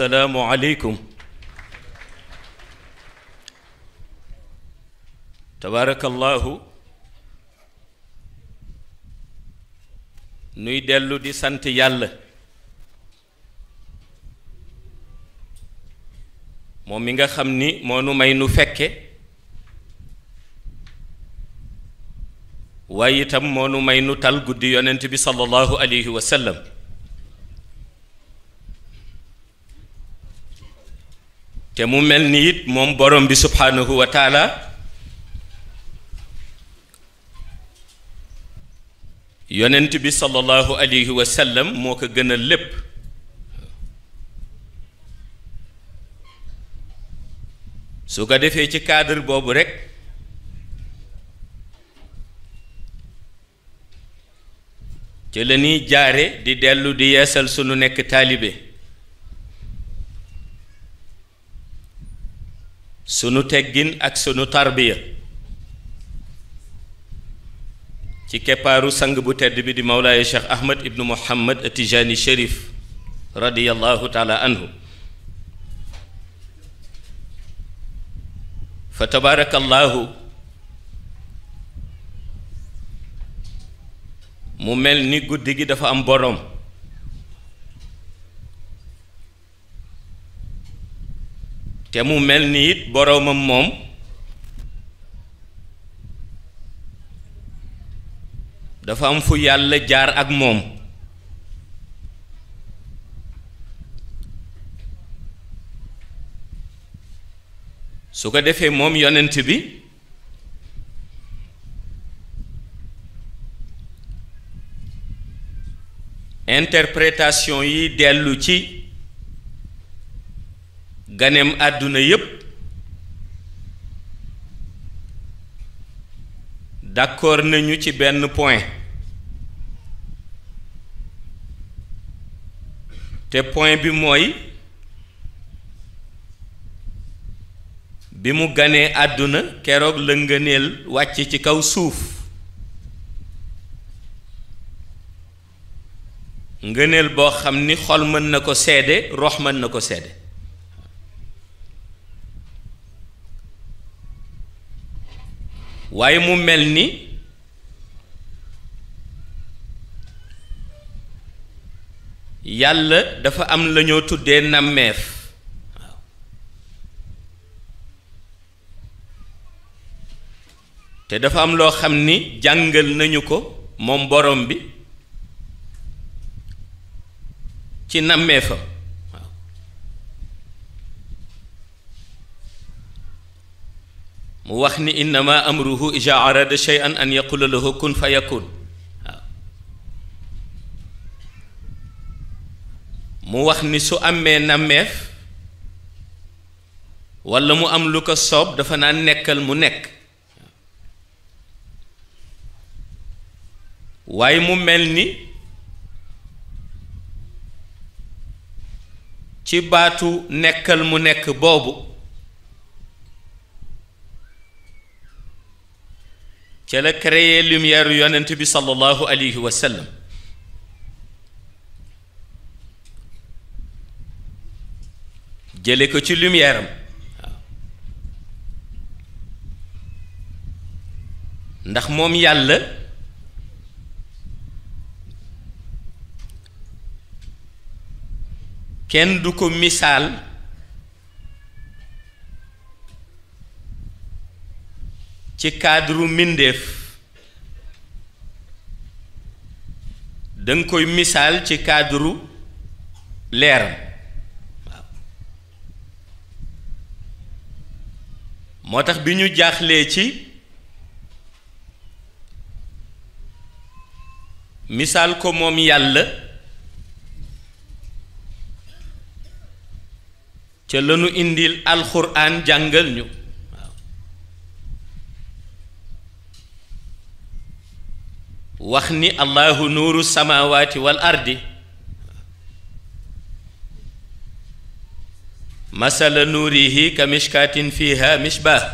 asalaamualeykum tabaarakallahu nuy dellu di sant yàlla moom mi nga xam ni moo nu may nu fekke waaye itam moo nu may nu tal guddi yonent bi sallallahu alayhi wa te mu mel ni it moom borom bi subhaanahu wa taala yonent bi sallallahu alayhi wa sallam moo ko gën a lépp su ko defee ci cadre boobu rekk ci la ñuy jaare di dellu di yeesal sunu nekk taalibe sunu teggin ak sunu tarbiya ci keppaaru sang bu tedd bi di mawlaaya cheikh ahmad ibnu muhammad atijaani sharif radiallahu taala anhu fa tabaarakallaahu mu mel ni guddi gi dafa am boroom te mu mel ni it boroomam moom dafa am fu yàlla jaar ak moom su ko defee moom yonent bi interprétation yi dellu ci ganeem àdduna yépp d'accord nañu ci benn point te point bi mooy bi mu ganee àdduna keroog la ngëneel wàcc ci kaw suuf ngëneel boo xam ni xol mën na ko seede rox mën na ko seede waaye mu mel ni yàlla dafa am lañoo tuddee nammeef te dafa am loo xam ni jàngal nañu ko moom borom bi ci nammeefam mu wax ni innama amruhu ija arada shay'an an yaqula lahu kun fa yakun mu wax ni su amee nammeef walla mu am lu ko soob dafa naan nekkal mu nekk waaye mu mel ni ci baatu nekkal mu nekk boobu ca la créer lumière yonent bi sallallahu alayhi wa jële ko ci lumière waaw ndax moom yàlla kenn du ko misaal ci cadre mbindéef danga koy misaal ci cadre leer waaw moo tax bi ñu jaaxlee ci misaal ko moom yàlla ca lanu indil alxuraan jàngal ñu wax ni allahu nuuru samaawaati wal ardi masala nuurihi ka mishkaatin fiha mishbaah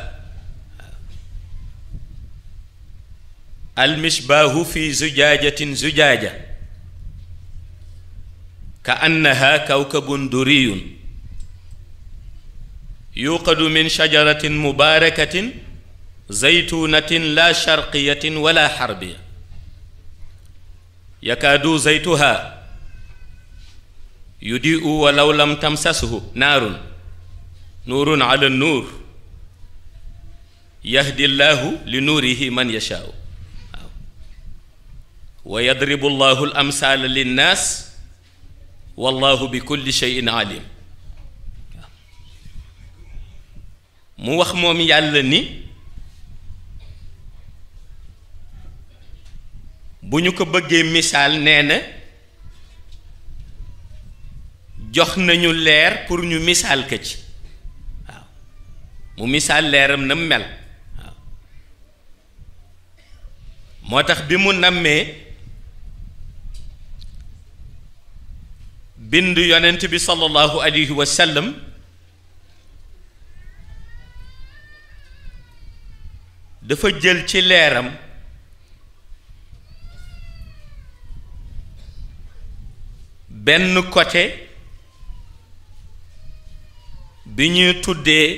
al mishbaahu fi zujaajatin zujaaja ka annaha kawkabun duriyun yuqadu min shajaratin mubaarakatin zaytuunatin laa sharqiyatin wala xarbiya yakaadu zaytuha yudiu walaw lam tamsashu naarun nuurun ala nuur yahdi llaahu li nuurihi man yashaau waaw wa yadribu llaahu l amsaala linnaas wallahu bi kulli cheyin alim waaw mu wax moom yàlla ni bu ñu ko bëggee misaal nee na jox nañu leer pour ñu misaal ko ci waaw mu misaal leeram na mu mel waaw moo tax bi mu nammee bind yonent bi sallallahu alayhi wa dafa jël ci leeram benn coté bi ñuy tuddee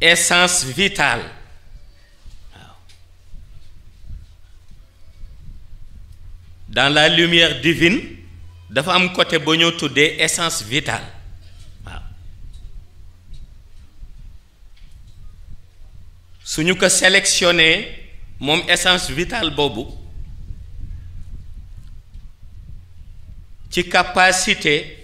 essence vital dans la lumière divine dafa am coté ba ñu tuddee essence vitale waaw su ñu ko sélectionné moom essence vitale boobu ci capacité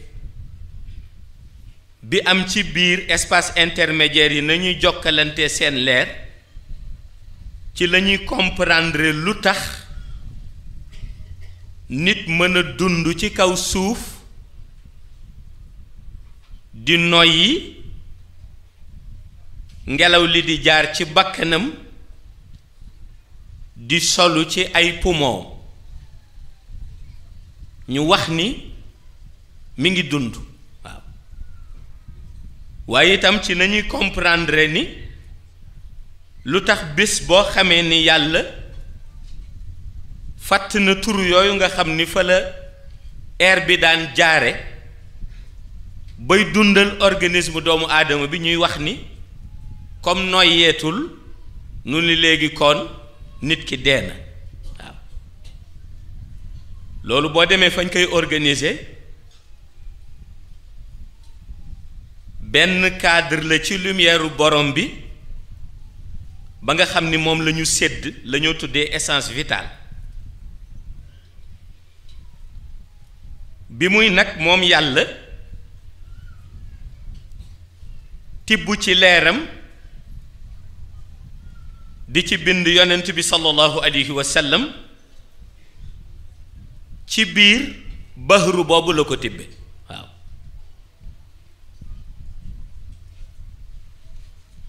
bi am ci biir espace intermédiaire yi nañuy jokkalante seen leer ci lañuy ñuy comprendre lu tax nit mën a dund ci kaw suuf di noyyi ngelaw li di jaar ci bakkanam di solu ci ay poumon ñu wax ni mi ngi dund waaw waaye itam ci nañuy comprendre ni lu tax bés boo xamee ni yàlla fàtt na tur yooyu nga xam ni fa la air bi daan jaare bay dundal organisme doomu aadama bi ñuy wax ni comme noyeetul nu ni léegi kon nit ki dee na loolu boo demee fañ koy organiser benn cadre la ci lumière borom bi ba nga xam ni moom la ñu sédd la tuddee essence vitale bi muy nag moom yàlla tibb ci leeram di ci bind yonent bi sallallahu alayhi wa ci biir bahru boobu la ko tibbe waaw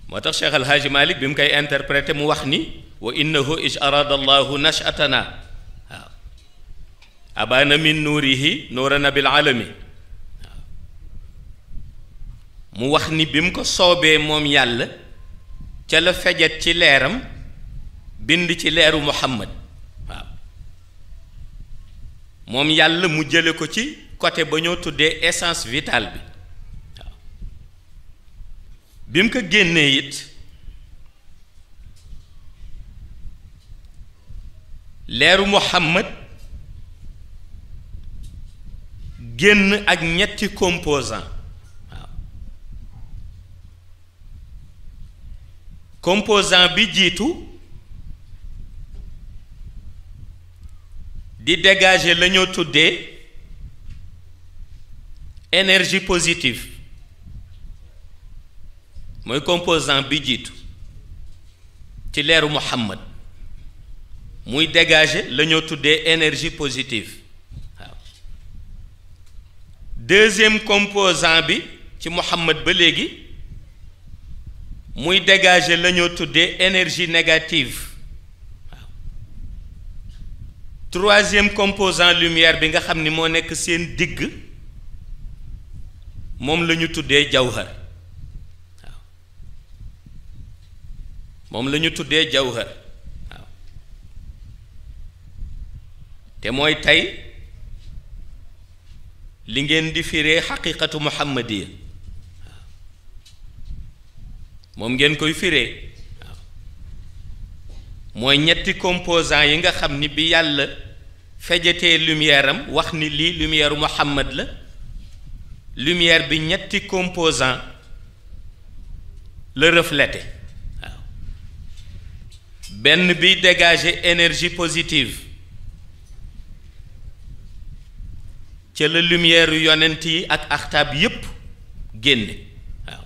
moo tax Cheikh Alhaaji Malik bi mu koy interprété mu wax ni wa innahu is arada allahu waaw abana min nuurihi nuurana bil alami waaw mu wax ni bi mu ko soobee moom yàlla ca la fejat ci leeram bind ci leeru muhammad moom yàlla mu jële ko ci côté ba ñoo tuddee essence vitale bi waaw bi mu ko génnee it leeru Muhammad génn ak ñetti composant waaw composant bi jiitu di dégager la ñoo tuddee énergie positive mooy composant bi jiitu ci leeru Muhammad muy dégager la tuddee énergie positive waaw composant bi ci Muhammad ba léegi muy dégager lañoo tuddee énergie négative troisième composant lumière bi nga xam ni moo nekk seen digg moom la ñu tuddee jawhar waaw moom lañu tuddee jawhar waaw te mooy tey li ngeen di firee xaqiqatu muhammadiya waaw moom ngeen koy firee mooy ñetti composant yi nga xam ni bi yàlla fejatee lumière am wax ni lii lumière Muhammad la lumière bi ñetti composant la reflété waaw benn bi dégager énergie positive ca la lumière yu yonent yi ak axtaab yépp génne waaw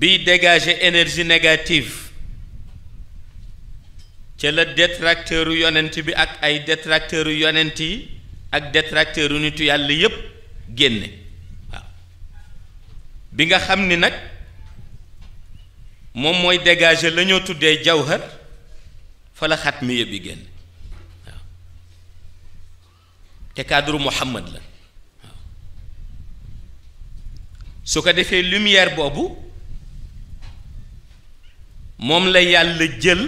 biy dégager énergie négative ca la détracteur u yonent bi ak ay détracteur u yonent yi ak détracteur u nitu yàlla yépp génne waaw bi nga xam ni nag moom mooy dégager lañoo tuddee jawhar fa la xat mi yëpp yi génn waaw te cadre Muhammad la waaw su ko defee lumière boobu moom la yàlla jël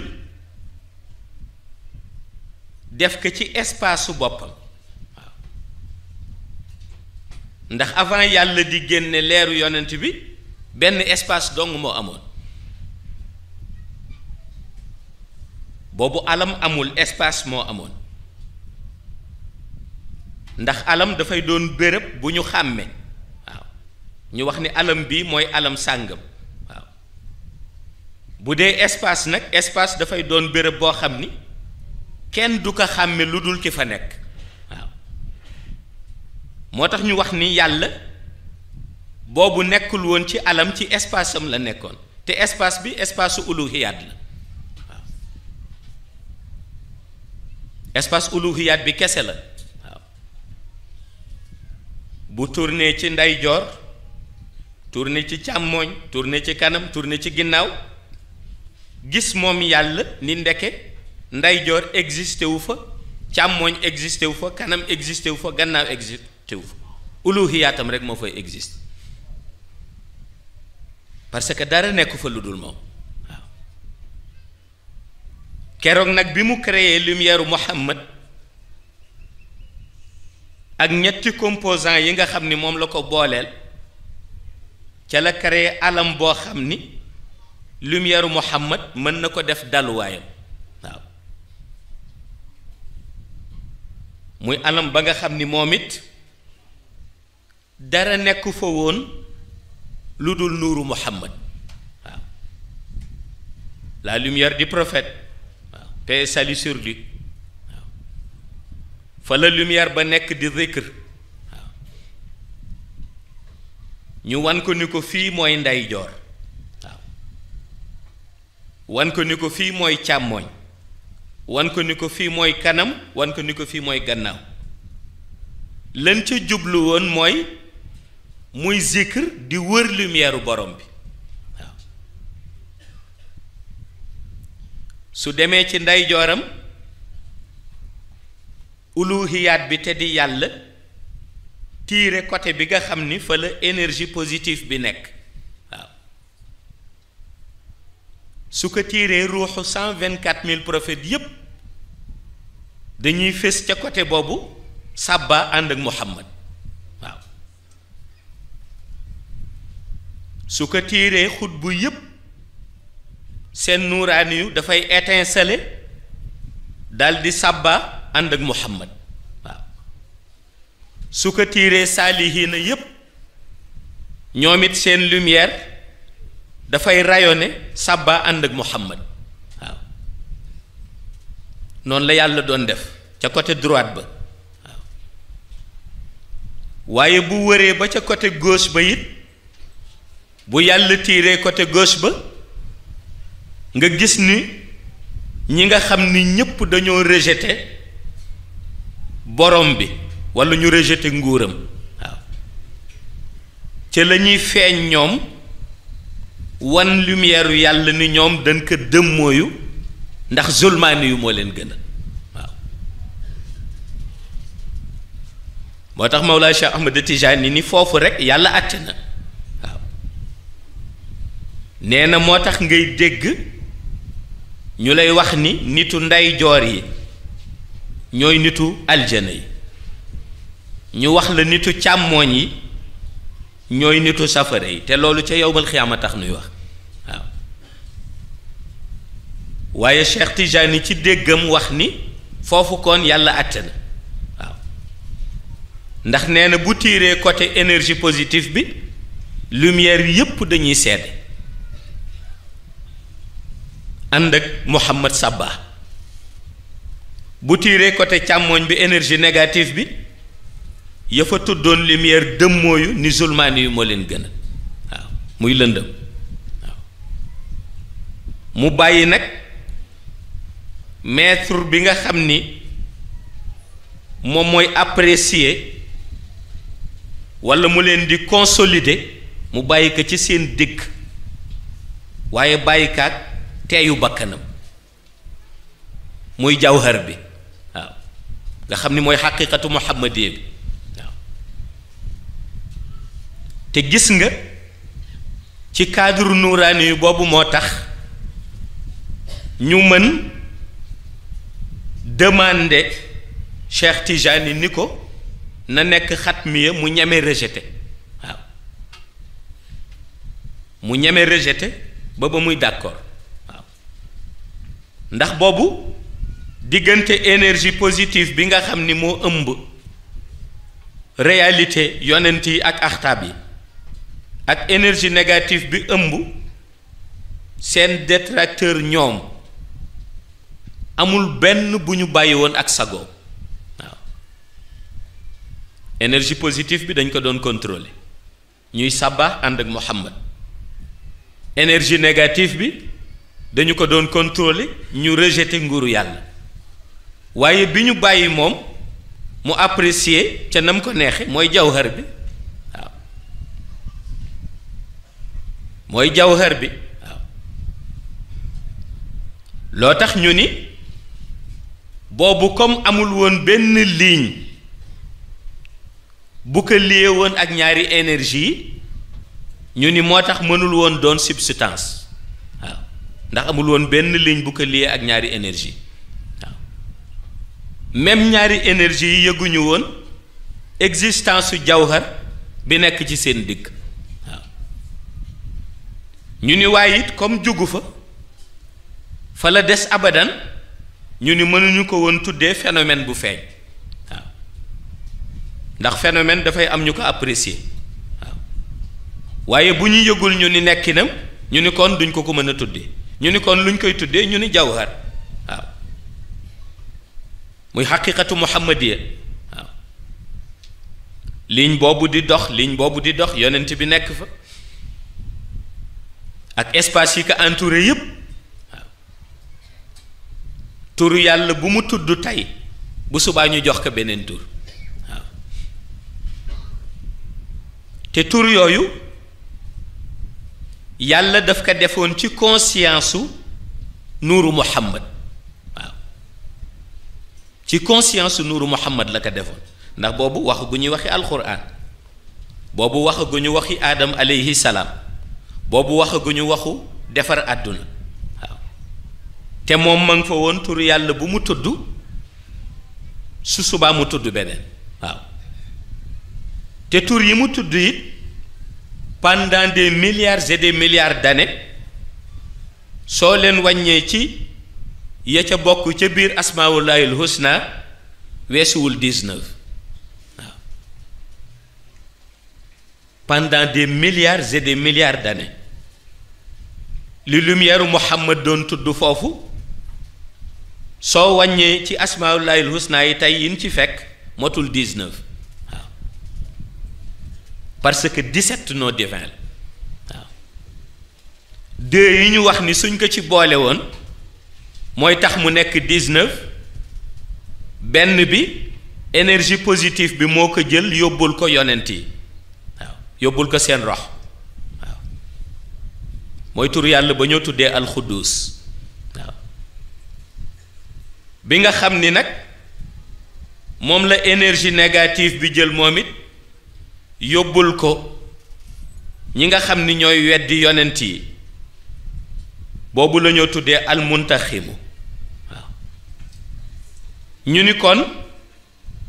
def ko ci espace su boppam waaw ndax avant yàlla di génne leeru yonent bi benn espace dong moo amoon boobu alam amul espace moo amoon ndax alam dafay doon béréb bu ñu xàmme waaw ñu wax ni alam bii mooy alam sàngam waaw bu dee espace nag espace dafay doon bërëb boo xam ni kenn du ko xàmme lu dul ki fa nekk waaw moo tax ñu wax ni yàlla boobu nekkul woon ci alam ci espace la nekkoon te espace bi espace uluhiyaat la waaw espace uluhiyaat bi kese la waaw bu tourné ci ndeyjoor tourné ci càmmooñ tourné ci kanam tourné ci ginnaaw gis moom yàlla ni ndeke ndeyjoor existé wu fa càmmooñ existé wu fa kanam existé wu fa gannaaw existé wu fa uluhiyaatam rek moo fay existe parce que dara nekku fa lu dul moom waaw keroog nag bi mu créé lumière Muhammad ak ñetti composant yi nga xam ni moom la ko booleel ca la créé alam boo xam ni lumière Muhammad mën na ko def daluwaayam muy anam ba nga xam ni moom it dara nekku fa woon lu dul nuuru muhammad waaw la lumière du prophète waaw paix et salut waaw fa la lumière ba nekk di zikr waaw ñu wan ko ni ko fii mooy ndeyjoor waaw wan ko ni ko fii mooy càmmooñ wan ko ni ko fii mooy kanam wan ko ni ko fii mooy gannaaw lan ca jublu woon mooy muy zikr di wër lumière borom bi su demee ci ndeyjooram uluhiyaat bi te di yàlla tiire côté bi nga xam ni fa la énergie positif bi nekk su ko tiiree ruuxu cent vingt quatre mille prophètes yépp dañuy fés ca côté boobu sàbba ànd ak muhammad waaw su ko tiiree xut bu yépp seen nuuraani dafay étinceler dal di sàbba ànd ak muhammad waaw su ko tiiree saalihiina yépp ñoom it seen lumière dafay rayone sàbba ànd ak muhammad waaw noonu la yàlla doon def ca côté droite ba waaw waaye bu wëree ba ca côté gauche ba it bu yàlla tiiree côté gauche ba nga gis ni ñi nga xam ni ñépp dañoo rejeté borom bi walla ñu rejeté nguuram waaw ca la ñuy feeñ ñoom wan lumière yu yàlla ni ñoom dañ ko ndax zulmaani yu moo leen gën a waaw moo tax Mawlaa Cheikh Ahmad Tijaani ni foofu rekk yàlla àtte na waaw nee na moo tax ngay dégg ñu lay wax ni nitu ndeyjoor yi ñooy nitu aljana yi ñu wax la nitu càmmooñ yi ñooy nitu safara yi te loolu ca yowmal a tax nuy wax waaw waaye Cheikh Tijani ci déggam wax ni foofu kon yàlla àtte na waaw ndax nee na bu tiiree côté énergie positive bi lumière yépp dañuy seede ànd ak Mouhamad Sabba bu tiiree côté càmmoñ bi énergie négative bi yëfatu fa tuddoon lumière dëmmooyu ni zulmaani yu moo leen gëna a waaw muy lëndëm waaw mu bàyyi nag maître bi nga xam ni moom mooy apprécier walla mu leen di consolider mu bàyyi ko ci seen dikk waaye bàyyi kaag teeyu bakkanam muy jawhar bi waaw nga xam ni mooy xaqiqatu muhammadiya bi te gis nga ci cadre nuuraani boobu moo tax ñu mën demander Cheikh Tijani ni ko na nekk xatmiya mu ñeme rejeté waaw mu ñeme rejeté ba ba muy d'accord waaw ndax boobu diggante énergie positive bi nga xam ni moo ëmb réalité yonent yi ak axtaab yi ak énergie négative bi ëmb seen détracteur ñoom amul benn bu ñu bàyyi woon ak sago waaw énergie positive bi dañ ko doon contrôler ñuy saba ànd ak Muhammad énergie négative bi dañu ko doon contrôler ñu rejeter nguuru yàlla waaye bi ñu bàyyi moom mu apprécier ca nam ko neexe mooy jawhar bi mooy jawhar bi waaw loo tax ñu ni boobu comme amul woon benn ligne bu ko woon ak ñaari énergie yi ñu ni moo tax mënul woon doon substance waaw ndax amul woon benn ligne bu ko ak ñaari énergie waaw même ñaari énergie yi yëguñu woon existence su jawhar bi nekk ci seen dikk ñu ni waaye it comme jógu fa fa la des abadan ñu ni mënuñu ko woon tuddee phénomène bu feeñ waaw ndax phénomène dafay am ñu ko apprécier waaw waaye bu ñu yëgul ñu ni nekkinam ñu ni kon duñ ko ko mën a tuddee ñu ni kon luñ koy tuddee ñu ni jawhar waaw muy xaqiqatu muhammadiya waaw ligne boobu di dox ligne boobu di dox yonent bi nekk fa ak espace yi ko entouré yëpp tur yàlla bu mu tudd tey bu subaa ñu jox ko beneen tur waaw te tur yooyu yàlla daf ko defoon ci conscience su nuuru Muhammad waaw ci conscience su Muhammad la ko defoon ndax boobu wax gu ñuy waxi alxuraan boobu wax gu ñu waxi aadam aleyhi salaam. boobu waxaguñu waxu defar àdduna waaw te moom ma nga fa woon tur yàlla bu mu tudd su subaa mu tudd beneen waaw te tur yi mu tudd it pendant des milliards et des milliards soo leen wàññee ci ya ca bokk ca biir asmaawullaahil husna weesuwul 19 pendant des milliards et des milliards d'années li lumière Muhammad doon tudd foofu soo wàññee ci asmaullahil husna yi tey yin ci fekk motul 19 parce que 17 noo divin la yi ñu wax ni suñ ko ci boole woon mooy tax mu nekk 19 benn bi énergie positif bi moo ko jël yóbbul ko yonent yi yóbbul ko seen rox mooy tur yàlla ba ñoo tuddee alxudduus bi nga xam ni nag moom la énergie négative bi jël moom it yóbbul ko ñi nga xam ni ñooy weddi yonent yi boobu lañoo tuddee almuntaximu waaw ñu ni kon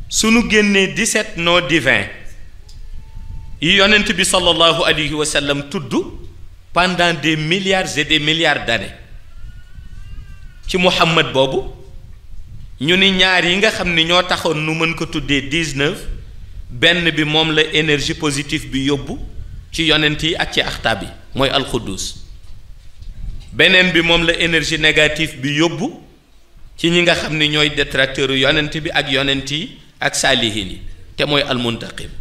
sunu génnee 17 noms divins yi yonent bi sallallahu alayhi wa sallam tudd pendant des milliards et des milliards d'années ci Muhammad boobu ñu ni ñaar yi nga xam ni ñoo taxoon nu mën ko tuddee dix-neuf benn bi moom la énergie positif bi yóbbu ci yonent yi ak ci axtaab yi mooy alxudduus beneen bi moom la énergie négative bi yóbbu ci ñi nga xam ni ñooy détracteur yonent bi ak yonent yi ak saalihiin yi te mooy almuntaqim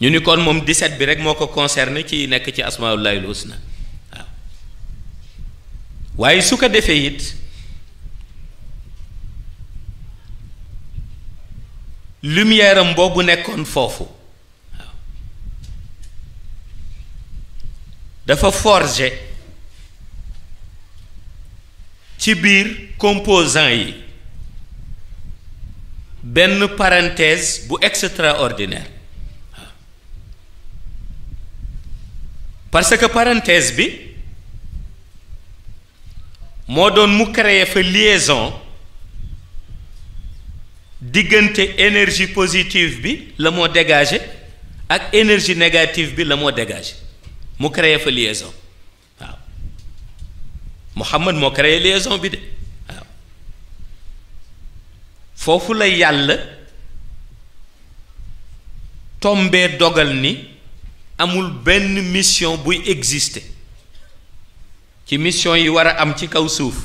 ñu ni kon moom 17 bi rek moo ko concerné ci nekk ci asmaullahil husna waaw waaye su ko defee it lumière am boobu nekkoon foofu dafa forge ci biir composant yi benn parenthèse bu extraordinaire parce que parenthèse bi moo doon mu créer fa liaison diggante énergie positive bi la moo dégagé ak énergie négative bi la moo dégagé mu créer fa liaison waaw Muhammad moo créer liaison bi de waaw foofu la yàlla tombee dogal ni amul benn mission buy exister ci mission yi war a am ci kaw suuf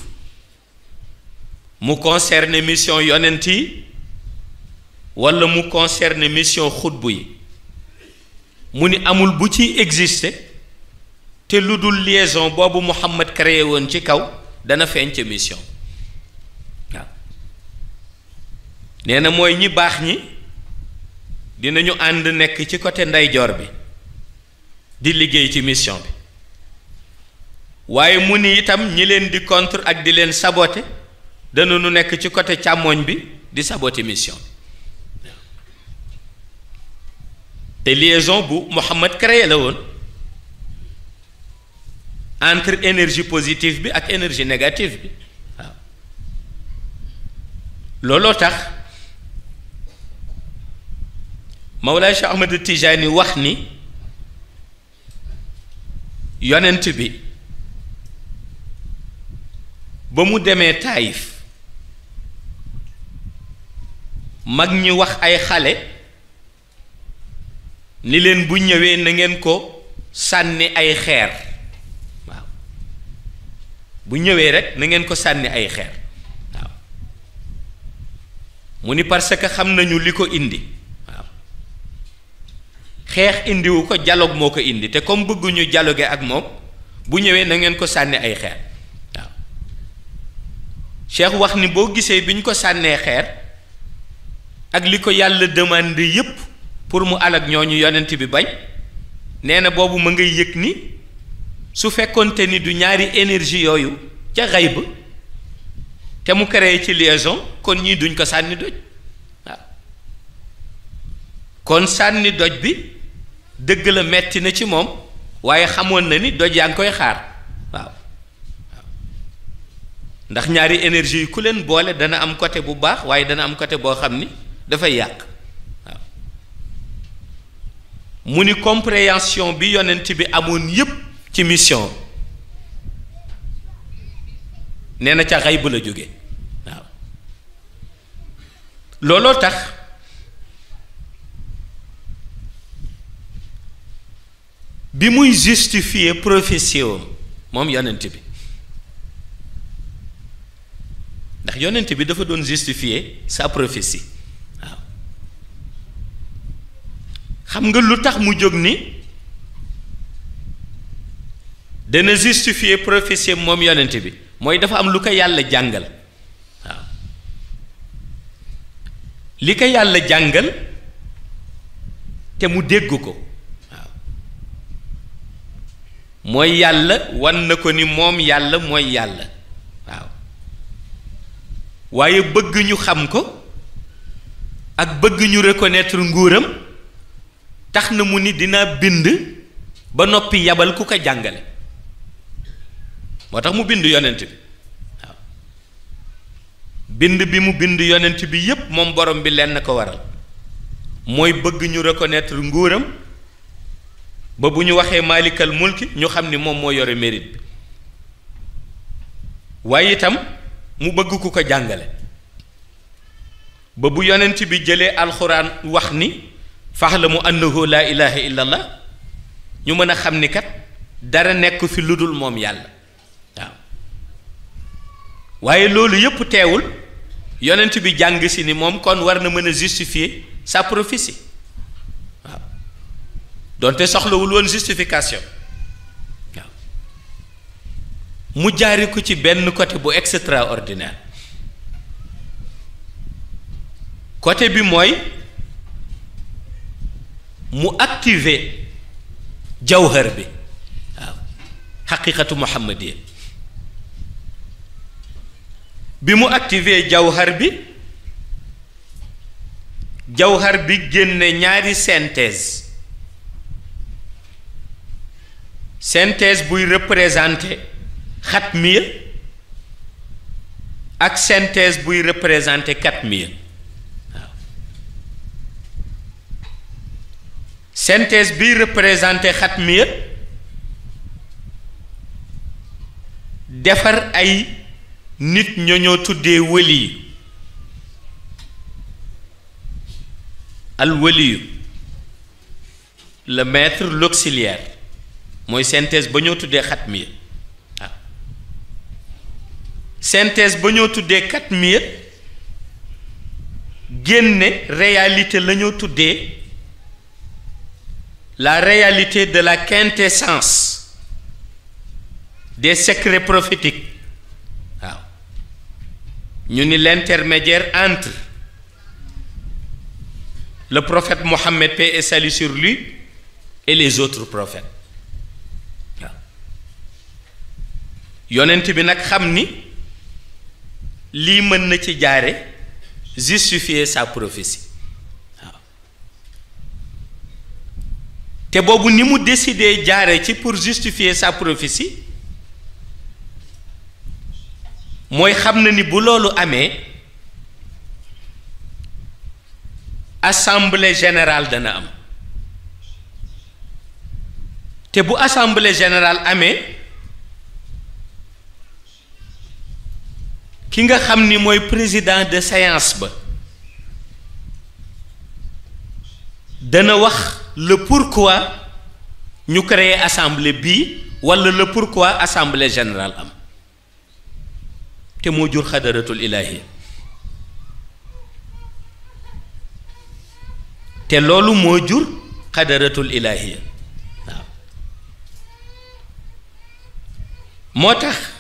mu concerne mission yonent yi walla mu concerne mission xutbu yi mu ni amul bu ciy exister te lu dul lieson boobu Muhammad créé woon ci kaw dana feeñ ca mission waaw na mooy ñi baax ñi dinañu ànd nekk ci côté ndeyjoor bi di liggéey ci mission bi waaye mu ni itam ñi leen di contre ak di leen sabote dana nu nekk ci côté càmmoñ bi di sabote mission bi te liaison bu Mouhamad créé la woon entre énergie positive bi ak énergie négative bi waaw looloo tax Mawlaay Cheikh Ahmed Tijaani wax ni yonent bi ba mu demee taayif mag ñi wax ay xale ni leen bu ñëwee nangeen ngeen ko sànni ay xeer waaw bu ñëwee rek na ngeen ko sànni ay xeer waaw mu ni parce que xam nañu li ko indi xeex indiwu ko dialogue moo ko indi te comme bëgguñu dialoguer ak moom bu ñëwee na ngeen ko sànni ay xeer waaw Cheikh wax ni boo gisee bi ñu ko sànnee xeer ak li ko yàlla demande yépp pour mu alag ñu yonent bi bañ nee na boobu ma ngay yëg ni su fekkoonte ni du ñaari énergie yooyu ca xay ba te mu créé ci lieson kon ñii duñ ko sànni doj waaw kon sànni doj bi dëgg la metti na ci moom waaye xamoon na ni doj yaa ngi koy xaar waaw ndax ñaari énergie yu ku leen boole dana am côté bu baax waaye dana am côté boo xam ni dafay yàq waaw mu ni compréhension bi yonent bi amoon yépp ci mission nee na ca xayb la jóge waaw looloo tax bi muy justifier prophétie wam moom yonent bi ndax yonent bi dafa doon justifier sa prophétie waaw xam nga lu tax mu jóg ni dana justifier prophétie moom yonent bi mooy dafa am lu ko yàlla jàngal waaw li ko yàlla jàngal te mu dégg ko mooy yàlla wan na ko ni moom yàlla mooy yàlla waaw waaye bëgg ñu xam ko ak bëgg ñu reconnaître nguuram tax na mu ni dinaa bind ba noppi yabal ku ko jàngale moo tax mu bind yonent bi waaw bind bi mu bind yonent bi yépp moom borom bi lenn ko waral mooy bëgg ñu reconnaître nguuram ba bu ñu waxee maalikal mulki ñu xam ni moom moo yore mérite bi waaye itam mu bëgg ku ko jàngale ba bu yonent bi jëlee alxuraan wax ni fax faxlamu annahu laa ilaha illallah ñu mën a xam ni kat dara nekk fi lu dul moom yàlla waaw waaye loolu yépp teewul yonent bi jàng si ni moom kon war na mën a justifier sa prophétie donte soxlawul woon justification mu jaari ko ci benn côté bu extraordinaire côté bi mooy mu activer jawhar bi waaw xaqiqatu muhammadiya bi mu activer jawhar bi jawhar bi génne ñaari synthèse synthèse buy représenté xatmiya ak synthèse buy représenté katmiya waaw synthèse biy représenté xatmiya defar ay nit ñooñoo tuddee wëli yi al wëli yu le maître l'auxiliaire mooy synthèse ba ñoo tuddee xatmiya waaw synthèse ba ñoo tuddee xatmiya génne réalité la ñoo tuddee la réalité de la quintessence des secrets prophétiques waaw ñu ni l'intermédiaire entre le prophète Mohammed paix et salut sur lui et les autres prophètes yonent bi nag xam ni lii mën na ci jaare justifier sa prophétie te boobu ni mu décider jaare ci pour justifier sa prophétie mooy xam na ni bu loolu amee assemblée général dana am te bu assemblée général amee ki nga xam ni mooy président de séance ba dana wax la pour pourquoi ñu créer assemblée bi walla pour quoi assemblée générale am te moo jur xadaratul ilaahi te loolu moo jur xadaratul ilaahi waaw moo tax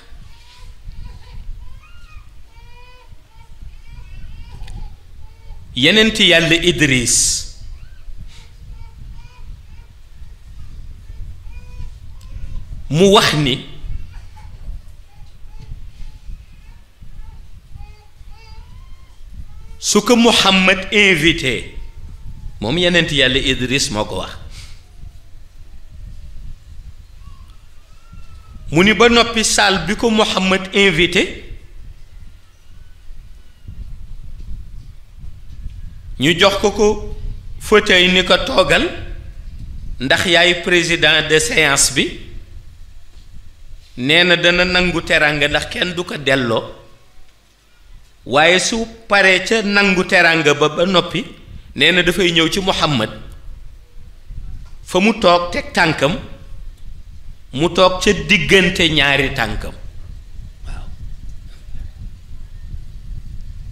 yenent yàlla Idris mu wax ni su ko Muhammad invité moom yenent yàlla Idris moo ko wax mu ni ba noppi saal bi ko Muhammad invité ñu jox ko ko fauteuil ni ko toogal ndax yaay président de séance bi nee na dana nangu teraanga ndax kenn du ko delloo waaye su paree ca nangu teraanga ba ba noppi nee na dafay ñëw ci Muhammad fa mu toog teg tànkam mu toog ca diggante ñaari tànkam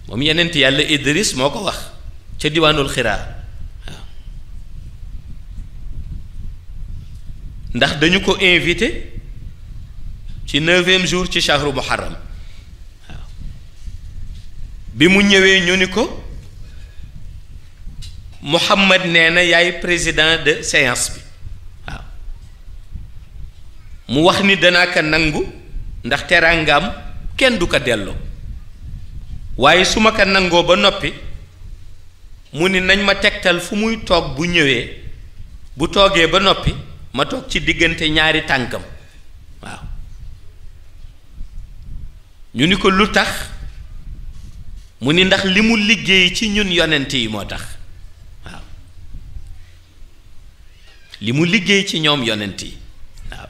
moom yeneent yàlla Idris moo ko wax ca diwaanul xiraa ndax dañu ko invité ci neuvième jour ci shahru muharram bi mu ñëwee ñu ni ko Muhammad nee na yaay président de séance bi mu wax ni danaa ko nangu ndax teraangam kenn du ko delloo waaye su ma ko nangoo ba noppi mu ni nañ ma tegtal fu muy toog bu ñëwee bu toogee ba noppi ma toog ci diggante ñaari tànkam waaw ñu ni ko lu tax mu ni ndax li mu liggéey ci ñun yonent yi moo tax waaw li mu liggéey ci ñoom yonent yi waaw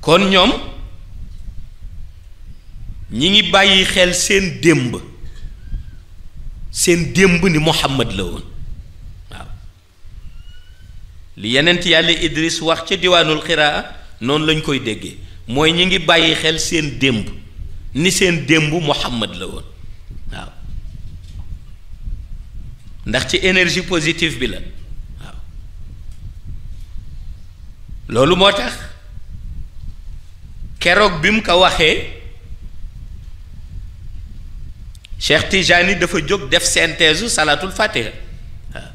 kon ñoom ñi ngi bàyyi xel seen démb seen démb ni Muhammad la woon waaw li yenent yàlla Idris wax ca diwaanul xiraa noonu lañ koy déggee mooy ñi ngi bàyyi xel seen démb ni seen démb Muhammad la woon waaw ndax ci énergie positive bi la waaw loolu moo tax keroog bi mu ko waxee Cheikh Tijani dafa jóg def synthèse salaatul fatiha waaw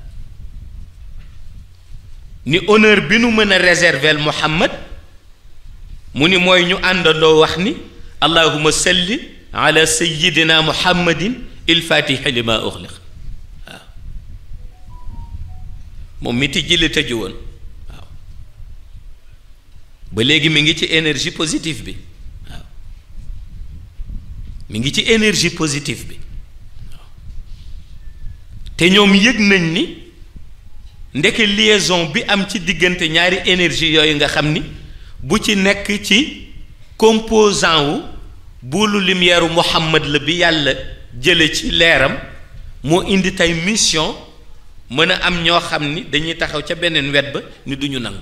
ni honneur bi nu mën a réserver Muhammad mu ni mooy ñu àndandoo wax ni allahuma salli ala sayidina muhammadin il fatiha li ma uxliq waaw moom mi tijji li tëju woon ba léegi mi ngi ci énergie positif bi mi ngi ci énergie positive bi te ñoom yëg nañ ni ndeke lieson bi am ci diggante ñaari énergie yooyu nga xam ni bu ci nekk ci composant wu buulu lumière Muhammad la bi yàlla jële ci leeram moo indi tey mission mën a am ñoo xam ni dañuy taxaw ca beneen wet ba ni duñu nangu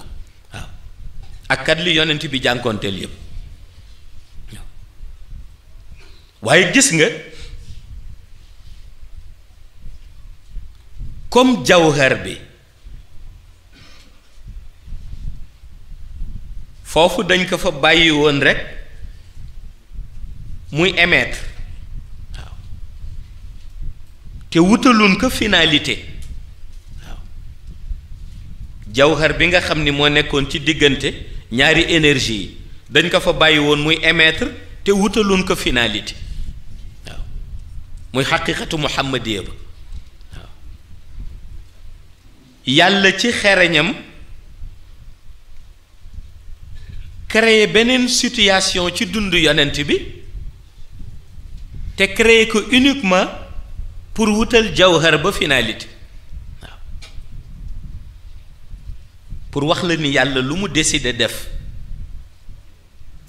waaw ak kat li yonent bi jànkoonteel yëpp waaye gis nga comme jawhar bi foofu dañ ko fa bàyyi woon rekk muy émettre waaw te wutaluñ ko finalité waaw jawhar bi nga xam ni moo nekkoon ci diggante ñaari énergie yi dañ ko fa bàyyi woon muy émettre te wutaluñ ko finalité muy xaqiqatu muhammadiya ba yàlla ci xereñam créer beneen situation ci dundu yonent bi te créer ko uniquement pour wutal jawhar ba finalité pour wax la ni yàlla lu mu décider def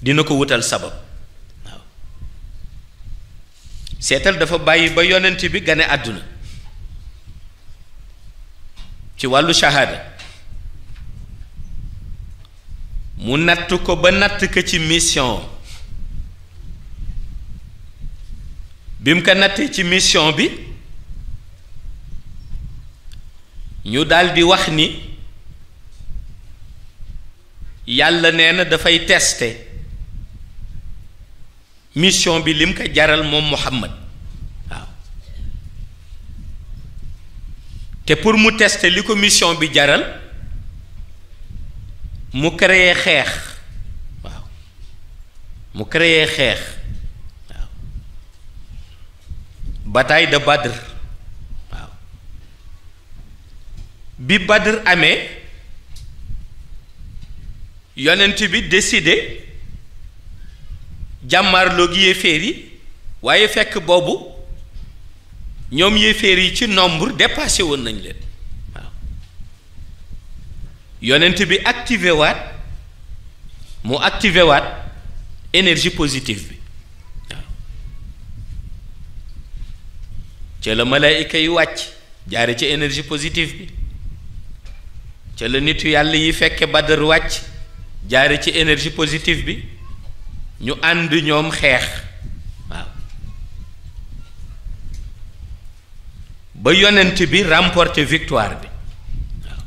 dina ko wutal sabab seetal dafa bàyyi ba yonent bi gane àdduna ci wàllu shahaada mu natt ko ba natt ko ci mission bi mu ko nattee ci mission bi ñu daldi wax ni yàlla nee na dafay tester mission bi lim ko jaral moom Muhammad waaw te pour mu tester li ko mission bi jaral mu créer xeex waaw mu créer xeex waaw bataille de Badr waaw bi Badr amee yonent bi décidé. jàmmaarloog yéeféer yi waaye fekk boobu ñoom yéeféer yi ci nombre dépassé woon nañ leen waaw yonent bi activé waat mu activé waat énergie positif bi waaw ca la malaayika yi wàcc jaare ci énergie positive bi ca la nitu yàlla yi fekke badar wàcc jaare ci énergie positif bi ñu ànd ñoom xeex ba yonent bi remporter victoire bi waaw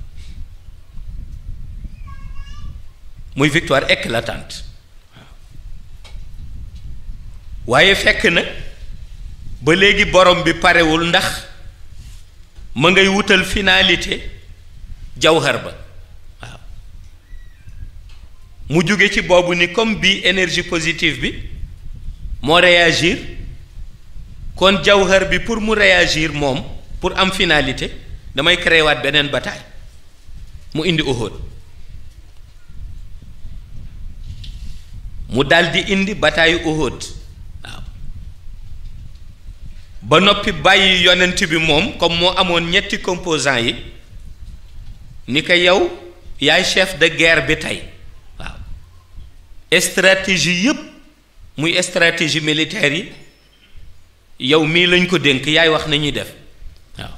muy victoire éclatante waaye fekk na ba léegi borom bi parewul ndax ma ngay wutal finalité jawhar ba mu jóge ci boobu ni comme bii énergie positive bi moo réagir kon jawhar bi pour mu réagir moom pour am finalité damay créé waat beneen bataille mu indi Uhud mu daldi indi bataille Uhud waaw ba noppi bàyyi yonent bi moom comme moo amoon ñetti composants yi ni ko yow yaay chef de guerre bi tey stratégie yëpp muy stratégie militaire yi yow mii lañ ko dénk yaay wax nañuy def waaw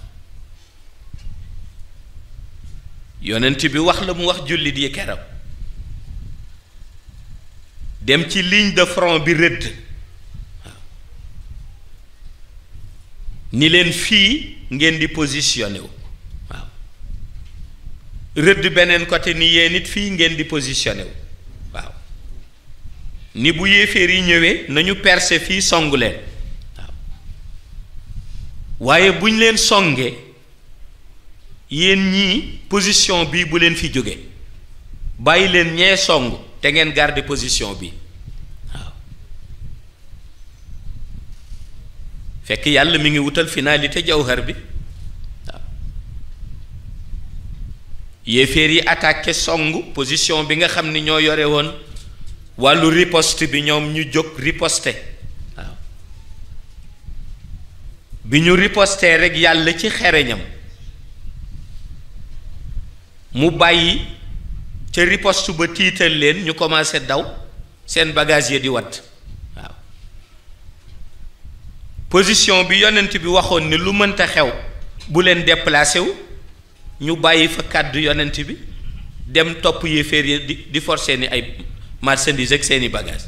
yonent bi wax la mu wax jullit yi keroog dem ci ligne de front bi rëdd waaw ni leen fii ngeen di positionné wu waaw rëdd beneen côté ni yéen it fii ngeen di positionné ni bu yéeféer yi ñëwee nañu perse fii song leen waaw waaye buñ leen songee yéen ñii position bi bu leen fi jóge bàyyi leen ñee song te ngeen garder position bi waaw fekk yàlla mi ngi wutal finalité jawhar bi waaw yéeféer yi attaqué song position bi nga xam ni ñoo yore woon wàllu riposte bi ñoom ñu jóg riposte waaw bi ñu ripostee rek yàlla ci xereñam mu bàyyi ca riposte ba tiital leen ñu commencé daw seen bagage ya di wat waaw position bi yonent bi waxoon ni lu mënta xew bu leen déplacé wu ñu bàyyi fa kàddu yonent bi dem topp yéeféer yi di di forcé ni ay marchandise ak seeni bagage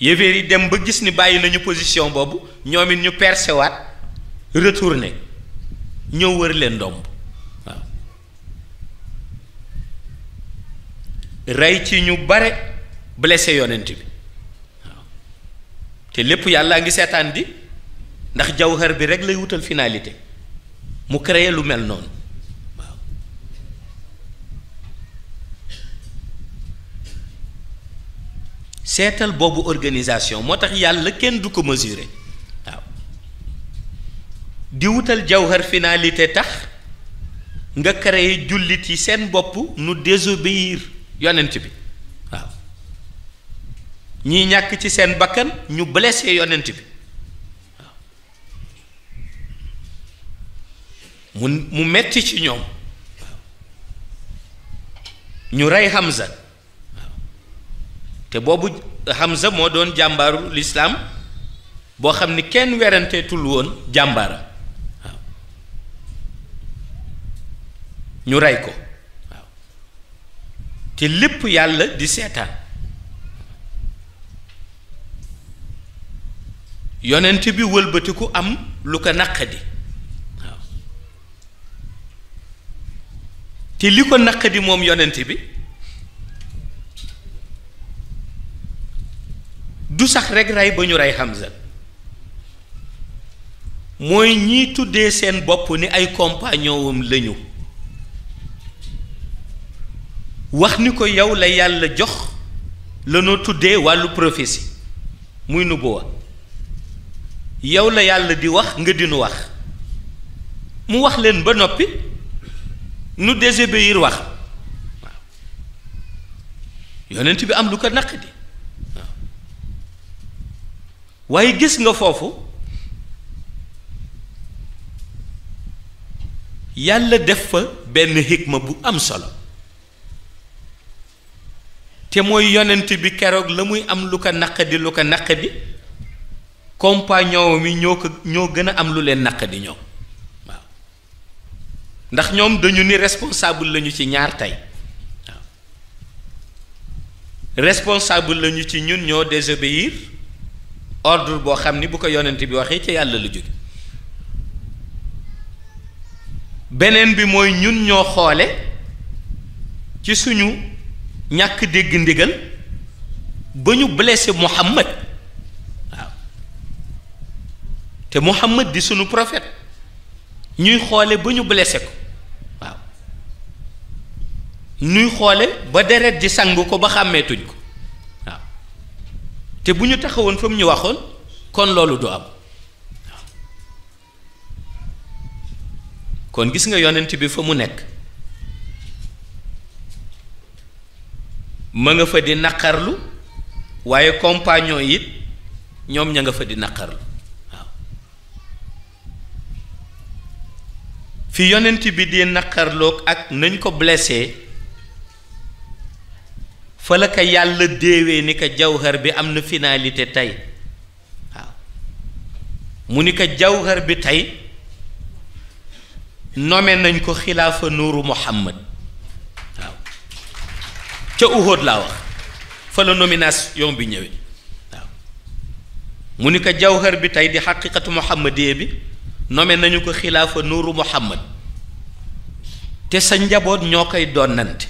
waaw yi dem ba gis ni bàyyi nañu position boobu ñoom it ñu percewaat retourné ñëw wër leen ndomb waaw rey ci ñu bare blessé yonent bi te lépp yàlla ngi seetaan di ndax jawhar bi rek lay wutal finalité mu créer lu mel noonu seetal boobu organisation moo tax yàlla kenn du ko mesurer waaw di wutal jawhar finalité tax nga créé jullit yi seen bopp nu désobéir yonent bi waaw ñiy ñàkk ci seen bakkan ñu blessé yonent bi waaw mu mu metti ci ñoom waaw ñu rey Hamza te boobu Hamza moo doon jàmbaaru lislaam boo xam ni kenn weranteetul woon jàmbaara waaw ñu rey ko waaw te lépp yàlla di seetaan yonent bi wëlbatiku am lu ko naqadi waaw te li ko naqadi moom yonent bi du sax rek rey ba ñu rey Hamza mooy ñiy tuddee seen bopp ni ay compagnon lañu wax ni ko yow la yàlla jox lanoo tuddee wàllu prophétie muy nubuwa yow la yàlla di wax nga dinu wax mu wax leen ba noppi nu désobéir wax waaw yonent bi am lu ko naq waaye gis nga foofu yàlla def fa benn xikma bu am solo te mooy yonent bi keroog la muy am lu ko naqadi lu ko naqadi compagnon mi ñoo ko ñoo gën a am lu leen naqadi ñoom waaw ndax ñoom dañu ni responsable lañu ci ñaar tey responsable lañu ci ñun ñoo désobéir ordre boo xam ni bu ko yonent bi waxee ci yàlla lu jóge beneen bi mooy ñun ñoo xoole ci suñu ñàkk dégg ndigal ba ñu blessé Muhammad waaw te Muhammad di suñu prophète ñuy xoole ba ñu blessé ko waaw ñuy xoole ba deret ji sang ko ba xàmmeetuñ ko te bu ñu taxawoon fa mu ñu waxoon kon loolu du am kon gis nga yonent bi fa mu nekk ma nga fa di naqarlu waaye compagnon yi it ñoom ña nga fa di naqarlu waaw fi yonent bi di naqarloog ak nañ ko blessé fa ko yàlla déewee ni ko jawhar bi am na finalité tey waaw mu ni ko jawhar bi tey nommé nañ ko xilaafa nuuru muhammad waaw ca Uhud laa wax fa la nomination bi ñëwee waaw mu ni ko jawhar bi tey di xaqiqatu muhammadiyee bi nommé nañu ko xilaafa nuuru muhammad te sa njaboot ñoo koy donnante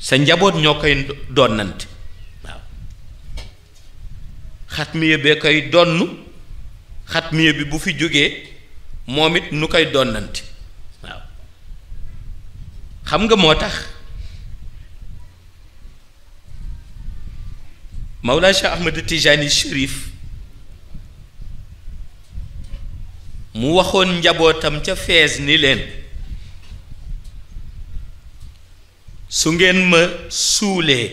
sa njaboot ñoo koy donnante waaw xatmiya bee koy donn xatmiya bi bu fi jógee moom it nu koy donnante waaw xam nga moo tax Mawlaa Cheikh Ahmed Tijani Chérif mu waxoon njabootam ca fees ni leen su ngeen ma suulee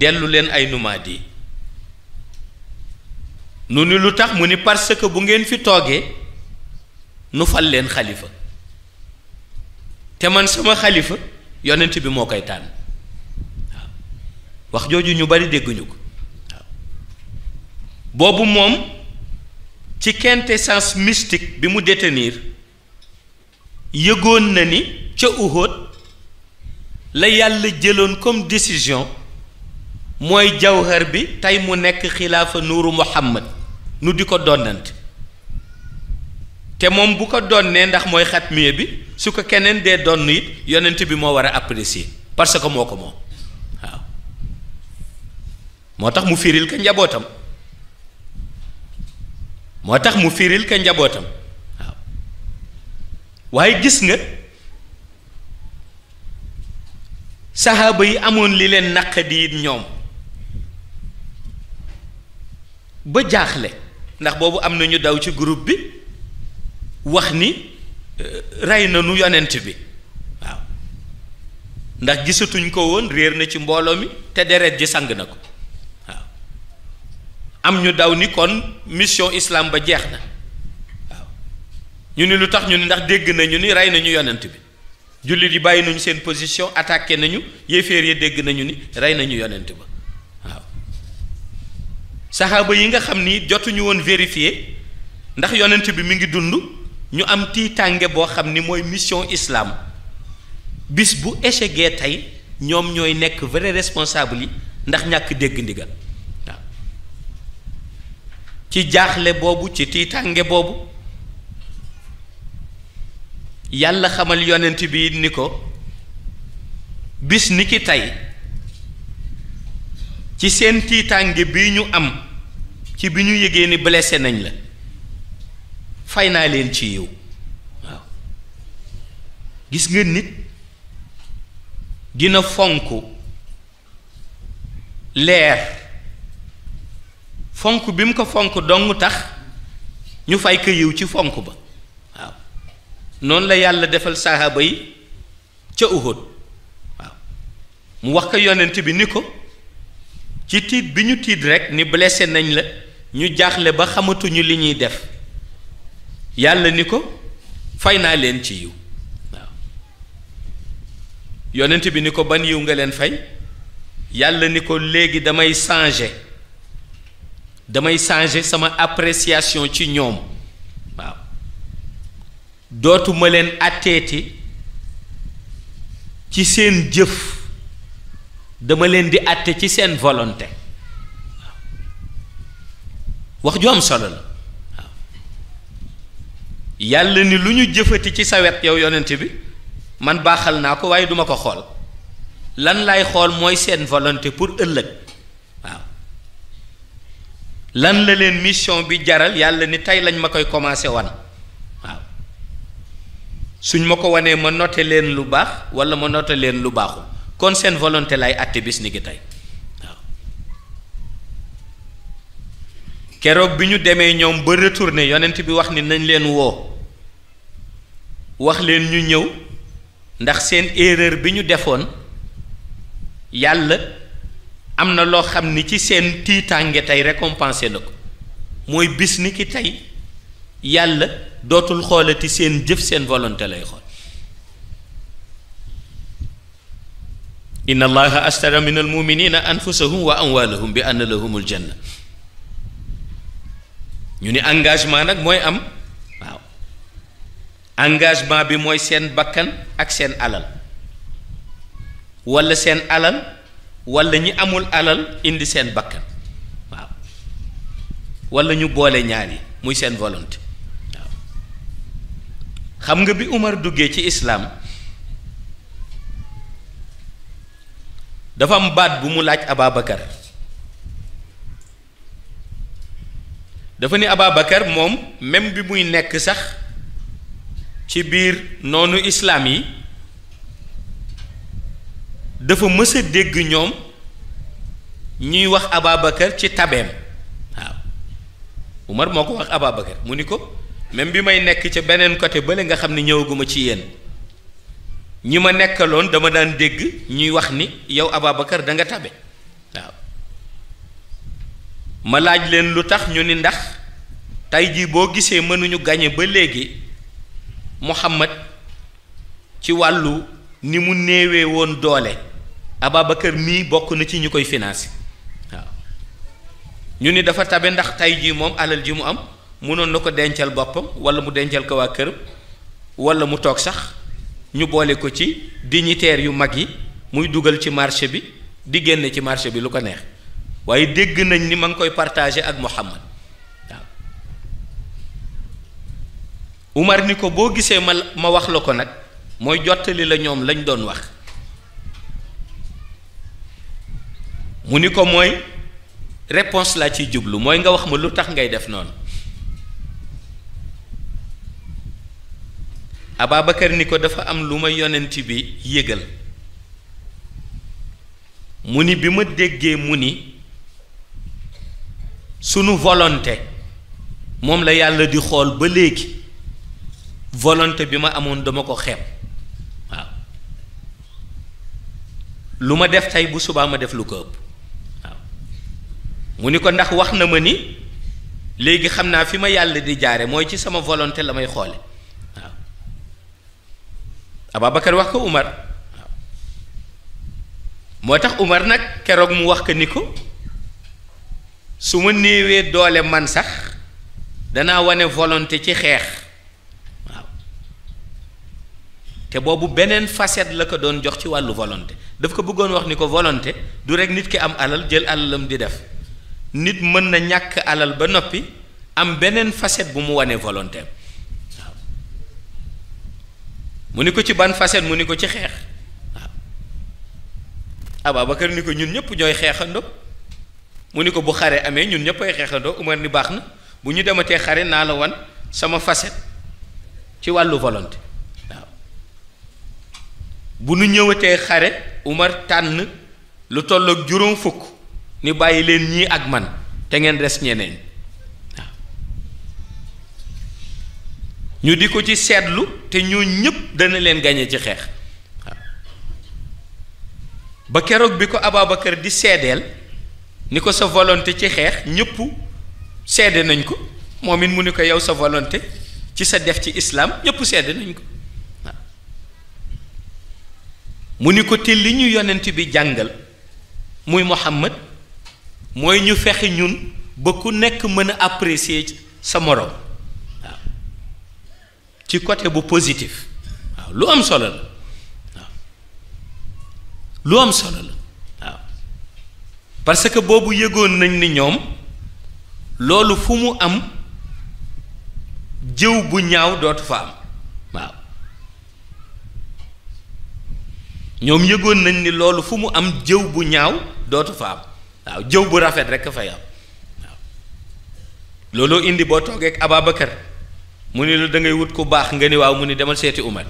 dellu leen ay numaadi nu ni lu tax mu ni parce bu ngeen fi toogee nu fal leen xalifa te man sama xalifa yonent bi moo koy tànn wax jooju ñu bari dégguñu ko boobu moom ci quintessence mystique bi mu deteniir yëgoon na ni ca Uhud la yàlla jëloon comme décision mooy jawhar bi tey mu nekk xilaafa nuuru muhammad nu di ko donnante te moom bu ko donnee ndax mooy xatmiye bi su ko keneen dee donn it yonent bi moo war a apprécier parce que moo ko moom waaw moo tax mu firil ka njabootam moo tax mu firil ka njabootam waaye gis nga saxaaba yi amoon li leen naqadi it ñoom ba jaaxle ndax boobu am na ñu daw ci groupe bi wax ni euh, rey na nu yonent bi waaw ndax gisatuñ ko woon réer na ci mbooloo mi te deret ji sang na ko waaw am ñu daw ni kon mission islaam ba jeex na ñu ni lu tax ñu ni ndax dégg nañu ni rey nañu yonent bi jullit yi bàyyi nañu seen position attaqué nañu yéeféer yi dégg nañu ni rey nañu yonent ba waaw saxaaba yi nga xam ni jotuñu woon vérifier ndax yonent bi mi ngi dund ñu am tiitànge boo xam ni mooy mission islaam bis bu échegee tey ñoom ñooy nekk vrai responsable yi ndax ñàkk dégg ndigal waaw ci jaaxle boobu ci tiitànge boobu yàlla xamal yonent bi ni ko bis ni ki tey ci seen tiitaange bi ñu am ci bi ñu yëgee ni blessé nañ la fay naa leen ci yiw waaw gis nga nit dina fonk leer fonk bi mu ko fonk dong tax ñu fay ko ci fonk ba noonu la yàlla defal sahaaba yi ca Uhud waaw mu wax ko yonent bi ni ko ci tiit bi ñu tiit rekk ni blessé nañ la ñu jaaxle ba xamatuñu li ñuy def yàlla ni ko fay naa leen ci yiw yonent bi ni ko ban yiw nga leen fay yàlla ni ko léegi damay changer damay changer sama appréciation ci ñoom dootuma leen atteeti ci seen jëf dama leen di atte ci seen volonté wax ju am solo la yàlla ni lu ñu jëfati ci sa wet yow yonent bi man baaxal naa ko waaye duma ko xool lan lay xool mooy seen volonté pour ëllëg waaw lan la leen mission bi jaral yàlla ni tey lañ ma koy commencé wan suñ ma ko wanee ma noté leen lu baax wala ma noté leen lu baaxul kon seen volonté lay àtte bis ni tey keroog bi ñu demee ñoom ba retourné yonent bi wax ni nañ leen woo wax leen ñu ñëw ndax seen erreur bi ñu defoon yàlla am na loo xam ni ci seen tiitaange tey récompensé na ko mooy bis tey yàlla dootul xoolati seen jëf seen volonté lay xool inna allaha astara min almuminina anfusahum wa amwalahum bi anna lahumul janna ñu ni engagement nag mooy am waaw engagement bi mooy seen bakkan ak seen alal walla seen alal walla ñi amul alal indi seen bakkan waaw walla ñu boole ñaari yi muy seen volonté xam nga bi Umar duggee ci islaam dafa am bu mu laaj Ababakar dafa ne Ababakar moom même bi muy nekk sax ci biir noonu islaam yi dafa mës dégg ñoom ñuy wax Ababakar ci tabeem waaw Umar moo ko wax Ababakar mu ni ko même bi may nekk ca beneen côté bale nga xam ne ñëwaguma ci yéen ñi ma nekkaloon dama daan dégg ñuy wax ni yow Ababacar da nga tabe waaw ma laaj leen lu tax ñu ni ndax tey jii boo gisee mënuñu gañe ba léegi Muhammad ci wàllu ni mu néewee woon doole Ababacar mii bokk na ci ñu koy financé waaw ñu ni dafa tabe ndax tey jii moom alal ji mu am mënoon na ko dencal boppam wala mu dencal ko waa këram wala mu toog sax ñu boole ko ci dignitaires yu mag yi muy dugal ci marché bi di génne ci marché bi lu ko neex waaye dégg nañ ni ma ngi koy partagé ak Muhammad waaw Umar ni ko boo gisee ma ma wax la ko nag mooy jottali la ñoom lañ doon wax mu ni ko mooy réponse laa ciy jublu mooy nga wax ma lu tax ngay def noonu Ababakar ni ko dafa am lu ma yonent bi yëgal mu ni bi ma déggee mu ni sunu volonté moom la yàlla di xool ba léegi volonte bi ma amoon dama ko xeeb waaw lu ma def tey bu subaa ma def lu ko ëpp waaw mu ni ko ndax wax na ma ni léegi xam naa fi ma yàlla di jaare mooy ci sama volonté la may xoole Ababacar wax ko Umar waaw moo tax Umar nag keroog mu wax ko ni ko su ma néewee doole man sax danaa wane volonté ci xeex waaw te boobu beneen facette la ko doon jox ci wàllu volonté daf ko bëggoon wax ni ko volonté du rekk nit ki am alal jël alalam di def nit mën na ñàkk alal ba noppi am beneen facette bu mu wane volonté mu ni ko ci ban facette mu ni ko ci xeex waaw kër ni ko ñun ñëpp ñooy xeexandoo mu ni ko bu xare amee ñun ñëpp ay xeexandoo Umar ni baax na bu ñu dematee xare naa la wan sama facette ci wàllu volonté waaw bu nu ñëwatee xare Umar tànn lu tolloog juróom fukk ni bàyyi leen ñii ak man te ngeen res ñeneen. ñu di ko ci seetlu te ñoo ñëpp dana leen gañe ci xeex ba keroog bi ko Ababacar di seedeel ni ko sa volonté ci xeex ñëpp seede nañ ko moom it mu ni ko yow sa volonté ci sa def ci islaam ñëpp seede nañ ko mu ni ko te li ñu yonent bi jàngal muy Muhammad mooy ñu fexe ñun ba ku nekk mën a apprécier sa moroom ci côté bu positif waaw lu am solo la waaw lu am solo waaw parce que boobu yëgoon nañ ni ñoom loolu fu mu am jëw bu ñaaw dootu fa am waaw ñoom yëgoon nañ ni loolu fu mu am jëw bu ñaaw dootu fa am jëw bu rafet rekk fay am waaw looloo indi boo toogee ak mu ni la da ngay wut ku baax nga ni waaw mu ni demal seeti Umar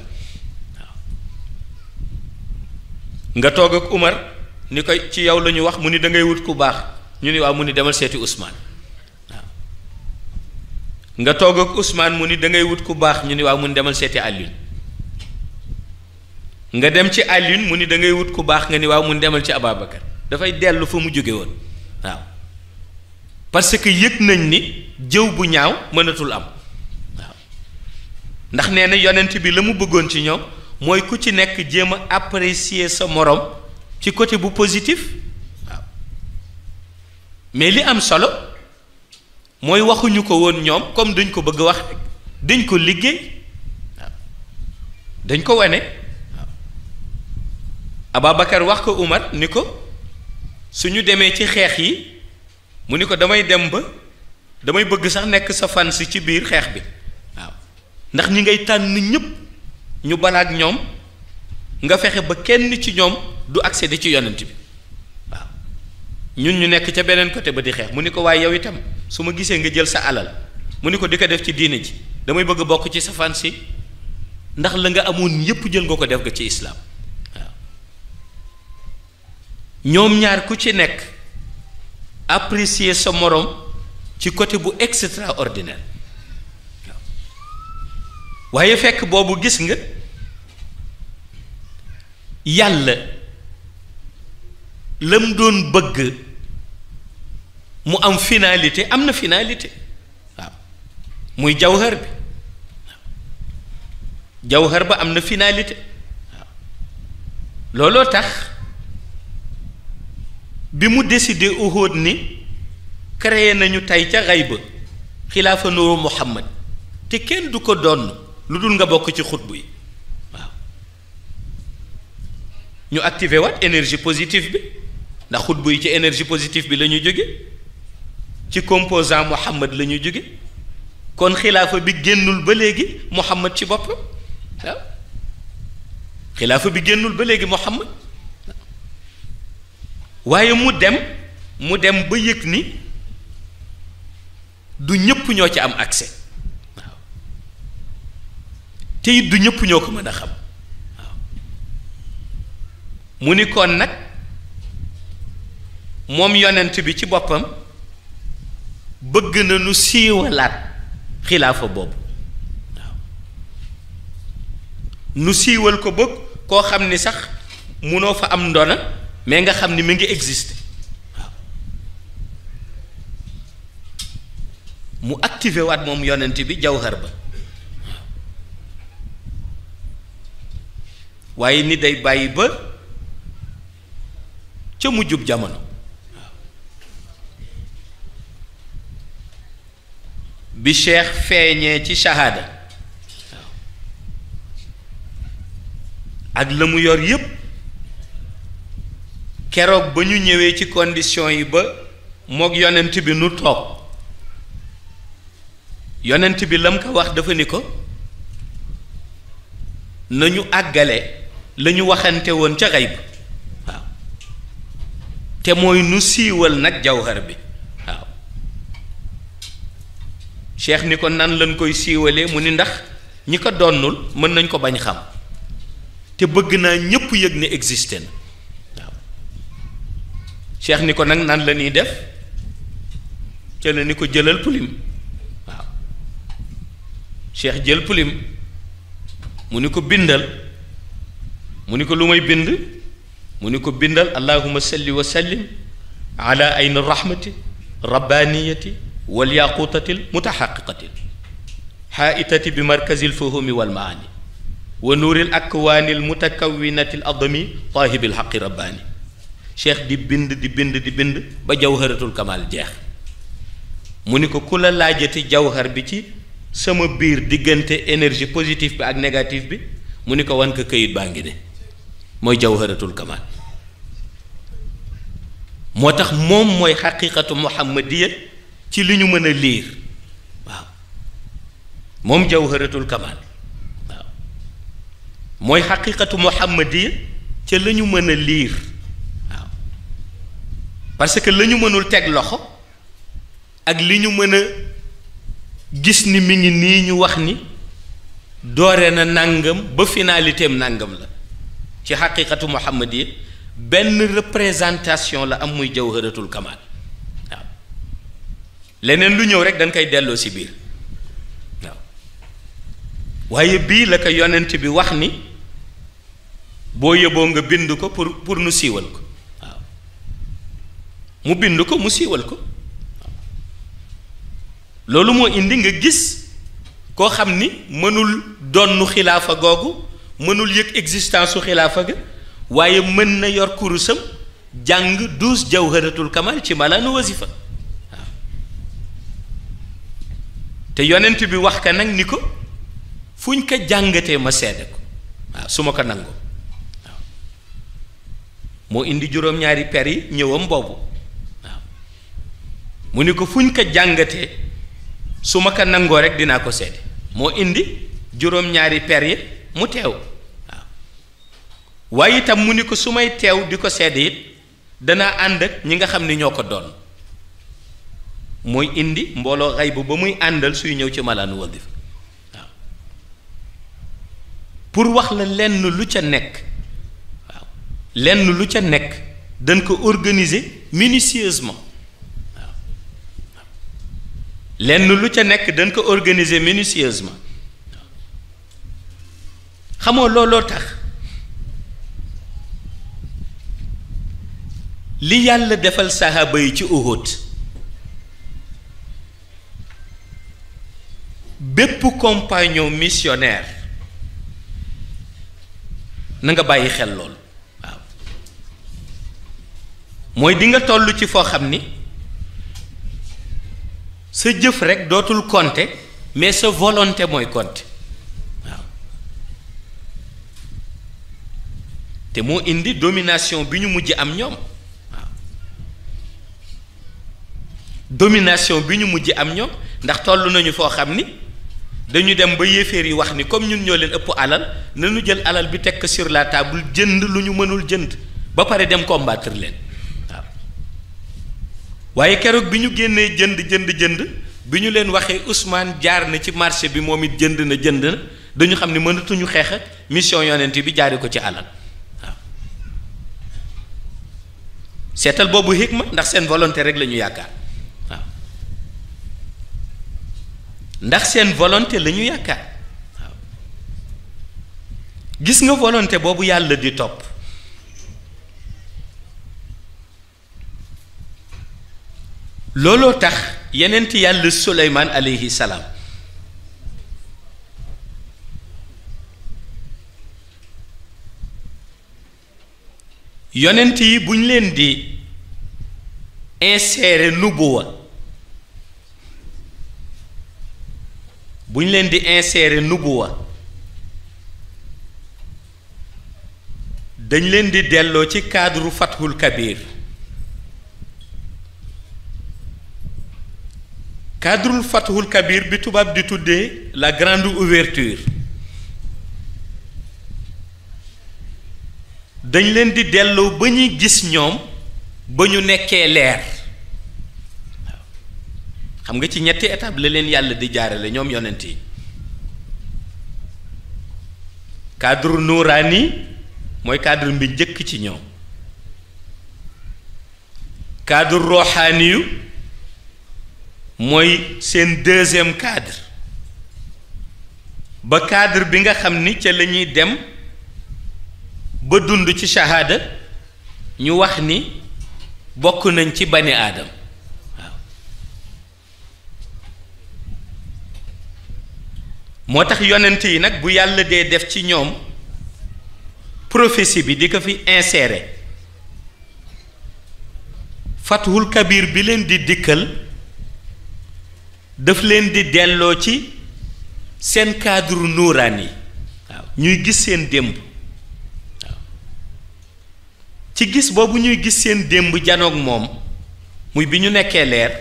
waaw nga toog ak Umar ni koy ci yow la ñu wax mu ni dangay wut ku baax ñu ni waaw mu ni demal seeti Ousmane nga toog ak Ousmane mu ni da ngay wut ku baax ni waaw mu demal seeti Alioune nga dem ci Alioune mu ni dangay wut ku baax nga ni waaw mu ni demal ci Ababacar dafay dellu fa mu jóge woon waaw parce que yëg nañ ni jëw bu ñaaw mënatul am ndax nee na yonent bi la mu bëggoon ci ñoom mooy ku ci nekk jéem a apprécier sa moroom ci côté bu positif waaw mais li am solo mooy waxuñu ko woon ñoom comme dañ ko bëgg a wax dañ ko liggéey waaw dañ ko wane waaw wax ko Umar ni ko suñu demee ci xeex yi mu ni ko damay dem ba damay bëgg sax nekk sa fan si ci biir xeex bi ndax ñi ngay tànn ñëpp ñu balaak ñoom nga fexe ba kenn ci ñoom du accéder ci yonent bi waaw ñun ñu nekk ca beneen côté ba di xeex mu ni ko waaye yow itam su ma gisee nga jël sa alal mu ni ko di ko def ci diine ji damay bëgg bokk ci safaan si ndax la nga amoon yépp jël nga ko def nga ci islaam waaw ñoom ñaar ku ci nekk apprécier sa morom ci côté bu extraordinaire waaye fekk boobu gis nga yàlla lam doon bëgg mu am finalité am na finalité waaw muy jawhar bi jawhar ba am na finalité waaw looloo tax bi mu décidé Uhud ni créé nañu tey ca xayba xilaafa nuru Muhammad te kenn du ko donn lu dul nga bokk ci xutbu yi waaw ñu activé waat énergie positive bi ndax xutbu yi ci énergie positive bi la ñu jóge ci composant Muhammad la ñu jóge kon xilaafa bi génnul ba léegi Muhammad ci boppam waaw xilaafa bi ba léegi Muhammad waaye mu dem mu dem ba yëg ni du ñëpp ñoo ci am accès te it du ñëpp ñoo ko mën a xam waaw mu ni koon nag moom yonent bi ci boppam bëgg na nu siiwalaat xilaafa boobu waaw nu siiwal ko bëgg koo xam ni sax munoo fa am ndona mais nga xam ni mu ngi existe waaw mu activé waat moom yonent bi jawhar ba waaye nit day bàyyi ba ca mujjub jamono bi cheikh feeñee ci shahada ak la mu yor yépp keroog ba ñu ñëwee ci condition yi ba moog yonent bi nu toog yonent bi lam ko wax dafa ni ko nañu àggale lañu waxante woon ca xayb waaw te mooy nu siiwal nag jawhar bi waaw cheikh ni ko nan lañ koy siiwalee mu ni ndax ñi ko donnul mën nañ ko bañ xam te bëgg naa ñépp yëg ne existe waaw cheikh ni ko nag nan la ñuy def ca la ni ko jëlal pulim waaw cheikh jël pulim mu ni ko bindal mu ni ko lu may bind mu ni ko bindal allahuma salli wa sallim ala ayni rahmati rabbaniyati wal yaqutatil mutaxaqiqatil xaaitati bi markazil fuhumi wal maani wa nuuril akwaanil mutakawinatil adami taahibil xaqi rabbaani cheikh di bind di bind di bind ba jawharatul kamal jeex mu ni ko ku la jawhar bi ci sama biir diggante énergie positive bi ak négative bi mu ni ko wan ko këyit baa ngi de mooy jawharatul kamal moo tax moom mooy xaqiqatu muhammadiya ci li ñu mën a liir waaw moom jawharatul kamal waaw mooy xaqiqatu muhammadiya ci la ñu mën a liir waaw parce que la ñu mënul teg loxo ak li ñu mën a gis ni mi ngi nii ñu wax ni doore na nàngam ba finalité am nàngam la ci xaqiqatu muhammad yi benn représentation la am muy jawharatul kamal waaw leneen lu ñëw rek dañ koy delloo si biir waaw waaye bii la ko yonent bi wax ni boo yeboo nga bind ko pour pour nu siiwal ko waaw mu bind ko mu siiwal ko loolu moo indi nga gis koo xam ni mënul donnu xilaafa googu mënul yëg existence su xilaafa ga waaye mën na yor kurusam jàng douze jawharatul kamal ci malaanu wasifa waaw te yonent bi wax ka nag ni ko fuñ ko jàngatee ma seede ko waaw su ma ko nangoo waaw moo indi juróom-ñaari per yi ñëwam boobu waaw mu ni ko fuñ ko jàngatee su ma ko nangoo rek dinaa ko seede moo indi juróom-ñaari per yi mu teew waaw waaye itam mu ni ko su may teew di ko sedd it danaa ànd ak ñi nga xam ni ñoo ko doon mooy indi mbooloo xay bu ba muy àndal suy ñëw ci malaanu wadif waaw pour wax la lenn lu ca nekk waaw lenn lu ca nekk dañ ko organiser minutieusement lenn lu ca nekk dañ ko organiser minutieusement xamoo looloo tax li yàlla defal saxaaba yi ci Uhud bépp compagnon missionnaire na nga bàyyi xel loolu waaw mooy di nga toll ci foo xam ni sa jëf rekk dootul compter mais sa volonté mooy compter te moo indi domination bi ñu mujj am ñoom domination bi ñu mujj am ñoom ndax toll nañu foo xam ni dañu dem ba yéeféer yi wax ni comme ñun ñoo leen ëpp alal nañu jël alal bi tekk sur la table jënd lu ñu mënul jënd ba pare dem combattre leen waaye keroog bi ñu génnee jënd jënd jënd bi ñu leen waxee Ousmane jaar na ci marché bi moom it jënd na jënd na dañu xam ne mënatuñu xeex ak mission yonent bi jaari ko ci alal. seetal boobu hikma ndax seen volonté rek lañu yàkkaar waaw ndax seen volonté la ñu yaakaar waaw gis nga volonté boobu yàlla di topp looloo tax yenent yàlla Suleymaan aleyhi salaam yonent yi bu ñu leen di insérer nubuwa bu ñu leen di insérer nubuwa dañ leen di delloo ci cadre Fathul Kabir cadre Fathul Kabir bi tubaab di tuddee la grande ouverture dañ leen di delloo ba ñuy gis ñoom ba ñu nekkee leer xam nga ci ñetti étape la leen yàlla di jaarale ñoom yonent yi cadre nuuraani mooy cadre bi njëkk ci ñoom cadre roxaani yu mooy seen deuxième cadre ba cadre bi nga xam ni ca lañuy dem ba dund ci shahaada ñu wax ni bokk nañ ci bani aadam waaw moo tax yonent yi nag bu yàlla dee def ci ñoom prophétie bi di ko fi insérer fatwul kabir bi leen di dikkal daf leen di delloo ci seen cadre nuuraan yi waaw ñuy gis seen démb ci gis boobu ñuy gis seen démb janook moom muy bi ñu nekkee leer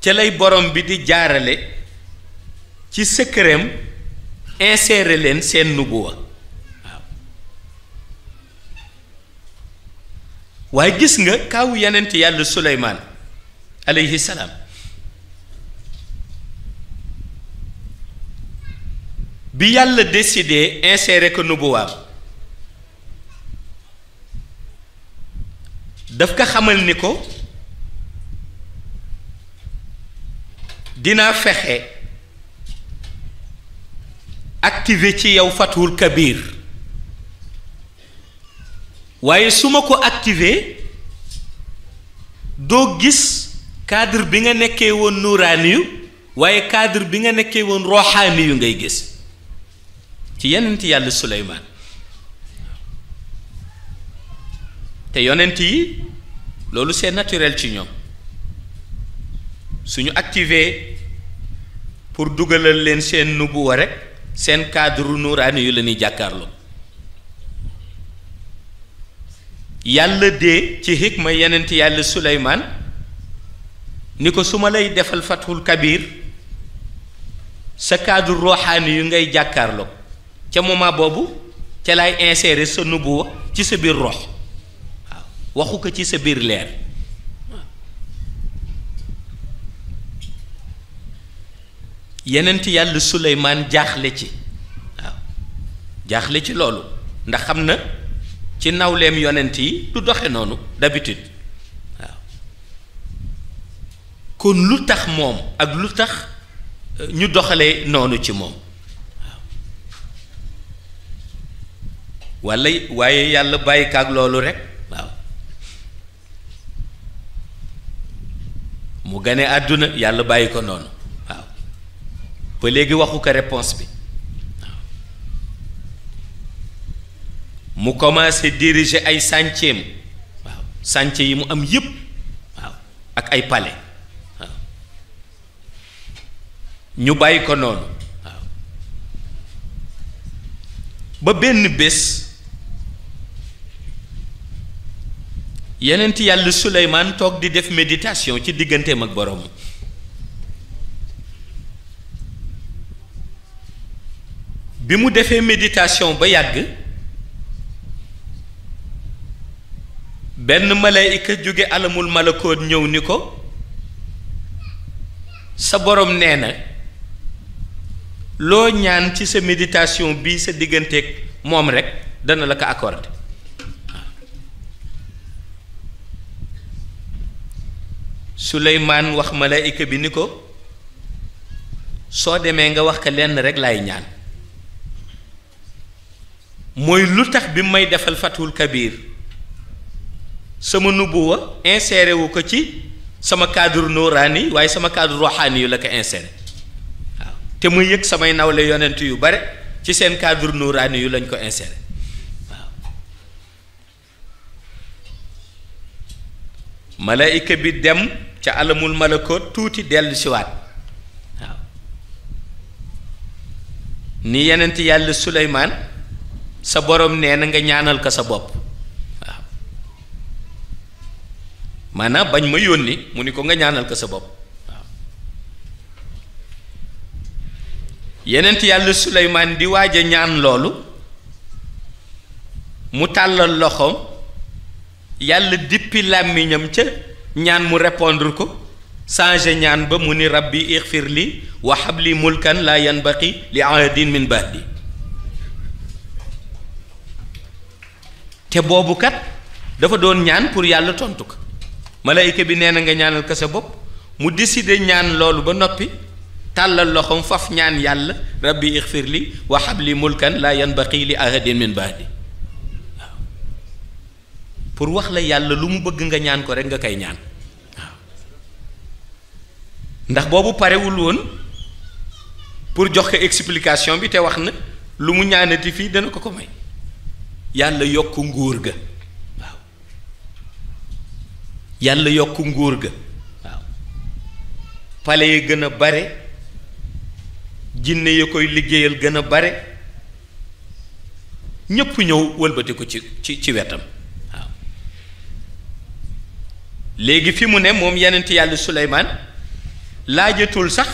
ca lay borom bi di jaarale ci sëkkëram insérer leen seen nubuwa waaw waaye gis nga kawu yeneen ci yàlla suleymaan aleyhi salaam bi yàlla décidé insérer ko nubuwaam daf ko xamal ni ko dinaa fexe activé ci yow fathul kabir waaye su ma ko activé doo gis cadre bi nga nekkee woon nuuraani waaye cadre bi nga nekkee woon roxaani ngay gis ci yenent yàlla Suleymaan te yonent yi loolu seen naturel ci ñoom suñu activé pour dugalal leen seen nubuwa rek seen cadre nuuraani yu la ñuy jàkkaarloo yàlla de ci xikma yonent yàlla Suleymaan ni ko su ma lay defal fathul kabiir sa cadre roxaani yu ngay jàkkaarloo ca moment boobu ca lay insérer sa nubuwa ci sa biir rox waxu ko ci sa biir leer yenent yàlla suleymaan jaaxle ci waaw jaaxle ci loolu ndax xam na ci nawleem yonent yi du doxe noonu d'habitude waaw kon lu tax moom ak lu tax euh, ñu doxale noonu ci moom waaw walla waaye yàlla bàyyi loolu rekk mu gane àdduna yàlla bàyyi ko noonu waaw ba léegi waxu ko réponse bi waaw mu commencé diriger ay sànceem waaw sànce yi mu am yëpp waaw ak ay pale waaw ñu bàyyi ko noonu waaw ba benn bés yenent yàlla suleymaan toog di def méditation ci digganteem ak borom bi mu defee méditation ba yàgg benn malayka jóge alamul malakoot ñëw ni ko sa borom nee na loo ñaan ci sa méditation bi sa digganteeg moom rekk dana la ko accordé suleymaan wax malaayika bi ni ko soo demee nga wax ko lenn rek laay ñaan mooy lu tax bi may defal fathul kabir sama nubuwa inséré wu ko ci sama kaadur nooraani waaye sama cadre roxaani yu la ko inséré waaw te muy yëg samay nawle yonent yu bare ci seen cadre nooraani yu lañ ko inséré malaayika bi dem ca alamul malakoot tuuti dellusiwaat siwaat waaw ni yenent yàlla suleymaan sa boroom nee na nga ñaanal ko sa bopp waaw maanaam bañ ma yónni mu ni ko nga ñaanal ko sa bopp waaw yenent yàlla suleymaan di waaja ñaan loolu mu tàllal loxoom yàlla dippi làmmiñam ca ñaan mu répondre ko changé ñaan ba mu ni rabbi ixfir li wa habli mulkan laa yanbaqi li ahadin min ba'di te boobu kat dafa doon ñaan pour yàlla tontu ko malayka bi nee na nga ñaanal kese sa bopp mu diside ñaan loolu ba noppi tàllal loxoom faf ñaan yàlla rabbi ixfir li wa habli mulkan laa yanbaqi li ahadin min ba'di pour wax la yàlla lu mu bëgg nga ñaan ko rek nga koy ñaan waaw ndax boobu parewul woon pour jox ko explication bi te wax na lu mu ñaanati fii dana ko ko may yàlla yokk nguur ga waaw yàlla yokk nguur ga waaw pale yi gën a bare jinne yi koy liggéeyal gën a bare ñépp ñëw wëlbati ko ci ci ci wetam léegi fi mu ne moom yonent yàlla Suleymaan laajatul sax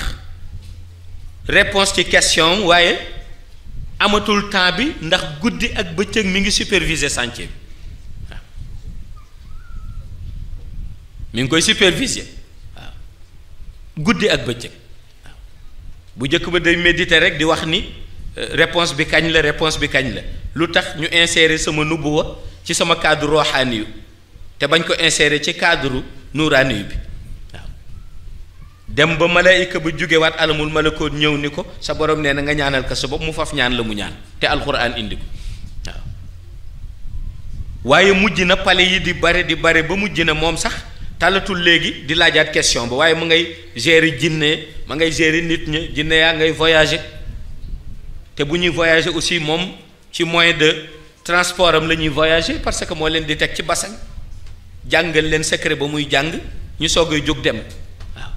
réponse ci question waaye amatul temps bi ndax guddi ak bëccëg mi ngi superviser chantier bi waaw mi ngi koy superviser waaw guddi ak bëccëg waaw bu njëkk ba day méditer rek di wax ni euh, réponse bi kañ la réponse bi kañ la lu tax ñu insérer sama nubuwa ci sama cadre roxaani yu te bañ ko insérer ci cadre nuuraani bi waaw dem ba malaayika bu jugewaat alamul malakoot ñëw ni ko sa borom nee na nga ñaanal ko sa bopp mu faf ñaan la mu ñaan te alxuraan indi ko waaw waaye mujj na pale yi di bare di bare ba mujj na moom sax talatul léegi di laajaat question ba waaye mu ngay gérer jinne ma ngay gérer nit ñi jinne yaa ngay voyager te bu ñuy voyager aussi moom ci moyen de transport am la ñuy voyager parce que moo leen di teg ci bassin jàngal leen secret ba muy jàng ñu soog a jóg dem waaw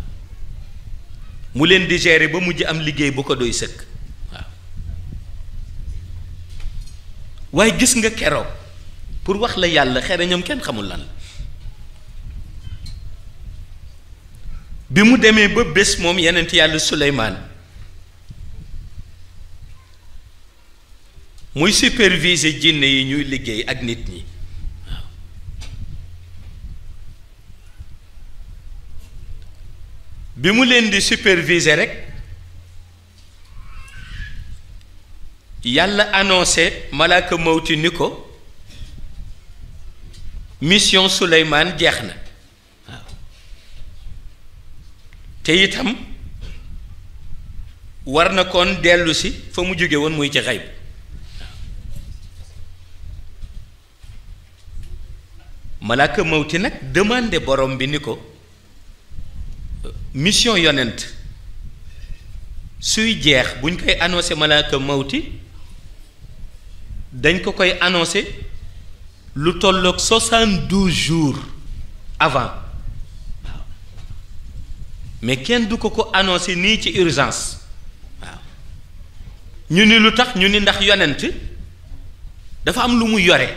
mu leen di gérer ba mujj am liggéey bu ko doy sëkk waaw waaye gis nga keroog pour wax la yàlla xere ñoom kenn xamul lan bi mu demee ba bés moom yenent yàlla Suleymaan muy superviser jinne yi ñuy liggéey ak nit ñi bi mu leen di superviser rek yàlla annoncé malaaka mawti ni ko mission Suleymaan jeex na waaw te itam war na kon dellusi si fa mu jóge woon muy ci xayb malaaka mawti nag demandé borom bi ni ko mission yonent suy jeex buñ koy annoncé malaaka mawti dañ ko koy annoncé lu tolloog soixante-douze jours avant waaw mais kenn du ko ko annoncé nii ci urgence waaw ñu ni lu tax ñu ni ndax yonent dafa am lu mu yore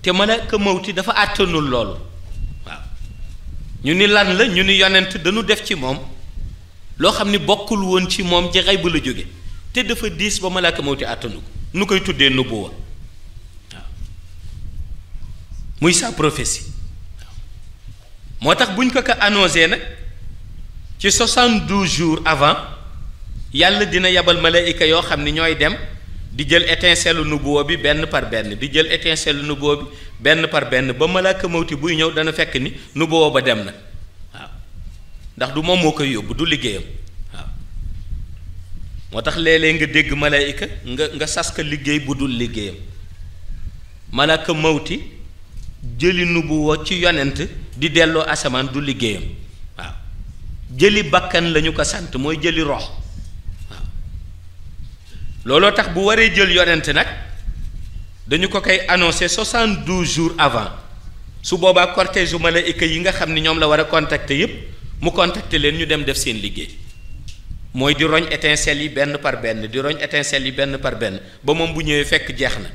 te malaaka mawti dafa àttanul loolu ñu ni lan la ñu ni yonent dañu def ci moom loo xam ni bokkul woon ci moom ci xayb la jóge te dafa diis ba malaaka mawti àttanu ko nu koy tuddee nubuwa waaw muy sa prophétie moo tax buñ ko ko annoncé nag ci soixante-douze jours avant yàlla dina yabal malaayika yoo xam ni ñooy dem di jël étincelle nubuwa bi benn par benn di jël étincelle nubuwa bi benn par benn ba malaaka mawti buy ñëw dana fekk ni nu booba dem na waaw ndax du moom moo koy yóbbu du liggéeyam waaw moo tax léeg-léeg nga dégg malaayika nga nga liggéey bu dul liggéeyam malaaka mawti jëli nubu woo ci yonent di delloo asamaan du liggéeyam waaw jëli bakkan lañu ko sant mooy jëli rox waaw looloo tax bu waree jël yonent nag dañu ko koy annoncé soixante douze jours avant su boobaa cortège u malaaka yi nga xam ni ñoom la war a contacter yëpp mu contacter leen ñu dem def seen liggéey mooy di roñ étincelle yi benn par benn di roñ étincelle yi benn par benn ba moom bu ñëwee fekk jeex na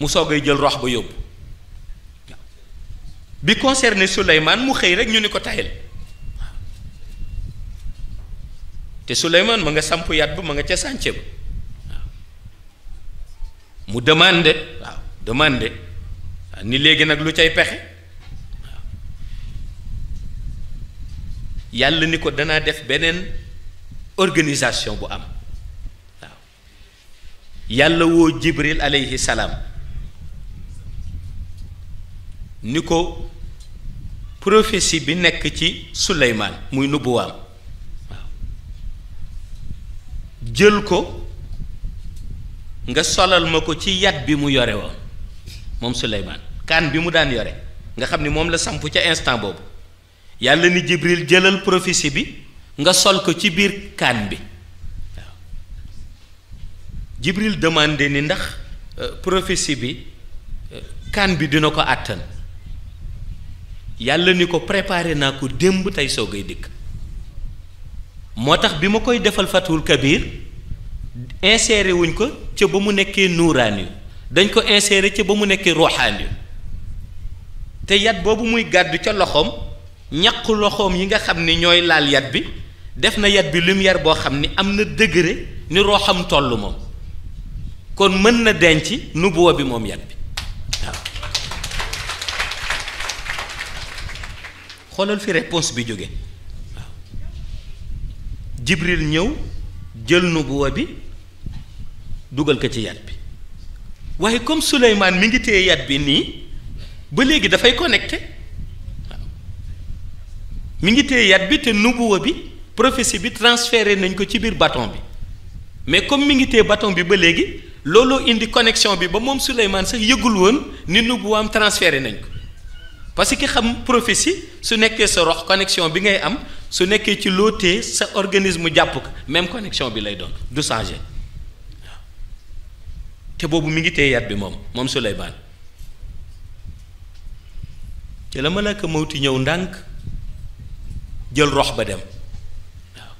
mu soogay jël rox ba yóbbu bi concerné Souleymane mu xëy rek ñu ni ko tayal te Souleymane ma nga samp yat ba ma nga ca sànce ba mu demande waaw demande waaw ni léegi nag lu cay pexe yàlla ni ko danaa def beneen organisation bu am yàlla woo jibril aleyhi salaam ni ko prophétie bi nekk ci suleymaan muy nubbuwaam waaw jël ko nga solal ma ko ci yat bi mu yore woon moom Suleymaan kaan bi mu daan yore nga xam ni moom la samp ca instant boobu yàlla ni Jibril jëlal prophétie bi nga sol ko ci biir kaan bi waaw Jibril demandé ni ndax euh, prophétie bi euh, kaan bi dina ko àttan yàlla ni ko préparé naa ko démb tey ay dikk moo tax bi ma koy defal fatul kabir inséré wuñ ko ca ba mu nekkee nuuraan yu dañ ko insérer ca ba mu nekkee ruuxaan te yat boobu muy gàddu ca loxoom ñaqu loxoom yi nga xam ni ñooy laal yat bi def na yat bi lumière boo xam ni am na degré ni roxam toll moom kon mën na denc nubuwa bi moom yat bi xoolal fi réponse bi jóge waaw jibril ñëw jël nubuwa bi dugal ko ci yat bi waaye comme Souleymane mi ngi téye yat bi nii ba léegi dafay connecté waaw ngi téye yat bi te nubuwa bi prophétie bi transféré nañ ko ci biir baton bi mais comme mi ngi téye bâton bi ba léegi looloo indi connexion bi ba moom Souleymane sax yëgul woon ni nubuwaam transféré nañ ko parce que xam prophétie su nekkee sa rox connexion bi ngay am su nekkee ci loo téye sa organisme jàpp ko même connexion bi lay doon du te boobu mi ngi téye yat bi moom moom Suleymaan ci la malaaka mawti ñëw ndànk jël rox ba dem waaw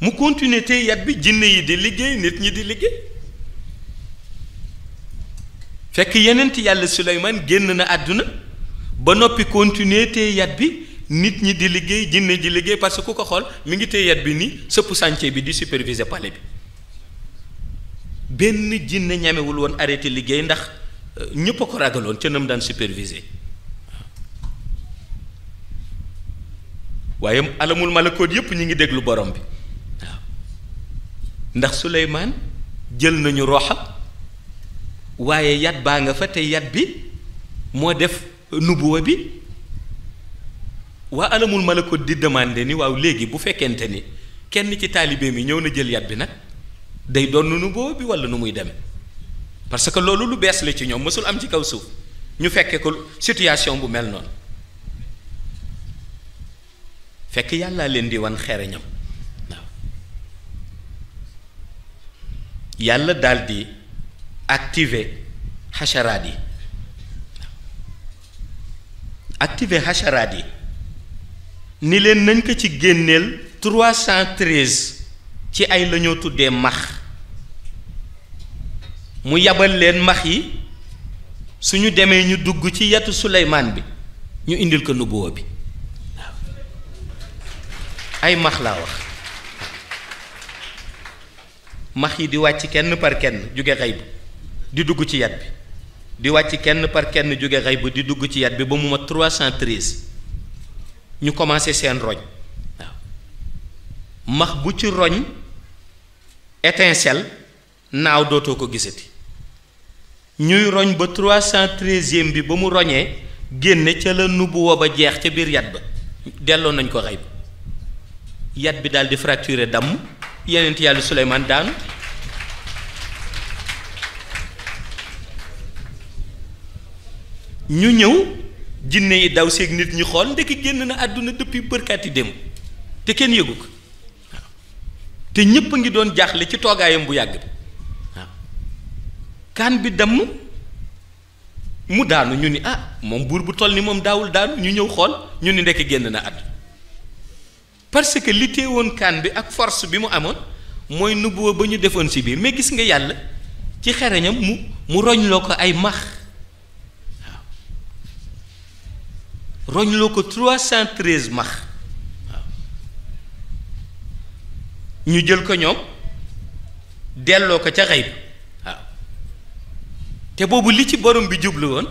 mu continuer tey yat bi jinne yi di liggéey nit ñi di liggéey fekk yenent yàlla Suleymaan génn na àdduna ba noppi continuer tey yat bi nit ñi di liggéey jinne ji liggéey parce que ku ko xool mi ngi téye yat bi ni sëpp sànce bi di superviser palais bi benn jinne ñamewul woon arrêté liggéey ndax euh, ñëpp a ko ragaloon ca nam daan superviser waaye alamul malakoot yépp ñu ngi déglu borom bi waaw ndax Suleymaan jël nañu roxam waaye yat baa nga fa te yat bi moo def nubuwa bi waa alamul malakoot di demande ni waaw léegi bu fekkente ni kenn ci taalibe mi ñëw na jël yat bi nag day doon nu boobu bi wala nu muy dem parce que loolu lu bees la ci ñoom mësul am ci kaw suuf ñu fekkee ko situation bu mel noonu fekk yàllaa leen di wan xereñam yàlla daal di activer xasharaat yi ni leen nañ ko ci génneel 313. ci ay la tuddee max mu yabal leen max yi su ñu demee ñu dugg ci yetu suleymaan bi ñu indil ko nubuwa bi ay max laa wax max yi di wàcc kenn par kenn jóge xëy bi di dugg ci yat bi di wàcc kenn par kenn jóge xëy bi di dugg ci yat bi ba mu mat 313 ñu commencé seen roñ max bu ci roñ étincelle naaw dootoo ko gisati ñuy roñ ba trois cent treizième bi ba mu roñee génne ca la nubuwa ba jeex ca biir yat ba delloo nañ ko xëy ba yat bi daal di fracturé damm yeneen yàlla Suleymaan daanu ñu ñëw jinne yi daw seeg nit ñi xool ndekki génn na àdduna depuis bërkaati démb te kenn yëgu ko te ñépp a ngi doon jaaxle ci toogaayam bu yàgg bi waaw kaan bi damm mu daanu ñu ni ah moom buur bu toll ni moom daawul daanu ñu ñëw xool ñu ni ndekk génn na at parce que li teewoon kaan bi ak force bi mu amoon mooy nubuwa ba ñu defoon si biir mais gis nga yàlla ci xereñam mu mu roñloo ko ay max roñloo ko 313 max ñu jël ko ñoom delloo ko ca xayb waaw te boobu li ci borom bi jublu woon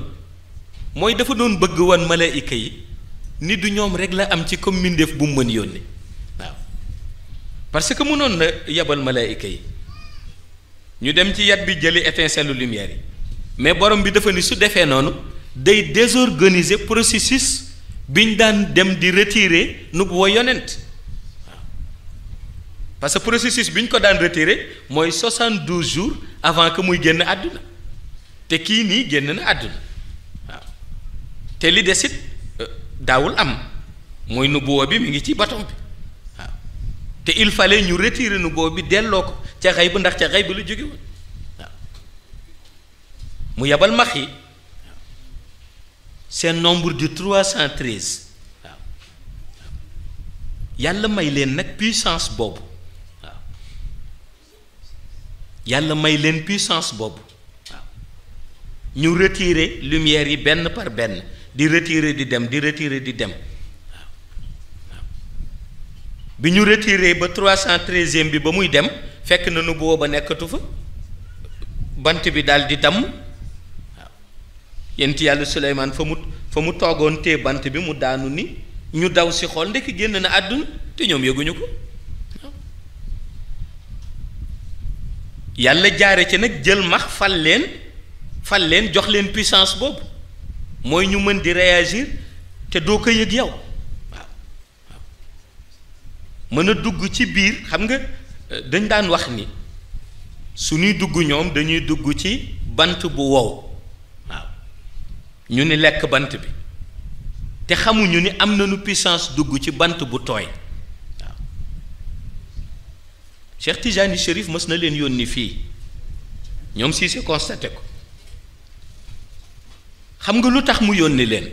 mooy dafa doon bëgg wan malaayika yi nit du ñoom rek la am ci comme mbindeef bu mu mën yónni waaw parce que mënoon na yebal malaayika yi ñu dem ci yat bi jëli étincelle lumière yi mais borom bi dafa ne su defee noonu day désorganiser processus biñ daan dem di retirer nu bu wa yonent parce que processus bi ñu ko daan retiré mooy 72 jours avant que muy génn àdduna te kii nii génn na àdduna waaw te li des euh, daawul am mooy nubuwa bi mu ngi ci baton bi waaw te il fallait ñu retirer nubuwa bi delloo ko ca xay bu ndax ca xay bi lu jóge mu yebal max yi seen nombre du 313 waaw yàlla may leen nag puissance boobu. yàlla may leen puissance boobu waaw ñu retirer lumière yi benn par benn di retirer di dem di retirer di dem waaw waaw bi ñu retirer ba trois cent treizième bi ba muy dem fekk na nu a nekkatu fa bant bi daal di damm waaw yent yàlla Suleymaan fa mu fa mu toogoon te bant bi mu daanu ni ñu daw si xool ndekk génn na àdduna te ñoom yëguñu ko yàlla jaare ci nag jël max fal leen fal leen jox leen puissance boobu mooy ñu mën di réagir te doo ko yëg yow waaw mën a dugg ci biir xam nga euh, dañ daan wax ni su ñuy dugg ñoom dañuy dugg ci bant bu wow waaw ñu ni lekk bant bi te xamuñu ni am nañu puissance dugg ci bant bu tooy Cheikh Tijani Chérif mës na leen yónni fii ñoom si si constaté ko xam nga lu tax mu yónni leen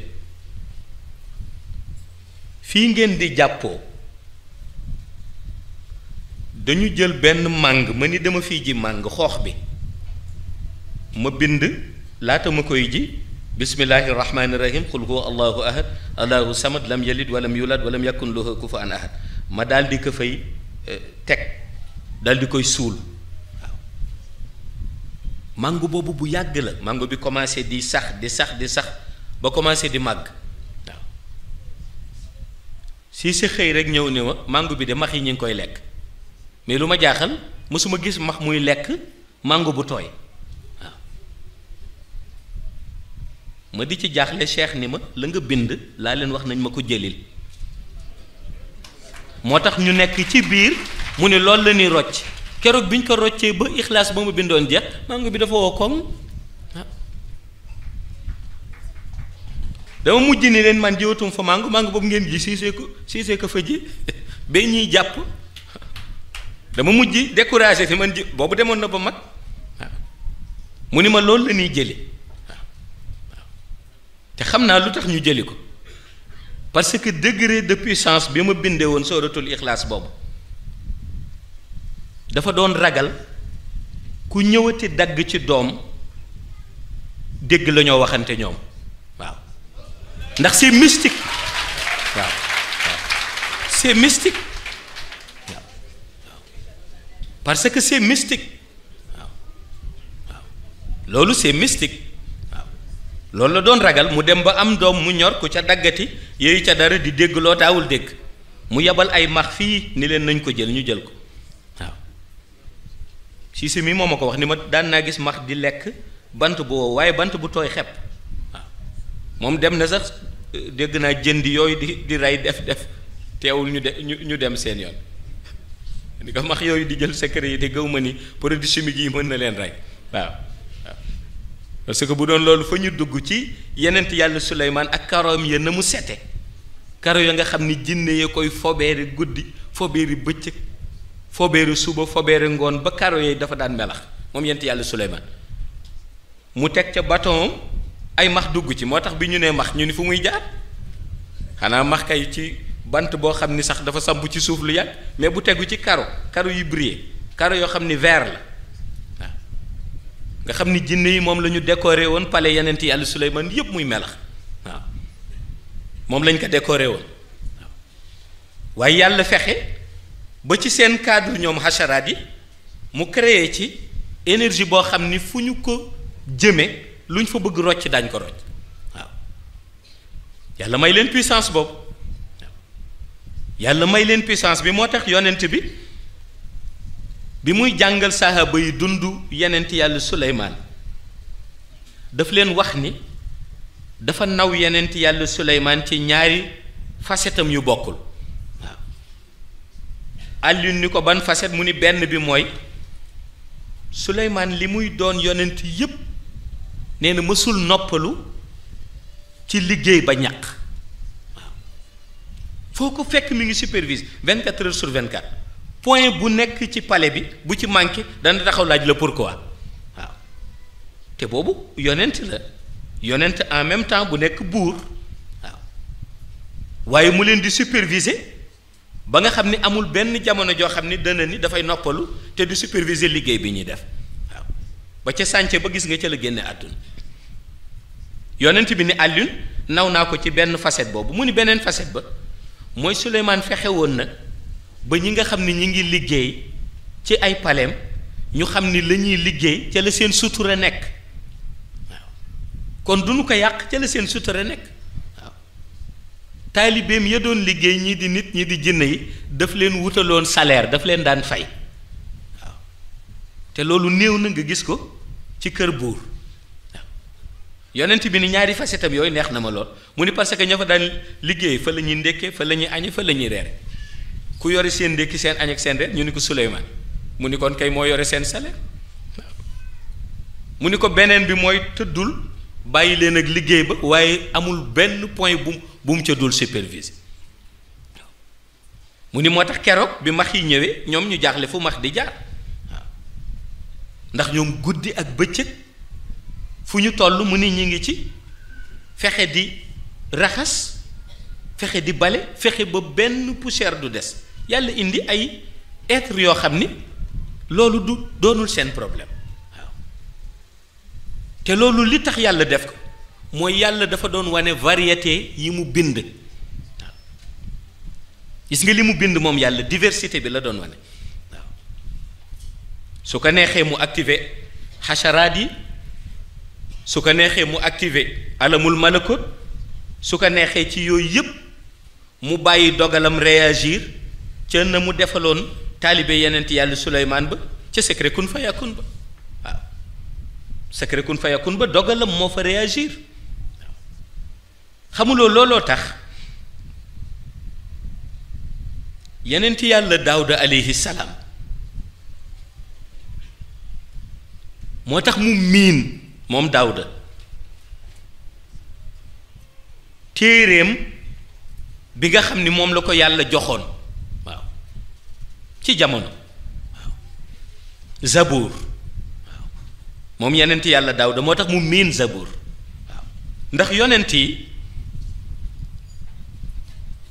fii ngeen di jàppoo dañu jël benn màng ma ni dama fii ji màng xoox bi ma bind laata ma koy ji bismillahi rahmaani rahim qul huwa allahu ahad allahu samad lam yalid walam yulad walam yakun lahu kufuwan ahad ma daal di ko fay eh, teg dal di koy suul waaw màngo boobu bu yàgg la màngo bi commencé di sax di sax di sax ba commencé di màgg waaw si si xëy rek ñëw ne ma màngo bi de max yi ñu ngi koy lekk mais lu ma jaaxal mësuma gis max muy lekk màngo bu tooy waaw ma di ci jaaxle cheikh ni ma la nga bind laa leen wax nañ ma ko jëlil moo tax ñu nekk ci biir mu ne loolu la ñuy rocc keroog bi ñu ko roccee ba ixlaas ba ma bindoon jeex màngo bi dafa woo koŋ dama mujj ni leen man jiwatum fa màngo màngo boobu ngeen ji siisee ko siisee ko fa ji ba ñuy jàpp dama mujj découragé si man ji boobu demoon na ba mag waaw mu ni ma loolu la ñuy jëli te xam naa lu tax ñu jëli ko parce que degré de puissance bi ma bindee woon sooratul ixlaas boobu dafa doon ragal ku ñëwati dagg ci doom dégg lañoo waxante ñoom waaw ndax c'est mystique parce que c'est mystique waaw loolu c'est mystique waaw loolu la doon ragal mu dem ba am doom mu ñor ku ca daggati yooyu ca dara di dégg loo daawul dégg mu yebal ay max fii ni leen nañ ko jël ñu jël ko si si mi ma ko wax ni ma daan naa gis max di lekk bant bu wow waaye bant bu tooy xepp moom dem na sax euh, dégg naa jëndi yooyu di di rey def def teewul ñu de ñu dem seen yoon ni ko max yooyu di jël secret yi te gëw ma ni produits chimiques yi mën na leen rey waaw waaw parce que bu doon loolu fa ñu dugg ci yenent yàlla Suleymaan ak karoom ya na mu sete karo ya nga xam ni jinne ya koy fobeeri guddi fobeeri bëccëg fobeeru suba fobeeru ngoon ba karo yooyu dafa daan melax moom yent yàlla Suleymaan mu teg ca baton ay max dugg ci moo tax bi ñu nee max ñu ni fu muy jaar xanaa max kay ci bant boo xam ni sax dafa samp ci suuf lu yàgg mais bu tegu ci karo karo yu brillé karo yoo xam ni vert la waaw nga xam ni jinne yi moom la ñu décoré woon palais yenent yàlla Suleymaan yëpp muy melax waaw moom lañ ko décoré woon waaw waaye yàlla fexe ba ci seen cadre ñoom hacharaat yi mu créé ci énergie boo xam ni fu ñu ko jëme lu ñu fa bëgg rocc daañ ko rocc waaw yàlla may leen puissance boobu yàlla may leen puissance bi moo tax yonent bi bi muy jàngal sahaaba yi dund yonent yàlla suleymaan daf leen wax ni dafa naw yonent yàlla suleymaan ci ñaari fasetam yu bokkul Alioune ni ko ban faset mu ni benn bi mooy Suleymaan li muy doon yonent yépp nee na mësul noppalu ci liggéey ba ñàkk waaw foo ko fekk mi ngi supervise vingt quatre heures sur vingt quatre point bu nekk ci pale bi bu ci manqué dana taxaw laaj la pourquoi waaw te boobu yonent la yonent en même temps bu nekk buur waaw waaye mu leen di superviser ba nga xam ni amul benn jamono joo xam ni dana ni dafay noppalu te du superviser liggéey bi ñuy def waaw ba ca sance ba gis nga ca la génne àdduna yonent bi ni Alioune naw naa ko ci benn facette boobu mu ni beneen facette ba mooy Souleymane fexe woon nag ba ñi nga xam ni ñi ngi liggéey ci ay paleem ñu xam ni lañuy liggéey ca la seen sutura nekk waaw kon du ñu ko yàq ca la seen sutura nekk taalibeem ya doon liggéey ñii di nit ñi di jinne yi daf leen wutaloon salaire daf leen daan fay waaw te loolu néew na nga gis ko ci kër buur waaw yonent bi ni ñaari facette yooyu neex na ma lool mu ni parce que ña fa daan liggéey fa la ñuy ndékkee fa la ñuy añe fa la ñuy reere ku yore seen ndékki seen añ ak seen reer ñu ni ko Suleymaan mu ni kon kay moo yore seen salaire mu ni ko beneen bi mooy tëddul bàyyi leen ak liggéey ba waaye amul benn point bu bu mu ca dul superviser mu ni moo tax keroog bi max yi ñëwee ñoom ñu jaaxle fu max di jaar waaw ndax ñoom guddi ak bëccëg fu ñu toll mu ni ñu ngi ci fexe di raxas fexe di bale fexe ba benn poussière du des yàlla indi ay être yoo xam ni loolu du doonul seen problème te loolu li tax yàlla def ko mooy yàlla dafa doon wane variété yi mu bind waaw gis nga li mu bind moom yàlla diversité bi la doon wane su ko neexee mu activer xasaraat yi su ko neexee mu activer alamul malakut su ko neexee ci yooyu yëpp mu bàyyi dogalam réagir ca na mu defaloon taalibe yenent yàlla Suleymaan ba ca secret kun fa yakun ba secret kun ba dogalam moo fa réagir xamuloo looloo tax yeneent yàlla daawuda aleyhi salaam moo tax mu miin moom daawuda téeréem bi nga xam ni moom la ko yàlla joxoon waaw ci jamono waaw zabuur moom yonent yàlla Daawuda moo tax mu miin Zabuur waaw ndax yonent yi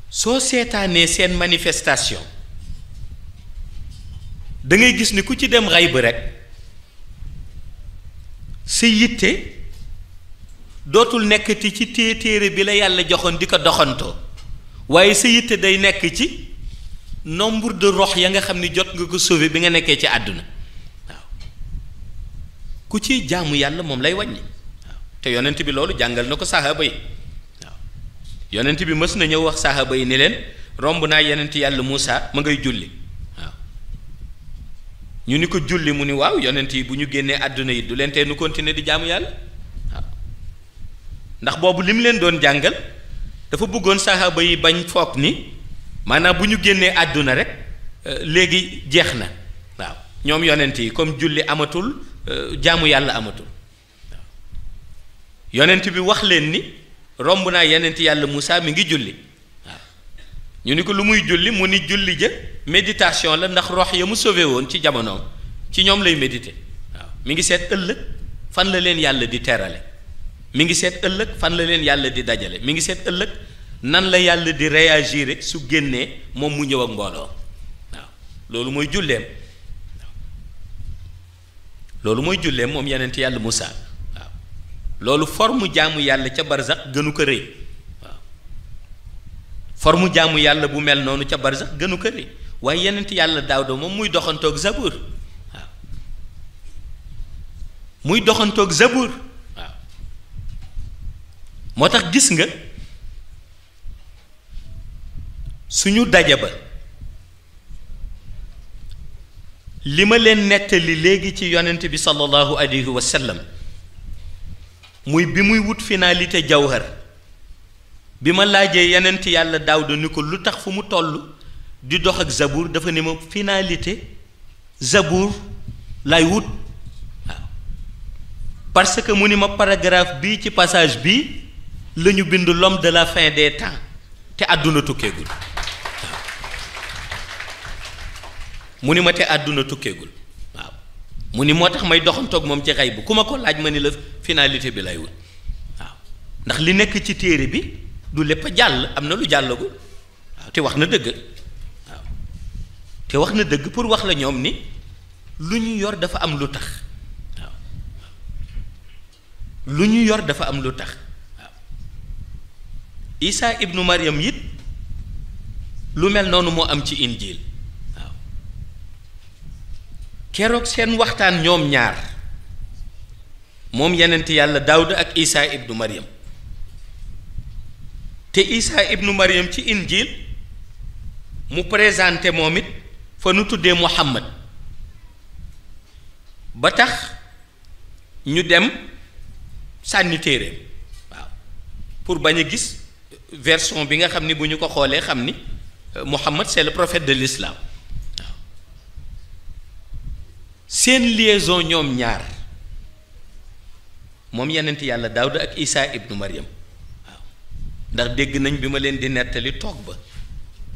soo seetaanee seen manifestation da ngay gis ni ku ci dem xayb rekk sa yitte dootul nekkati ci téetéere bi la yàlla joxoon di ko doxantoo waaye sa yitte day nekk ci nombre de rox ya nga xam ni jot nga ko sauvé bi nga nekkee ci àdduna ku ci jàmm yàlla moom lay wàññi waaw te yonent bi loolu jàngal na ko sahaaba yi waaw yonent bi mës na ñëw wax sahaaba yi ni leen romb naa yonent yàlla Moussa ma ngay julli waaw ñu ni ko julli mu ni waaw yonent yi bu ñu génnee àdduna yi du leen tee nu continuer di jaamu yàlla waaw ndax boobu li mu leen doon jàngal dafa bëggoon sahaaba yi bañ foog ni maanaam bu ñu génnee àdduna rek euh, léegi jeex na waaw ñoom yonent yi comme julli amatul Euh, jaamu yàlla amatul yonent bi wax leen ni romb naa yeneent yàlla Moussa mi ngi julli waaw ñu ni ko lu muy julli mu ni julli ja méditation la ndax rox ya mu sauvé woon ci jamonoom ci ñoom lay médité waaw mi ngi seet ëllëg fan la leen yàlla di terale mi ngi seet ëllëg fan la leen yàlla di dajale mi ngi seet ëllëg nan la yàlla di réagir su génnee moom mu ñëw ak mbooloo waaw loolu mooy julleem loolu mooy jullee moom yonent yàlla Moussa waaw loolu forme jaamu yàlla ca barzax gënu ko rëy waaw forme jaamu yàlla bu mel noonu ca barzax gënu ko rëy waaye yonent yàlla Daawda moom muy doxantoog Zabuur waaw muy doxantoog Zabuur waaw moo tax gis nga suñu daje ba. li ma leen nettali léegi ci yonent bi sallallahu alayhi wa sallam muy bi muy wut finalité jawhar bi ma laajee yonent yàlla daawda ni ko lu tax fu mu toll di dox ak zabuur dafa ne ma finalité zabuur lay wut waaw parce que mu ni ma paragraphe bii ci passage bi lañu bind lom de la fin des temps te àdduna tukkeegul mu ni ma te àdduna tukkeegul waaw mu ni moo tax may doxantoog moom ci xay bu ku ma ko laaj ma ni la finalité bi lay wut waaw ndax li nekk ci téere bi du lépp jàll am na lu jàllagul waaw te wax na dëgg waaw te wax na dëgg pour wax la ñoom ni lu ñu yor dafa am lu tax lu ñu yor dafa am lu tax waaw Isaa ibnu Maryam it lu mel noonu moo am ci injiil keroog seen waxtaan ñoom ñaar moom yeneent yàlla daawud ak isaa ibnu maryam te isaa ibnu maryam ci injil mu présenté moom it fa nu tuddee muhammad ba tax ñu dem sànni téeréem waaw pour bañ a gis version bi nga xam ni bu ñu ko xoolee xam ni euh, muhammad seen le profet de l'islam seen lieson ñoom ñaar moom yenent yàlla daawda ak isaa ibnu mariam waaw ndax dégg nañ bi ma leen di nettali toog ba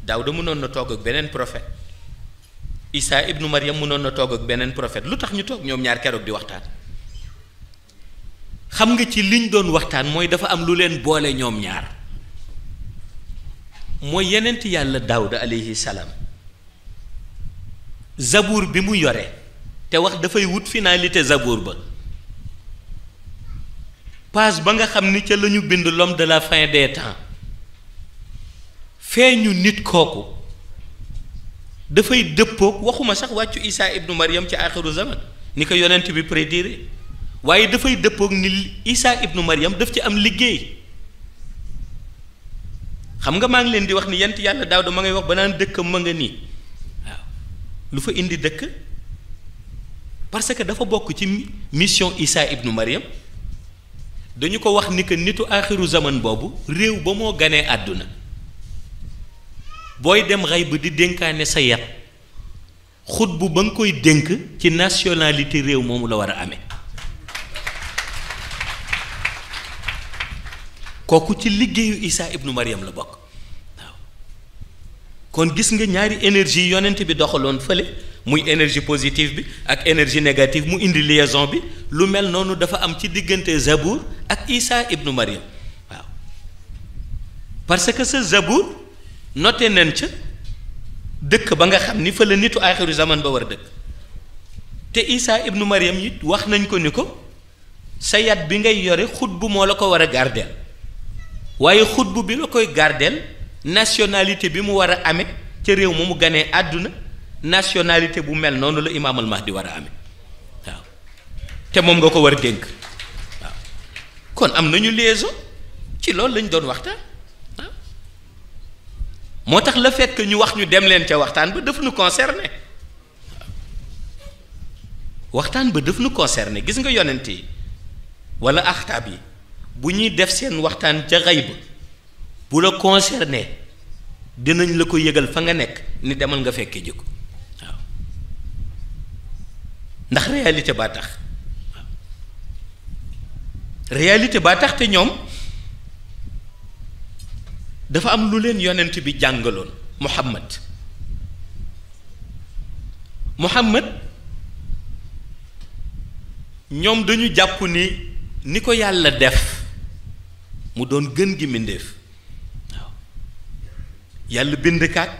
daawda mënoon na toog ak beneen prophète isaa ibnu mariam mënoon na toog ak beneen prophète lu tax ñu toog ñoom ñaar keroog di waxtaan xam nga ci liñ doon waxtaan mooy dafa am lu leen boole ñoom ñaar mooy yenent yàlla daawda aleyhi salaam zabuur bi mu yore te wax dafay wut finalité Zabour ba page ba nga xam ni ca lañu bind lom de la fin des temps feeñu nit kooku dafay dëppoog waxuma sax wàccu Isaa ibnu Maryam ci axiru zaman ni ko yonent bi prédire waaye dafay dëppoog ni Isaa ibnu Maryam daf ci am liggéey xam nga maa ngi leen di wax ni yent yàlla daaw da ma ngay wax ba naan dëkk ma nga nii waaw lu fa indi dëkk parce que dafa bokk ci mission Isa ibnu Mariam dañu ko wax ni que nitu axiru zaman boobu réew ba moo ganee àdduna booy dem xay ba di dénkaane sa yat xut bu ba nga koy dénk ci nationalité réew moomu la war a ame kooku ci liggéeyu Isa ibnu Mariam la bokk kon gis nga ñaari énergie yonent bi doxaloon fële muy énergie positive bi ak énergie négative mu indi liaison bi lu mel noonu dafa am ci diggante Zabour ak Isa ibnu Maryam waaw parce que sa Zabour noté nañ ca dëkk ba nga xam ni fa la nitu aaxiru zaman ba war a dëkk te Isa ibnu Maryam it wax nañ ko ni ko sa yat bi ngay yore xutbu moo la ko war a gardeel waaye xutbu bi la koy gardeel nationalité bi mu war a amee ca réew ma mu ganee àdduna nationalité bu mel noonu la imaam al mahdi war a ame waaw te moom nga ko war dénk waaw kon am nañu liaison ci loolu lañ doon waxtaan moo tax la fekk ñu wax ñu dem leen ca waxtaan ba daf nu concerné waxtaan ba daf nu concerné gis nga yonent yi wala axtaab yi bu ñuy def seen waxtaan ca xay ba bu la concerné dinañ la ko yëgal fa nga nekk ni demal nga fekkee ji ndax réalité baa tax réalité baa tax te ñoom dafa am lu leen yonent bi jàngaloon Muhammad Muhammad ñoom dañu jàpp ni ni ko yàlla def mu doon gën gi mbindéef yàlla bind kaat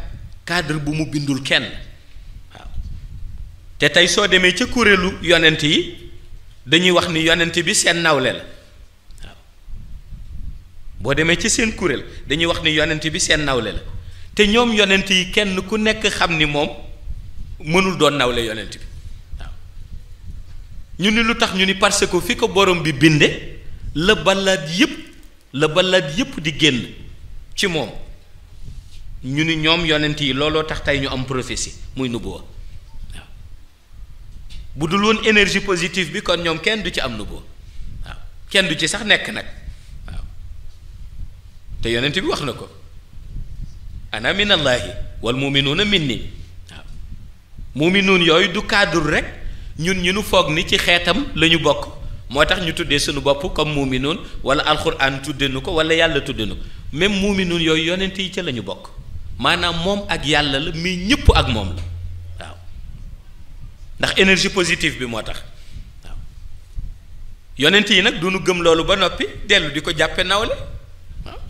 cadre bu mu bindul kenn te tey soo demee ca kuréelu yonent yi dañuy wax ni yonent bi seen nawle la waaw boo demee ci seen kuréel dañuy wax ni yonent bi seen nawle la te ñoom yonent yi kenn ku nekk xam ni moom mënul doon nawle yonent bi waaw ñu ni lu tax ñu ni parce ko fi ko borom bi binde la balaat yépp la balaat yépp di génn ci moom ñu ni ñoom yonent yi looloo tax tey ñu am prophétie muy nubuwa bu dul woon énergie positive bi kon ñoom kenn du ci am nouveau waaw kenn du ci sax nekk nag waaw te yonent bi wax na ko ana minallahi wal muminuuna min ni waaw muminuun yooyu du kaadul rek ñun ñu nu foog ni ci xeetam la ñu bokk moo tax ñu tuddee suñu bopp comme muminuun wala alxuraan tudde nu ko wala yàlla tudde nu ko même muminuun yooyu yonent yi ca la ñu bokk maanaam moom ak yàlla la mii ñëpp ak moom la ndax énergie positive bi moo tax waaw yonent yi nag du nu gëm loolu ba noppi dellu di ko jàppe nawle waaw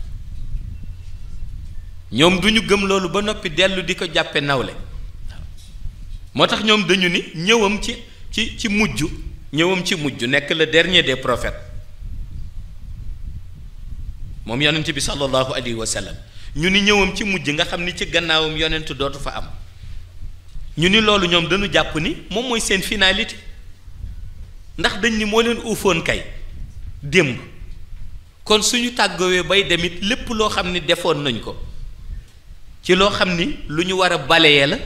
ñoom du gëm loolu ba noppi dellu di ko jàppe nawle waaw moo tax ñoom dañu ni ñëwam ci ci ci mujj ñëwam ci mujj nekk la dernier de prophètes moom yonent bi sallallahu alayhi wa sallam ñu ni ñëwam ci mujj nga xam ni ci gannaawam yonent dootu fa am ñu ni loolu ñoom dañu jàpp ni moom mooy seen finalité ndax dañ ni moo leen uufoon kay démb kon suñu tàggawee bay demit lépp loo xam ni defoon nañ ko ci loo xam ni lu ñu war a baleyee la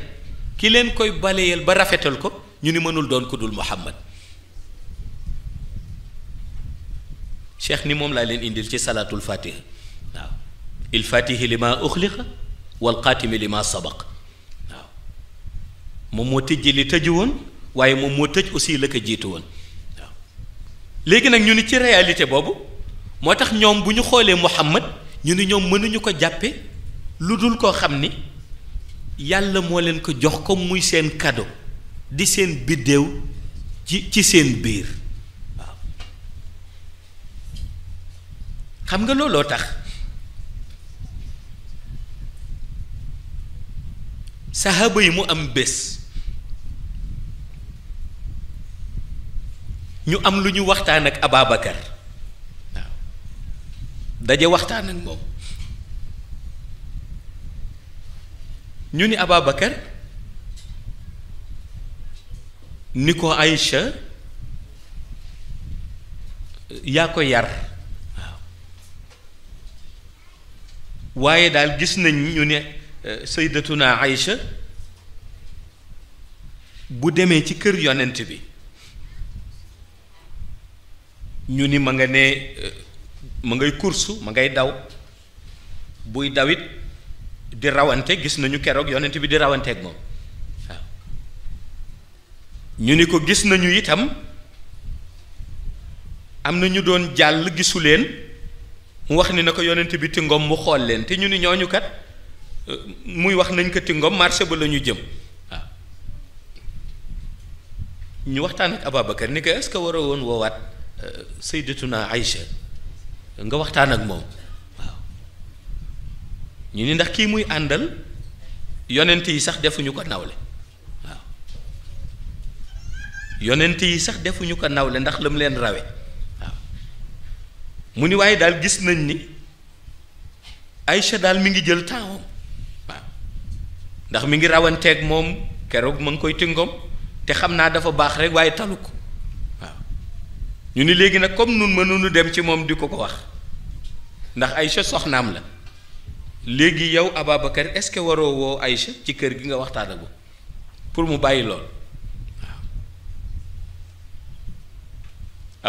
ki leen koy baleyeel ba rafetal ko ñu ni mënul doon ku dul Muhammad cheikh ni moom laa leen indil ci salaatul fatiha waaw il fatihi li ma uxliqa wal xaatimi li ma sabaq moom moo tijji li tëju woon waaye moom moo tëj aussi la ko jiitu woon léegi nag ñu ni ci réalité boobu moo tax ñoom bu ñu xoolee Muhammad ñu ni ñoom mënuñu ko jàppe lu dul koo xam ni yàlla moo leen ko jox ko muy seen cadeau di seen biddéew ci ci seen biir waaw xam nga looloo tax sahaaba yi mu am bés ñu am lu ñu waxtaan ak Ababacar waaw daje waxtaan ak moom ñu ni Ababacar ni ko Aïcha yaa ko yar waaw waaye daal gis nañ ñu ne eh, Sayyidatuna Aïcha bu demee ci kër yonent bi ñu ni ma nga ne euh, ma ngay kursu ma ngay daw buy dawit di rawante gis nañu keroog yonent bi di rawanteeg moom waaw ñu ni ko gis nañu itam am na ñu doon jàll gisu leen mu wax ni na ko yonent bi ti ngom mu xool leen te ñu ni ñooñu kat euh, muy wax nañ ko ti ngom marché ba la ñu jëm waaw ñu waxtaan ak Ababacar ni ko est-ce que woon woowaat sayyidatuna Aïcha nga waxtaan ak moom waaw ñu ni ndax kii muy àndal yonent yi sax defuñu ko nawle waaw yonent yi sax defuñu ko nawle ndax la mu leen rawe waaw mu ni waaye daal gis nañ ni Aïcha daal mi ngi jël temps waaw ndax mi ngi rawanteeg moom keroog ma ngi koy tingoom te xam naa dafa baax rek waaye talu ko ñu ni léegi nag comme nun mënuñu dem ci moom di ko ko wax ndax Aïcha soxnaam la léegi yow Ababacar est-ce que waroo woo Aïcha ci kër gi nga waxtaan ak pour mu bàyyi lool waaw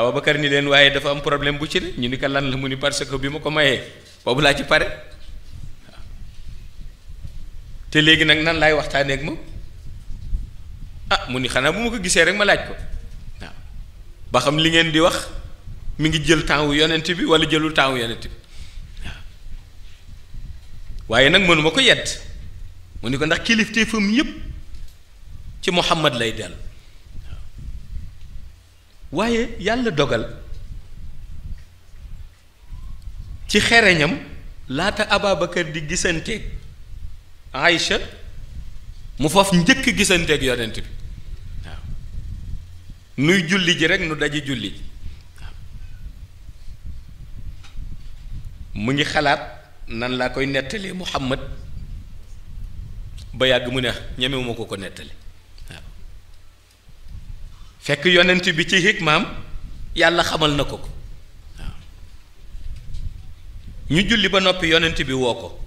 Ababacar ni leen waaye dafa am problème bu ci ne ñu ni ko lan la mu ni parce que bi ma ko mayee boobu laa ci pare te léegi nag nan laay waxtaanee ak moom ah mu ni xanaa bu ma ko gisee rek ma laaj ko ba xam li ngeen di wax mi ngi jël temps wu yonent bi wala jëlul temps wu yonent bi waaye nag mënuma ko yedd mu ni ko ndax kilifteefam yépp ci Muhammad lay dellu waaye yàlla dogal ci xereñam laata Ababacar di gisanteeg Aïcha mu foofu njëkk gisanteeg yonent bi nuy julli ji rek nu daje julli ji mu ngi xalaat nan laa koy nettali Muhammad ba yàgg mu ne ñemewuma ko ko nettali fekk yonent bi ci hikmaam yàlla xamal na ko ko ñu julli ba noppi yonent bi woo ko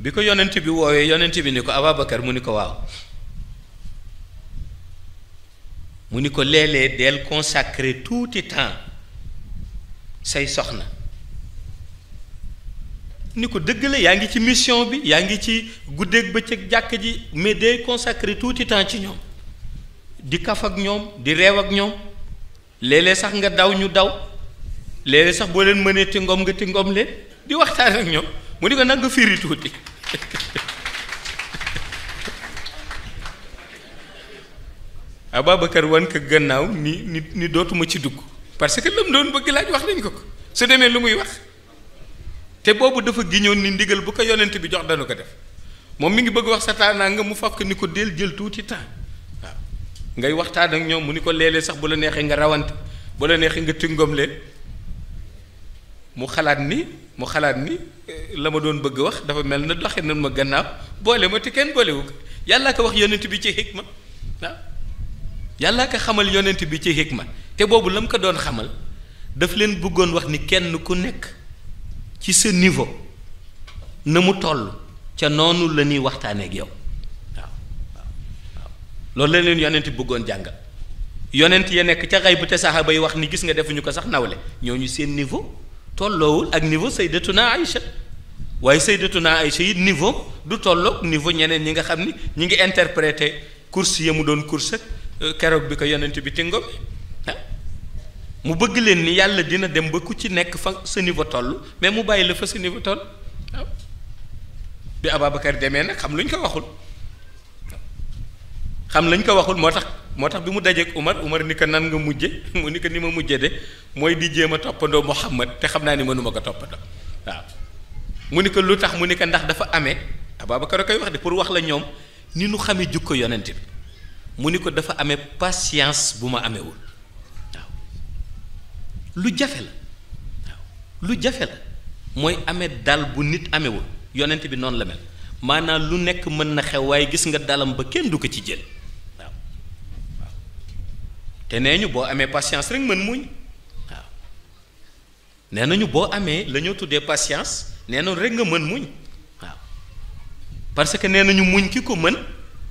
bi ko yonent bi woowee yonent bi ni ko Ababakar mu ni ko waaw mu ni ko léeg-léeg del consacrer tuuti temps say soxna ni ko dëgg yaa ngi ci mission bi yaa ngi ci guddeeg bëccëg jàkk ji mais day consacrer tuuti temps ci ñoom di kaf ak ñoom di reew ak ñoom léeg sax nga daw ñu daw léeg sax boo leen mënee ti ngoom nga ti ngoom leen di waxtaan ak ñoom mu ni ko nag nga firi tuuti Ababacar wan ko gannaaw ni ni ni dootuma ci dugg parce que lam doon bëgg laaj wax nañ ko ko su demee lu muy wax te boobu dafa giñoon ni ndigal bu ko yonent bi jox dana ko def moom mi ngi bëgg wax sa taanaa nga mu faf ko ni ko del jël tuuti temps waaw ngay waxtaan ak ñoom mu ni ko leele sax bu la neexee nga rawant bu la neexee nga tingoom leen mu xalaat ni mu xalaat ni eh, la ma doon bëgg wax dafa mel na doxe nan ma gannaaw boole ma te kenn boolewu ko yàllaa ko wax yonent bi ci xikma yàlla ko xamal yonent bi ci hikma te boobu la mu ko doon xamal daf leen bëggoon wax ni kenn ku nekk ci sa niveau na mu toll ca noonu la ñuy waxtaaneek yow waaw waaw loolu la leen yonent bëggoon jàngal yonent ya nekk ca xay bu te sa yi wax ni gis nga defuñu ko sax nawle ñu seen niveau tolloowul ak niveau sayyidatuna Aïcha waaye sayyidatuna Aïcha yi niveau du tolloog niveau ñeneen ñi nga xam ni ñu ngi interprété course ya mu doon course ak keroog bi ko yonent bi tingo mu bëgg leen ni yàlla dina dem ba ku ci nekk fa sa niveau toll mais mu bàyyi la fa sa niveau toll waaw bi Ababacar demee nag xam luñ ko waxul xam lañ ko waxul moo tax moo tax bi mu dajeeg Umar Umar ni ko nan nga mujje mu ni ko ni ma mujje de mooy di jéem a toppandoo Muhammad te xam naa ni mënuma ko toppandoo waaw mu ni ko lu tax mu ni ko ndax dafa amee Ababacar a koy wax de pour wax la ñoom ni nu jug ko yonent bi mu ni ko dafa ame patience bu ma amewul waaw lu jafe la waaw lu jafe la mooy amee dal bu nit amewul yonent bi noonu la mel maanaam lu nekk mën na xew waaye gis nga dalam ba kenn du ko ci jël waaw waaw te nee ñu boo amee patience rek mën muñ waaw nee nañu boo amee la ñoo tuddee patience nee na rek nga mën muñ waaw parce que nee nañu muñ ki ko mën.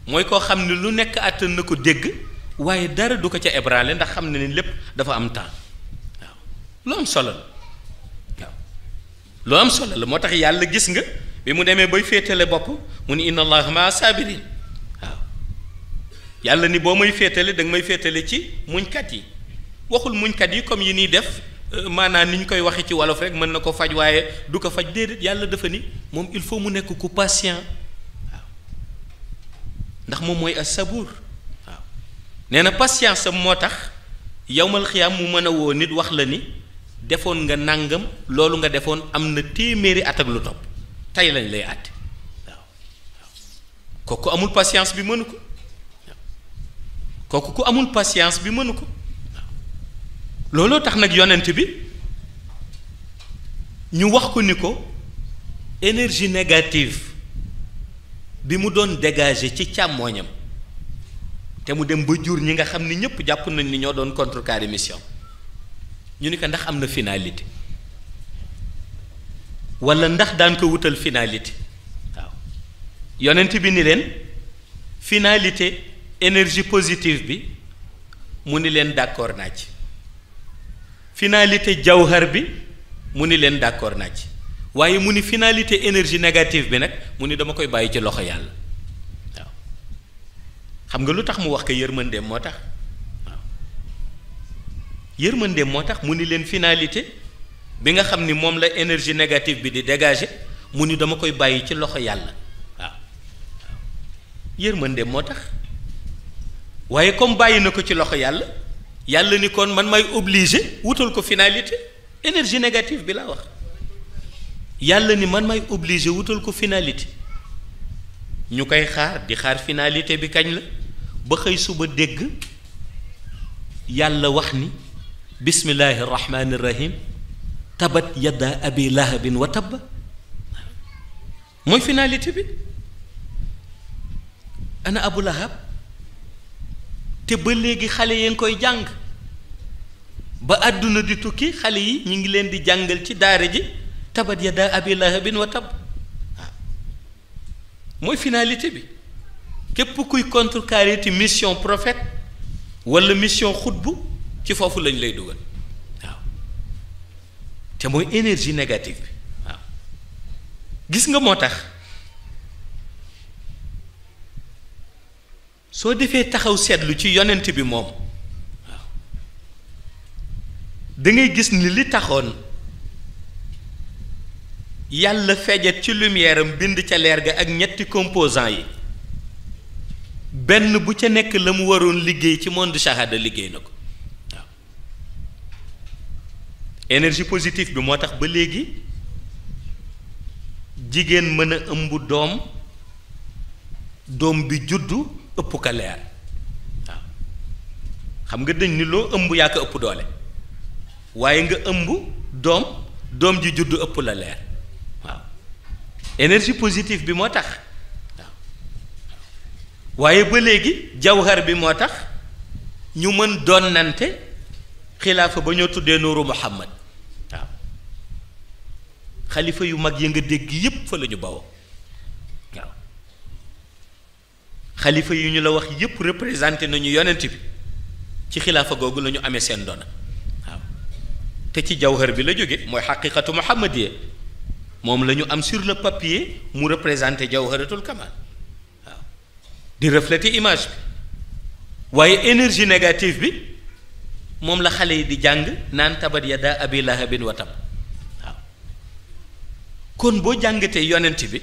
mooy koo xam ne lu nekk àttan na ko dégg waaye dara du ko ca ébranlé ndax xam na ni lépp dafa am temps waaw lu am solo la waaw lu am solo la moo tax yàlla gis nga bi mu demee bay féetale bopp mu ni inna allaha maa sabirin waaw yàlla ni boo may féetale danga may féetale ci muñkat yi waxul muñkat yi comme yi nii def euh, maanaam ni ñu koy waxee ci wolof rek mën na ko faj waaye du ko faj déedéet yàlla dafa ni moom il faut mu nekk ku patient ndax moom mooy as-sabuur waaw nee na patience am moo tax yowmal xiyaam mu mën a woo nit wax la ni defoon nga nàngam loolu nga defoon am na téeméeri at ak lu topp tey lañ lay àtte waaw kooku amul patience bi mënu ko kooku ku amul patience bi mënu ko looloo tax nag yonent bi ñu wax ko ni ko énergie négative bi mu doon dégager ci càmmooñam te mu dem ba jur ñi nga xam ni ñëpp jàpp nañ ni ñoo doon contre contrecarrer mission ñu ni ko ndax am na finalité wala ndax daan ko wutal finalité waaw yonent bi ni leen finalité énergie positive bi mu ni leen d'accord naa ci finalité jawhar bi mu ni leen d'accord naa ci waaye mu ni finalité énergie négative bi nag mu ni dama koy bàyyi ci loxo yàlla waaw xam nga lu tax mu wax ko yërmandeem moo tax waaw yërmandeem moo tax mu ni leen finalité bi nga xam ni moom la énergie négative bi di dégager mu ni dama koy bàyyi ci loxo yàlla waaw yërmandeem moo tax waaye comme bàyyi na ko ci loxo yàlla yàlla ni kon man may obligé wutal ko finalité énergie négative bi laa wax. yàlla ni man may obligé wutal ko finalité ñu koy xaar di xaar finalité bi kañ la ba xëy suba dégg yàlla wax ni bismillaahi rahmaani rahim tabat yadda abi lahabin wa mooy finalité bi ana abu lahab te ba léegi xale yeen koy jàng ba àdduna di tukki xale yi ñu ngi leen di jàngal ci daara ji tabat yadaa abi lahabin wa tab ah. mooy finalité bi képp kuy contre ci mission prophète walla mission xutbu ci foofu lañ lay dugal waaw te mooy énergie négative bi waaw gis nga moo tax soo defee taxaw seetlu ci yonent bi moom waaw da ngay gis ni li taxoon yàlla fejet ci lumière am bind ca leer ga ak ñetti composant yi benn bu ca nekk la mu waroon liggéey ci monde shahada liggéey na ko waaw énergie positive bi moo tax ba léegi jigéen mën a ëmb doom doom bi juddu ëpp ka xam nga dañ loo ëmb ëpp doole waaye nga ëmb doom doom ji juddu ëpp la leer énergie positive bi moo tax waaye ba léegi jawhar bi moo tax ñu mën donnante xilaafa ba ñoo tuddee nuuru muhammad waaw xalifa yu mag ya nga dégg yépp fa la ñu bawoo waaw xalifa yu ñu la wax yépp représenté nañu yonent bi ci xilaafa googu la ñu amee seen dona waaw te ci jawhar bi la jóge mooy xaqiqatu muhammadiyya moom lañu am sur le papier mu représenté jawharatul kamal waaw di refléter image bi waaye énergie négative bi moom la xale yi di jàng naan tabat yada abi lahabin wa tab waaw kon boo jàngatee yonent bi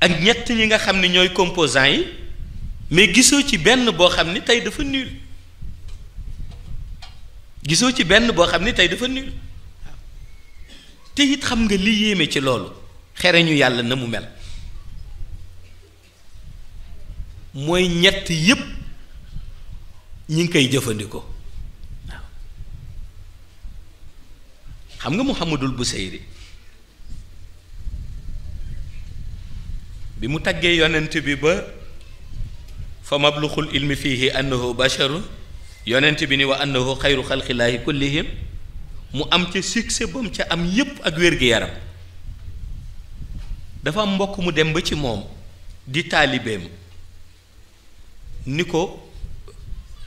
ak ñett ñi nga xam ne ñooy composant yi mais gisoo ci benn boo xam ni tey dafa nul gisoo ci benn boo xam ni tey dafa nul te it xam nga li yéeme ci loolu xereñu yàlla na mu mel mooy ñett yépp ñi ngi koy jëfandikoo waaw xam nga Muhammadul Busayri bi mu taggee yonent bi ba fa mabluxul ilmi fiihi annahu basharun yonent bi ni wa annahu xayru xalqillaahi kullihim mu am ca succès ba mu ca am yépp ak wér-gi-yaram dafa am mbokk mu dem ba ci moom di taalibeem ni ko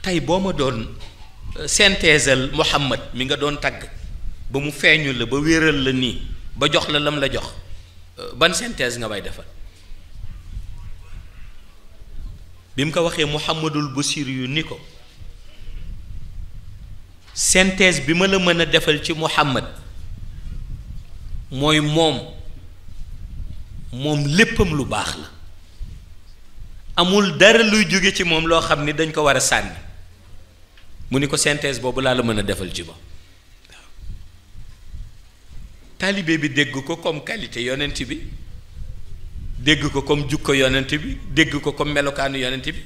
tey boo ma doon euh, senteesal Muhammad mi nga doon tagg ba mu feeñu la ba wéral la nii ba jox la lam la jox euh, ban synthèse nga may defal bi mu ko waxee Muhammadul Basiir yu ni ko synthèse bi ma la mën a defal ci Muhammad mooy moom moom léppam lu baax la amul dara luy jóge ci moom loo xam ni dañ ko war a sànni mu ni ko synthèse boobu laa la mën a defal ci ba taalibe bi dégg ko comme qualité yonent bi dégg ko comme jukko yonent bi dégg ko comme melokaanu yonent bi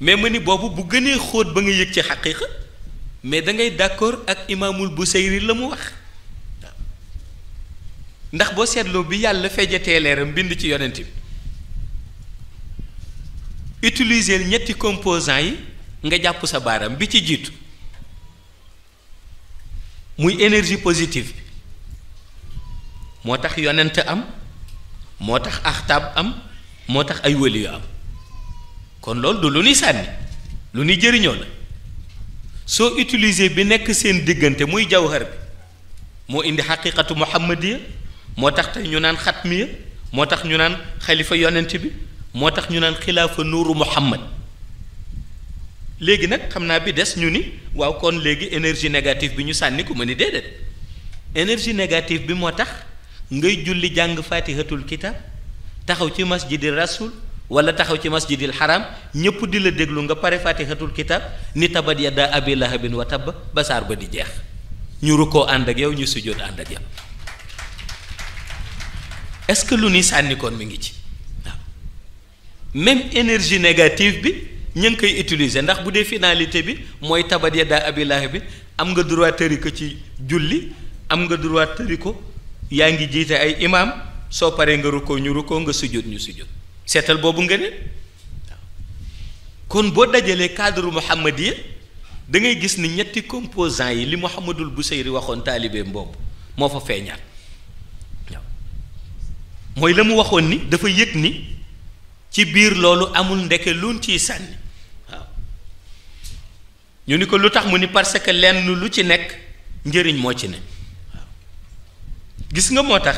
mais ma ni boobu bu gënee xóot ba nga yëg ci xaqiiqa mais da ngay d'accord ak imaamul Busayri la mu wax ndax boo seetloo bi yàlla fejatee leeram bind ci yonent bi utiliser ñetti composants yi nga jàpp sa baaram bi ci jiitu muy énergie positif bi moo tax yonent am moo tax axtaab am moo tax ay wëliyu am kon loolu du lu ñuy sànni lu ñuy jëriñoo la soo utiliser bi nekk seen diggante muy jawhar bi moo indi xaqiqatu muhammadiya moo tax tey ñu naan xatmiya moo tax ñu naan xalifa yonent bi moo tax ñu naan xilaafa nuru muhammad léegi nag xam naa bi des ñu ni waaw kon léegi énergie négative bi ñu sànni ko ma ni déedéet énergie négative bi moo tax ngay julli jàng faatihatul kitaab taxaw ci masjidi rasul wala taxaw ci masjidil xaram ñëpp di la déglu nga pare fatihatul kitab ni tabat yadda abi lahabin wa tabb basaar ba di jeex ñu rukkoo ànd ak yow ñu sujjóot ànd ak yow est-ce que lu ni sànnikoon mu ngi ci waaw même énergie négative bi ñu ngi koy utiliser ndax bu dee finalité bi mooy tabat yadda abi lahabin am nga droit tëri ko ci julli am nga droit tëri ko yaa ngi jiite ay imaam soo paree nga rukkoo ñu rukkoo nga sujjóot ñu sujjóot seetal boobu nga ne kon boo dajalee cadre Muhammad yi dangay gis ni ñetti composant yi li Muhammadul Busayri waxoon taalibeem boobu moo fa feeñaat waaw mooy la mu waxoon ni dafa yëg ni ci biir loolu amul ndeke luñ ci sànni waaw ñu ni ko lu tax mu ni parce que lenn lu ci nekk njëriñ moo ci ne waaw gis nga moo tax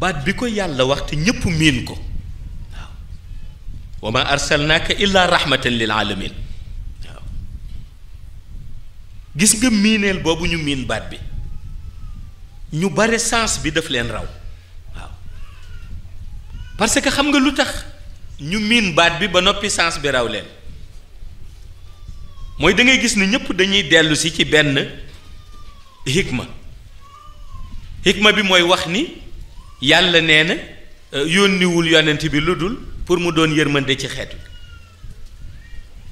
baat bi ko yàlla wax te ñépp miin ko waaw wa ma arsalnaaka illa rahmatan lil alamin waaw gis nga miineel boobu ñu miin baat bi ñu bare sens bi daf leen raw waaw parce que xam nga lu tax ñu miin baat bi ba noppi sens bi raw leen mooy dangay gis ni ñépp dañuy dellusi ci benn hikma hikma bi mooy wax ni yàlla nee na euh, yónniwul yonent bi lu dul pour mu doon yërmande ci xeet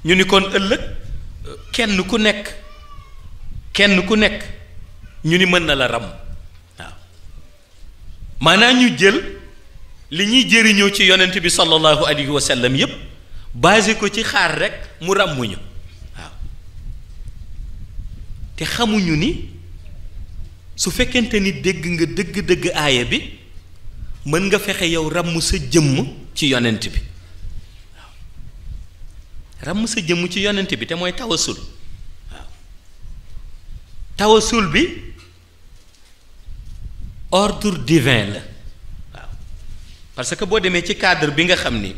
ñu ni kon ëllëg euh, kenn ku nekk kenn ku nekk ñu ni mën na la ram waaw maanaam ñu jël li ñuy jëriñoo ci yonent bi sallallahu alayhi wa sallam yépp basé ko ci xaar rekk mu ràmmuñu waaw te xamuñu ni su fekkente ni dégg nga dëgg-dëgg aaya bi mën nga fexe yow ràmm sa jëmm ci yonent bi waaw ràmm sa jëmm ci yonent bi te mooy tawasul waaw tawasul bi ordre divin la waaw parce que boo demee ci cadre bi nga xam ni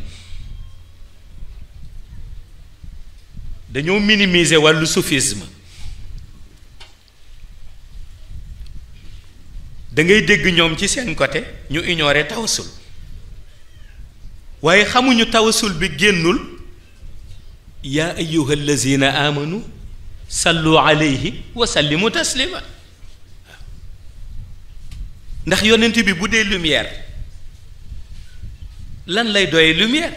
dañoo minimiser wàllu soufisme da ngay dégg ñoom ci seen côté ñu ignorer tawasul waaye xamuñu tawasul bi génnul yaa ayyuha allazina amanu sallu alayhi wa sallimu taslima ndax yonent bi bu dee lumière lan lay doye lumière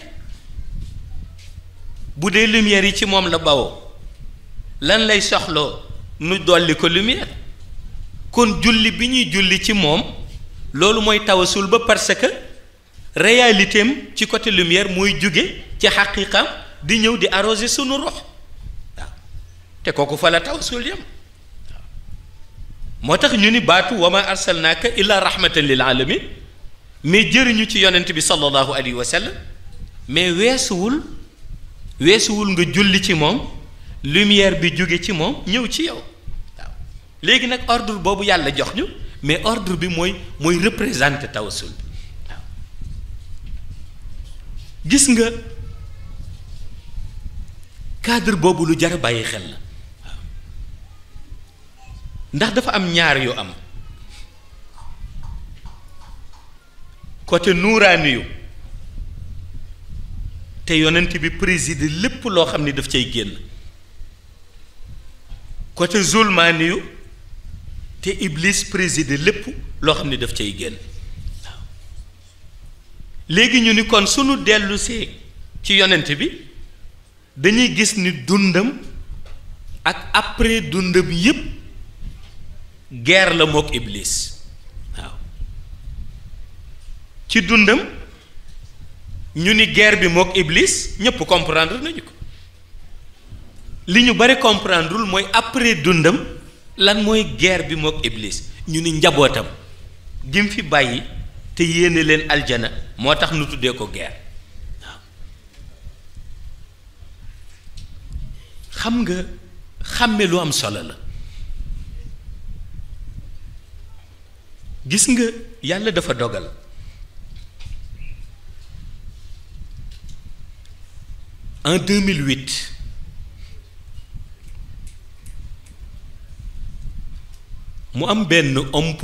bu dee lumiere yi ci moom la bawoo lan lay soxloo nu dolli ko lumière kon julli bi ñuy julli ci moom loolu mooy tawasul ba parce que réalité am ci côté lumière mooy jóge ci xaqiqam di ñëw di arroser sunu rox waaw te kooku fa la tawasul yam moo tax ñu ni baatu wa ma arsalnaaka illa rahmatan lil alamin mais jëriñu ci yonent bi sallallahu alayhi wa sallam mais weesuwul weesuwul nga julli ci moom lumière bi jóge ci moom ñëw ci yow léegi nag ordre boobu yàlla jox ñu mais ordre bi mooy mooy représenter tawasul bi waaw gis nga cadre boobu lu jar a bàyyi xel la waaw ndax dafa am ñaar yu am côté nuuraani yu te yonent bi présider lépp loo xam ni daf cay génn côté zulmaani yu te Iblis présider lépp loo xam ne daf cay génn waaw léegi ñu ni kon sunu dellusee ci yonent bi dañuy gis ni dundam ak après dundam yépp guerre la mook Iblis waaw ci dundam ñu ni guerre bi mook Iblis ñëpp comprendre nañu ko li ñu bari comprendrewul mooy après dundam. lan mooy guerre bi mook iblis ñu ni njabootam gim fi bàyyi te yéene leen aljana moo tax nu tuddee ko guerre xam nga xàmme lu am solo la gis nga yàlla dafa dogal en 2008 mu am benn homme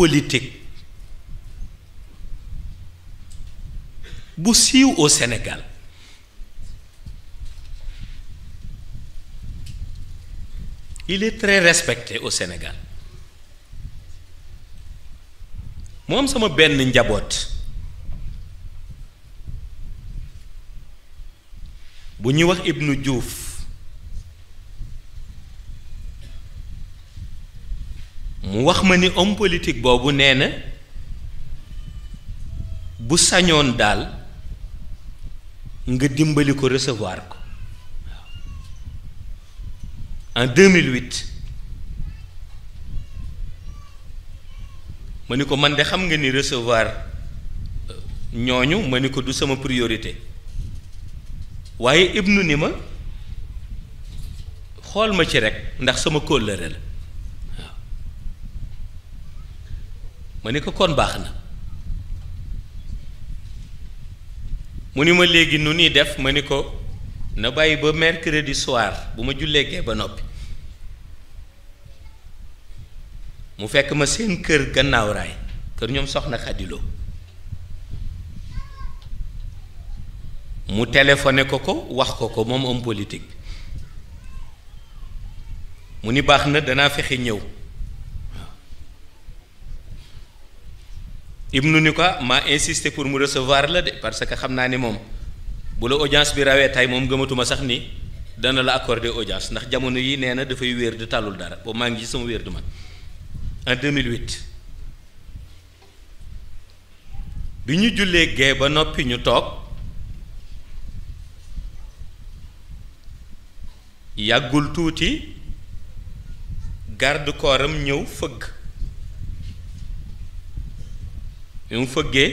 bu siiw au Sénégal il est respecté au Sénégal mu sama benn njaboot bu ñuy wax Ibnu Diouf mu wax ma ni homme politique boobu nee na bu sañoon daal nga dimbali ko resevoir ko en 2008 ma ni ko man de xam nga ni resevoir euh, ñooñu ma ni ko du sama priorité waaye ibnu ni ma xool ma ci rek ndax sama kóllëre la ma ne ko kon baax na mu ni ma léegi nu nii def ma ni ko na bàyyi ba mercredi soir bu ma julleegee ba noppi mu fekk ma seen kër gannaaw raay kër ñoom soxna xadiloo mu téléphoné ko ko wax ko ko moom homme politique mu ni baax na danaa fexe ñëw ibnu ni ko maa insisté pour mu recevoir la de parce que xam naa ni moom bu la audience bi rawee tey moom gëmatuma sax ni dana la accorder audience ndax jamono yi nee na dafay wéer di tàllul dara ba maa ngi ci sama wéer du man en 2008 bi ñu jullee gee ba noppi ñu toog yàggul tuuti garde corps am ñëw fëgg bi mu fëggee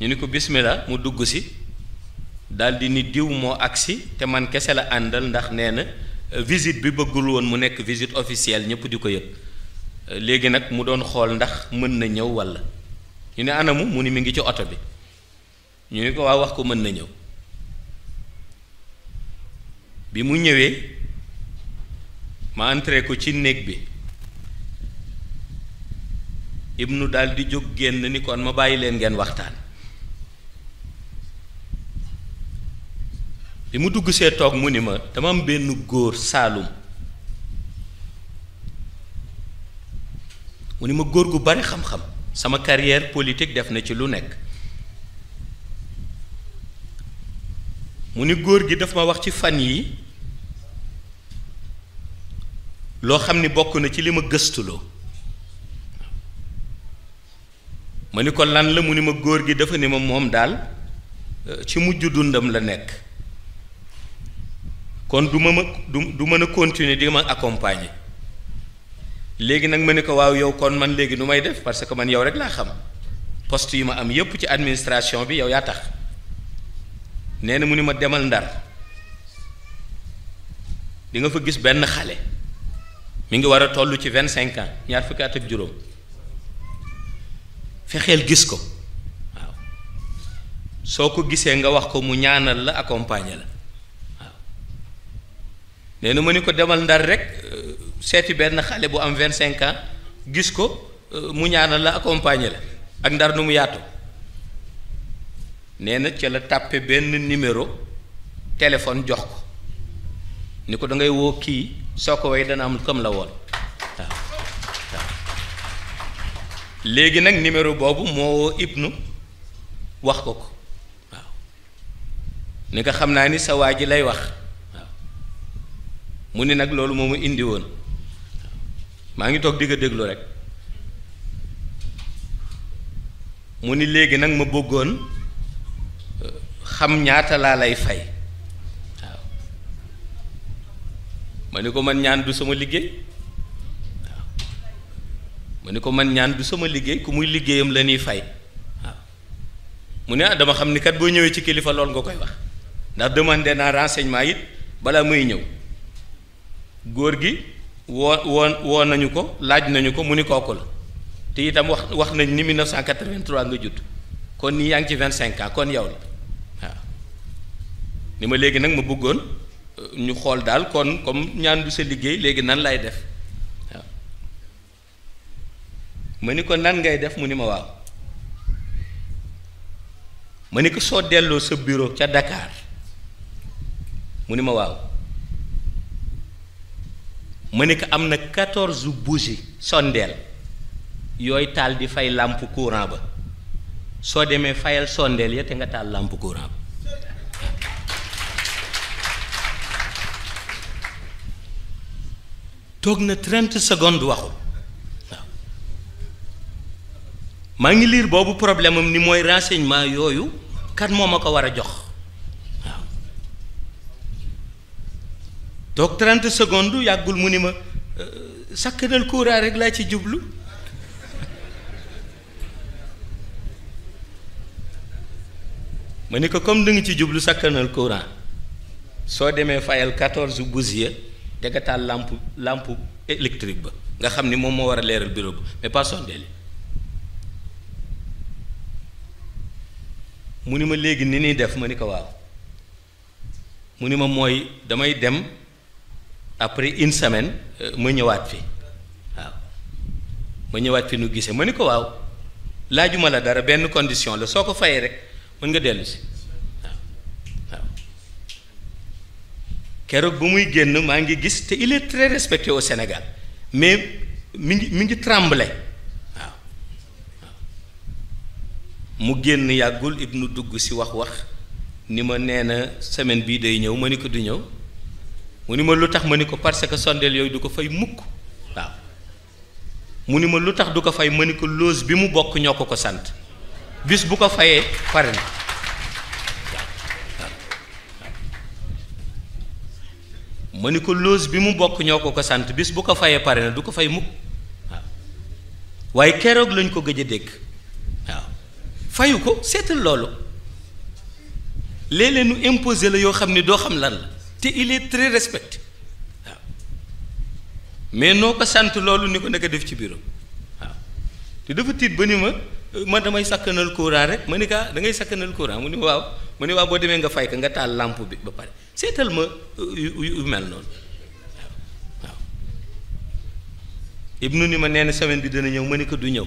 ñu ni ko bismillah mu dugg si daldi ni diw moo agsi te man kese la àndal ndax nee na euh, visite bi bëggul woon mu nekk visite officielle ñëpp di ko yëg euh, léegi nag mu doon xool ndax mën na ñëw walla ñu ne anamu mu ni mi ngi ci oto bi ñu ni ko waa wax ko mën na ñëw bi mu ñëwee ma entré ko ci néeg bi ibnu daldi jóg génn ni kon ma bàyyi leen ngeen waxtaan bi mu dugg see toog mu ni ma dama am benn góor saalum mu ni ma góor gu bari xam-xam sama carrière politique def na ci lu nekk mu ni góor gi dafa ma wax ci fan yi loo xam ni bokk na ci li ma gëstuloo ma ni ko lan la mu ni ma góor gi dafa ni ma moom daal euh, ci mujj dundam la nekk kon du ma ma du du mën a continuer di ma accompagner léegi nag ma ni ko waaw yow kon man léegi nu may def parce que man yow rek laa xam post yi ma am yépp ci administration bi yow yaa tax nee na mu ni ma demal ndar di nga fa gis benn xale mi ngi war a toll ci vingt cinq ans ñaar fukki at ak juróom fexeel gis ko waaw soo ko gisee nga wax ko mu ñaanal la accompagner la waaw nee na ma ni ko demal ndar rek euh, seeti benn xale bu am vingt cinq gis ko euh, mu ñaanal la accompagner la ak ndar nu mu yaatu nee na ca la tàppe benn numéro téléphone jox ko ni ko dangay woo kii soo ko way dana am comme la woon léegi nag numéro boobu moo woo ibnu wax ko ko waaw ni nga xam naa ni sa waa ji lay wax waaw mu ni nag loolu moo ma indi woon maa ngi toog di ko déglu rek mu ni léegi nag ma bëggoon euh, xam ñaata laa lay fay waaw ma ni ko man ñaan du sama liggéey mu ne ko man ñaan du sama liggéey ku muy liggéeyam la ñuy fay mu ne ah, dama xam ni kat boo ñëwee ci kilifa lool nga koy wax ndax demandé naa renseignement it balaa muy ñëw góor gi woo woo woo nañu ko laaj nañu ko mu ni kooku la te itam wax wax nañ ni 1983 nga judd kon nii yaa ngi ci 25 ans kon yow la waaw ni ma léegi nag ma bëggoon euh, ñu xool daal kon comme ñaan du sa liggéey léegi nan lay def. ma ni ko nan ngay def mu ni ma waaw ma ni ko soo delloo sa bureau ca Dakar mu ni ma waaw ma ni ko am na quatorze bougies sondeel yooyu taal di fay làmp courant ba soo demee fayal sondeel ya te nga taal làmp courant ba toog na trente secondes waxu maa ngi liir boobu problème am ni mooy renseignement yooyu kan moom a ko war a jox waaw toog 30 secondes yàggul mu ni ma euh, sakkanal courant rek laa ci jublu ma ni ko comme da nga ci jublu sakkanal courant soo demee fayal 14 bougies dégg nga taal lampe ba nga xam ni moom moo war a leeral bureau ba mais pas sondeel mu ni ma léegi ni ñuy def ma ni ko waaw mu ni ma mooy damay dem après une semaine euh, ma ñëwaat fi waaw ma ñëwaat fi nu gisee ma ni ko waaw laajuma la dara benn condition la soo ko fayee rek mën nga dellusi waaw waaw keroog ba muy génn maa ngi gis te il est très respecté au Sénégal mais mu ngi mi ngi tremblé. mu génn yàggul ibnu dugg si wax wax ni ma nee na semaine bii day ñëw ma ni ko du ñëw mu ni ma lu tax ma ni ko parce que sondeel yooyu du ko fay mukk waaw mu ni ma lu tax du ko fay ma ni ko loos bi mu bokk ñoo ko ko sant bis bu ko fayee pare na ni ko loos bi mu bokk ko ko sant bis bu ko fayee pare du ko fay mukk waaw waaye keroog lañ ko gëj a dégg fayu ko seetal loolu léeg-léeg nu imposer la yoo xam ne doo xam lan la te il est très respecté waaw mais noo ko sant loolu ni ko naka def ci bureau waaw te dafa tiit ba ni ma man damay sakkanal courant rek ma ni kaa da ngay sakkanal courant mu ni waaw ma ni waaw boo demee nga fay ko nga taal lampe bi ba pare seetal ma euh, yu mel noonu waaw ibnu ni ma nee na semaine bi dana ñëw ma ne ko du ñëw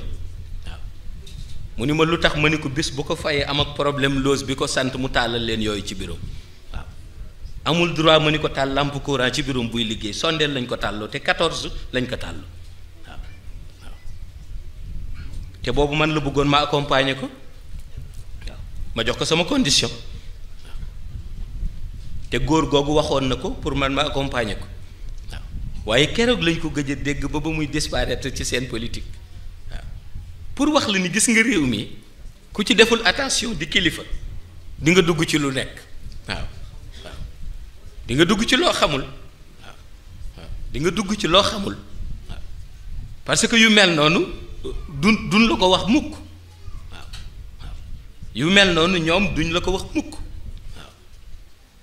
mu ni ma lu tax ma ni ko bis bu ko fayee am ak problème loose bi ko sant mu tàllal leen yooyu ci bureau waaw amul droit ma ni ko tàll lampe courant ci bureau buy liggéey sondeel lañ ko tàlloo te 14 lañ ko tàlloo waaw te boobu man la bëggoon ma accompagner ko waaw ma jox ko sama condition te góor googu waxoon na ko pour man ma accompagner ko waaw waaye keroog lañ ko gëj dégg ba ba muy disparaître ci seen politique. pour wax la ni gis nga réew mi ku ci deful attention di kilifa dinga dugg ci lu nekk waaw waaw di dugg ci loo xamul waaw dugg ci loo parce que yu mel noonu duñ duñ la ko wax mukk waaw mel noonu ñoom duñ la ko wax mukk waaw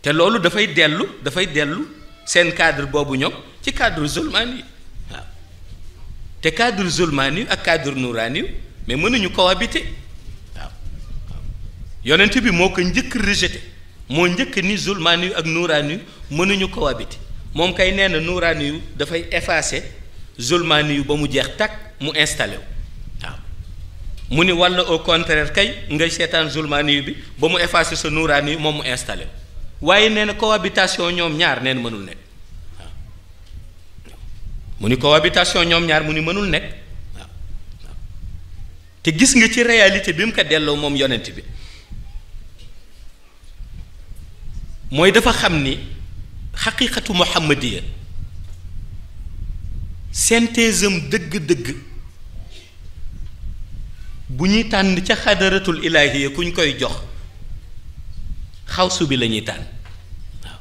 te loolu dafay dellu dafay dellu seen cadre boobu ñoom ci cadre zulmaani yi waaw te cadre zulmaani ak cadre nuraani mais mënuñu cohabiter waaw waaw yonent bi moo ko njëkk rejeté moo njëkk ni zulmaani yu ak nuuraani yu mënuñu cohabiter moom kay nee na nuuraani yu dafay effacer zulmaani yu ba mu jeex tàkk mu installé wu waaw mu ni walla au contraire kay ngay seetaan zulmaani yu ba mu effacer sa nuuraani yu moom mu installé waaye nee na cohabitation ñoom ñaar neen mënul nekk waaw mu ni cohabitation ñoom ñaar mu ni mënul nekk te gis nga ci réalité bi mu ko delloo moom yonent bi mooy dafa xam ni xaqiqatu muhammadiya synthèse am dëgg-dëgg bu ñuy tànn ca xadaratul ilaahiya kuñ koy jox xaw subi lañuy ñuy tànn waaw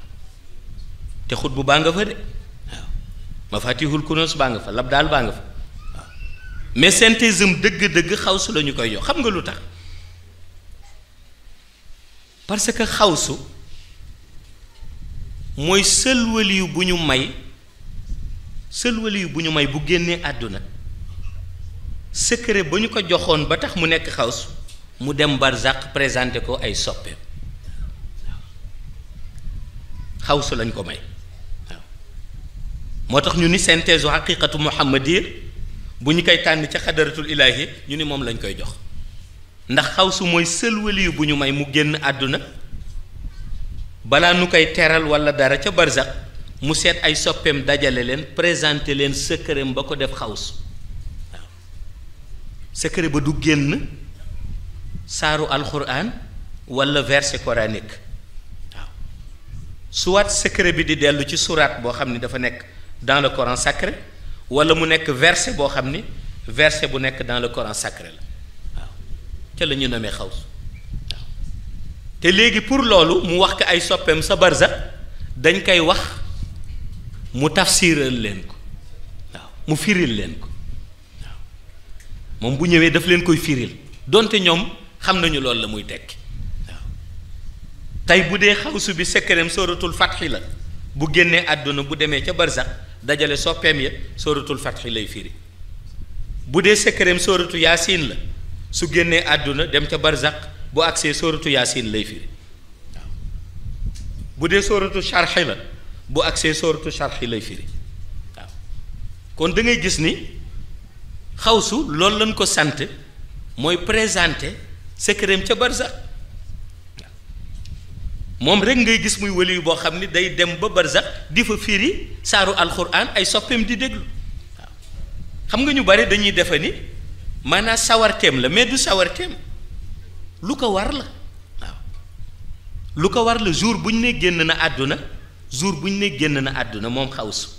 te xut bu baa nga fa de waaw mafatihul kunus baa nga fa labdaal baa nga fa mais synthèse am dëgg-dëgg xawsu la ñu koy jox xam nga lu tax parce que xawsu mooy seul bu ñu may seul bu ñu may bu génnee àdduna secret ba ñu ko joxoon ba tax mu nekk xawsu mu dem barzaq présenté ko ay soppe xawsu lañ ko may moo tax ñu ni synthèse u xaqiqatu muhammadiya bu ñu koy tànn ca xadaratul ilaahi ñu ni moom lañ koy jox ndax xawsu mooy sël bu ñu may mu génn àdduna balaa nu koy teral wala dara ca barzak mu seet ay soppeem dajale leen présenté leen secret ba ko def xawsu waaw ba du génn saaru alxuraan wala verset coranique waaw soit secret bi di dellu ci suuraat boo xam ni dafa nekk dans le Coran sacré wala mu nekk verset boo xam ni verset bu nekk dans le Coran sacré la waaw ca la ñu namee xaws waaw te léegi pour loolu mu wax ko ay soppeem sa barza dañ koy wax mu tafsiral leen ko waaw mu firil leen ko moom bu ñëwee daf leen koy firil donte ñoom xam nañu loolu la muy tekki waaw tey bu dee xawsu bi sekkereem sooratul fatxi la bu génnee àdduna bu demee ca barzax dajale soppeem ya sóoratul fatxi lay firi bu dee sekkareem sóoratu yaasin la su génnee àdduna dem ca barzak bu agsee sóoratu yaasin lay firi waaw bu dee sóoratu charxi bu agsee sóoratu charxi lay firi waaw kon da gis ni xawsu loolu lañ ko sant mooy présente sekkareem ca barzak moom rek ngay gis muy waliyu boo xam ne day dem ba barzax di fa firi saaru alxuraan ay soppeem di déglu waaw xam nga ñu bare dañuy defe ni maanaam sawarteem la mais du sawarteem lu ko war la waaw lu ko war la jour bu ñu ne génn na àdduna jour bu ñu ne génn na àdduna moom xaw xawsu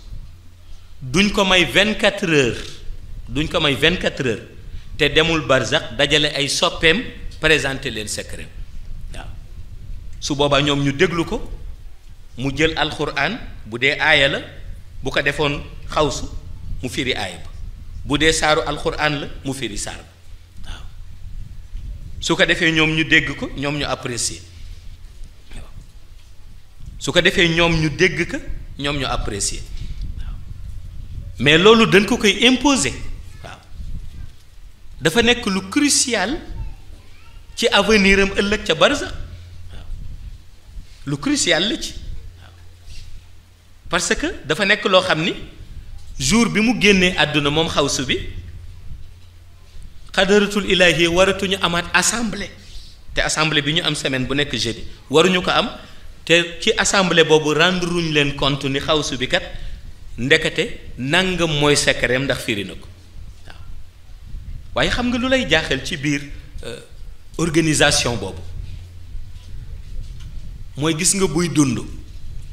duñ ko may vingt quatre heures duñ ko may vingt quatre heures te demul barzax dajale ay soppeem présenté leen secret su boobaa ñoom ñu déglu ko mu jël alxuraan bu dee aaya la bu ko defoon xawsu mu firi aaya ba bu dee saaru alxuraan la mu firi saar ba su ko defee ñoom ñu dégg ko ñoom ñu apprécier waaw su ko defee ñoom ñu dégg ko ñoom ñu apprécier waaw mais loolu dañ ko koy imposer waaw dafa nekk lu crucial ci avenir am ëllëg ca barza lu crucial la ci parce que dafa nekk loo xam ni jour bi mu génnee àdduna moom xawsu bi xadaratul ilaahi waratuñu amaat assemblée te assemblée bi ñu am semaine bu nekk jeudi waruñu ko am te ci assemblée boobu rendre ruñ leen compte ni xawsu bi kat ndekete nangam mooy sekkareem ndax firi na ko waaw waaye xam nga lu lay jaaxal ci biir euh, organisation boobu. mooy gis nga buy dund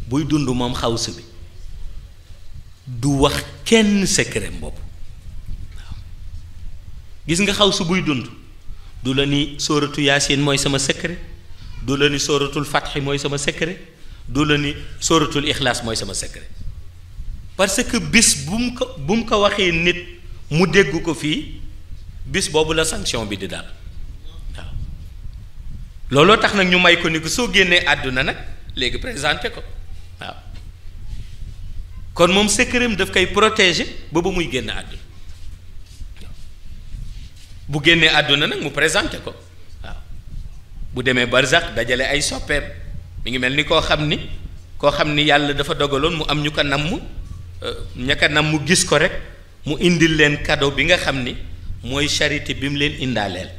buy dund moom xawsu bi du wax kenn secret bopp waaw gis nga xawsu buy dund du la ni sóoratu yaasin mooy sama secret du la ni sóoratul fatxi mooy sama secret du la ni sóoratul ixlaas mooy sama secret parce que bis bu mu ko bu mu ko waxee nit mu dégg ko fii bis boobu la sanction bi di daal looloo tax nag ñu may ko ni ko soo génnee àdduna nag léegi présenté ko waaw kon moom secret daf koy protéger ba ba muy génn àdduna bu génnee àdduna nag mu présenté ko waaw bu demee sax dajale ay soppeem mu ngi mel ni koo xam ni koo xam ni yàlla dafa dogaloon mu am ñu ko namm euh, ña ko mu gis ko rek mu indil leen cadeau bi nga xam ni mooy charité bi mu leen indaaleel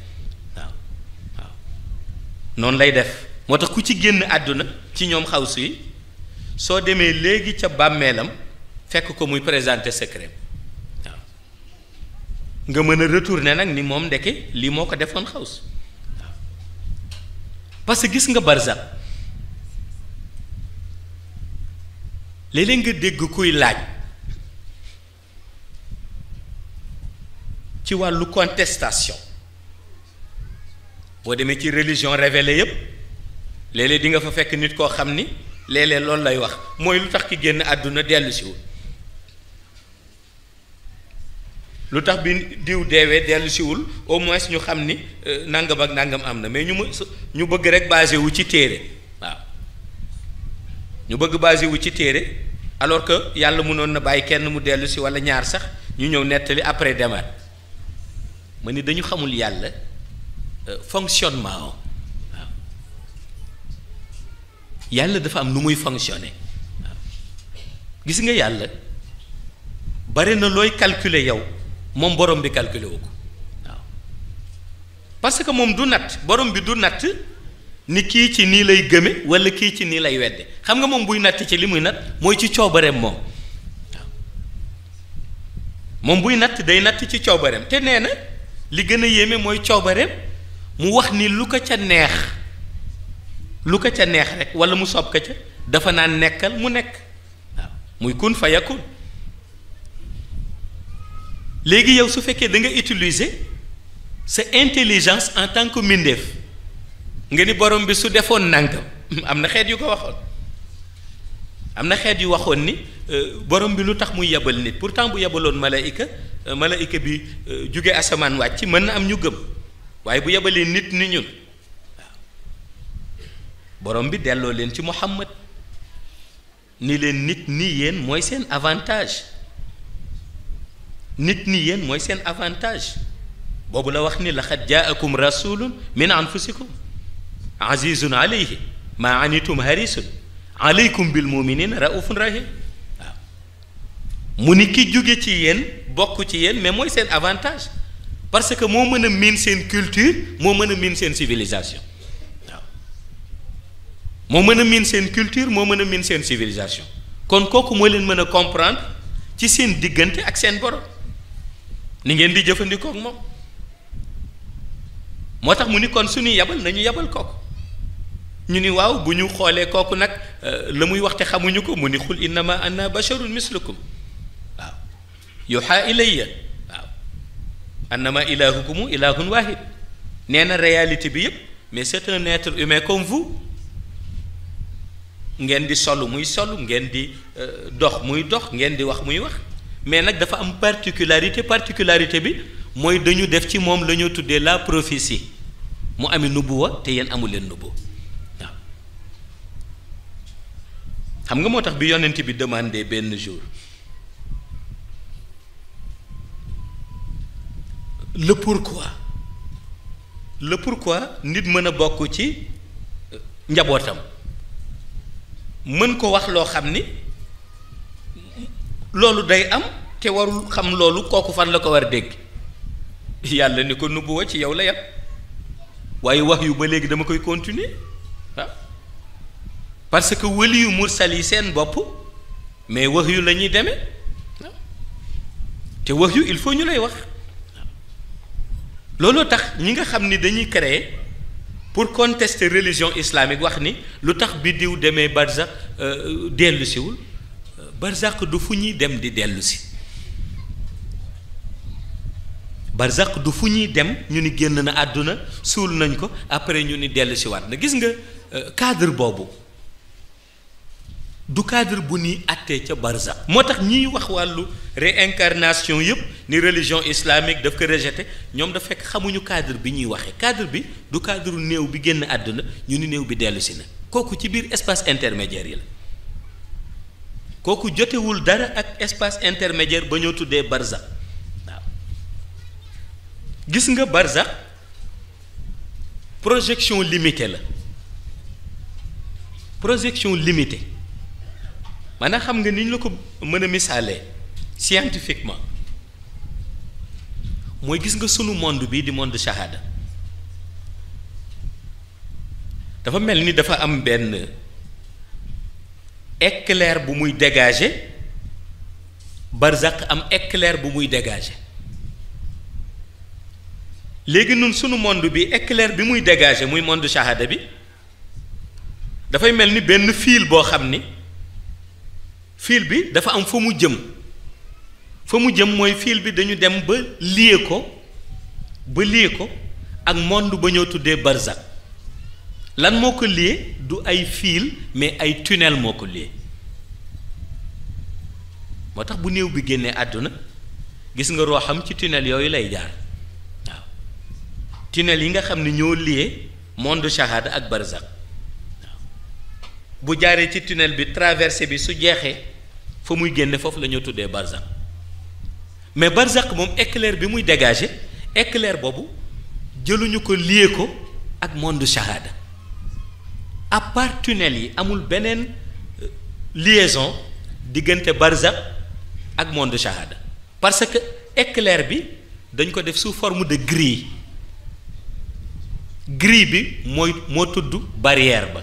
noonu lay def moo tax ku ci génn àdduna ci ñoom xawsu yi soo demee léegi ca bàmmeelam fekk ko muy présenté secret waaw nga mën a retourner nag ni moom ndeke lii moo ko defoon xawsu waaw parce que gis nga barzak léeg-léeg nga dégg kuy laaj ci wàllu contestation boo demee ci religion révélée yëpp léeg-léeg di nga fa fekk nit koo xam ni léeg-léeg loolu lay wax mooy lu tax ki génn àdduna dellu siwul lu tax bi diw deewee dellu siwul au moins ñu xam ni euh, nangam ak nangam am na mais ñu mu ñu bëgg rek basé wu ci téere waaw ñu bëgg basé wu ci téere alors que yàlla munoon na bàyyi kenn mu dellu si wala ñaar sax ñu ñëw nettali après demaat ma ni dañu xamul yàlla Euh, fonctionnement waaw yàlla dafa am lu muy fonctionner waaw gis nga yàlla bari na looy calculer yow moom borom bi calculer wu ko waaw parce que moom du natt borom bi du natt ni kii ci nii lay gëme wala kii ci nii lay wedde xam nga moom buy natt ci li muy natt mooy ci coobareem moom waaw moom buy natt day natt ci coobareem te nee na li gën a yéeme mooy coobareem mu wax ni lu ko ca neex lu ko ca neex rek wala mu soob ko ca dafa naan nekkal mu nekk muy kun fa yakun léegi yow su fekkee da nga utiliser sa intelligence en tant que mbindeef nga ni borom bi su defoon nangam am na xeet yu ko waxoon am na xeet yu waxoon ni euh, borom bi lu tax muy yabal nit pourtant bu yabaloon malaayika euh, malaayika bi euh, jóge asamaan wàcc mën na am ñu gëm waaye bu yebalee nit ni ñun borom bi delloo leen ci Muhammad ni leen nit ni yéen mooy seen avantage nit ni yéen mooy seen avantage boobu la wax ni la laxad jaakum rasulun min anfusikum azizun alayhi ma anitum harisun aleykum bil muminina raufun rahim waaw mu ni ki jóge ci yéen bokk ci yéen mais mooy seen avantage parce que moo mën a miin seen culture moo mën a miin seen civilisation waaw moo mën a miin seen culture moo mën a miin seen civilisation kon kooku moo leen mën a comprendre ci seen diggante ak seen borom ni ngeen di jëfandikoo ak moom moo tax mu ni kon suñu yabal nañu yabal kooku ñu ni waaw bu ñu xoolee kooku nag euh, la muy waxte xamuñu ko mu ni xul innama anna basharun mislukum waaw yuha ilayya annama ilahukumu ilahun wahid nee na réyalité bi yëpp mais c'est un être humain comme vous ngeen di sol muy sol ngeen di euh, dox muy dox ngeen di wax muy wax mais nag dafa am particularité particularité bi mooy dañu def ci moom la ñu tuddee la si mu ami nubuwa te yéen amul leen nubu waaw xam nga moo tax bi yonent bi demandé benn jour le pourquoi le pourquoi nit mën a bokk ci euh, njabootam mën ko wax loo xam ni loolu day am te warul xam loolu kooku fan la ko war a dégg yàlla ni ko nubuwa ci yow la yam waaye wax yu ba léegi dama koy continuer ah. parce que wëli yu mursal yi seen bopp mais wax yu lañuy ñuy demee ah. te wax yu il faut ñu lay wax looloo tax ñi nga xam ni dañuy créer pour contester religion islamique wax ni lu tax bi diw demee barzak euh, dellu siwul barzak du fu ñuy dem di dellu si barzak du fu ñuy dem ñu ni génn na àdduna suul nañ ko après ñu ni dellu si na gis nga euh, cadre boobu du cadre bu ñuy attee ca barza moo tax ñiy wax wàllu réincarnation yëpp ni religion islamique daf ko rejeté ñoom da fekk xamuñu cadre bi ñuy waxee cadre bi du cadre néew bi génn àdduna ñu ni néew bi dellu si na kooku ci biir espace intermédiaire yi la kooku jotewul dara ak espace intermédiaire ba ñoo tuddee barza waaw gis nga barza projection limitée la projection limitée maanaam xam nga ni ñu la ko mën a misaalee scientifiquement mooy gis nga sunu monde bii di monde shahada dafa mel ni dafa am benn éclair bu muy dégager barzak am éclair bu muy dégager léegi nun sunu monde bi éclair bi muy dégager muy monde shahada bi dafay mel ni benn fil boo xam ni. fil bi dafa am fa mu jëm fa mu jëm mooy fil bi dañu dem ba lié ko ba lie ko ak monde ba ñoo tuddee barzak lan moo ko lié du ay fil mais ay tunnel moo ko lié moo tax bu néew bi génnee àdduna gis nga rooxam ci tunnel yooyu lay jaar waaw tunnel yi nga xam ne ñoo lié monde shahada ak barzak bu jaaree ci tunnel bi traversé bi su jeexee fa muy génne foofu la ñoo tuddee barzak mais barzak moom éclair bi muy dégager éclair boobu jëluñu ko lié ko ak monde shahada à part tunnel yi amul beneen euh, liaison diggante barzak ak monde shahada parce que éclair bi dañ ko def su forme de grille grille bi mooy moo tudd barrière ba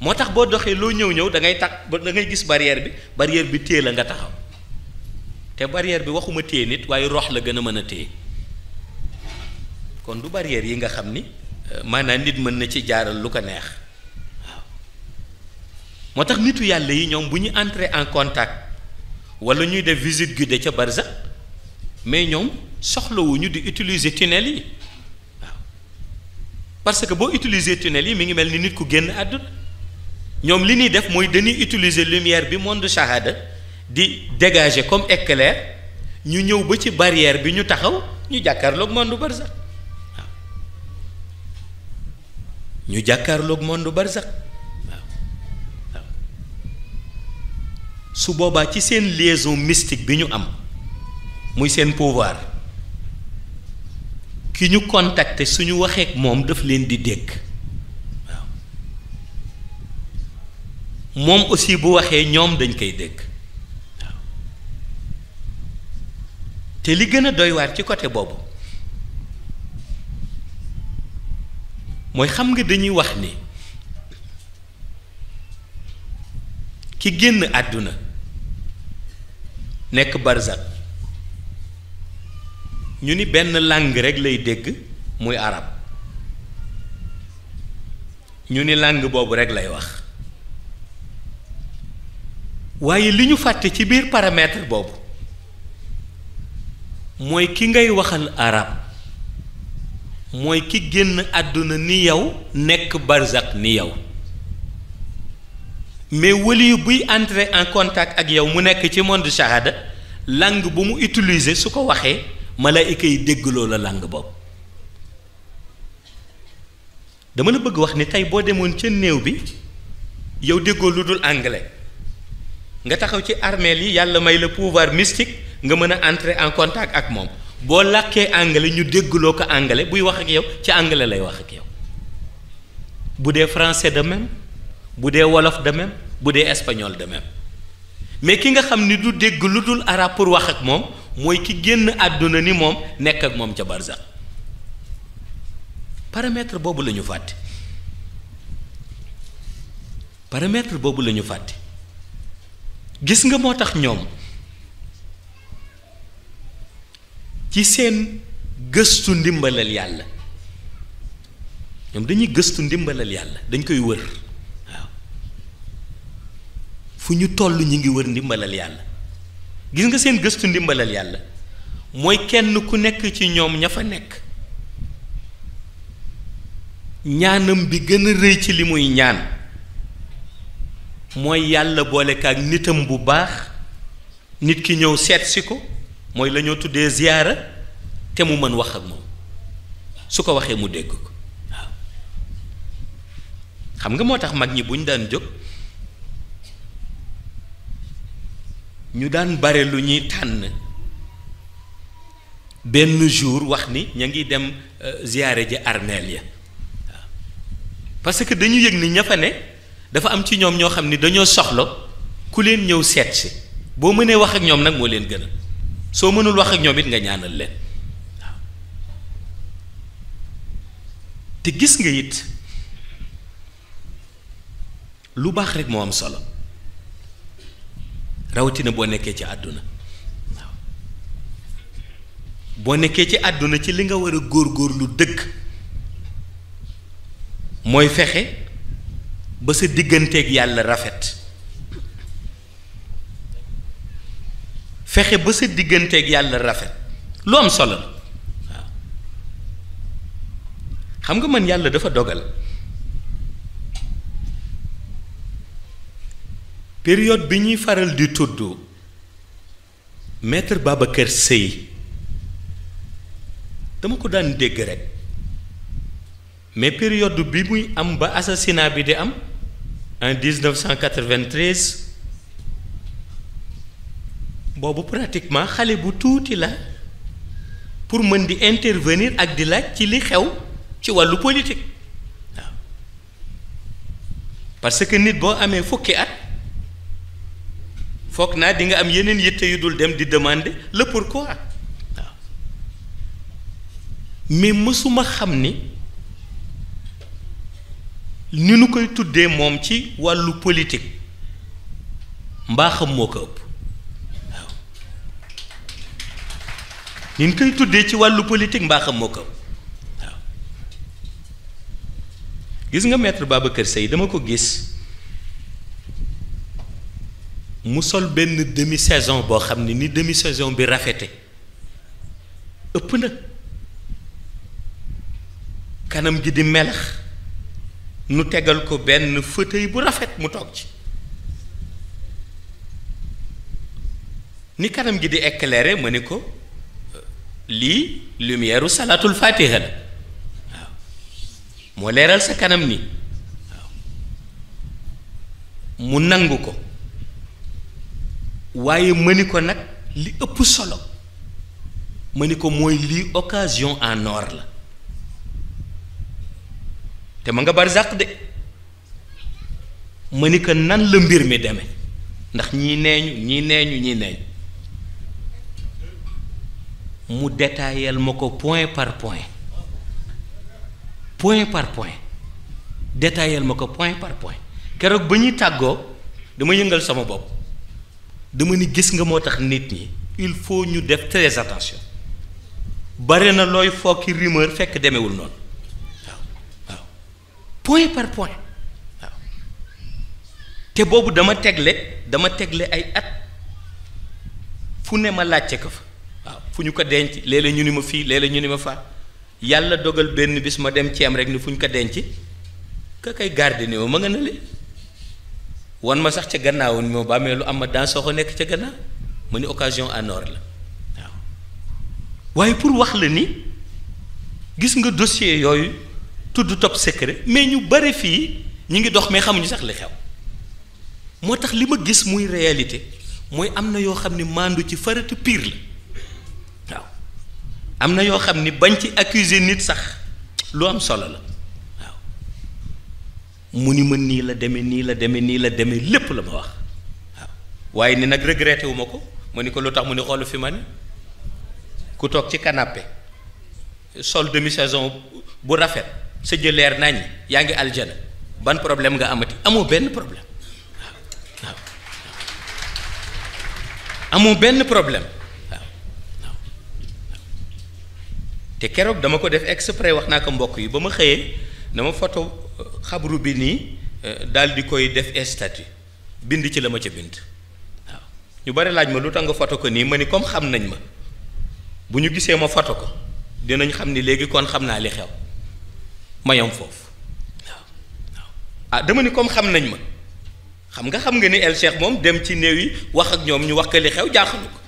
moo tax boo doxee loo ñëw ñëw dangay ngay tax da ngay gis barrière bi barrière bi téye la nga taxaw te barrière bi waxuma téye nit waaye rox la gën a mën a téye kon du barrière yi nga xam ni euh, maanaam nit mën na ci jaaral lu ko neex waaw moo tax nitu yàlla yi ñoom bu ñu entrer en contact wala ñuy def gi guidée ca barza mais ñoom ñu di utiliser tunnel yi waaw parce que boo utiliser tunnel yi mi ngi mel ni nit ku génn àdduna ñoom li ñuy def mooy dañuy utiliser lumière bi monde shahada di dégager comme éclair ñu ñëw ba ci barrière bi ñu taxaw ñu jàkkaarloog monde barzak waaw ñu jàkkaarloog monde barzak waaw waaw su boobaa ci seen liaison mystique bi ñu am muy seen pouvoir ki ñu contacter suñu waxeek moom daf leen di dégg. moom aussi bu waxee ñoom dañ koy dégg te li gën a doy ci côté boobu mooy xam nga dañuy wax ni ki génn àdduna nekk barzak ñu ni benn langue rek lay dégg muy arab ñu ni langue boobu rek lay wax waaye li ñu fàtte ci biir paramètre boobu mooy ki ngay waxal arab mooy ki génn àdduna ni yow nekk barzak ni yow mais wali buy entrer en contact ak yow mu nekk ci monde shahada langue bu mu utiliser su ko waxee malaayika yi déggloo la langue boobu dama la bëgg wax ni tey boo demoon ca néew bi yow déggoo lu dul anglais nga taxaw ci armeel yi yàlla may la pouvoir mystique nga mën a entrer en contact ak moom boo làkkee anglais ñu dégguloo ko anglais buy wax ak yow ci anglais lay wax ak yow bu dee français de même bu dee wolof de bu dee espagnol de même mais ki nga xam ni du dégg lu dul arab pour wax ak moom mooy ki génn àdduna ni moom nekk ak moom ca barsax paramètre boobu la ñu fàtte paramètre boobu la ñu fàtte gis nga moo tax ñoom ci seen gëstu ndimbalal yàlla ñoom dañuy gëstu ndimbalal yàlla dañ koy wër waaw fu ñu toll ñu ngi wër ndimbalal yàlla gis nga seen gëstu ndimbalal yàlla mooy kenn ku nekk ci ñoom ña fa nekk ñaanam bi gën a rëy ci li muy ñaan mooy yàlla boole kaak nitam bu baax nit ki ñëw seetsi ko mooy lañoo tuddee ziyaara te mu mën wax ak moom su ko waxee mu dégg ko waaw xam nga moo tax mag ñi bu ñu daan jóg ñu daan bare lu ñuy tànn benn jour wax ni ñu ngi dem euh, ziyaare ji armeel ya waaw parce que dañu yëg ni ña fa ne dafa am ci ñoom ñoo xam ni dañoo soxla ku leen ñëw seet si boo mënee wax ak ñoom nag moo leen gën soo mënul wax ak ñoom it nga ñaanal leen te gis nga yit lu baax rek moo am solo rawatina boo nekkee ci àdduna boo nekkee ci àdduna ci li nga war a góor góor lu dëkk mooy fexe ba sa digganteeg yàlla rafet fexe ba sa digganteeg yàlla rafet lu am solo waaw xam nga man yàlla dafa dogal période bi ñuy faral di tudd baaba kër Sèye dama ko daan dégg rek mais période bi muy am ba assassinat bi di am en 1993 boobu pratiquement xale bu tuuti la pour mën di intervenir ak di laaj ci li xew ci wàllu politique waaw parce que nit boo amee fukki at foog naa dinga am yeneen yitte yu dul dem di demander le pourquoi waaw mais mësuma xam ni. ni nu koy tuddee moom ci wàllu politik mbaaxam moo ko ëpp waaw ni nu koy tuddee ci wàllu politik mbaaxam moo ko ëpp waaw gis nga maître kër Seye dama ko gis mu sol benn demi saison boo xam ne ni demi saison bi rafete ëpp na kanam gi di melax nu tegal ko benn fauteuil bu rafet mu toog ci ni kanam gi di éclairé ma ne ko euh, lii lumière salaatul fatiha waaw moo leeral sa kanam nii waaw mu nangu ko waaye ma ni ko nag li ëpp solo ma ni ko mooy lii occasion en or la te ma nga bari sàq de ma ni ko nan la mbir mi demee ndax ñii neeñu ñii neeñu ñii neeñu mu détaillel ma ko point par point point par point détaillel ma ko point par point keroog ba ñuy tàggoo dama yëngal sama bopp dama ni gis nga moo tax nit ñi il faut ñu def très attention bare na looy fokki rumeur fekk demewul noonu point par point te boobu dama tegle dama tegle ay at fu ne ma laajte ko fa waaw fu ñu ko denc léeg-léeg ñu ni ma fii léeg-léeg ñu ni ma fa yàlla dogal benn bis ma dem ceem rek ni fu ñu ko denc ka kay garde ni ma ma nga ne leen wan ma sax ca gannaaw ni ma bàmmee lu am ma dans soo ko nekk ca gannaaw ma ni occasion en la waaw waaye pour wax la ni gis nga dossier yooyu tudd top secret mais ñu bari fii ñu ngi dox mais xamuñu sax li xew moo tax li ma gis muy réalité mooy am na yoo xam ni maandu ci faratu piir la waaw am na yoo xam ni bañ ci accuser nit sax lu am solo la waaw mu ni mën nii la demee nii la demee nii la demee lépp la ma wax waaw waaye ni nag regretté wu ko ma ni ko lu tax mu ni xoolu fi ma ni ku toog ci canapé sol demi saison bu rafet. sa jë leer nañ yaa ngi aljana ban problème nga amati amoo benn problème amoo benn problème te keroog dama ko def exprès wax naa ko mbokk yi ba ma xëyee dama photo euh, xabru bi nii euh, daal di koy def statut bind ci la ma ca bind waaw ñu bari laaj ma lu tax nga photo ko nii ma ni comme xam nañ ma bu ñu gisee ma foto ko dinañ xam ni léegi kon xam naa li xew. ma yem foofu waaw waaw ah dama ni comme xam nañ ma xam nga xam nga ni El Cheikh moom dem ci néew yi wax ak ñoom ñu wax ko li xew jaaxalu ko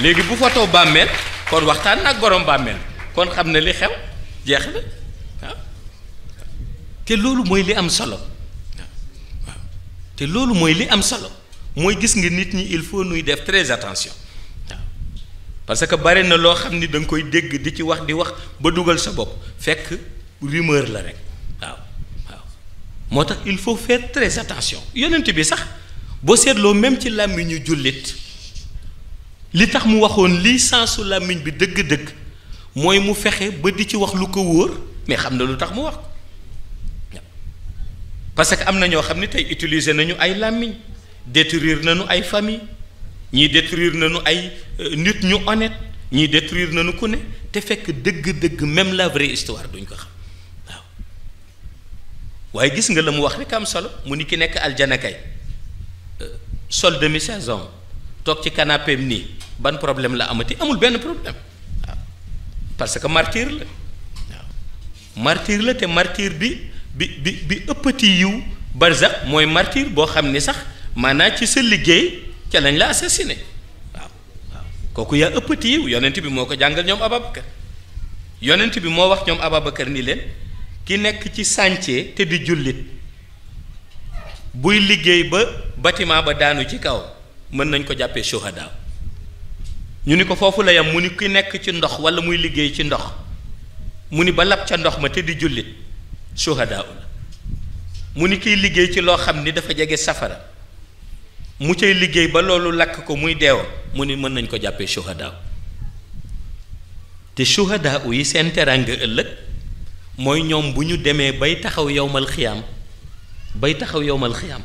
léegi bu fotoo bàmmeel kon waxtaan na ak borom bàmmeel kon xam na li xew jeex na ah. te loolu mooy li am solo te loolu mooy li am solo mooy gis nga nit ñi il faut nuy def très attention ah. parce que bare na loo xam ni danga koy dégg di ci wax di wax ba dugal sa bopp fekk. rumeur la rek waaw waaw moo tax il faut faire très attention yonent bi sax boo seetloo même ci làmmiñu jullit li tax mu waxoon lii sensu làmmiñ bi dëgg-dëgg mooy mu fexe ba di ci wax lu ko wóor mais xam na lu tax mu wax parce que am na ñoo xam ne tey utiliser nañu ay làmmiñ détruire nañu ay famille ñii détruire nañu ay euh, nit ñu honnête ñii détruire nañu ku ne te fekk dëgg-dëgg même la vraie histoire duñ ko xam waaye gis nga la mu wax rek am solo mu ni ki nekk aljana kay euh, sol demi saison toog ci canapé nii ban problème la amati amul benn problème waaw parce que martyr la waaw martyr la te martyr bi bi bi bi ëppati yiw sax mooy martyr boo xam ni sax man naa ci sa liggéey ca lañ la assassiné waaw waaw kooku yaa ëppati yiw yonent bi moo ko jàngal ñoom Ababacar yonent bi moo wax ñoom Ababacar ni leen ki nekk ci chantier te di jullit buy liggéey ba bâtiment ba daanu ci kaw mën nañ ko jàppee shuhada ñu ni ko foofu la yam mu ni ki nekk ci ndox wala muy liggéey ci ndox mu ni ba lab ca ndox ma te di jullit shuhada la mu ni kiy liggéey ci loo xam ni dafa jege safara mu cay liggéey ba loolu lakk ko muy deew mu ni mën nañ ko jàppee shuhada te shuhada yi seen teraanga ëllëg mooy ñoom bu ñu demee bay taxaw yowmal xiyaam bay taxaw yowmal xiyaam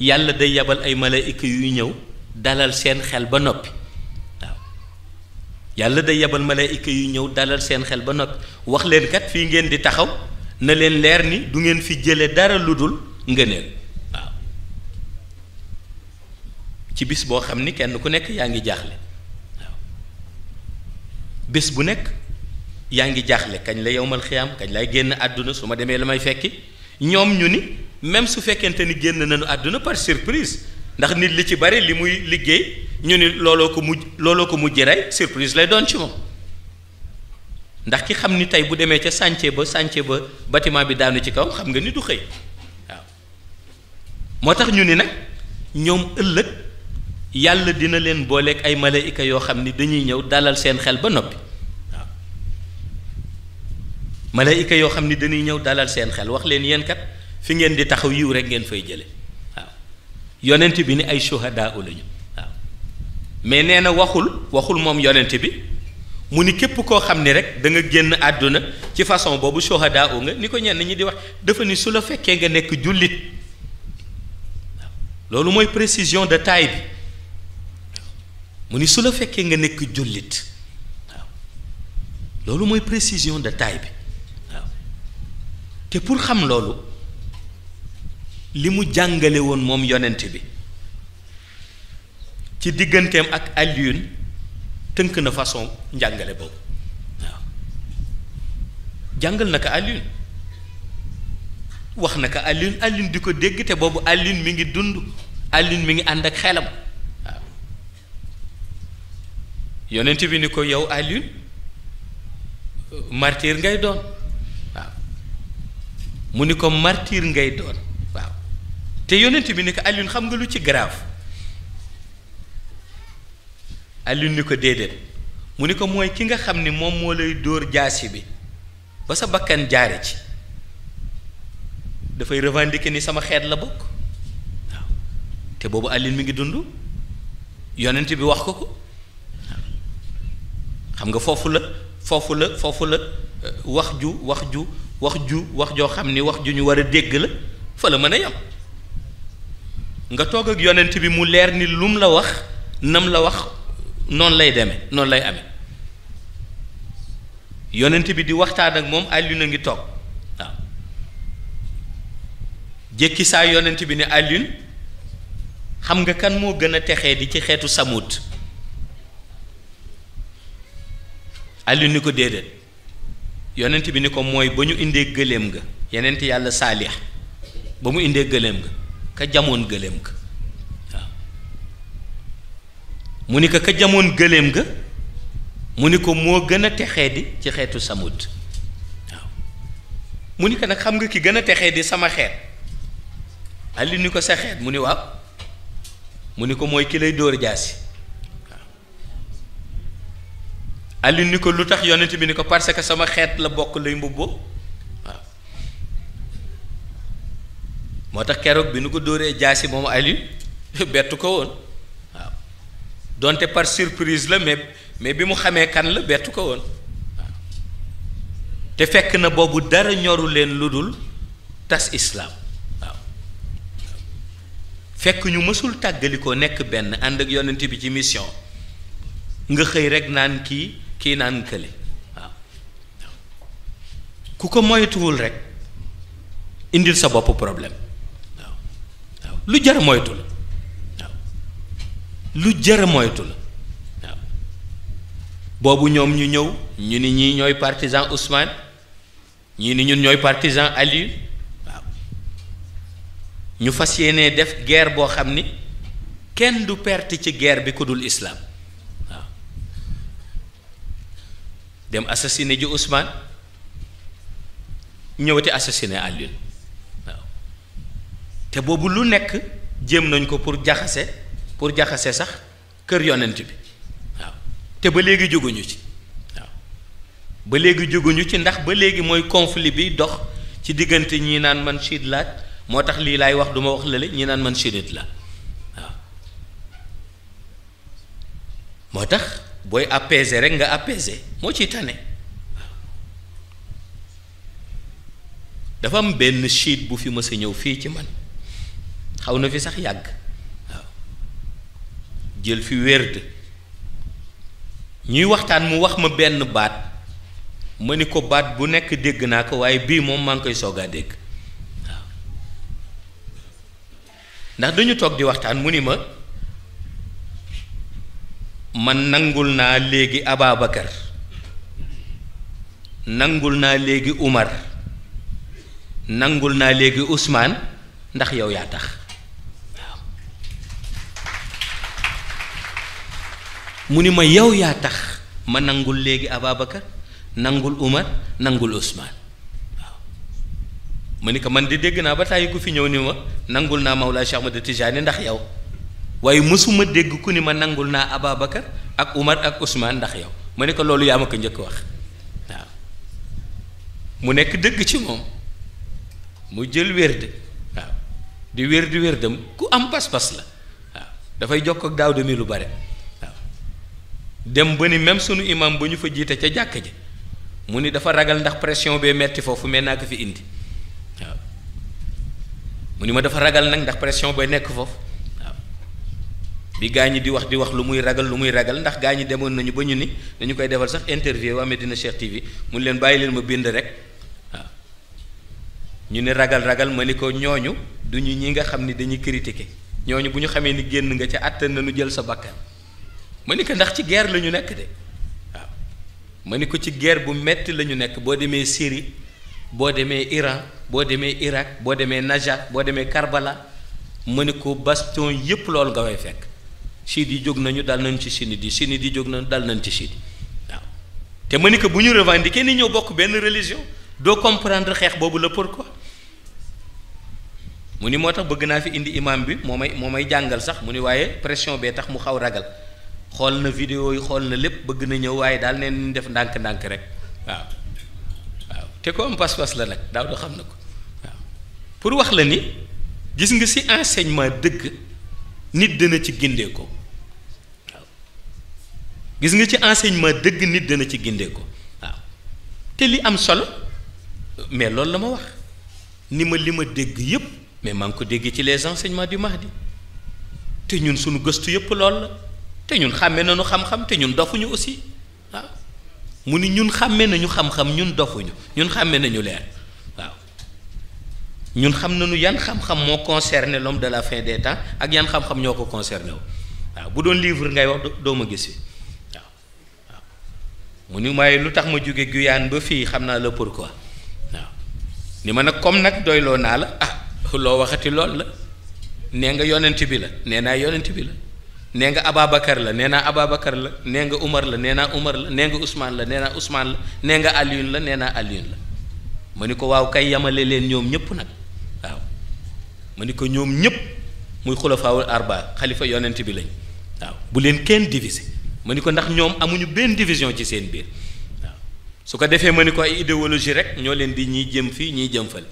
yàlla day yabal ay malaayika yuy ñëw dalal seen xel ba noppi waaw yàlla day yabal malaayika yuy ñëw dalal seen xel ba noppi wax leen kat fii ngeen di taxaw na leen leer ni du ngeen fi jële dara lu dul ngëneel waaw ci bis boo xam ni kenn ku nekk yaa ngi jaaxle waaw bés bu nekk yaa ngi jaaxle kañ la yowmal xiyaam kañ lay génn àdduna su ma demee la may fekki ñoom ñu ni même su fekkente ni génn nañu àdduna par surprise ndax nit li ci bari li muy liggéey ñu ni looloo ko mu looloo ko mujj rey surprise lay doon ci moom ndax ki xam ni tey bu demee ca chantier ba chantier ba batiment bi daanu ci kaw xam nga ni du xëy waaw moo tax ñu ni nag ñoom ëllëg yàlla dina leen booleek ay malaika yoo xam ni dañuy ñëw dalal seen xel ba noppi malaayika yoo xam ni dañuy ñëw dalal seen xel wax leen yéen kat fi ngeen di taxaw yiw rek ngeen fay jële waaw yonent bi ni ay shuhadaa lañu waaw mais nee na waxul waxul moom yonent bi mu ni képp koo xam ni rek da nga génn àdduna ci façon boobu shuhadaa nga ni ko ñenn ñi di wax dafa ni su la fekkee nga nekk jullit waaw loolu mooy précision de taille bi mu ni su la fekkee nga nekk jullit waaw loolu mooy précision de taille bi. te pour xam loolu li mu jàngale woon moom yonent bi ci digganteem ak Alioune tënk na façon njàngale boobu waaw jàngal na ko Alioune wax na ko Alioune Alioune di ko dégg te boobu Alioune mi ngi dund Alioune mi ngi ànd ak xelam waaw yonent bi ni ko yow Alioune martyr ngay doon mu ni ko martir ngay doon waaw te yonent bi ni ko xam nga lu ci grave Alioune ni ko déedéet mu ni ko mooy ki nga xam ni moom moo lay dóor jaasi bi ba sa bakkan jaare ci dafay revendiquer ni sama xeet la bokk waaw te boobu Alioune mi ngi dund yonent bi wax ko ko xam nga foofu la foofu la foofu la euh, wax ju wax ju wax ju wax joo xam ni wax ju ñu war a dégg la fa la mën a yam nga toog ak yonent bi mu leer ni lum la wax nam la wax noonu lay deme noonu lay amee yonent bi di waxtaan ak moom Alioune a ngi toog waaw jékki saa yonent bi ne Alioune xam nga kan moo gën a texee di ci xeetu samut Alioune ni ko déedéet. yonent bi ni ko mooy ba ñu indee gëléem nga yonent yàlla saalix ba mu indee gëléem ga ka jamoon gëléem nga waaw mu ni ko ka jamoon gëléem ga mu ni ko moo gën a texee di ci xeetu samut waaw ko nag xam nga ki gën a texee di sama xeet alli ni ko sa xeet mu ni waaw mu ni ko mooy ki lay dóor jaasi Aliou ni ko lu tax yonent bi ni ko parce que sama xeet la bokk lay mbubboo waaw moo tax keroog bi nu ko dóoree jaasi moom Aliou bettu ko woon waaw donte par surprise la mais bi mu xamee kan la bettu ko woon waaw te fekk na boobu dara ñoru leen lu dul tas islaam waaw fekk ñu mësul tàggalikoo nekk benn ànd ak yonent bi ci mission nga xëy rek naan kii kii naan kële waaw ku ko moytuwul rekk indil sa boppu problème waaw waaw lu jar moytu la waaw lu jar moytu la boobu ñoom ñu ñëw ñu ni ñii ñooy partisan Ousmane ñu ni ñun ñooy partisan Aliou waaw ñu fas yéenee def guerre boo xam ni kenn du perte ci guerre bi ku dul islaam dem assasine ji Ousmane ñëwati assasine Alioune waaw te boobu lu nekk jéem nañ ko pour jaxase pour jaxase sax kër yonent bi waaw te ba léegi jóguñu ci waaw ba léegi jóguñu ci ndax ba léegi mooy conflit bi dox ci diggante ñi naan man chiite laaj moo tax lii laay wax duma wax lële ñi naan man chiite la waaw moo tax booy apaiser rek nga apaiser moo ciy tane waaw dafa am benn chiite bu fi mës a ñëw fii ci man xaw na fi sax yàgg waaw jël fi wérd ñuy waxtaan mu wax ma benn baat ma ni ko baat bu nekk dégg naa ko waaye bii moom maa ngi koy soog a dégg waaw ndax dañu toog di waxtaan mu ni ma. man nangul naa léegi Ababakar nangul naa léegi Umar nangul naa léegi Ousmane ndax yow yaa tax mu ni ma yow yaa tax ma nangul léegi Ababakar nangul Umar nangul Ousmane waaw ma ni ko man di dégg naa ba tàyyi ku fi ñëw ni ma nangul naa Mawlaa Cheikh Ahmad Tijaani ndax yow waaye mësuma dégg ku ni ma nangul naa Ababacar ak Umar ak Ousmane ndax yow ma ne ko loolu yaa ma ko njëkk wax waaw mu nekk dëgg ci moom mu jël wérde waaw di wér di wérdam ku am pas-pas la waaw dafay jox ko daaw demi lu bare waaw dem ba ni même sunu imam ba ñu fa jiite ca jàkk ji mu ni dafa ragal ndax pression bee metti foofu mais naa ko fi indi waaw mu ni ma dafa ragal nag ndax pression bay nekk foofu bi gaa ñi di wax di wax lu muy ragal lu muy ragal ndax gaa ñi demoon nañu ba ñu ni dañu koy defal sax interview waa Medina Cheikh TV mu leen bàyyi leen ma bind rek waaw ñu ne ragal ragal ma ni ko ñooñu du ñu ñi nga xam ni dañuy critiquer ñooñu bu ñu xamee ni génn nga ca àttan nañu jël sa bakkan ma ni ko ndax ci guerre la ñu nekk de waaw ma ni ko ci guerre bu metti la ñu nekk boo demee siri boo demee Iran boo demee Irak boo demee Najaf boo demee Karbala ma ni ko bastion yépp loolu nga fekk. siid yi jóg nañu daal nañ ci sinit yi sinit yi jóg nañu dal nañ ci siid waaw te ma ni que bu ñu revendiquer ni ñëw bokk benn religion doo comprendre xeex boobu la pourquoi mu ni moo tax bëgg naa fi indi imam bi moo may moo may jàngal sax mu ni waaye pression bee tax mu xaw ragal xool na video yi xool na lépp bëgg na ñëw waaye daal neen def ndànk-ndànk rek waaw waaw te ko am pas-pas la nag daal da xam na ko waaw pour wax la ni gis nga si enseignement dëgg nit dana ci gindeekoo waaw gis nga ci enseignement dëgg nit dana ci gindee ko waaw te li am solo mais loolu la ma wax ni ma li ma dégg yépp mais maa ngi ko déggee ci les enseignements max di te ñun sunu gëstu yépp lool la te ñun xàmme nañu xam-xam te ñun dofuñu aussi waaw mu ni ñun xàmme nañu xam-xam ñun dofuñu ñun xàmme nañu leer ñun xam nañu yan xam-xam moo concerné l'homme de la fin des temps ak yan xam-xam ñoo ko concerné wu waaw bu doon livre ngay wax doo ma gis fi waaw mu ni may lu tax ma jóge guyaan ba fii xam naa la pourquoi waaw ni ma nag comme nag doyloo naa la ah loo waxati lool la nee nga yonent bi la nee naa yonent bi nee nga Ababacar la nee naa Ababacar la nee nga Umar la nee naa Umar la nee nga Ousmane la nee naa Ousmane la nee nga Alioune la nee naa Alioune la ma ni ko waaw kay yamale leen ñoom ñëpp nag. waaw ma ni ko ñoom ñëpp muy xulafaawul arba xalifa yonent bi lañ waaw bu leen kenn diviser ma ni ko ndax ñoom amuñu benn division ci seen biir waaw su ko defee ma ni ko ay idéologie rek ñoo leen di ñiy jëm fii ñiy jëm fële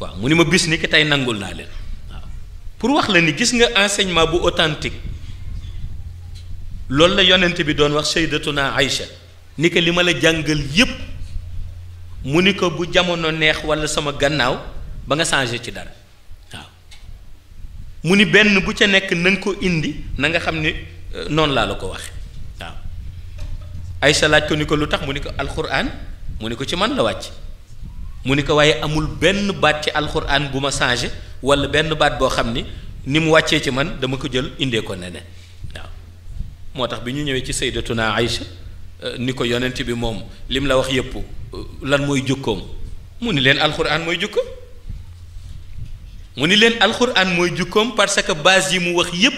waaw mu ni ma bis ni ki tey nangul naa leen waaw pour wax la ni gis nga enseignement bu otantik loolu la yonent bi doon wax sayyidatuna Aïcha ni ko li ma la jàngal yépp mu ni ko bu jamono neex walla sama gannaaw ba nga changé ci dara waaw mu ni benn bu ca nekk na ko indi na nga xam ni euh, noonu laa la ko waxe waaw Aysa laaj ko ni ko lu tax mu ni ko alxuraan mu ni ko ci man la wàcc mu ni ko waaye amul benn baat ci alxuraan bu ma changé walla benn baat boo xam ni ni mu wàccee ci man dama ko jël indee ko neneen waaw moo tax bi ñu ñëwee ci sayyidatuna Aysa euh, ni ko yonent bi moom li mu la wax yëpp lan mooy jukkoom mu ni leen alxuraan mooy jukkoom mu ni leen alxuraan mooy jukkoom parce que base yi mu wax yépp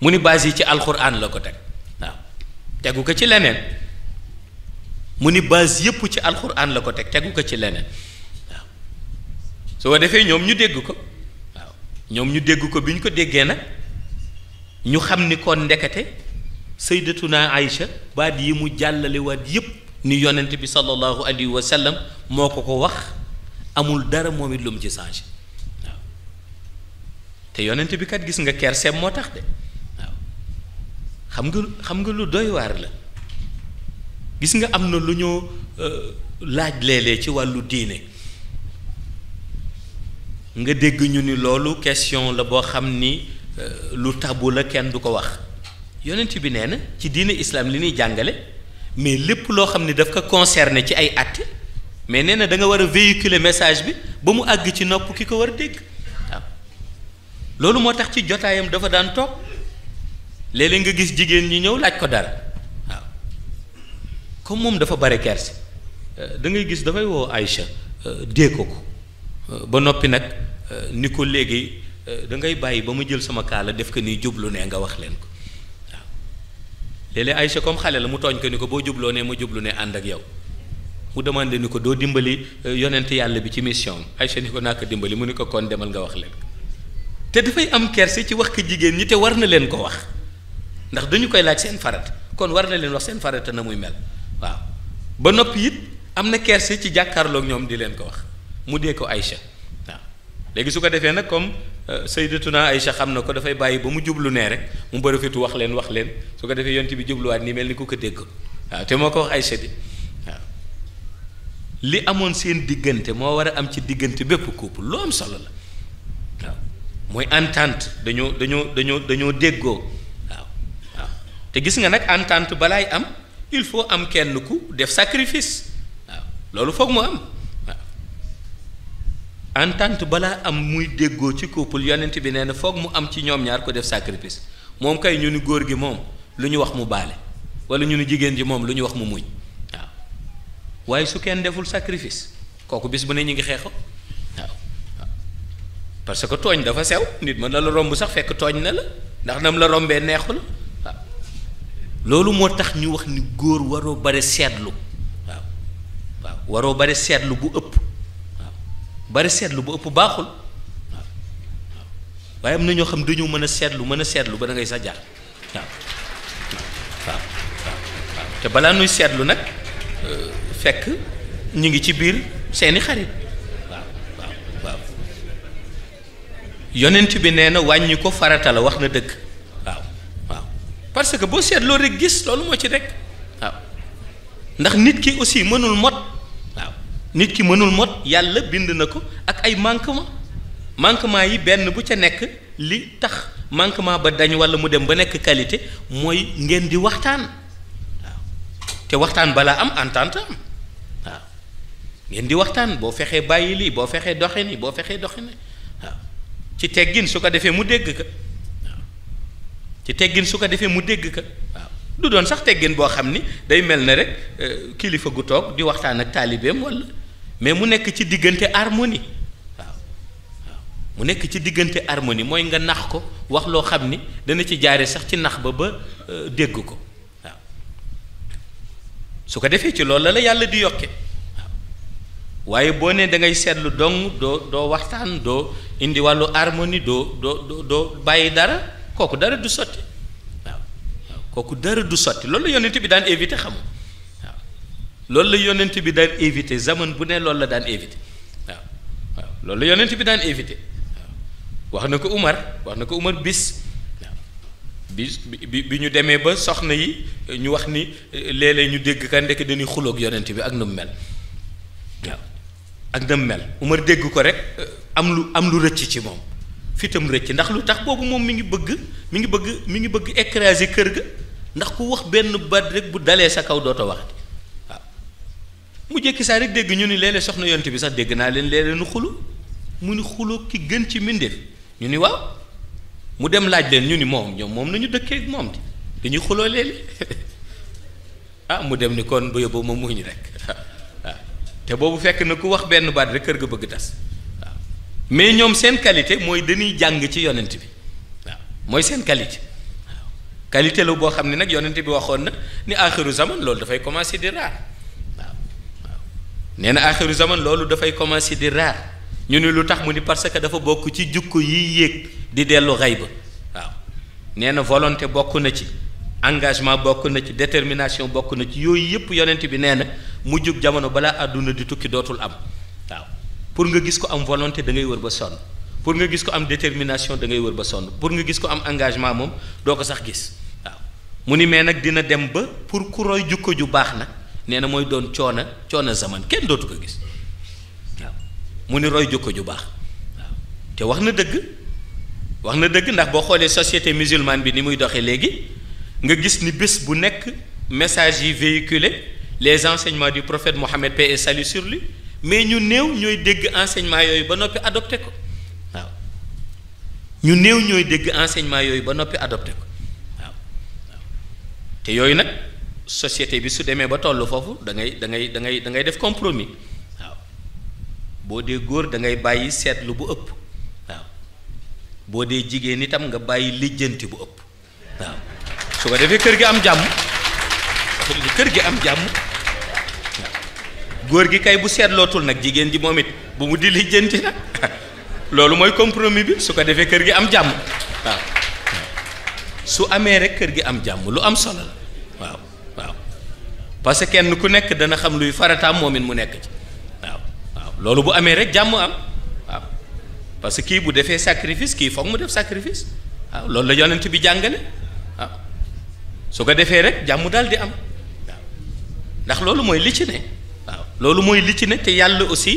mu ni baas yi ci alxuraan la ko teg waaw tegu ko ci leneen mu ni base yépp ci alxuraan la ko teg tegu ko ci leneen waaw defee ñoom ñu dégg ko waaw ñoom ñu dégg ko bi ñu ko déggee nag ñu xam ni kon ndekete sayyidatuna Aïcha baat yi mu jàllale waat yépp ni yonent bi sallallahu alayhi wa moo ko ko wax amul dara moom it lu mu ci changé waaw te yonent bi kat gis nga kerseem moo tax de waaw xam nga xam nga lu doy waar la gis nga am na lu ñoo euh, laaj léeg ci wàllu diine nga dégg ñu ni loolu question la boo xam ni euh, lu tabu la kenn du ko wax yonent bi nee na ci diine islam li ñuy jàngale mais lépp loo xam ne daf ko concerné ci ay àtte mais nee na da nga war a véhiculer message bi ba mu àgg ci nopp ki ko war a dégg waaw loolu moo tax ci jotaayam dafa daan toog léeg nga gis jigéen ñi ñëw laaj ko dara waaw comme moom dafa bare kersi euh, da ngay gis dafay woo Aïcha euh, dee ko ko euh, ba noppi nag ni ko léegi dangay bàyyi ba ma jël sama kaala def ko nii jublu ne nga wax leen ko léeg-léeg Aïcha comme xale la mu tooñ ko ni ko boo jubloo ne ma jublu ne ànd ak yow mu demandé ni ko doo dimbali euh, yonent yàlla bi ci mission Aïcha ni ko naaka dimbali mu ni ko kon demal nga wax leen te dafay am kerse ci wax ko jigéen ñi te war na leen ko wax ndax dañu koy laaj seen farat kon war na leen wax seen farata na muy mel waaw ba noppi it am na kerse ci jàkkaarloog ñoom di leen ko wax mu dee ko Aïcha waaw léegi su ko defee nag comme Euh, naa Aïcha xam na ko dafay bàyyi ba mu jublu nee rek mu bërifitu wax leen wax leen su ko defee yonent bi jubluwaat nii mel ni ku ko dégg waaw te moo ko wax Aïcha di waaw amoon seen diggante moo war a am ci diggante bépp couple lu am solo la mooy entente dañoo dañoo dañoo dañoo déggoo waaw waaw te gis nga nag entente balaay am il faut am kenn ku def sacrifice waaw loolu foog mu am. entente balaa am muy déggoo ci couple yonent bi nee na foog mu am ci ñoom ñaar ko def sacrifice moom kay ñu ni góor gi moom lu ñu wax mu baale wala ñu ni jigéen ji moom lu ñu wax mu muñ waaw waaye su kenn deful sacrifice kooku bis bu ne ñu ngi xeexo parce que tooñ dafa sew nit ma na la romb sax fekk tooñ na la ndax nam la rombee neexul waaw loolu moo tax ñu wax ni góor waroo bare seetlu waaw waaw waroo bare seetlu bu ëpp. bari seetlu bu ëpp baaxul waaw waaye am na ñoo xam dañu mën a seetlu mën a seetlu ba da ngay sa jaar waaw waaw waaw te balaa nuy seetlu nag euh, fekk ñu ngi ci biir seeni xarit waaw waaw waaw bi nee na wàññi ko wax na dëgg waaw waaw parce que boo seetloo rek gis loolu moo ci rek waaw ndax nit ki aussi mënul mot. nit ki mënul mot yàlla bind na ko ak ay manquement manquement yi benn bu ca nekk li tax manquement ba dañ walla mu dem ba nekk qualité mooy ngeen di waxtaan waaw te waxtaan balaa am entente am waaw ngeen di waxtaan boo fexee bàyyi lii boo fexee doxe nii boo fexee doxe waaw ci teggin su ko defee mu dégg ka waaw ci teggin su ko defee mu dégg ka waaw du doon sax teggin boo xam ni day mel ne rek euh, kilifa gu toog di waxtaan ak taalibeem walla mais mu nekk ci diggante harmonie waaw waaw mu nekk ci diggante harmonie mooy nga nax ko wax loo xam ni dana ci jaare sax ci nax ba ba euh, dégg ko waaw su ko defee ci loolu la la yàlla di yokke waaye boo nee dangay seetlu dong doo doo waxtaan doo indi wàllu harmonie doo doo doo bàyyi dara kooku dara du sotti waaw waaw kooku dara du sotti loolu yonent bi daan éviter xamul loolu la yonent bi daan éviter zaman bu ne loolu la daan éviter waaw waaw loolu la yonent bi daan éviter waaw wax na ko Umar wax na ko Umar bis bi bis bi bi ñu demee ba soxna yi ñu wax ni léeg ñu dégg kan ndekk dañuy xuloog yonent bi ak na mu mel waaw ak na mel Umar dégg ko rek am lu am lu rëcc ci moom fitam rëcc ndax lu tax boobu moom mi ngi bëgg mi ngi bëgg mi ngi bëgg écraser kër ga ndax ku wax benn baat rek bu dalee sa kaw dootoo waxati mu jékki saa rek dégg ñu ni léeg-léeg soxna yonent bi sax dégg naa leen léeg-léeg nu xulu mu ni xulu ki gën ci mbindeef ñu ni waaw mu dem laaj leen ñu ni moom ñoom moom nañu dëkkee ak moom dañuy xuloo léeg-léeg ah mu dem ni kon ba yóbbu ma muñ rek waaw te boobu fekk na ku wax benn baat rek kër ga bëgg tas mais ñoom seen qualité mooy dañuy jàng ci yonent bi mooy seen qualité waaw la boo xam ne nag yonent bi waxoon na ni aaxiru zaman loolu dafay commencer di raar. nee na axiru zaman loolu dafay commencé di raar ñu ni lu tax mu ni parce que dafa bokk ci jukko yiy yéeg di dellu xay ba waaw nee na volonté bokk na ci engagement bokk na ci détermination bokk na ci yooyu yëpp yonent bi nee na mu jub jamono balaa àdduna di tukki dootul am waaw pour nga gis ko am volonté da wër ba sonn pour nga gis ko am détermination da ngay wër ba sonn pour nga gis ko am engagement moom doo ko sax gis waaw mu ni mais nag dina dem ba pour ku roy jukko ju baax nag nee na mooy doon coona coona zaman kenn dootu ko gis waaw mu ni roy ko ju baax waaw te wax na dëgg wax na dëgg ndax boo xoolee société musulmane bi ni muy doxee léegi nga gis ni bés bu nekk message yi véhiculé les enseignements du prophète Mohammed paix et salut sur lui mais ñu néew ñooy dégg enseignement yooyu ba noppi adopté ko waaw ñu néew ñooy dégg enseignement yooyu ba noppi adopté ko waaw te yooyu nag société bi su demee ba toll foofu dangay dangay dangay ngay def compromis waaw boo dee góor dangay bàyyi seetlu bu ëpp waaw boo dee jigéen itam nga bàyyi lijjanti bu ëpp waaw su ko defee kër gi am jàmm kër gi am jàmm góor gi kay bu seetlootul nag jigéen ji moom it bu mu di lijjanti loolu mooy compromis su ko defee kër gi am jàmm waaw su amee rek kër gi am jàmm lu am solo la. parce que kenn ku nekk dana xam luy farataam moom it mu nekk ci waaw waaw loolu bu amee rek jàmm am waaw parce que kii bu defee sacrifice kii foog mu def sacrifice waaw loolu la yonent bi jàngale waaw su ko defee rek jàmm dal di am waaw ndax loolu mooy li ci ne waaw loolu mooy li ci ne te yàlla aussi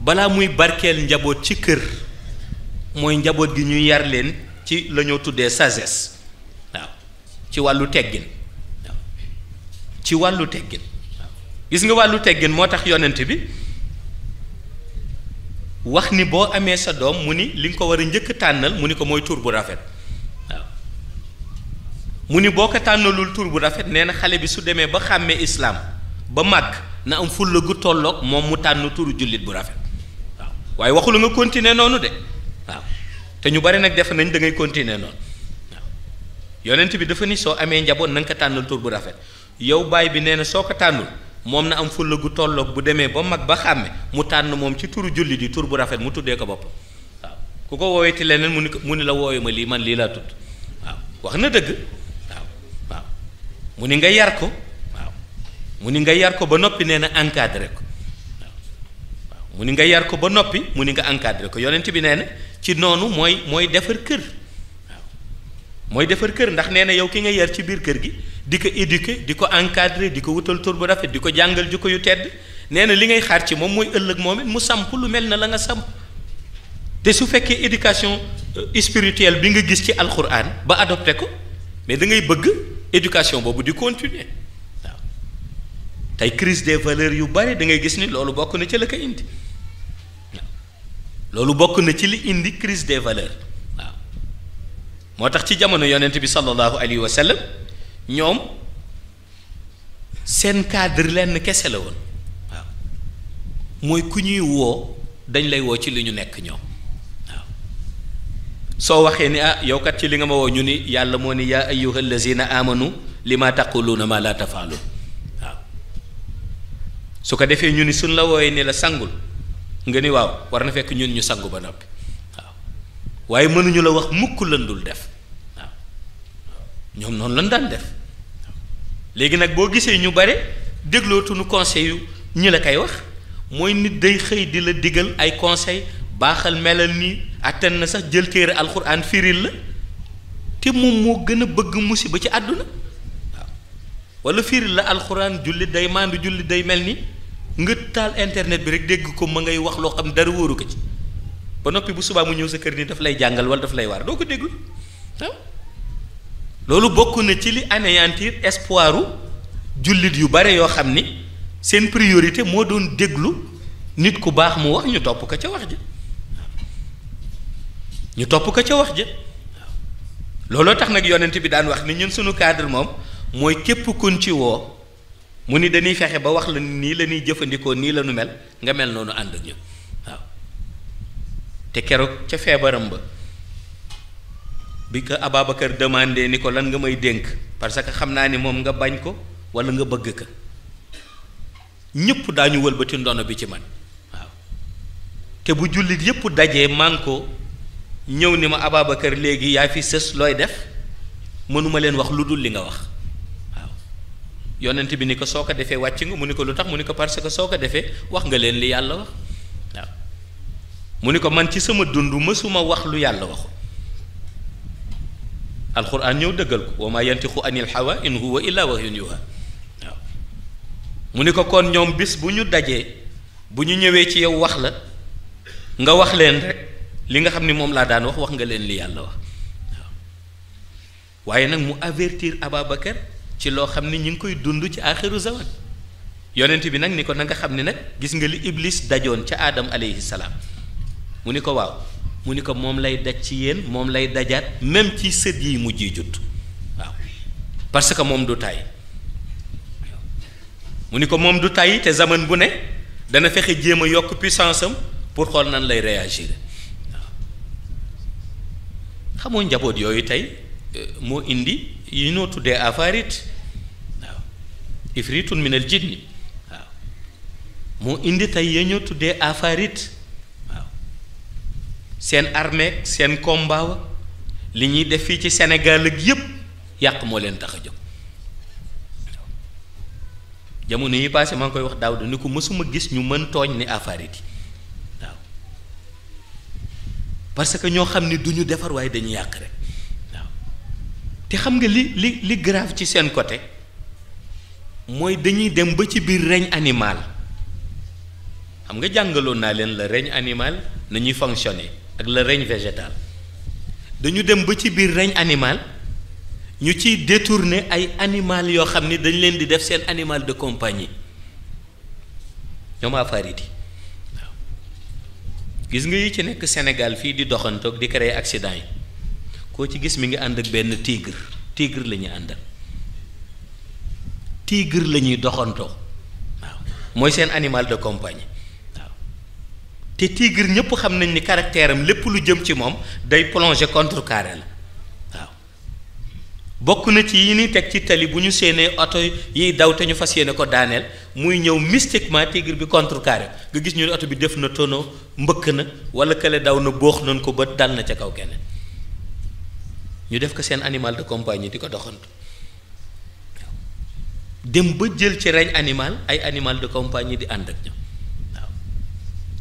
balaa muy barkeel njaboot ci kër mooy njaboot gi ñuy yar leen ci la ñoo tuddee sagesse waaw ci wàllu teggin. ci wàllu teggin gis nga wàllu teggin moo tax yonent bi wax ni boo amee sa doom mu ni li nga ko war a njëkk tànnal mu ni ko mooy tuur bu rafet waaw mu ni boo ko tànnalul tuur bu rafet nee na xale bi su demee ba xàmmee islaam ba màgg na am fulla gu moom mu tànn turu jullit bu rafet waaw waaye waxul nga continuer noonu de waaw te ñu bari nag defe nañ dangay ngay continuer noonu waaw yonent bi dafa ni soo amee njaboot na ko tànnal tuur bu rafet yow baay bi nee na soo ko tànnul moom na am fulla gu tolloog bu demee ba mag ba xàmme mu tànn moom ci turu julli di tur bu rafet mu tuddee ko bopp waaw ku ko woowee ti leneen mu ni ko mu ni la wooyu ma lii man lii laa tudd waaw wax na dëgg waaw waaw mu ni nga yar ko waaw mu ni nga yar ko ba noppi nee na encadré ko waaw mu ni nga yar ko ba noppi mu ni nga encadré ko yonent bi nee na ci noonu mooy mooy defar kër mooy defar kër ndax nee na yow ki nga yar ci biir kër gi di ko éduquer di ko encadré di ko wutal tur bu rafet di ko jàngal jikko yu tedd nee na li ngay xaar ci moom mooy ëllëg moom it mu samp lu mel na la nga samp te su fekkee éducation euh, spirituelle bi nga gis ci alxuraan ba adopté ko mais da ngay bëgg éducation boobu di continuer waaw tey crise des valeurs yu bari da ngay gis ni loolu bokk na ci la ko indi loolu bokk na ci li indi crise des valeurs. moo tax ci jamono yonent bi sallallahu alayhi wa sallam ñoom seen cadre lenn kese la woon waaw mooy ku ñuy woo dañ lay woo ci li ñu nekk ñoom waaw soo waxee ni ah yow kat ci li nga ma woo ñu ni yàlla moo ni yaa ayyuha na amanu li lima taquluuna ma la tafaaluun waaw su ko defee ñu ni suñ la wooyee ni la sangul nga ni waaw war na fekk ñun ñu sangu ba noppi waaye mënuñu la wax mukk lan dul def waaw ñoom noonu lan daan def léegi nag boo gisee ñu bare déglootuñu conseil yu ñi la koy wax mooy nit day xëy di la digal ay conseil baaxal melal nii attan na sax jël téere alxuraan firil la te moom moo gën a bëgg musiba ci àdduna waaw wala firil la alxuraan julli day maandu julli day mel ni nga taal internet bi rek dégg ko ma ngay wax loo xam dara wóoru ko ci ba noppi bu subaa mu ñëw sa kër ni daf lay jàngal wala daf lay waar doo ko déglu waaw loolu bokk na ci li anéantir espoiru jullit yu bare yoo xam ni seen priorité moo doon déglu nit ku baax mu wax ñu topp ko ca wax ji ñu topp ko ca wax ji looloo tax nag yonent bi daan wax ni ñun suñu cadre moom mooy képp kun ci woo mu ni dañuy fexe ba wax la nii la ñuy jëfandikoo nii la mel nga mel noonu ànd ak ñun te keroog ca feebaram ba bi ko Ababacar demandé ni ko lan nga may dénk parce que xam naa ni moom nga bañ ko wala nga bëgg ko ñëpp daañu wëlbati ndono bi ci man waaw te bu jullit yëpp dajee man ko ñëw ni ma Ababacar léegi yaa fi sës looy def mënuma leen wax lu dul li nga wax waaw yonent bi ni ko soo ko defee wàcc nga mu ni ko lu tax mu ni ko parce que soo ko defee wax nga leen li yàlla wax mu ni ko man ci sama dund mësuma wax lu yàlla waxul alxuraan ñëw dëggal ko wa ma yantixu anil hawa in huwa illa wahyun yuha waaw mu ni ko kon ñoom bis bu ñu dajee bu ñu ñëwee ci yow wax la nga wax leen rek li nga xam ni moom laa daan wax wax nga leen li yàlla wax waaye nag mu avertir Ababacar ci loo xam ni ñu ngi koy dund ci aaxiru zaman yonent bi nag ni ko nanga xam ni nag gis nga li Iblis dajoon ca aadam aleyhi salaam. mu ni ko waaw mu ni ko moom lay daj ci yéen moom lay dajaat même ci sët yi mujj yi judd waaw parce que moom du tàyyi mu ni ko moom du tàyyi te zaman bu ne dana fexe jéem a yokk puissance am pour xool nan lay réagir waaw xamoo njaboot yooyu tey euh, moo indi yi noo tuddee afaarit waaw ifritun minal jinni waaw moo indi tey ya ñoo tuddee afaarit seen armée seen combat li ñuy def fii ci Sénégal ak yépp yàq moo leen tax a jóg jamono yi passé maa ngi koy wax daaw da ni ko mësuma gis ñu mën tooñ ni afariti waaw parce que ñoo xam ni duñu defar waaye dañu yàq rek waaw te xam nga li li li grave ci seen côté mooy dañuy dem ba ci biir reñ animal xam nga jàngaloon naa leen la règne animal na ñuy fonctionner ak le règne végétal dañu dem ba ci biir règne animal ñu ciy détourner ay animal yoo xam ni dañ leen di def seen animal de compagnie ñoom afariti waaw gis nga yi ci nekk senegal fii di doxantoog di créer accident yi koo ci gis mi ngi ànd ak benn tigre tigre lañuy ànd àndal tigre la ñuy doxantoo waaw mooy seen animal de compagnie te tigre ñëpp xam nañ ni caractère lépp lu jëm ci moom day plonger contre carré la waaw bokk na ci yi ni teg ci tali bu ñu séenee oto yiy daw te ñu fas yéene ko daaneel muy ñëw mystiquement tigre bi contre carré nga gis ñu ne oto bi def na tonneau mbëkk na wala kële daw na boox nañ ko ba dal ca kaw keneen ñu def ko seen animal de compagnie di ko doxantu dem ba jël ci reñ animal ay animal de compagnie di ànd ak ñoom.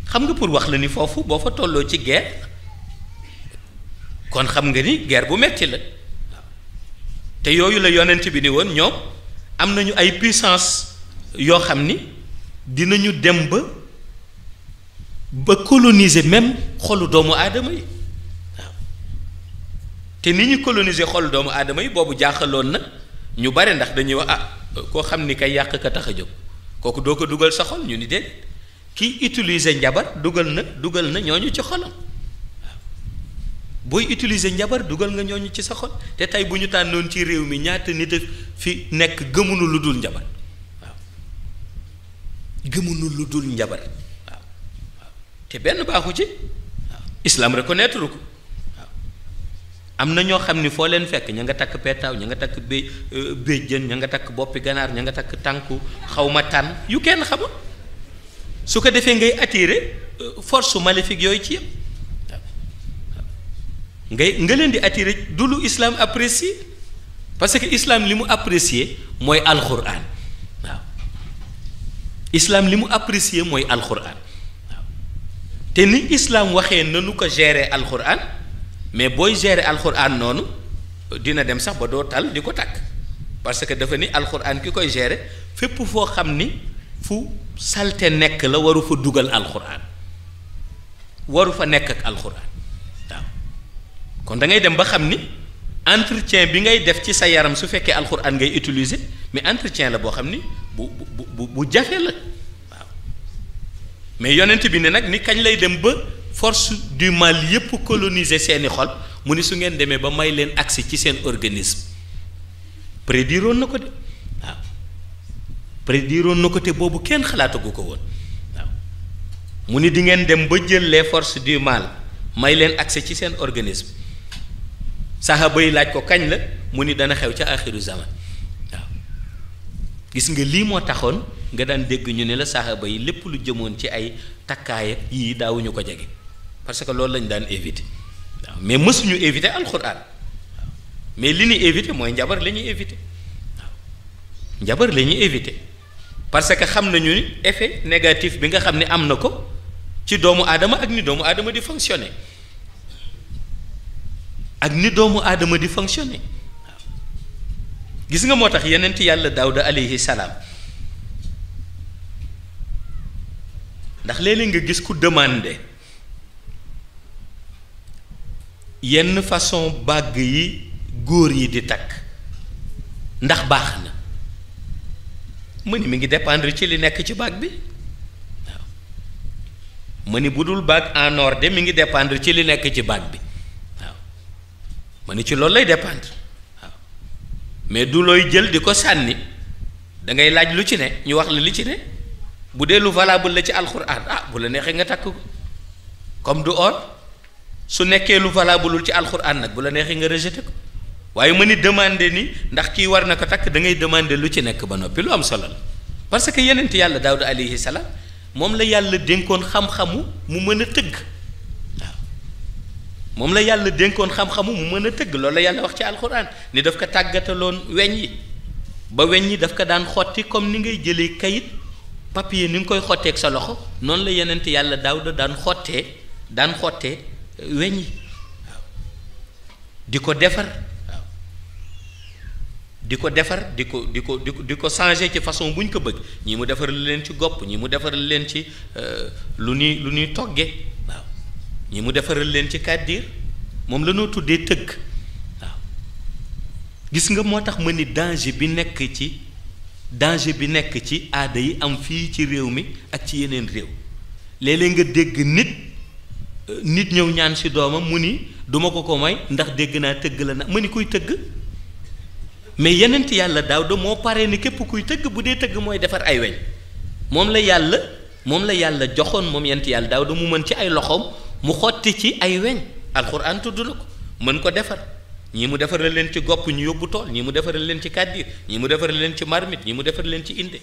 xam nga pour wax la ni foofu boo fa tolloo ci guerre kon xam nga ni guerre bu metti la te yooyu la yonent bi ni woon ñoom am nañu ay puissance yoo xam ni dinañu dem ba ba coloniser même xolu doomu aadama yi waaw te ni ñu coloniser xolu doomu aadama yi boobu jaaxaloon na ñu bare ndax dañuy wax a ah, koo xam ni kay yàq ka tax a jóg kooku doo ko dugal sa xol ñu ni déedéet kiy utilise njabar dugal nag dugal na ñooñu ci xolam booy utilise njabar dugal nga ñooñu ci sa xol te tey bu ñu tànnoon ci réew mi ñaata nit a fi nekk gëmunu lu dul njabar waaw gëmunu lu dul njabar waaw te benn baaxu ci waaw islam reconnaître ko waaw am na ñoo xam ni foo leen fekk ña nga takk petaaw ña nga takk bé euh, béjjën ña nga takk boppi ganaar ña nga takk tànku xaw ma tànn yu kenn xamul su ko defee ngay attirer euh, force maléfique yooyu ci yëpp ngay nga leen di attirer du lu islam apprécié parce que islam li mu apprécié mooy alxuraan waaw islam li mu apprécié mooy alxuraan waaw te ni islam waxee nanu ko gérer alxuraan mais booy gérer alxuraan noonu dina dem sax ba doo tal di ko takk parce que dafa ni alxuraan ki koy gérer fépp foo xam ni. fu salte nekk la waru fa dugal alxuraan waru fa nekk ak alxuraan waaw kon da ngay dem ba xam ni entretien bi ngay def ci sa yaram su fekkee alxuraan ngay utiliser mais entretien la boo xam ni bu bu bu bu jafe la waaw mais yonent bi ne nag ni kañ lay dem ba force du mal yépp coloniser seeni xol mu ni su ngeen demee ba may leen accès ci seen organisme prédiroon na ko de. prédiroon na ko te boobu kenn xalaatagu ko woon waaw mu ni dingeen dem ba jël force forces du mal may leen accès ci seen organisme saxaaba yi laaj ko kañ la mu ni dana xew ca axiru zaman waaw gis nga lii moo taxoon nga daan dégg ñu ne la saxaaba yi lépp lu jëmoon ci ay takkaay ak yii daawuñu ko jege parce que loolu lañ daan éviter waaw mais mësuñu éviter alxuraan mais li ñuy éviter mooy njabar la ñuy éviter waaw njabar la ñuy éviter. parce que xam nañu ni effet négatif bi nga xam ni am na ko ci doomu aadama ak ni doomu aadama di fonctionner ak ni doomu aadama di fonctionner gis nga moo tax yenent yàlla daawda aleyhi salaam ndax léeg-léeg nga gis ku demande yenn façon bàgg yi góor yi di takk ndax baax na mu ni mi ngi dépendre ci li nekk ci baag bi waaw mu ni bu dul baag en ordre mi ngi dépendre ci li nekk ci baag bi waaw mu ni ci loolu lay dépendre waaw mais du looy jël di ko sànni da ngay laaj lu ci ne ñu wax la li ci ne bu dee lu valable la ci alxuraan ah bu la neexee nga takk ko comme du or su nekkee lu valable ci alxuraan nag bu la neexee nga rejeté ko. waaye ma ni demandé ni ndax kii war na ko takk da ngay demandé lu ci nekk ba noppi lu am solo parce que yenent yàlla daawud alayhi salaam moom la yàlla dénkoon xam-xamu mu mën a tëgg moom la yàlla dénkoon xam mu mën a tëgg loolu la yàlla wax ci alxuraan ni daf ko tàggataloon weñ yi ba weñ yi daf ko daan xotti comme ni ngay jëlee kayit pappiye ni nga koy xottee ak sa loxo noonu la yenent yàlla daawud daan xottee daan xottee euh, weñ yi waaw di ko defar di ko defar di ko di ko di ko di ko changé ci façon bu ñu ko bëgg ñii mu defar leen ci gopp ñii mu defar leen ci euh, lu ñuy lu ñuy togge waaw mu defaral leen ci kàddiir moom la noo tuddee tëgg waaw gis nga moo tax ma ni danger bi nekk ci danger bi nekk ci aada yi am fii ci réew mi ak ci yeneen réew léeg nga dégg nit euh, nit ñëw ñaan si doomam mu ni duma ko ko may ndax dégg naa tëgg la na ma ni koy tëgg mais yenent yàlla Daawda moo paree ni képp kuy tëgg bu dee tëgg mooy defar ay weñ moom la yàlla moom la yàlla joxoon moom yenent yàlla Daawda mu mën ci ay loxoom mu xotti ci ay weñ alxuraan tudd na ko mën ko defar ñii mu defaral leen ci gopp ñu yóbbu tool ñii mu defaral leen ci kàddir ñii mu defaral leen ci marmite ñii mu defar leen ci inde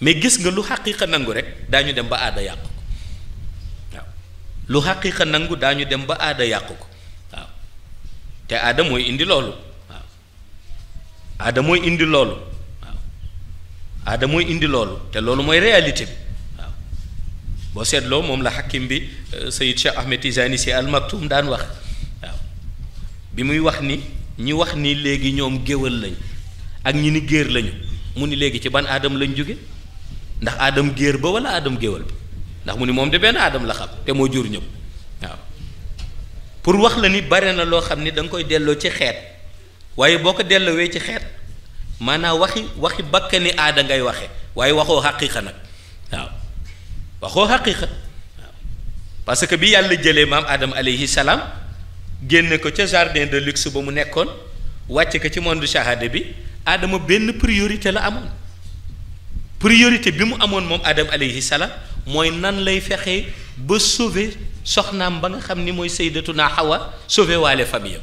mais gis nga lu xaqiiqa nangu rek daañu dem ba aada yàqu ko waaw lu xaqiiqa nangu daañu dem ba aada yàq ko waaw te mooy indi loolu aada mooy indi loolu waaw aada mooy indi loolu te loolu mooy réalité bi waaw boo seetloo moom la xakim bi euh, Sayid Cheikh Ahmed Tijani si al Maktoum daan wax waaw bi muy wax ni ñi wax ni léegi ñoom géwal lañ ak ñi ni géer lañu mu ni léegi ci ban aadam lañ jóge ndax aadam géer ba wala aadam géwal ba ndax mu ni moom de benn aadam la xam te moo jur ñëpp waaw pour wax la ni bare na loo xam ni danga koy delloo ci xeet waaye boo ko delloowee ci xeet maanaa waxi waxi bakkani aada ngay waxe waaye waxoo xaqiiqa nag waaw waxoo xaqiiqa waaw parce que bi yàlla jëlee maam Adam aleyhi salaam génne ko ca jardin de luxe ba mu nekkoon wàcce ko ci monde shahada bi aadama benn priorité la amoon priorité bi mu amoon moom Adam aleyhi salaam mooy nan lay fexe ba sauver soxnaam ba nga xam ni mooy sayyidatuna Hawa sauver waale famille am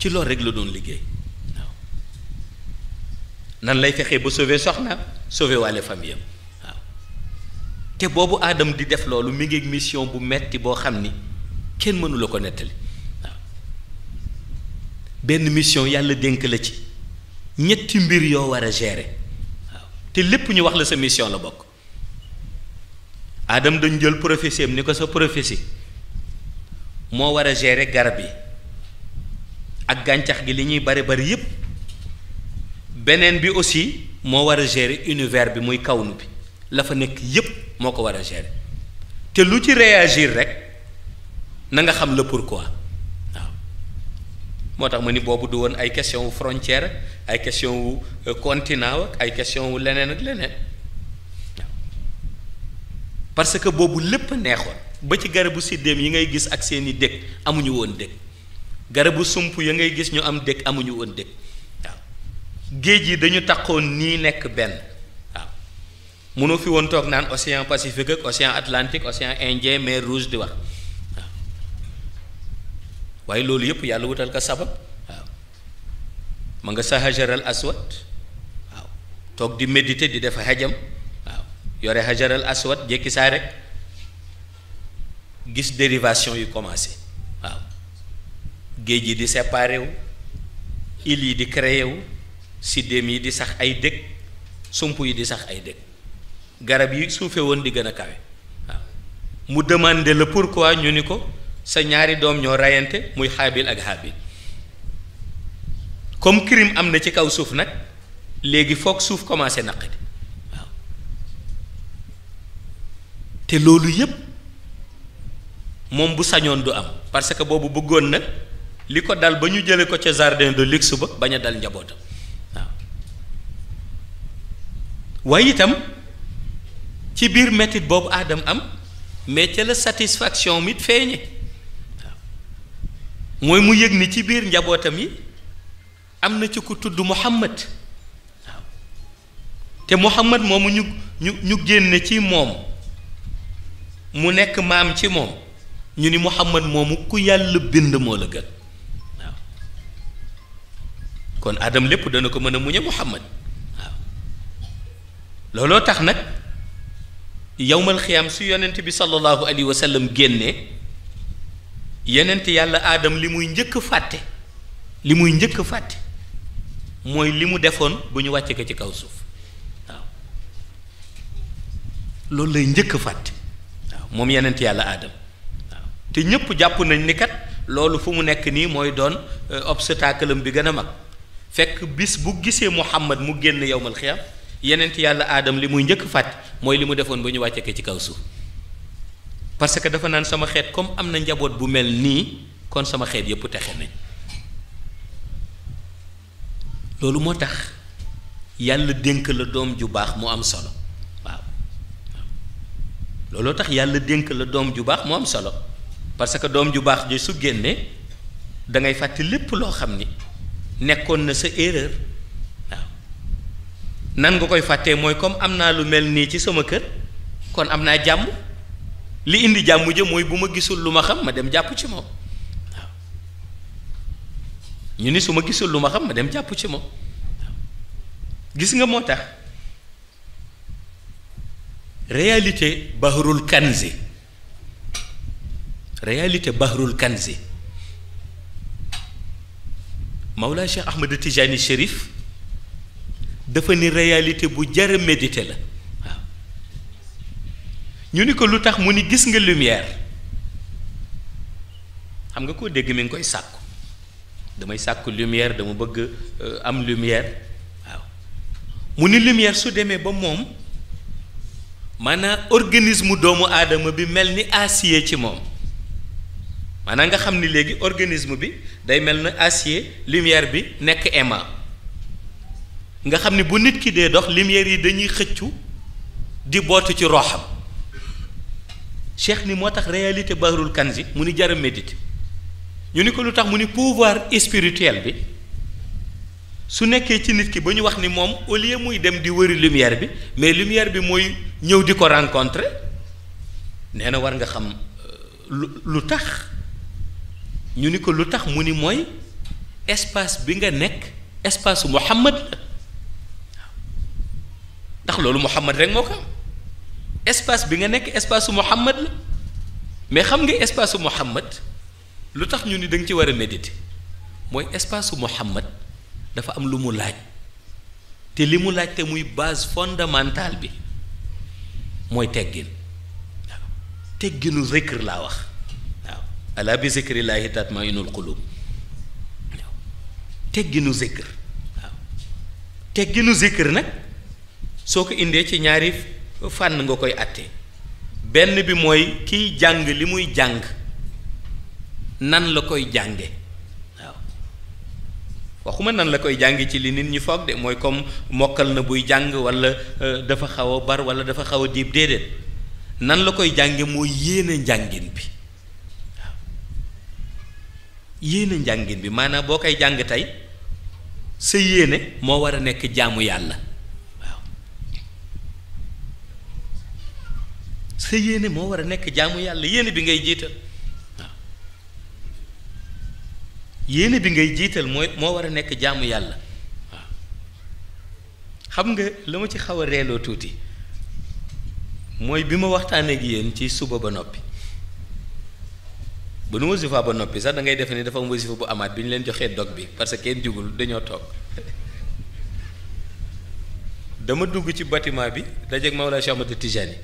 ci loolu rek la doon liggéey nan lay fexee ba sauver soxna sauver wàlle famille waaw te boobu aadam di def loolu mi ngi mission bu metti boo xam ni kenn mënu ko nettali waaw benn mission yàlla dénk la ci ñetti mbir yoo war a gere waaw te lépp ñu wax la sa mission la bokk aadam dañ jël prophétie am ni ko sa prophétie moo war a gérer garab yi ak gàncax gi li ñuy bari bari yépp beneen bi aussi moo war a gérer univers bi muy kaw nu bi la fa nekk yépp moo ko war a gérer te lu ci réagir rek na nga xam le pourquoi waaw moo tax ma ni boobu du woon ay question wu frontière ay question wu euh, continent ak ay question wu leneen ak leneen parce que boobu lépp neexoon ba ci garabu siddéem yi ngay gis ak seeni dëkk amuñu woon dëkk garabu sump ya ngay gis ñu am dëkk amuñu woon dëkk waaw géej yi dañu taqoon nii nekk benn waaw mënoo fi woon toog naan océan Pacifique ak océan Atlantique océan Indien mer Rouge di wax waaw waaye loolu yëpp yàlla wutal ko sabab waaw ma nga sa hajaral aswad waaw toog di méditer di def xajam waaw yore hajaral aswad jékki saa rek gis dérivation yu commencé géej yi di séparé wu îles yi di créé wu siddéem yi di sax ay dëkk sump yi di sax ay dëkk garab yi suufe woon di gën a kawe waaw mu demandé la pour pourquoi ñu ni ko sa ñaari doom ñoo rayante muy xaabil ak haabil comme kirim am na ci kaw suuf nag léegi foog suuf commencé naqadi waaw te loolu yépp moom bu sañoon du am parce que boobu bëggoon na li ko dal ba ñu jële ko ca jardin de luxe ba bañ a dal njabootam waaw waaye itam ci biir metit boobu aadam am mais ca la satisfaction mit feeñe waaw mooy mu yëg ni ci biir njabootam yi am na ci ku tudd Muhammad waaw te Muhammad moomu ñu ñu ñu génne ci moom mu nekk maam ci moom ñu ni Muhammad moomu ku yàlla bind moo la gën kon aadam lépp dana ko mën a muñe Muhammad waaw looloo tax nag yowmal xiyaam su yonent bi sallallahu alayhi wa sallam génnee yonent yàlla aadam li muy njëkk fàtte li muy njëkk fàtte mooy li mu defoon bu ñu wàccee ko ci kaw suuf waaw loolu lay njëkk fàtte waaw moom yonent yàlla aadam waaw te ñëpp jàpp nañ ni kat loolu fu mu nekk nii mooy doon euh, obstacle am bi gën a mag. fekk bis bu gisee Muhammad mu génn yowmal xiyam yeneen yàlla aadam li muy njëkk fàtt mooy li mu defoon ba ñu wàcce ko ci kaw suuf parce que dafa naan sama xeet comme am na njaboot bu mel nii kon sama xeet yëpp texe nañ loolu moo tax yàlla dénk la doom ju baax mu am solo waaw looloo tax yàlla dénk la doom ju baax mu am solo parce que doom ju baax ji su génnee da ngay fàtte lépp loo xam ni. nekkoon na sa erreur waaw nan nga koy fàttee mooy comme am naa lu mel nii ci sama kër kon am naa jàmm li indi jàmm ja mooy bu ma gisul lu ma xam ma dem jàpp ci moom waaw ñu ni su ma gisul lu ma xam ma dem jàpp ci moom gis nga moo tax réalité bahrul kanzi réalité bahrul kanzi Mawlaa Cheikh Ahmed Tijani Chérif dafa ni réalité bu jar médité la waaw ñu ni ko lu tax mu ni gis nga lumière xam nga koo dégg mi ngi koy sàkku damay sàkku lumière dama bëgg euh, am lumière waaw mu ni lumière su demee ba moom maanaam organisme doomu aadama bi mel ni acier ci moom. maanaam nga xam ni léegi organisme bi day mel na acier lumière bi nekk aimant nga xam ni bu nit ki dee dox lumière yi dañuy xëccu di bootu ci roxam cheikh ni moo tax réalité Bahrul Kanzi mu ni jar a méditer ñu ni ko lu tax mu ni pouvoir spirituel bi su nekkee ci nit ki ba ñu wax ni moom au lieu muy dem di wëri lumière bi mais lumière bi mooy ñëw di ko rencontrer nee na war nga xam euh, lu tax ñu ni ko lu tax mu ni mooy espace bi nga nekk espace Muhammad la ndax loolu Muhammad rek moo ko am espace bi nga nekk espace Muhammad la mais xam nga espace Muhammad lu tax ñu ni da ci war a méditer mooy espace Muhammad dafa am lu mu laaj te li mu laaj te muy base fondamentale bi mooy teggin tegginu zikr laa wax alaa bi zikrillaahi tatmainul qulub waaw tegginu zikr waaw tegginu zikr nag soo ko indee ci ñaari fànn nga koy àtte benn bi mooy kiy jàng li muy jàng nan la koy jànge waaw waxuma nan la koy jànge ci li nit ñi foog de mooy comme mokkal na buy jàng walla euh, dafa xaw a bar walla dafa xaw a diib déedéet nan la koy jànge mooy yéene njàngin bi yéene njàngin bi maanaam boo koy jàng tey sa yéene moo war a nekk jaamu yàlla waaw moo war a nekk jaamu yàlla yéene bi ngay jiital waaw yéene bi ngay jiital mooy moo war a nekk jaamu yàlla waaw xam nga la ma ci xaw a reeloo tuuti mooy bi ma waxtaanee ak yéen ci suba ba noppi bu nu wasifa ba noppi sax dangay ngay defe ni dafa am wasifa bu amaat bi ñu leen joxee dog bi parce que kenn jugul dañoo toog dama dugg ci bâtiment bi dajeeg Mawlana Cheikh Ahmadou Tijani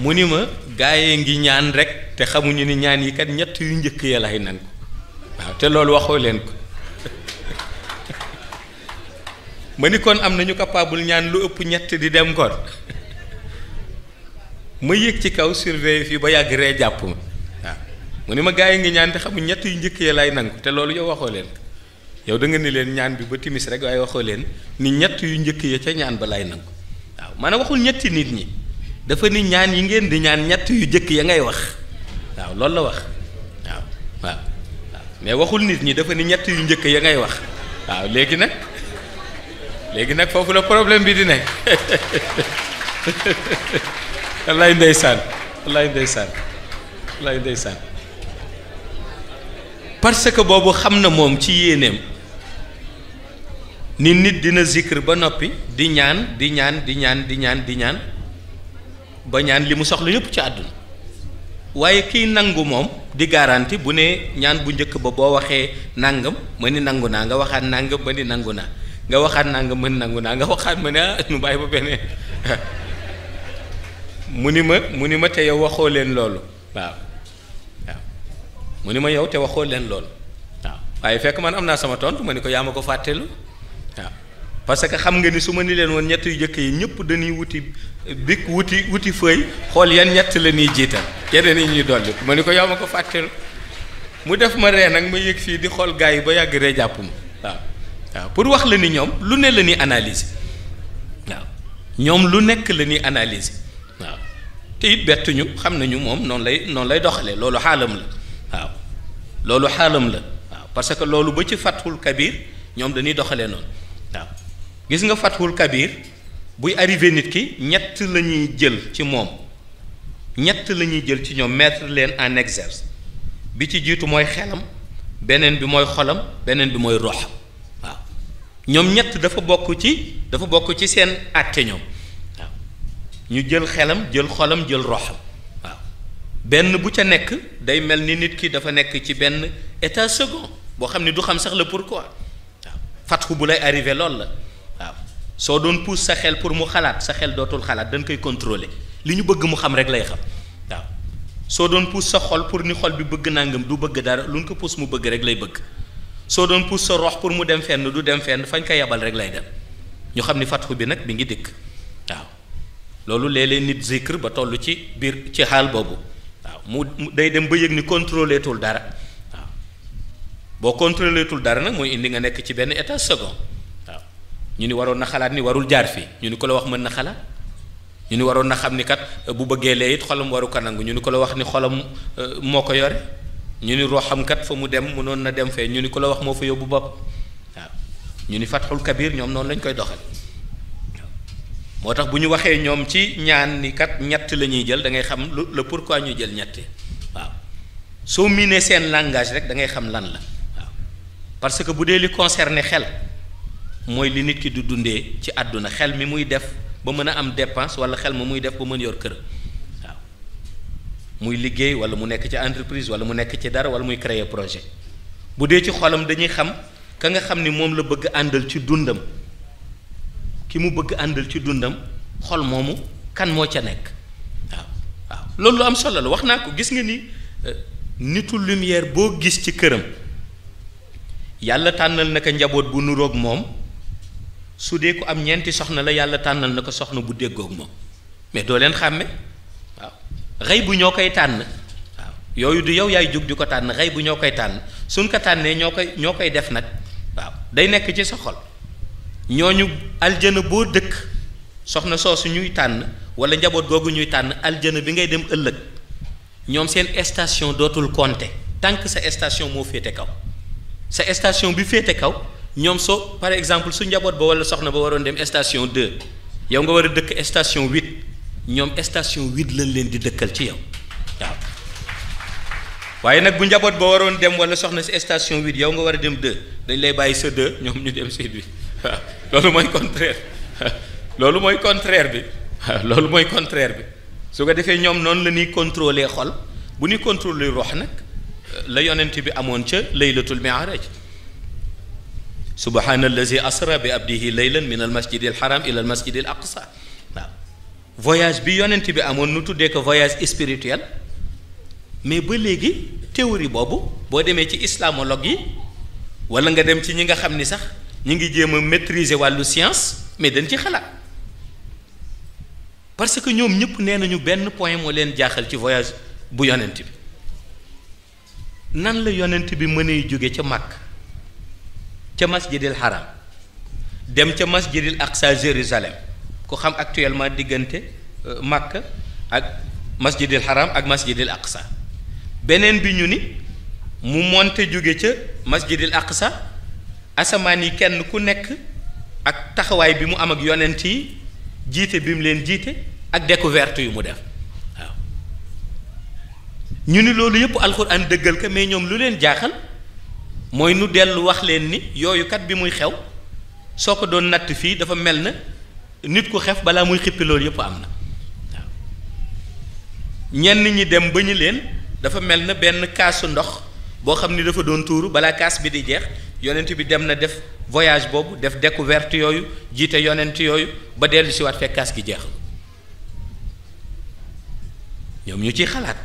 mu ni ma gaayee ngi ñaan rek te xamuñu ni ñaan yi kat ñett yu njëkk ya lay nangu waaw te loolu waxoo leen ko ma ni kon am nañu capable ñaan lu ëpp ñett di dem kon ma yéeg ci kaw surveiller fii ba yàgg ree jàpp ma waaw ah. mu ne ma gars yi ngi ñaan te xamu ñett yu njëkk ya laay nangu te loolu yow waxoo leen yow da nga ni leen ñaan bi ba timis rek waaye waxoo leen ni ñett yu njëkk ya ca ñaan ba laay nangu waaw maanaam waxul ñetti nit ñi dafa ni ñaan yi ngeen di ñaan ñett yu njëkk ya ngay wax waaw loolu la wax waaw waaw mais waxul nit ñi dafa ni ñett yu njëkk ya ngay wax waaw léegi nag léegi nag foofu la problème bi di nekk wallaay ndeysaan wallaay ndeysaan wallaay ndeysaan parce que boobu xam na moom ci yéeneem ni nit dina zikr ba noppi di ñaan di ñaan di ñaan di ñaan di ñaan ba ñaan li mu soxla yépp ci àdduna waaye kiy nangu moom di garanti bu ne ñaan bu njëkk ba boo waxee nangam ma ni nangu naa nga waxaat nangam ma ni nangu naa nga waxaat nangam ma ni nangu naa nga waxaat ma ne ah nu bàyyi ba beneen mu ni ma mu ni ma te yow waxoo leen loolu waaw waaw mu ni ma yow te waxoo leen loolu waaw waaye fekk man am naa sama tontu ma ni ko yaa ma ko fàttelu waaw parce que xam nga ni su ma ni leen woon ñett yu jëkk yi ñëpp dañuy wuti bik wuti wuti fëy xool yan ñett la ñuy jiital yeneen yi ñuy dolli ma ni ko yaam ma ko fàttelu mu def ma ree nag ma yëg fii di xool gars yi ba yàgg ree jàpp ma waaw waaw pour wax la ni ñoom lu ne la ni analyser waaw ñoom lu nekk la ñuy analyser te it bettuñu xam nañu moom noonu lay noonu lay doxalee loolu xaalam la waaw loolu xaalam la waaw parce que loolu ba ci fathul kabir ñoom dañuy doxalee noonu waaw gis nga fathul kabir buy arrivé nit ki ñett la ñuy jël ci moom ñett la ñuy jël ci ñoom mettre leen en exerce bi ci jiitu mooy xelam beneen bi mooy xolam beneen bi mooy roxam waaw ñoom ñett dafa bokk ci dafa bokk ci seen àtte ñoom ñu jël xelam jël xolam jël roxam waaw benn bu ca nekk day mel ni nit kii dafa nekk ci benn état second boo xam ne du xam sax la pour quoi waaw fatxu bu lay arriver lool la waaw soo doon pousse sa pour mu xalaat sa xel dootul xalaat dañ koy contrôler li ñu bëgg mu xam rek lay xam waaw soo doon pousse sa xol pour ni xol bi bëgg nangam du bëgg dara lu ñu ko pousse mu bëgg rek lay bëgg soo doon pousse sa rox pour mu dem fenn du dem fenn fañ ko yebal rek lay dem ñu xam ni fatxu bi nag bi ngi dikk waaw loolu léeg-léeg nit zikr ba tollu ci biir ci xaal boobu waaw mu day dem ba yëg ni contrôlé dara waaw boo contrôlé dara nag mooy indi nga nekk ci benn état second waaw ñu ni waroon na xalaat ni warul jaar fii ñu ni ko la wax mën na xalaat ñu ni waroon na xam ni kat euh, bu bëggee lee it xolam waru ko ko la wax ni xolam euh, moo ko yore ñu ni roxam kat fa mu dem mu mënoon na dem fee ñu ni ku la wax moo fa yóbbu bopp waaw ñu ni fatxul kabir ñoom noonu lañ koy doxal moo tax bu ñu waxee ñoom ci ñaan ni kat ñett la ñuy jël da ngay xam lu le pourquoi ñu jël ñetti waaw soo miinee seen langage rek da ngay xam lan la waaw parce que bu dee li concerné xel mooy li nit ki du dundee ci àdduna xel mi muy def ba mën a am dépense wala xel ma muy def ba mën yor kër waaw muy liggéey wala mu nekk ci entreprise wala mu nekk ci dara wala muy créer projet bu dee ci xolam dañuy xam ka nga xam ni moom la bëgg àndal ci dundam. li mu bëgg àndal ci dundam xol moomu kan moo ca nekk waaw waaw loolu am solo la wax naa ko gis nga ni euh, nitu lumière boo gis ci këram yàlla tànnal na ko njaboot bu nuroog moom su dee ko am ñeenti soxna la yàlla tànnal na ko soxna bu déggoog moom mais doo leen xàmme waaw rey bu ñoo koy tànn waaw yooyu du yow yaay jóg di ko tànn rey bu ñoo koy tànn suñ ko tànnee ñoo koy ñoo koy def nag waaw day nekk ci sa xol. ñooñu aljana boo dëkk soxna soosu ñuy tànn wala njaboot googu ñuy tànn aljana bi ngay dem ëllëg ñoom seen station dootul compter tant sa station moo féete kaw sa station bi féete kaw ñoom soo par exemple su njaboot ba wala soxna ba waroon dem station 2 yow nga war a dëkk station 8 ñoom station 8 lañ leen di dëkkal ci yow waaw waaye nag bu njaboot ba waroon dem wala soxna si station 8 yow nga war a dem 2 dañ lay bàyyi sa 2 ñoom ñu dem sa 8. loolu mooy contraire loolu mooy contraire bi loolu mooy contraire bi su ko defee ñoom noonu la ñuy contrôler xol bu ñuy contrôler rox nag euh, la yonent bi amoon ca laylatul mi'raj subhaanallazi asra bi ab di abdihi laylan min al masjidil haram ila al masjidil aqsa waaw voyage bi yonent bi amoon nu tuddee ko voyage spirituel mais ba léegi théorie boobu boo demee ci islamologue yi wala nga dem ci ñi nga xam ni sax ñu ngi jéem a maîtriser wàllu science mais dañ ci xalaat parce que ñoom ñëpp nee nañu benn point moo leen jaaxal ci voyage bu yonent bi nan la yonent bi mënee jóge ca Makk ca masjidil haram dem ca masjidil aqsa Jérusalem ku xam actuellement diggante euh, Makk ak masjidil haram ak masjidil aqsa beneen bi ñu ni mu monte jóge ca masjidil aqsa asamaan yi kenn ku nekk ak taxawaay bi mu am ak yonent yi jiite bi mu leen jiite ak découverte yu mu def waaw ñu ni loolu yëpp alxuraan dëggal ka mais ñoom lu leen jaaxal mooy nu dellu wax leen ni yooyu kat bi muy xew soo ko doon natt fii dafa mel na nit ku xef balaa muy xippi loolu yëpp am na waaw ñenn ñi dem ba ñu leen dafa mel na benn kaasu ndox boo xam ni dafa doon tuuru balaa kaas bi di jeex yonent bi dem na def voyage boobu def découverte yooyu jiite yonent yooyu ba dellu si waat fekk kaas gi jeex ñoom ñu ciy xalaat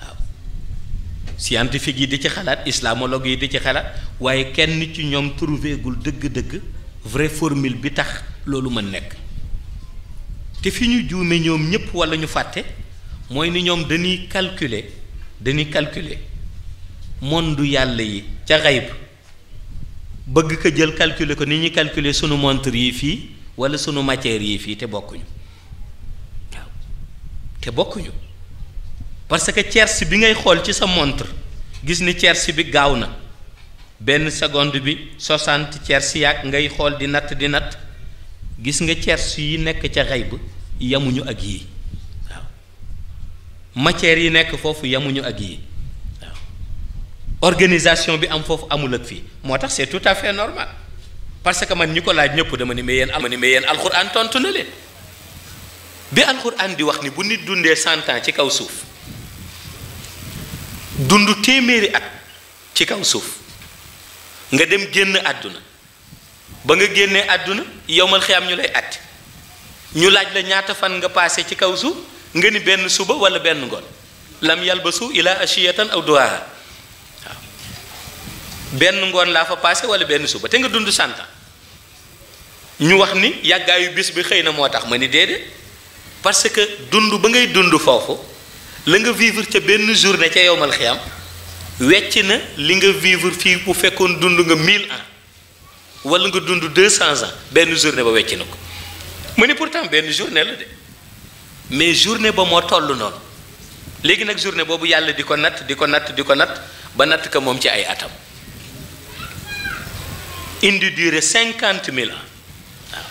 waaw scientifique yi di ci xalaat islamologue yi di ci xalaat waaye kenn ci ñoom trouvé gul dëgg-dëgg vraie formule bi tax loolu mën nekk te fi ñu juume ñoom ñëpp walla ñu fàtte mooy ni ñoom dañuy calculer dañuy calculer. du yàlla yi ca xayb bëgg ko jël calculer ko ni ñuy calculer sunu montre yi fii wala sunu matière yi fii te bokkuñu waaw te bokkuñu parce que tierce bi ngay xool ci sa montre gis ni tierce bi gaaw na benn segond bi soixante tierce yaag ngay xool di natt di natt gis nga tierce yi nekk ca xayb yamuñu ak yii waaw matière yi nekk foofu yamuñu ak yii organisation bi am foofu amul ak fii moo tax c'est tout à fait normal parce que man ñi ko laaj ñëpp dama ne mais yéen ama ni mais yéen alxuraan tontu na leen bi alxuraan di wax ni bu nit dundee cent ci kaw suuf dund téeméeri at ci kaw suuf nga dem génn àdduna ba nga génnee àdduna yowmal am ñu lay àtte ñu laaj la ñaata fan nga paase ci kaw suuf nga ni benn suba wala benn ngoon lam yalbasu ila ashiyatan aw duhaa benn ngoon laa fa passé wala benn suba te nga dund cent ans ñu wax ni yàggaayu bis bi xëy na moo tax ma ni déedéet parce que dund ba ngay dund foofu la nga vivre ca benn journée ca yowmal xiyam wecc na li nga vivre fii bu fekkoon dund nga mille ans wala nga dund deux cent ans benn journée ba wecc na ko mu ni pourtant benn journée la de mais journée ba moo toll noonu léegi nag journée boobu yàlla di ko natt di ko natt di ko natt ba natt ko moom ci ay atam indi dure cinquante mille ans waaw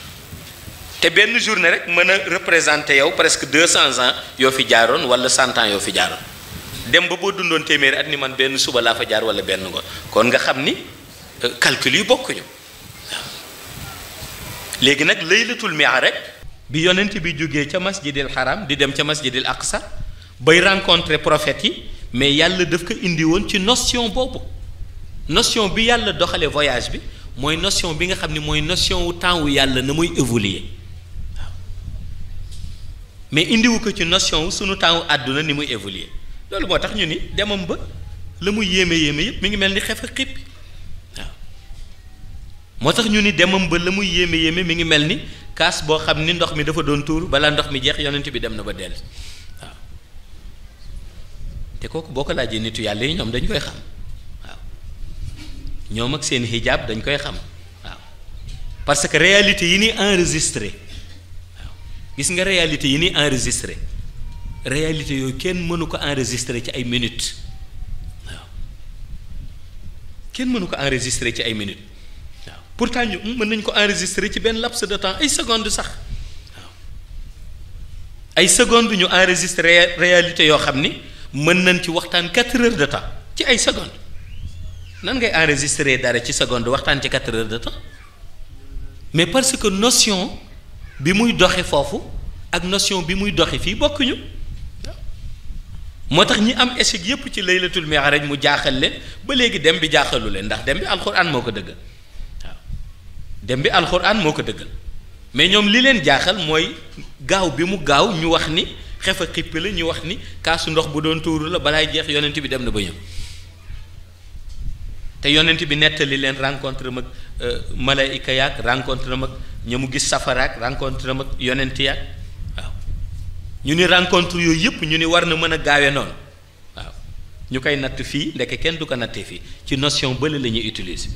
te benn journée rek mën a représenté yow presque deux cents ans yoo fi jaaroon wala cent ans yoo fi jaaroon dem ba boo dundoon téeméeri at ni man benn suba laa fa jaar wala benn ngoon kon nga xam ni euh, calcul yu bokk ñu léegi nag laylatul mi'raj bi yonent bi jógee ca masjidil haram di dem ca masjidil aqsa bay rencontrer profet yi mais yàlla daf ko indi woon ci notion boobu notion bi yàlla doxale voyage bi mooy notion bi nga xam ne mooy notion wu temps yàlla na muy évoluer waaw mais indiwu ko ci notion wu sunu temps wu àdduna ni muy évoluer loolu moo tax ñu ni demam ba la muy yéeme yéeme yëpp mi ngi mel ni xef ak moo tax ñu ni demam ba la muy yéeme yéeme mi ngi mel ni kaas boo xam ni ndox mi dafa doon tuur balaa ndox mi jeex yonent bi dem na ba dell waaw te kooku boo ko laajee nitu yàlla yi ñoom dañu koy xam. ñoom ak seen hijab dañ koy xam waaw parce que réalité yi nii enregistré waaw gis nga réalité yi nii enregistré réalité yooyu kenn mënu ko enregistré ci ay minutes waaw kenn mënu ko enregistré ci ay minutes waaw pourtant ñu mën nañ ko enregistré ci benn laps de temps ay secondes sax waaw ay secondes ñu enregistré réalité yoo xam ni mën nañ ci waxtaan quatre heures de temps ci ay secondes. nan ngay enregistrer dara ci seconde waxtaan ci quatre heures de temps mais parce que notion bi muy doxe foofu ak notion bi muy doxe fii bokkuñu moo tax ñi am échec yépp ci laylatul mi'raj mu jaaxal leen ba léegi dem bi jaaxalu leen ndax dem bi alxuraan moo ko dëggal waaw dem bi alxuraan moo ko dëggal mais ñoom li leen jaaxal mooy gaaw bi mu gaaw ñu wax ni xef a xippi la ñu wax ni kaasu ndox bu doon tuuru la balaay jeex yonent bi dem na ba ñëw te yonent bi nettali leen rencontre mag euh, malaayika yaag rencontre mag ña mu gis safaraak rencontre mag yonent yaag waaw ñu ni rencontre yooyu yëpp ñu ni war na mën a gaawe noonu waaw ñu koy natt fii ndeke kenn du ko nattee fii ci notion bële la ñuy utiliser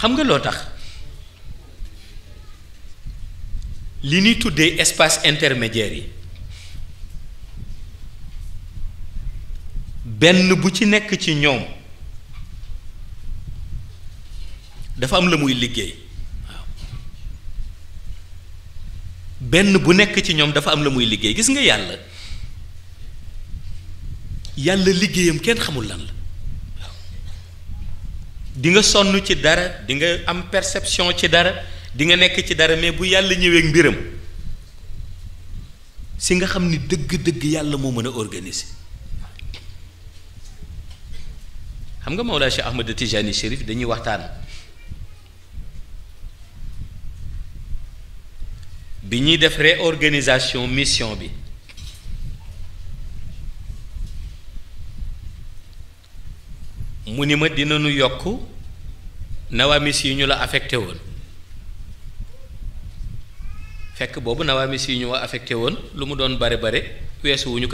xam nga loo tax li ñuy tuddee espace intermédiaire yi benn bu ci nekk ci ñoom dafa am la muy liggéey waaw benn bu nekk ci ñoom dafa am la muy liggéey gis nga yàlla yàlla liggéeyam kenn xamul lan la waaw di nga sonn ci dara di nga am perception ci dara di nga nekk ci dara mais bu yàlla ñëwee mbiram si nga xam ni dëgg-dëgg yàlla moo mën a organiser xam nga Mawlaa Cheikh Ahmad Tijani Chérif dañuy waxtaan. bi ñuy def organisation mission bi mu ni ma dinañu yokk nawaamis yi ñu la affecté woon fekk boobu nawaamis yi ñu wa affecté woon lu mu doon bare bare weesu wu ñu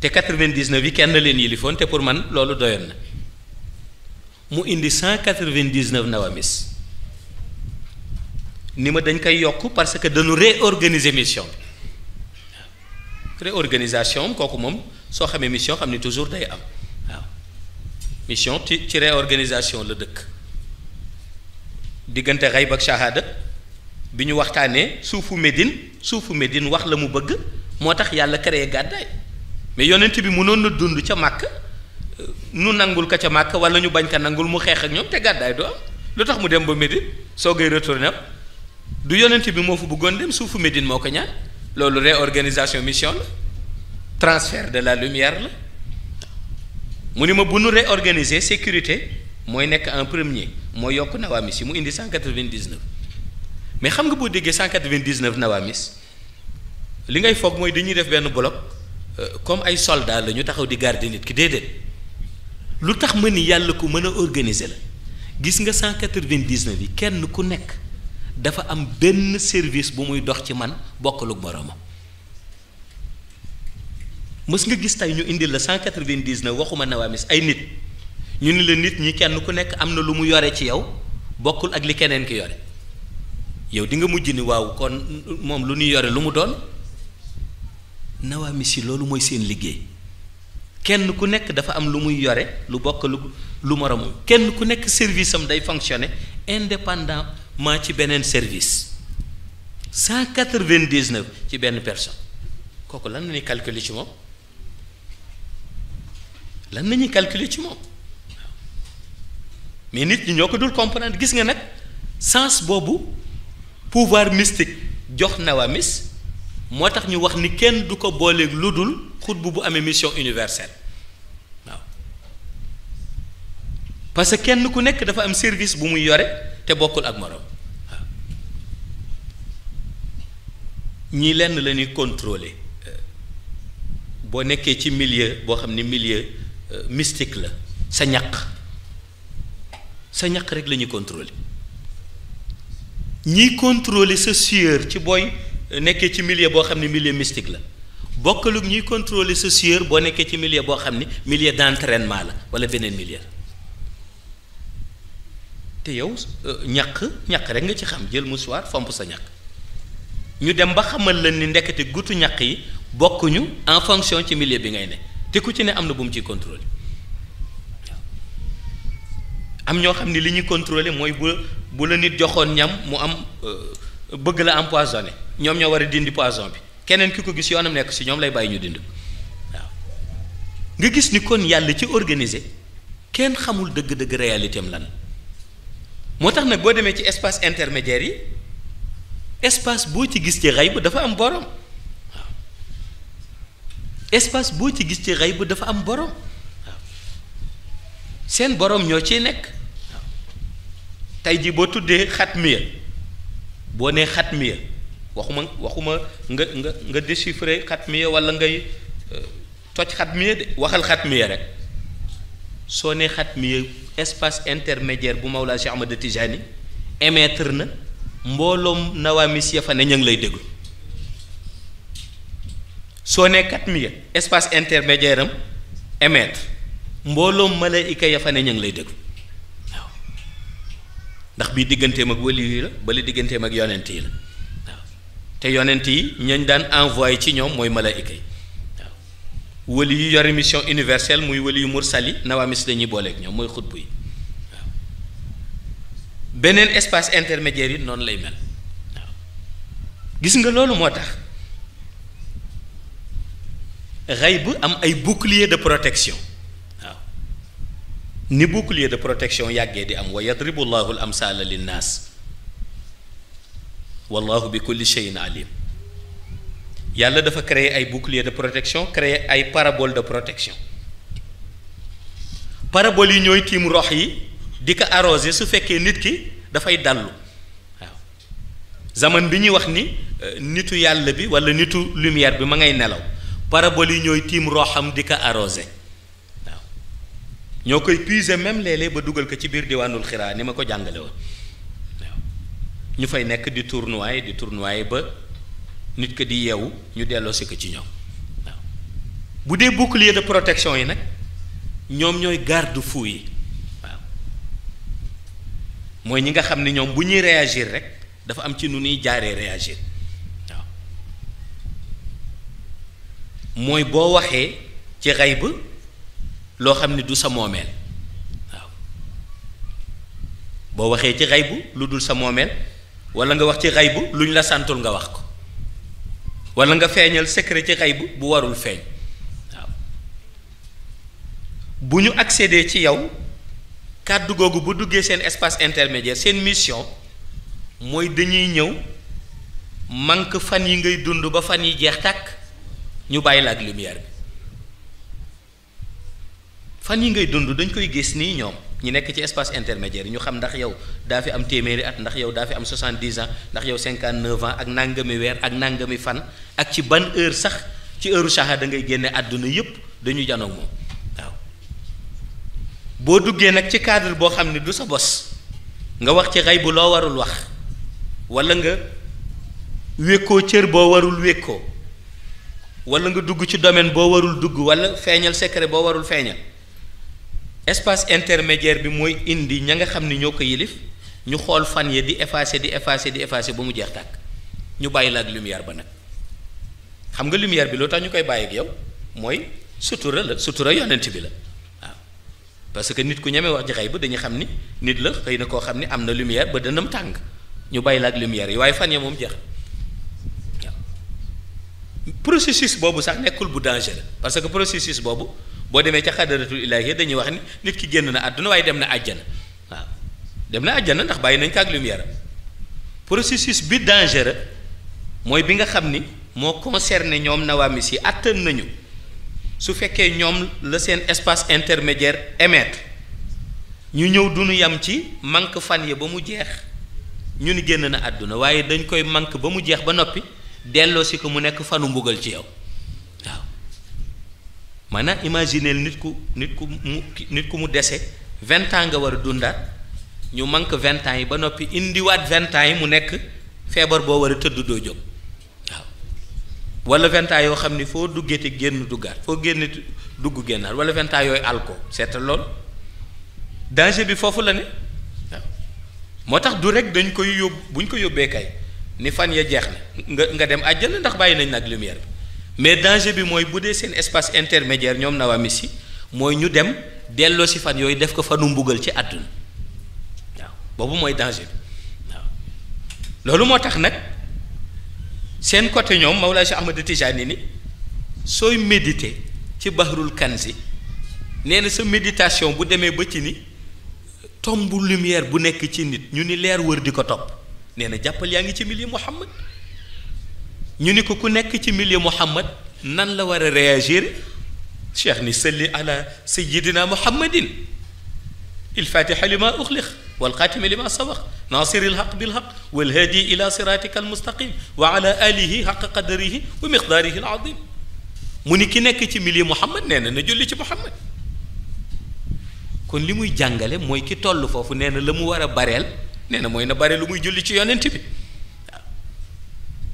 te quatre-vingt-dix-neuf yi kenn leen yilifoon te pour man loolu doyoon na mu indi cent quatre vingt dix ni ma dañ koy yokk parce que dañu réorganiser mission bi réorganisation kooku moom soo xamee mission xam ni toujours day am waaw mission ci ci réorganisation la dëkk diggante xayb ak shahada bi ñu waxtaanee suufu Médine suufu Médine wax la mu bëgg moo tax yàlla créé gàddaay mais yonent bi mënoon na dund ca màkk euh, nu nangul ko ca màkk wala ñu bañ ko nangul mu xeex ak ñoom te gàddaay du am lu tax mu dem ba Médine soo koy retourné du yonent bi moo fa bëggoon dem suufu Médine moo ko ñaan loolu réorganisation mission la transfert de la lumière la mu ni ma bu nu réorganiser sécurité mooy nekk en premier moo yokk nawaamis yi mu indi 199 mais xam nga boo déggee 199 nawaamis li ngay foog mooy dañuy def benn bloc euh, comme ay soldats la taxaw di garder nit ki déedéet lu tax ma ni yàlla ku mën a organiser la gis nga 199 yi kenn ku nekk. dafa am benn service bu muy dox ci man bokkalug moroomam mës nga gis tey ñu indil la 199 waxuma nawaamis ay nit ñu ni la nit ñi kenn ku nekk am na lu mu yore ci yow bokkul ak li keneen ki yore yow dinga mujj ni waaw kon moom lu ñuy yore lu mu doon nawaamis yi loolu mooy seen liggéey kenn ku nekk dafa am lu muy yore lu bokk lu lu moroomam kenn ku nekk service am day fonctionner indépendant maa ci beneen service cent quatre-vingt-dix-neuf ci benn personne kooku lan la ñuy calculer ci moom lan la ñuy calculer ci moom mais nit ñi ñoo ko dul comprendre gis nga nag sens boobu pouvoir mystique jox na waa mis moo tax ñu wax ni kenn du ko booleeg lu dul xutbu bu amee mission universelle waaw parce que kenn ku nekk dafa am service bu muy yore. te bokkul ak morom ñii lenn la ñuy contrôler euh, boo nekkee ci milieu boo xam ne millier euh, mystique la sa ñaq sa ñaq rek la ñuy contrôler ñiy contrôler sa sueur ci booy nekkee ci milieu boo xam ne milieu mystique la bokkalug ñuy contrôler sa sueur boo nekkee ci milieu boo xam ne milieu d'entraînement la wala beneen milieu. te yow ñaq euh, ñaq rek nga ci xam jël mouchoir fomp sa ñaq ñu dem ba xamal la ni ndekete gutu ñaq yi bokkuñu en fonction ci milieu bi ngay ne te ku ci ne am na bu mu ci ciy contrôler am ñoo xam ne li ñuy contrôler mooy bu bu la nit joxoon ñam mu am euh, bëgg la empoisonné ñoom ñoo war a dindi poison bi keneen ki ko gis yoonam nekk si ñoom lay bàyyi ñu dind waaw nga gis ni kon yàlla ci organiser kenn xamul dëgg-dëgg réalité am lan. moo tax nag boo demee ci espace intermédiaire yi espace boo ci gis ci xay bu dafa am borom waaw espace boo ci gis ci xay bu dafa am borom waaw seen boroom ñoo ciy nekk waaw tey jii boo tuddee xat xatmiya boo nee xatmiya waxuma waxuma nga nga nga déchiffrer xatmiya walla ngay euh, toj xatmiya de waxal xat xatmiya rek. soo ne xat mi espace intermédiaire bu Mawlaa Cheikh Ahmad Tijani émettre na mbooloom nawaamis ya fa ne ña ngi lay déglu soo ne xat mi espace intermédiaire am émettre mbooloom malaayika ya fa ne ña ngi lay déglu waaw ndax bii digganteem ak wali yi la bali digganteem ak yonent yi la waaw te yonent yi ñañ daan envoyé ci ñoom mooy malaayika yi wëli yu yore mission universelle muy wëli yu mursali nawaamis la ñuy booleeg ñoom mooy xutbu yi waaw beneen espace intermédiaire yi noonu lay mel waaw gis nga loolu moo tax xayb am ay bouclier de protection waaw ni bouclier de protection yàggee di am wa yadribu llahu al amsaala linnaas wallahu bi kulli cheyin alim yàlla dafa créer ay bouclier de protection créer ay parabole de protection parabole yi ñooy tiim rox yi di ko arrosé su fekkee nit ki dafay dallu waaw zaman bi ñuy wax ni euh, nitu yàlla bi wala nitu lumière bi ma ngay nelaw parabole yi ñooy tiim roxam di ko arrosé waaw ñoo koy puiser même léeg ba dugal ko ci biir diwaanul xiraa ni ma ko jàngale woon waaw ñu fay nekk di tournoyer di tournoyer ba nit ko di yeewu ñu delloo si ko ci ñoom waaw bu dee bouclier de protection yi nag ñoom ñooy garde-fou yi waaw mooy ñi nga xam ne ñoom bu ñuy réagir rek dafa am ci nu ñuy jaaree réagir waaw mooy boo waxee ci xay ba loo xam ne du sa moomeel waaw boo waxee ci xay bu lu dul sa moomeel walla nga wax ci xay bu lu ñu la santul nga wax ko wala nga feeñal secret ci xay bu warul feeñ waaw bu ñu accéder ci yow kàddu googu bu duggee seen espace intermédiaire seen mission mooy dañuy ñëw manque fan yi ngay dund ba fan yi jeex tàkk ñu bàyyi la ak lumière bi fan yi ngay dund dañ koy gis nii ñoom ñu nekk ci espace intermédiaire yi ñu xam ndax yow daa fi am téeméeri at ndax yow daa fi am 70 ans ndax yow 59 ans ak nangami weer ak nangami fan ak ci ban heure sax ci heure shahada da ngay génne àdduna yépp dañu janoog moom waaw boo duggee nag ci cadre boo xam ne du sa bos nga wax ci xay bu loo warul wax wala nga wékkoo cër boo warul wékkoo wala nga dugg ci domaine boo warul dugg wala feeñal secret boo warul feeñal espace intermédiaire bi mooy indi ña nga xam ni ñoo ko yilif ñu xool fan ya di effacer di effacer di effacer ba mu jeex tàkk ñu bàyyi la ak lumière ba nag xam nga lumière bi loo tax ñu koy bàyyi ak yow mooy sutura la sutura yonent bi la waaw parce que nit ku ñemee wax ji ba dañu xam ni nit la xëy na koo xam ni am na lumière ba dënam tàng ñu bàyyi la ak lumière yi waaye fan ya moom jeex waaw boobu sax nekkul bu danger parce que processus boobu boo demee ca xadaratul ilaahi dañuy wax ni nit ki génn na àdduna waaye dem na àjjana waaw dem na àjjana ndax bàyyi nañ ko ak lumière processus bi dangereux mooy bi nga xam ni moo concerné ñoom nawaamis yi àttan nañu su fekkee ñoom la seen espace intermédiaire émettre ñu ñëw du ñu yam ci manque fan ya ba mu jeex ñu ni génn na àdduna waaye dañ koy manque ba mu jeex ba noppi delloosi ko mu nekk fanu mbugal ci yow maanaam imagineel nit ku nit ku mu nit ku mu dese vingt ans nga war a dundaa ñu manque vingt ans yi ba noppi indiwaat vingt ans yi mu nekk feebar boo war a tëdd doo jóg waaw walla vingt yoo xam ni foo duggee te génn duggaat foo génn dugg génnaat wala vingt yooyu alko seeta lool danger bi foofu la ne waaw moo tax du rekk dañ koy yóbbu bu ñu ko yóbbee kay ni fan ya jeex na nga nga dem àjjana ndax bàyyi nañ nag lumière bi. mais danger bi mooy bu dee seen espace intermédiaire ñoom na waa misi mooy ñu dem delloo si fan yooyu def ko fanu mbugal ci àdduna waaw boobu mooy danger bi waaw loolu moo tax nag seen côté ñoom Mawlaay Cheikh Ahmad Tijaani ni sooy méditer ci Bahrul Kanzi nee na sa méditation bu demee ba ci ni tombu lumière bu nekk ci nit ñu ni leer wër di ko topp nee na jàppal yaa ngi ci milieu Muhammad ñu ni ko ku nekk ci milieu Muhammad nan la war a réagir cheikh ni salli ala sayidina muhammadin ilfatixa li ma uxlix walxaatime li ma sabax naasiri lxaq bilxaq walhaadi ila siratika almustaqim wa ala alihi xaq qadarihi wa miqdaarihi alazim mu ni ki nekk ci milieu Muhammad nee na na julli ci Muhammad kon li muy jàngale mooy ki toll foofu nee na la mu war a bareel nee na mooy na bare lu muy julli ci yonent bi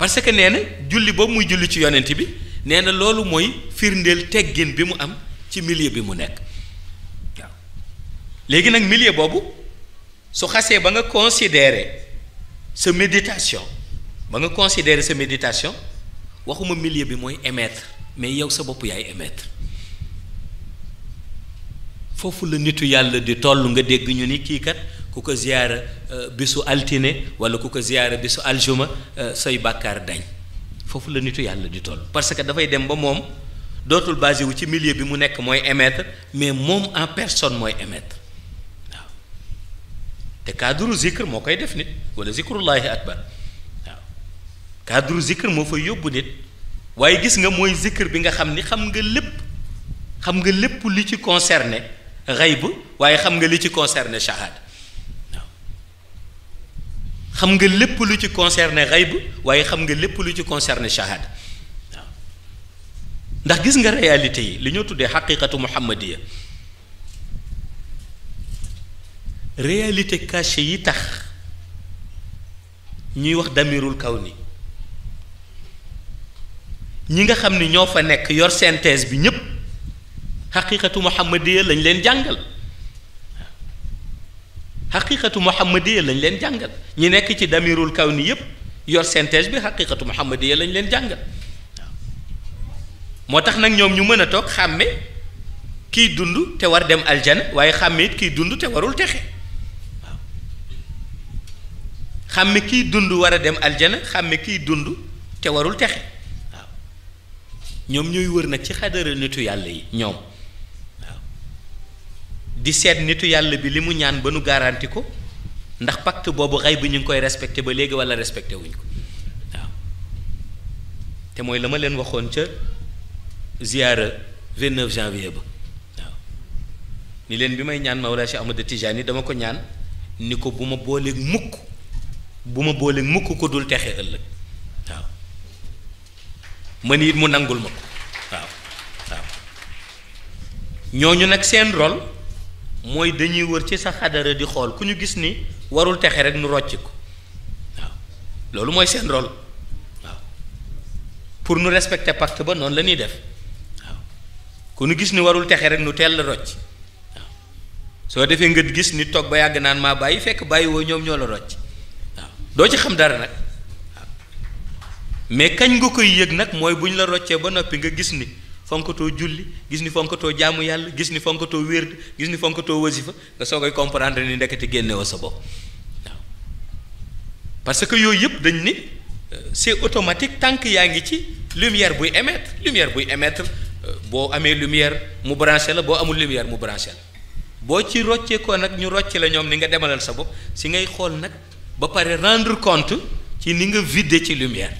parce que nee na julli boobu muy julli ci yonent bi nee na loolu mooy firndeel teggin bi mu am ci milieu bi mu nekk léegi nag milieu boobu su xasee ba nga considérer sa méditation ba nga considérer sa méditation waxuma millier bi mooy émètre mais yow sa bopp yaay émettre foofu la nitu yàlla di toll nga dégg ñu ni kii kat ku ko ziyaara euh, bisu altine wala ku ko ziyaara su aljuma euh, say bàkkaar dañ foofu la nitu yàlla di toll parce que dafay dem ba moom dootul basé wu ci millier bi mu nekk mooy émettre mais moom en personne mooy émettre waaw te cadre zikr moo koy def nit wala zikrullahi akbar waaw cadre zikr moo fay yóbbu nit waaye gis nga mooy zikr bi nga xam ni xam nga lépp xam nga lépp li ci concerné xayb waaye xam nga li ci concerné shahada xam nga lépp lu ci concerné xayb waaye xam nga lépp lu ci concerné shahada waaw ndax gis nga réalité yi li ñoo tuddee xaqiqatu muhammadiya réalité cachée yi tax ñuy wax damirul kaw ni ñi nga xam ni ñoo fa nekk yor synthèse bi ñépp xaqiqatu muhammadiya lañ leen jàngal xaqiqatu muhammadiya lañ leen jàngal ñi nekk ci damirul kaw ni yëpp yor synthèse bi xaqiqatu muhammadiya lañ leen jàngal moo tax nag ñoom ñu mën a toog xàmme kiy dund te war dem aljana waaye xàmme it kiy dund te warul texe waaw xàmme kiy dund war a dem aljana xàmme kiy dund te warul texe waaw ñoom ñooy wër nag ci xadara nitu yàlla yi ñoom. di seet nitu yàlla bi li mu ñaan ba nu garanti ko ndax pacte boobu xay bi ñu ngi koy respecté ba léegi wala respecté wuñ ko waaw te mooy la ma leen waxoon ca ziyaara 29 janvier ba waaw ni leen bi may ñaan Mawlaa Cheikh Ahmad Tijaani dama ko ñaan ni ko bu ma booleeg mukk bu ma booleeg mukk ko dul texe ëllëg waaw man it mu nangul ma ko waaw waaw ñooñu nag seen rol mooy dañuy wër ci sa xadara di xool ku ñu gis ni warul texe rek nu rocc ko waaw loolu mooy seen rôle waaw pour nu respecter pacte ba noonu la ñuy def waaw ku ñu gis ni warul texe rek nu teel la rocc waaw soo defee nga gis ni toog ba yàgg naan maa bàyyi fekk bàyyi woo ñoom ñoo la rocc waaw doo ci xam dara nag waaw mais kañ nga koy yëg nag mooy bu ñu la roccee ba noppi nga gis ni. fonkatoo julli gis ni fonkatoo jàmm yàlla gis ni fonkatoo wérd gis ni fonkatoo wasifa nga soo koy comprendre ni ndekete génnewoo sa bopp waaw parce que yooyu yëpp dañ ni euh, c'est automatique tànk yaa ngi ci lumière buy émettre lumière buy émettre euh, boo amee lumière mu branché la boo amul lumière mu branché boo ci rocceekoo nag ñu rocce la ñoom ni nga demalal sa bopp si ngay xool nag ba pare rendre compte ci ni nga vidé ci lumière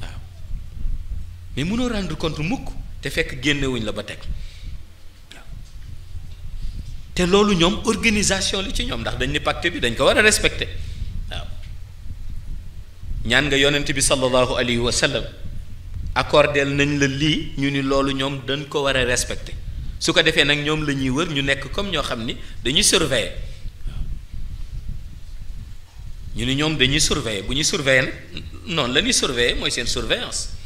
waaw mais mënoo rendre compte mukk te fekk génnewuñ la ba teg te loolu ñoom organisation li ci ñoom ndax dañ ni pacte bi dañ ko war a respecté waaw ñaan nga yonent bi sallallahu alayhi wa sallam accordeel nañ la lii ñu ni loolu ñoom dañ ko war a respecté su ko defee nag ñoom la ñuy wër ñu nekk comme ñoo xam ni dañuy surveiller ñu ni ñoom dañuy surveiller bu ñuy surveiller noonu lañuy ñuy mooy seen surveillance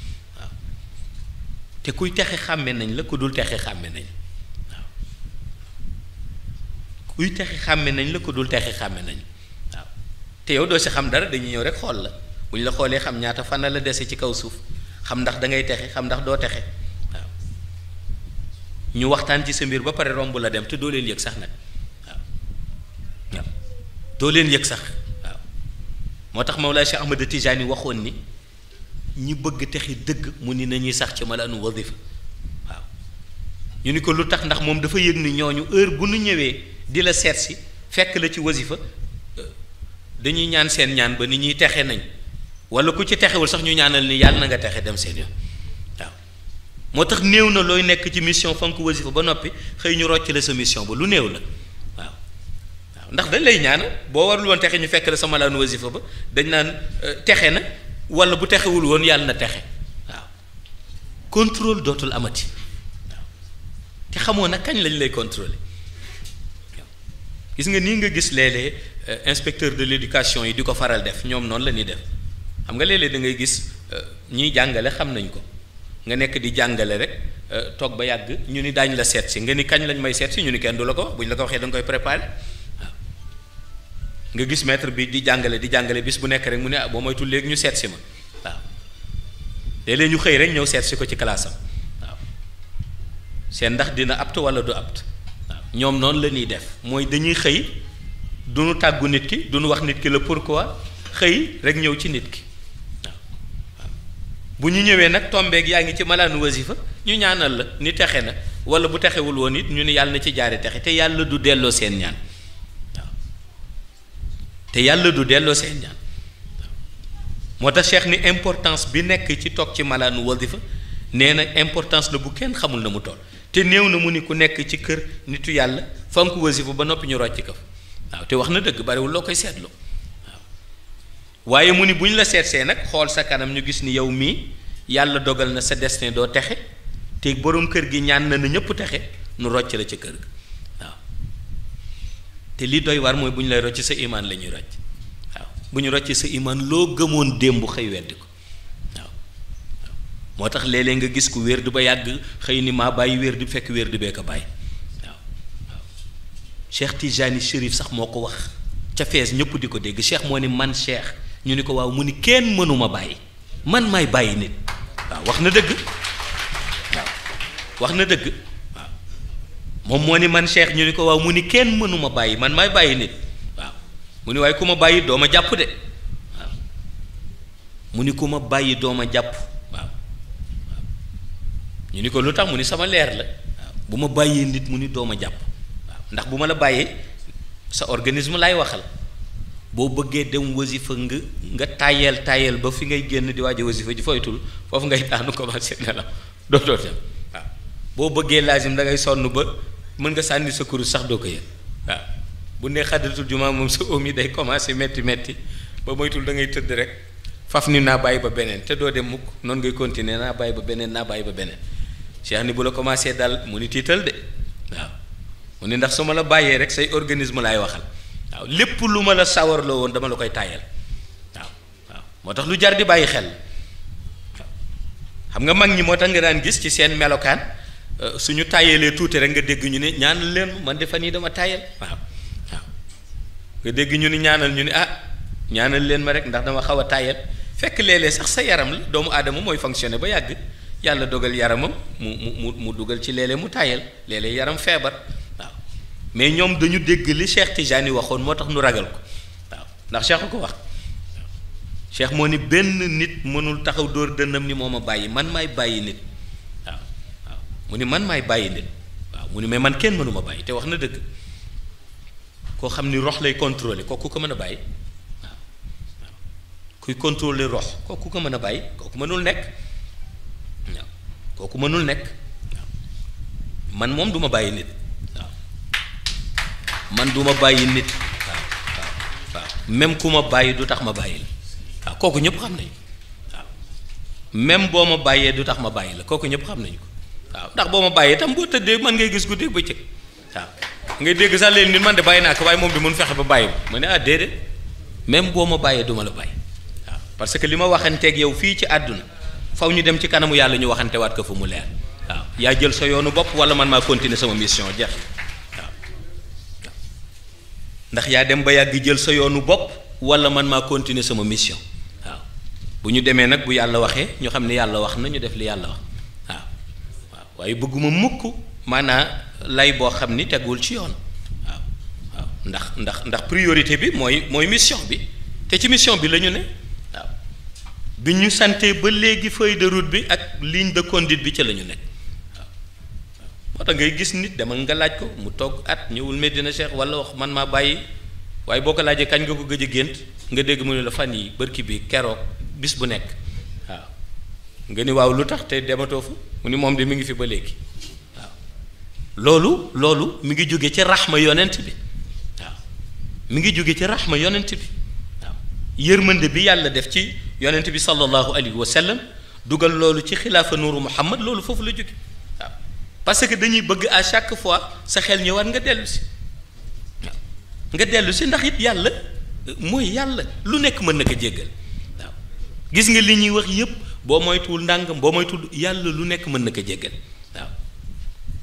te kuy texe xàmme nañ la ku dul texe xàmme nañ waaw kuy texe xàmme nañ la ku dul texe xàmme nañ waaw te yow doo si xam dara dañuy ñëw rek xool la bu ñu la xoolee xam ñaata fan la dese ci kaw suuf xam ndax da ngay texe xam ndax doo texe waaw ñu waxtaan ci sa mbir ba pare romb la dem te doo leen yëg sax nag waaw waaw doo leen yëg sax waaw moo tax moom Mawlaay Cheikh Ahmad yi waxoon ni. ñi bëgg texi dëgg mu ni nañuy sax ci malaanu wasifa waaw ñu ni ko lu tax ndax moom dafa yëg ni ñooñu heure bu nu ñëwee di la seet si fekk la ci wasifa dañuy ñaan seen ñaan ba ni ñuy texe nañ walla ku ci texewul sax ñu ñaanal ni yàlla na nga texe dem seen yoon waaw moo tax néew na looy nekk ci mission fonk wasifa ba noppi xëy ñu rocc la sa mission ba lu néew la ndax dañ lay ñaan boo warul woon texe ñu fekk la sama laan wasifa ba dañ naan euh, texe na wala bu texewul woon yàlla na texe waaw contrôle dootul amati waaw te xamoo nag kañ lañ lay contrôler gis nga nii nga gis léeg-léeg euh, inspecteur de l'éducation yi di ko faral def ñoom noonu la ñuy def xam nga léeg-léeg da ngay gis euh, ñiy jàngale xam nañ ko nga nekk di jàngale rek euh, toog ba yàgg ñu ni daañ la seet si nga ni kañ lañ may seet si ñu ni kenn du la ko wax bu ñu la ko waxee da nga koy préparer. nga gis maître bi di jàngale di jàngale bis bu nekk rek mu ne ah, boo moytu léegi ñu seet ma waaw léeg-léeg ñu xëy rek ñëw seet si ko ci kalaasam waaw seen ndax dina apt wala du apt waaw ñoom noonu la ñuy def mooy dañuy xëy duñu tàggu nit ki duñu wax nit ki la pourquoi xëy rek ñëw ci nit ki waaw bu ñu ñëwee nag tombeek yaa ngi ci malaanu wasifa ñu ñaanal la ni texe na wala bu texewul woon it ñu ne yàlla na ci jaare texe te yàlla du delloo seen ñaan te yàlla du delloo seen ñaan moo tax cheikh ni importance bi nekk ci toog ci malaanu wasifa nee na importance la bu kenn xamul na mu toll te néew na mu ni ku nekk ci kër nitu yàlla fonk wasifa ba noppi ñu rocc kaf waaw te wax na dëgg bariwul loo koy seetlu waaw waaye mu ni bu ñu la seetsee nag xool sa kanam ñu gis ni yow mii yàlla dogal na sa destin doo texe te boroom kër gi ñaan na na ñëpp texe nu rocc la ca kër ga te li doy waar mooy bu ñu lay rocc sa imaan la ñuy rocc waaw bu ñu rocc sa imaan loo gëmoon démb xëy weddi ko waaw moo tax léeg-léeg nga gis ko wéer du ba yàgg xëy ni maa bàyyi wér du fekk wér du bee ko bàyyi waaw waaw Cheikh Tijani sax moo ko wax ca fees ñëpp di ko dégg Cheikh moo ni man Cheikh ñu ni ko waaw mu ni kenn mënuma bàyyi man maay bàyyi nit waaw wax na dëgg waaw wax na dëgg moom moo ni man cheikh ñu ni ko waaw mu ni kenn mënuma bàyyi man may bàyyi nit waaw mu ni waaye ku ma bàyyi dooma jàpp de waaw mu ni ku ma bàyyi doo jàpp waaw ñu ni ko lu tax mu ni sama leer la waaw bu ma bàyyee nit mu ni doo ma jàpp waaw ndax bu ma la bàyyee sa organisme laay waxal boo bëggee dem wasifa nga nga tayel tayel ba fi ngay génn di waaj a wasifa ji foytul foofu ngay daanu commencé nelaw dootoo dem waaw boo bëggee laazim da ngay sonn ba mën nga sànni sa kurus sax doo ko yëg waaw bu ne xadaratul juma moom sa oom yi day commencé metti metti ba moytul dangay tëdd rek faf ni naa bàyyi ba beneen te doo dem mukk noonu ngay continuer naa bàyyi ba beneen naa bàyyi ba beneen cheikh ni bu la commencé daal mu ni tiital de waaw mu ne ndax su ma la bàyyee rek say organisme laay waxal waaw lépp lu ma la sawarloo woon dama la koy tàyyal waaw waaw moo tax lu jar di bàyyi xel xam nga mag ñi moo tax nga daan gis ci seen melokaan Euh, suñu tàyyeelee tuuti rek nga dégg ñu ne ñaanal leen man de nii dama tàyyeel waaw waaw nga dégg ñu ni ñaanal ñu ne ah ñaanal leen ma rek ndax dama xaw a tàyyeel fekk léeg-léeg sax sa yaram la doomu aadama mooy fonctionné ba yàgg yàlla dogal yaramam mu mu mu dugal ci léeg mu tàyyeel léeg yaram feebar waaw mais ñoom dañu dégg li Cheikh Tijani waxoon moo tax nu ragal ko waaw ndax Cheikh ko wax Cheikh moo ni benn nit mënul taxaw dóor dënnam ni moo ma bàyyi man maay bàyyi nit. mu ni man maay bàyyi leen waaw mu ni mais man kenn mënuma bàyyi te wax na dëgg koo xam ni rox lay contrôler kooku ko mën a bàyyi kuy contrôler rox kooku ko mën a bàyyi kooku mënul nekk waaw kooku mënul nekk man moom duma bàyyi nit waaw man duma bàyyi nit waaw waaw ku ma bàyyi du tax ma bàyyi la waaw kooku ñëpp xam nañu waaw même boo ma bàyyee du tax ma bàyyi la kooku ñëpp xam nañu ko waaw ndax boo ma bàyyee itam boo tëddee man ngay gis ba bëccëg waaw ngay dégg sax leen nit man de bàyyi naa ko waaye moom di mun fexe ba bàyyi ma ne ah déedéet même boo ma bàyyee du ma la bàyyi waaw parce que li ma waxanteeg yow fii ci àdduna faw ñu dem ci kanamu yàlla ñu waxante waat ko fu mu leer waaw yaa jël sa yoonu bopp wala man maa continuer sama mission jeex ndax yaa dem ba yàgg jël sa yoonu bopp wala man maa continuer sama mission waaw bu ñu demee nag bu yàlla waxee ñu xam ne yàlla wax na ñu def li yàlla wax. waaye bëgguma mukk maanaa lay boo xam ni tegul ci yoon waaw waaw ndax ndax ndax priorité bi mooy mooy mission bi te ci mission bi la ñu ne waaw bi ñu santee ba léegi feuille de bi ak ligne de conduite bi ci lañu ne nekk waaw moo tax ngay gis nit demal nga laaj ko mu toog at ñëwul Medina Cheikh wala wax man maa bàyyi waaye boo ko laajee kañ nga ko gëj a gént nga dégg mu ne la fan yi bërki bi keroog bis bu nekk nga ni waaw lu tax te dematoo fa mu ni moom de mu ngi fi ba léegi waaw loolu loolu mi ngi jóge ci raxma yonent bi waaw mi ngi jóge ci raxma yonent bi waaw yërmande bi yàlla def ci yonent bi sallallahu alayhi wa sallam dugal loolu ci xilaafa nuuru muhammad loolu foofu la jóge waaw parce que dañuy bëgg à chaque fois sa xel ñëwaat nga dellu si waaw nga dellu si ndax it yàlla euh, mooy yàlla lu nekk mën na ko jéggal waaw gis nga li ñuy wax yépp boo moytuwul ndàngam boo moytuwul yàlla lu nekk mën na ko jéggal waaw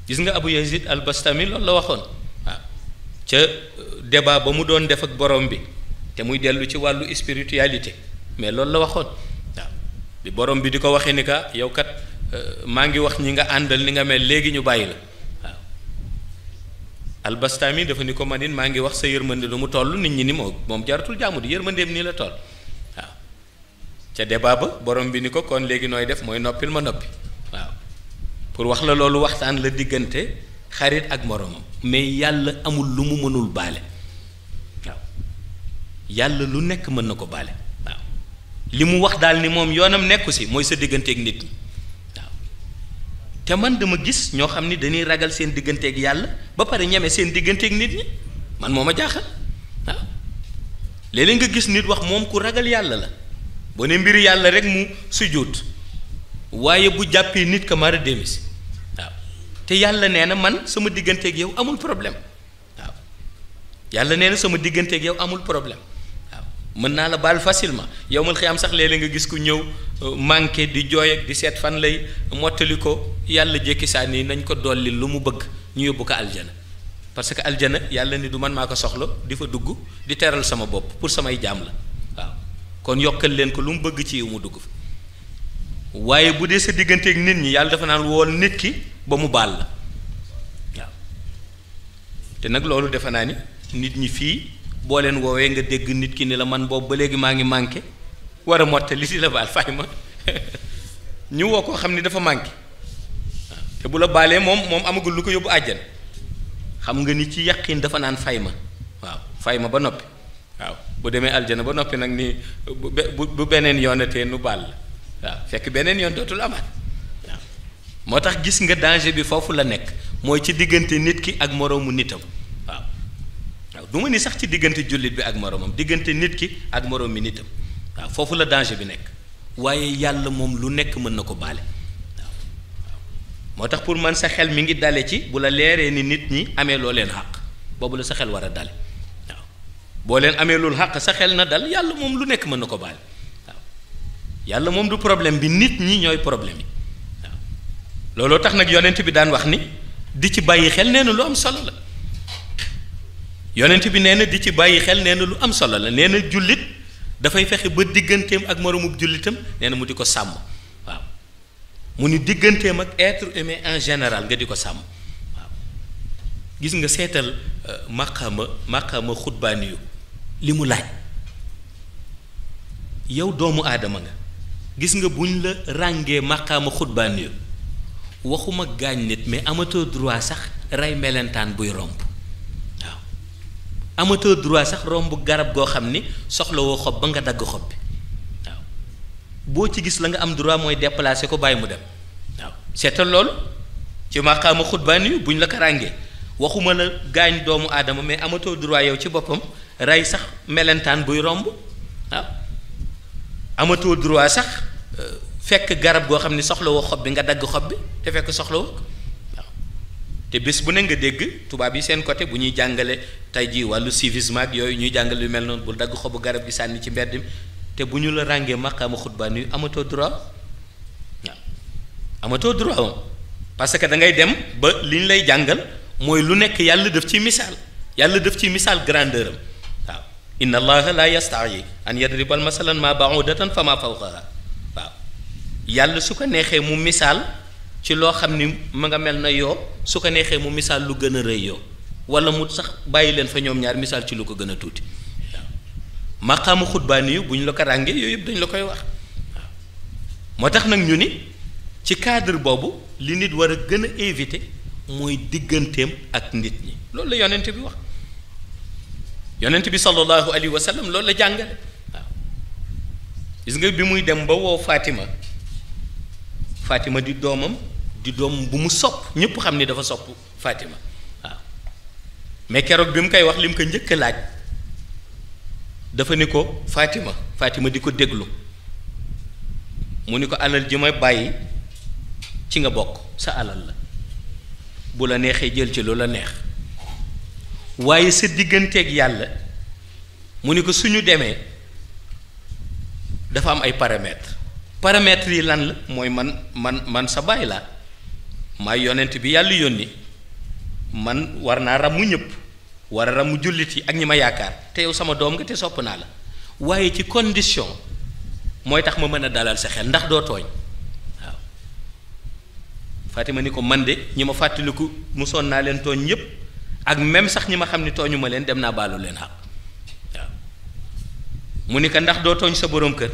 gis nga Abu Yazid al Bastami la waxoon waaw ca euh, débat ba mu doon def ak borom bi te muy dellu ci wàllu spiritualité mais loolu la waxoon waaw bi borom bi di ko waxee ni ka yow kat euh, maa ngi wax ñi nga àndal ni nga mel léegi ñu bàyyi la waaw al Bastami dafa ni ko man maa ngi wax sa yërmande lu mu toll nit ñi ni moo moom jaratul jaamu di yërmandeem nii la toll. ca débat ba borom bi ni ko kon léegi nooy def mooy noppil ma noppi waaw pour wax la loolu waxtaan la diggante xarit ak moromam mais yàlla amul lu mu mënul baale waaw yàlla lu nekk mën na ko baale waaw li mu wax daal ni moom yoonam nekku si mooy sa digganteeg nit ñi waaw te man dama gis ñoo xam ni dañuy ragal seen digganteeg yàlla ba pare ñeme seen digganteeg nit ñi man moo ma jaaxal waaw nga gis nit wax moom ku ragal yàlla la. wane ne mbir yàlla rek mu sujjóot waaye bu jàppee nit ka mara demis waaw te yàlla nee na man sama digganteeg yow amul problème waaw yàlla nee na sama digganteeg yow amul problème mën naa la baal facilement yow mal xiyaam sax léeg nga gis ku ñëw euh, manqué di jooy ak di seet fan lay mottali ko yàlla jékki saa nañ ko dolli lu mu bëgg ñu yóbbu ko aljana parce que aljana yàlla ni du man maa ko soxla di fa dugg di teral sama bopp pour samay jaam la kon yokkal leen ko lu mu bëgg ci yow mu dugg fa waaye bu dee sa digganteeg nit ñi yàlla dafa naan wool nit ki ba mu baal la waaw te nag loolu defe naa ni nit ñi fii boo leen woowee nga dégg nit ki ni la man boobu ba léegi maa ngi manqué war a mottali si la baal fay ma ñu woo koo xam ni dafa manqué te bu la baalee moom moom amagul lu ko yóbbu àjjan xam nga ni ci yàqin dafa naan fay ma waaw fay ma ba noppi waaw bu demee aljana ba noppi nag ni bu bu bu beneen yoonatee nu baal waaw fekk beneen yoon dootul amaat waaw moo tax gis nga danger bi foofu la nekk mooy ci diggante nit ki ak moroomu nitam waaw ma ni sax ci diggante jullit bi ak moroomam diggante nit ki ak moroom mi nitam waaw foofu la danger bi nekk waaye yàlla moom lu nekk mën na ko baale waaw moo tax pour man sa xel mi ngi dale ci bu la leeree ni nit ñi amee loo leen xàq boobu la sa xel war a dale boo leen amee lul xàq sa xel na dal yàlla moom lu nekk mën na ko baal yàlla moom du problème bi nit ñi ñooy problème yi waaw looloo tax nag yonent bi daan wax ni di ci bàyyi xel nee na lu am solo la yonent bi nee na di ci bàyyi xel nee na lu am solo la nee na jullit dafay fexe ba digganteem ak moroomub jullitam nee mu di ko sàmm waaw mu ni digganteem ak être humain en général nga di ko sàmm waaw gis nga seetal euh, maqaama maqaama xutbaani yu li mu laaj yow doomu aadama nga gis nga buñ la ràngee màqaama xutbaan yo waxuma gaañ nit mais amatoo droit sax rey melentaan buy romb waaw amatoo droit sax romb garab goo xam ni soxlawoo xob ba nga dagg xob bi waaw boo ci gis la nga am duraa mooy déplacer ko bàyyi mu dem waaw seetal loolu ci màqaama xutbaan yu buñ la ko ràngee waxuma la gaañ doomu aadama mais amatoo droit yow ci boppam rey sax melentaan buy romb waaw amatoo droit sax euh, fekk garab goo xam ne soxlawoo xob bi nga dagg xob bi te fekk soxlawoo waaw te bés bu ne nga dégg tubaab yi seen côté bu ñuy jàngale tey jii wàllu civisme yooyu ñuy jàngale yu mel noonu bul dagg xobu garab gi sànni ci mbedd mi te bu ñu la ràngee maqaama xutbaan yu amatoo droit waaw amatoo droit parce que da ngay dem ba li ñu lay jàngal mooy lu nekk yàlla def ci misaal yàlla def ci misaal grandeur am inna allaha la yi an yadribal masalan ma baudatan fa ma fawqaha waaw yàlla su ko neexee mu misaal ci loo xam ni ma nga mel na yoo su ko neexee mu misaal lu gën a rëy yoo wala mu sax bàyyi leen fa ñoom ñaar misaal ci lu ko gën a tuuti waaw maqaamu xutbaani yu bu ñu la ko ràngee yooyu yëpp dañu la koy wax moo tax nag ñu ni ci cadre boobu li nit war a gën a éviter mooy digganteem ak nit ñi loolu la yonent bi wax yonent bi sallallahu alayhi wa sallam loolu la jàng waaw gis bi muy dem ba woo Fatima Fatima di doomam di doom bu mu sopp ñëpp xam ni dafa sopp Fatima waaw mais keroog bi mu koy wax li mu ko njëkk laaj dafa ni ko Fatima Fatima di ko déglu mu ni ko alal ji ma bàyyi ci nga bokk sa alal la bu la neexee jël ci lu la neex. waaye sa digganteeg yàlla mu ni ko suñu demee dafa am ay paramètres paramètres yi lan la mooy man man man sa baay laa maay yonent bi yàlla yónni man war naa ramu ñëpp war a ramu jullit yi ak ñi ma yaakaar te yow sama doom nga te sopp naa la waaye ci condition mooy tax ma mën a dalal sa xel ndax doo tooñ waaw ni ko man de ñi ma fàttaliku mosoon naa leen tooñ ñëpp. ak même sax ñi ma xam ni tooñu ma leen dem naa baalu leen xaq mu ni ko ndax doo tooñ sa boroom kër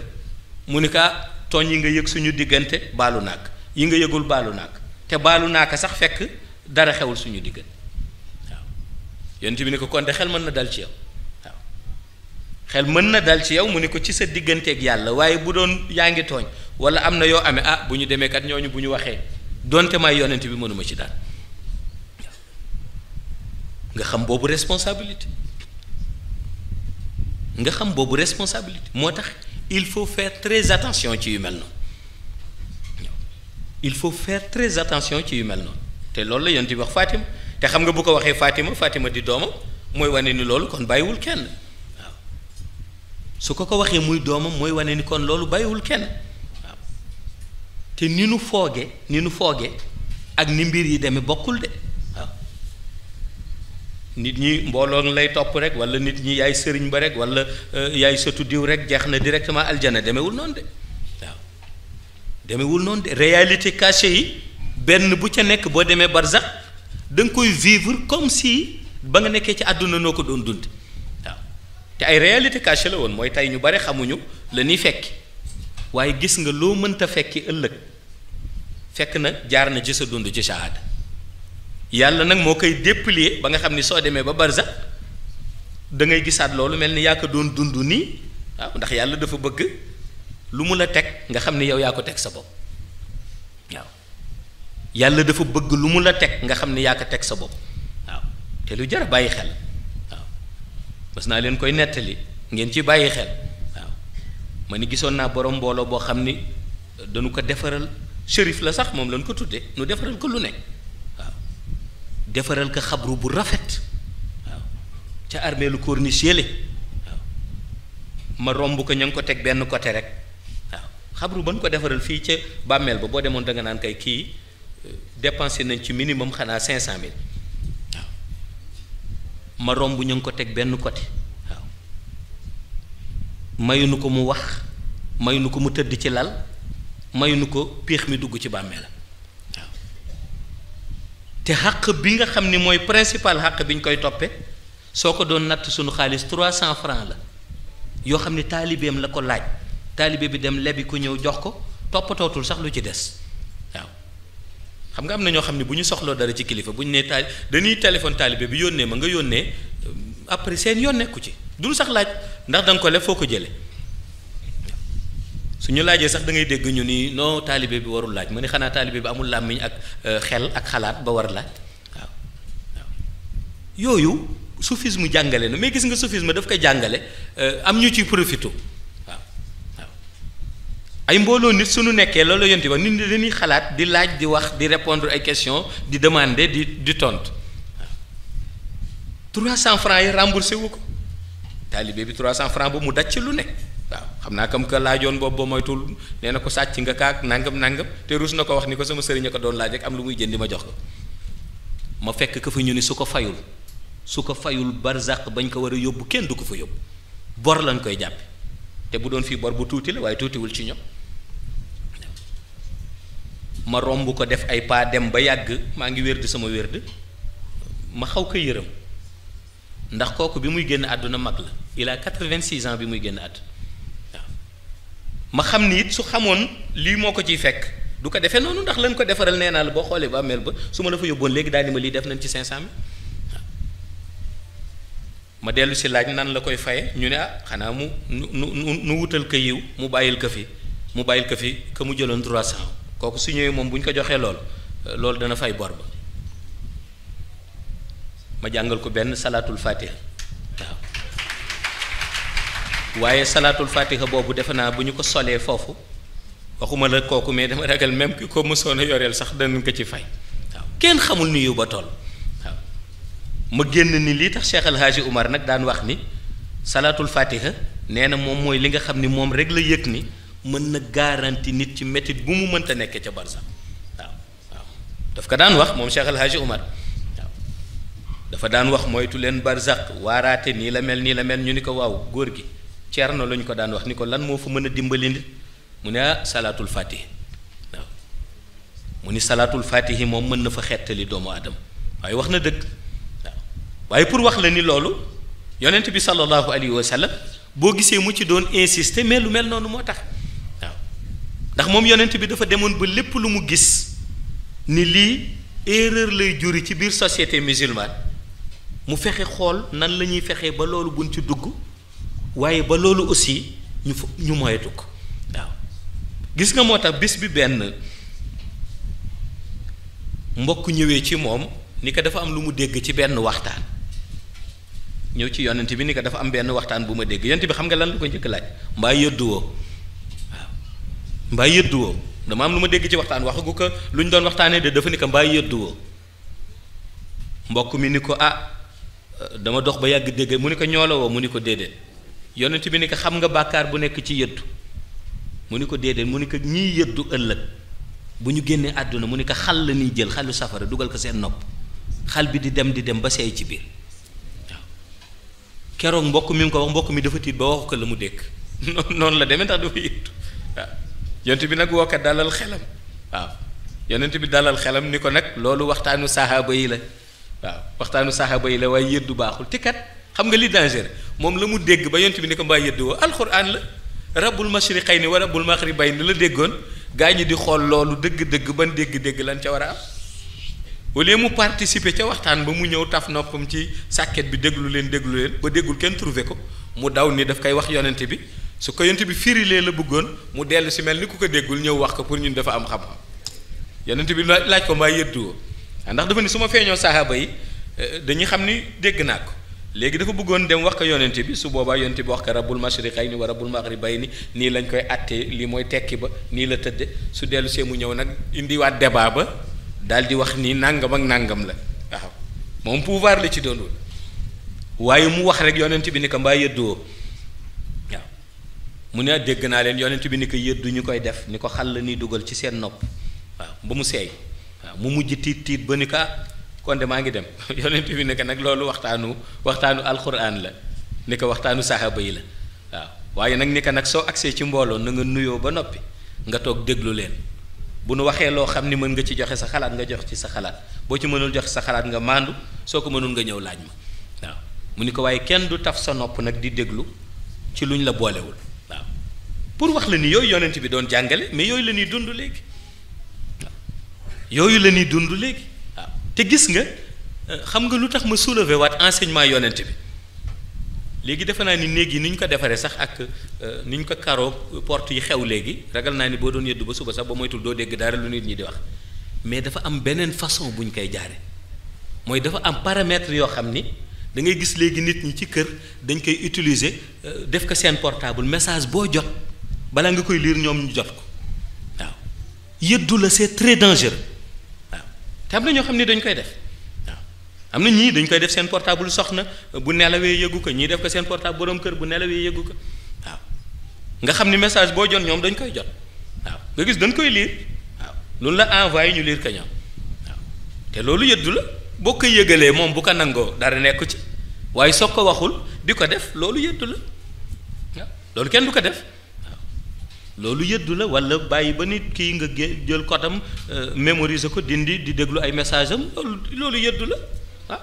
mu ni ka tooñ yi nga yëg suñu diggante baalu naak yi nga yëgul baalu naak te baalu ko sax fekk dara xewul suñu diggante waaw yonent bi ni ko kon de xel mën na dal ci yow waaw xel mën na dal ci yow mu ni ko ci sa digganteeg yàlla waaye bu doon yaa ngi tooñ wala am na yoo amee ah bu ñu demee kat ñooñu bu ñu waxee donte may yonent bi mënuma ci daal. nga xam boobu responsabilité nga xam boobu responsabilité moo tax il faut faire très attention ci yu mel noonu il faut faire très attention ci yu mel noonu te loolu la yonent bi wax Fatima te xam nga bu ko waxee Fatima Fatima di doomam mooy wane ni loolu kon bàyyiwul kenn waaw su ko ko waxee muy doomam mooy wane ni kon loolu bàyyiwul kenn waaw te ni nu fooge ni nu fooge ak ni mbir yi demee bokkul de. nit ñi mbooloon lay topp rek wala nit ñi yaay sëriñ ba rek wala euh, yaay sëtu diw rek jeex na directement aljana demewul noonu de waaw demewul noonu de réalité cachée yi benn bu ca nekk boo demee barzax da nga koy vivre comme si ba nga nekkee ci àdduna noo ko doon dund waaw te ay réalité cachée la woon mooy tey ñu bari xamuñu la ñuy fekki waaye gis nga loo mënta fekki ëllëg fekk na jaar na ci sa dund ci sa shahada yàlla nag moo koy déplier ba nga xam ni soo demee ba barza da ngay gisaat loolu mel ni yaa ko doon dund nii waaw ndax yàlla dafa bëgg lu mu la teg nga xam ni yow yaa ko teg sa bopp waaw yàlla dafa bëgg lu mu la teg nga xam ni yaa teg sa bopp te lu jar a bàyyi xel waaw mas naa leen koy nettali ngeen ci bàyyi xel waaw ma ni gisoon naa borom mbooloo boo xam ni danu ko defaral shérif la sax moom lañ ko tuddee nu defaral ko lu nekk. defaral ko xabru bu rafet waaw ca armeelu corniche yële waaw ma romb ko ña ngi ko teg benn côté rek waaw xabru ba ñu ko defaral fii ca bàmmeel ba boo demoon da nga naan kay kii euh, dépensé nañ ci minimum xanaa cinq cent mille waaw ma romb ña ngi ko teg benn côté waaw mayuñu ko mu wax mayuñu ko mu tëdd ci lal mayuñu ko péex mi dugg ci bàmmeel te xàq bi nga xam ni mooy principal xàq bi ñu koy toppee soo ko doon natt suñu xaalis trois cent francs la yoo xam ni taalibeem la ko laaj taalibe bi dem lebi ku ñëw jox ko toppatootul sax lu ci des waaw xam nga am na ñoo xam ne bu ñu soxloo dara ci kilifa bu ñu nee taali dañuy téléphone taalibee bi yónnee ma nga yónnee euh, après seen yoon nekku ci dul sax laaj ndax danga nga ko leb foo ko jëlee. su ñu laajee sax da ngay dégg ñu ni noo taalibe bi warul laaj ma ni xanaa taalibe bi amul làmmiñ ak euh, xel ak xalaat ba war laaj waaw waaw yooyu mu jàngale na may gis nga ma daf koy jàngale euh, am ñu ciy profité waaw waaw ay mbooloo nit suñu nekkee loolu yonti ba nit ñi dañuy xalaat di laaj di wax di répondre ay questions di demander di di tontu waaw 300 francs yi remboursé wu ko taalibe bi 300 francs ba mu daj ci lu nekk. xam naa kam que laajoon boobu ba moytul nee na ko sàcc nga kaak nangam nangam te ruus na ko wax ni ko sama sëriñ a ko doon laaj rek am lu muy jëndi ma jox ko ma fekk ko fa ñu ni su ko fayul su ko fayul barzaq bañ ko war a yóbbu kenn du ko fa yóbbu bor lañ koy jàppe te bu doon fii bor bu tuuti la waaye tuutiwul ci ñoom ma romb ko def ay paa dem ba yàgg maa ngi di sama wérd ma xaw ko yërëm ndax kooku bi muy génn àdduna mag la il a quatre-vingt-six bi muy génn àdduna ma xam ni it su xamoon lii moo ko ciy fekk du ko defee noonu ndax lañ ko defaral nee naa la boo xoolee ba mel ba su ma la fa yóbboon léegi daal di ma lii def nañ ci 500000 ma dellu si laaj nan la koy faye ñu ne ah xanaa mu nu nu nu wutal ko yiw mu bàyyil ko fi mu bàyyil ko fi que mu jëloon 300 kooku su ñëwee moom bu ñu ko joxee lool loolu dana fay bor ma jàngal ko benn salaatul fatiha waaw. waaye salaatul fatiha boobu defe naa bu ñu ko solee foofu waxuma la kooku mais dama ragal même ki ko mësoon a yoreel sax danañ ko ci fay waaw kenn xamul nuyu ba toll waaw ma génn ni lii tax Cheikh El Hadji nag daan wax ni salaatul fatiha nee na moom mooy li nga xam ni moom rek la yëg ni mën na gaaranti nit ci métit bu mu mënta nekk ca barsax waaw waaw daf ko daan wax moom Cheikh El Hadji waaw dafa daan wax moytu leen barsax waaraate nii la mel nii la mel ñu ni ko waaw góor gi. Ceerno lañu ko daan wax ni ko lan moo fa mën a dimbali nit mu ne ah, salaatul faatihi waaw mu ni salaatul faatihi moom mën na fa xettali doomu aadama waaye wax na dëkk waaye pour wax la ni loolu yonent bi sallallahu alayhi wa sallam boo gisee mu ci doon insister mais lu mel noonu moo tax waaw ndax moom yonent bi dafa demoon ba lépp lu mu gis ni lii erreur lay juri ci biir société musulmane mu fexe xool nan la ñuy fexe ba loolu buñ ci dugg waaye ba loolu aussi ñu fa ñu moytu ko waaw gis nga moo tax bis bi benn mbokk ñëwee ci moom ni ko dafa am lu mu dégg ci benn waxtaan ñëw ci yonent bi ni ko dafa am benn waxtaan bu ma dégg yonent bi xam nga lan la ko njëkk laaj mbaa yëdduwoo waaw mbaa yëdduwoo dama am lu ma dégg ci waxtaan waxagu ko lu ñu doon waxtaanee de dafa ni ko mbaa yëdduwoo mbokk mi ni ko ah dama dox ba yàgg dégg mu ni ko ñoo mu ni ko déedéet yonent bi ni ko xam nga bàkkaar bu nekk ci yëddu mu ni ko déedéet mu ni ko ñiy yëddu ëllëg bu ñu génnee àdduna mu ni ko xal la ni jël xalu safara dugal ko seen nopp xal bi di dem di dem ba seey ci biir keroog mbokk mi mu ko wax mbokk mi dafa tiit ba wax ko la mu dékk noonu la demee ndax dafa yëddu waaw yonent bi nag woo ko dalal xelam waaw yonent bi dalal xelam ni ko nag loolu waxtaanu saxaaba yi la waaw waxtaanu saxaaba yi la waaye yëddu baaxul te xam nga li moom la mu dégg ba yonent bi ni ko mbaa yëdd woo alxuraan la rabbul mashriqayni wa rabbul maghribayni la déggoon gaa ñi di xool loolu dëgg-dëgg ban dégg-dégg lan ca war a am au lieu mu participer ca waxtaan ba mu ñëw taf noppam ci sàkket bi déglu leen déglu leen ba déggul kenn ko mu daw ni daf koy wax yonent bi su ko yonent bi firilee la bëggoon mu dellu si mel ni ku ko déggul ñëw wax ko pour ñun dafa am xam-xam yonent bi laaj ko mbaa yëddu woo ndax dafa ne su ma feeñoo sahaaba yi eh, dañuy xam ni dégg naa ko léegi dafa bëggoon dem wax ko yonent bi su boobaa yonent bi wax ko rabbul mashriqayni wa rabbul maghribeyni nii lañ koy attee lii mooy tekki ba nii la tëdde su dellu see mu ñëw nag indiwaat débat ba daal di wax nii nàngam ak nàngam la waaw moom pouvoir la ci doonul waaye mu wax rek yonent bi ni ko mbaa yëdduwoo waaw mu ne dégg naa leen yonent bi ni ko yëddu ñu koy def ni ko xal la ni dugal ci seen nopp waaw ba mu seey waaw mu mujj tiit kon de maa ngi dem yonent bi ne nag loolu waxtaanu waxtaanu alxuraan la ni ko waxtaanu saxaaba yi la waaw waaye nag ni ko nag soo agsee ci mbooloo na nga nuyoo ba noppi nga toog déglu leen bu nu waxee loo xam ni mën nga ci joxe sa xalaat nga jox ci sa xalaat boo ci mënul joxe sa xalaat nga maandu soo ko mënul nga ñëw laaj ma waaw mu ni ko waaye kenn du taf sa nopp nag di déglu ci lu luñ la boolewul waaw pour wax la ni yooyu yonent bi doon jàngale mais yooyu la ñuy dund léegi yooyu la dund léegi te gis nga euh, xam nga lu tax ma soulever waat enseignement yonent bi léegi defe naa ni néeg yi ni ñu ko defaree sax ak euh, ni ñu ko karoo porte yi xew léegi ragal naa ni boo doon yëddu ba suba sax ba moytul doo dégg dara lu nit ñi di wax mais dafa am beneen façon bu ñu koy jaare mooy dafa am paramètre yoo xam ni da ngay gis léegi nit ñi ci kër dañ koy utiliser euh, def ko seen portable message boo jot balaa nga koy liir ñoom ñu jot ko waaw yëddu la c'est très dangereux te am na ñoo xam ne dañ koy def waaw am na ñii dañ koy def seen portable soxna bu nelawee yëgu ko ñii def ko seen portable borom kër bu nelawee yëgu ko waaw nga xam ni message boo jot ñoom dañ koy jot waaw nga gis dañ koy liir waaw loolu la envoyé ñu liir ko ñoom waaw te loolu yëddu la boo ko yëgalee moom bu ko nangoo dara nekku ci waaye soo ko waxul di ko def loolu yëddu la loolu kenn du ko def. loolu yëddu la wala bàyyi ba nit kii nga gé jël kotam euh, mémoriser ko dindi di déglu ay message am loolu loolu yëddu la ah.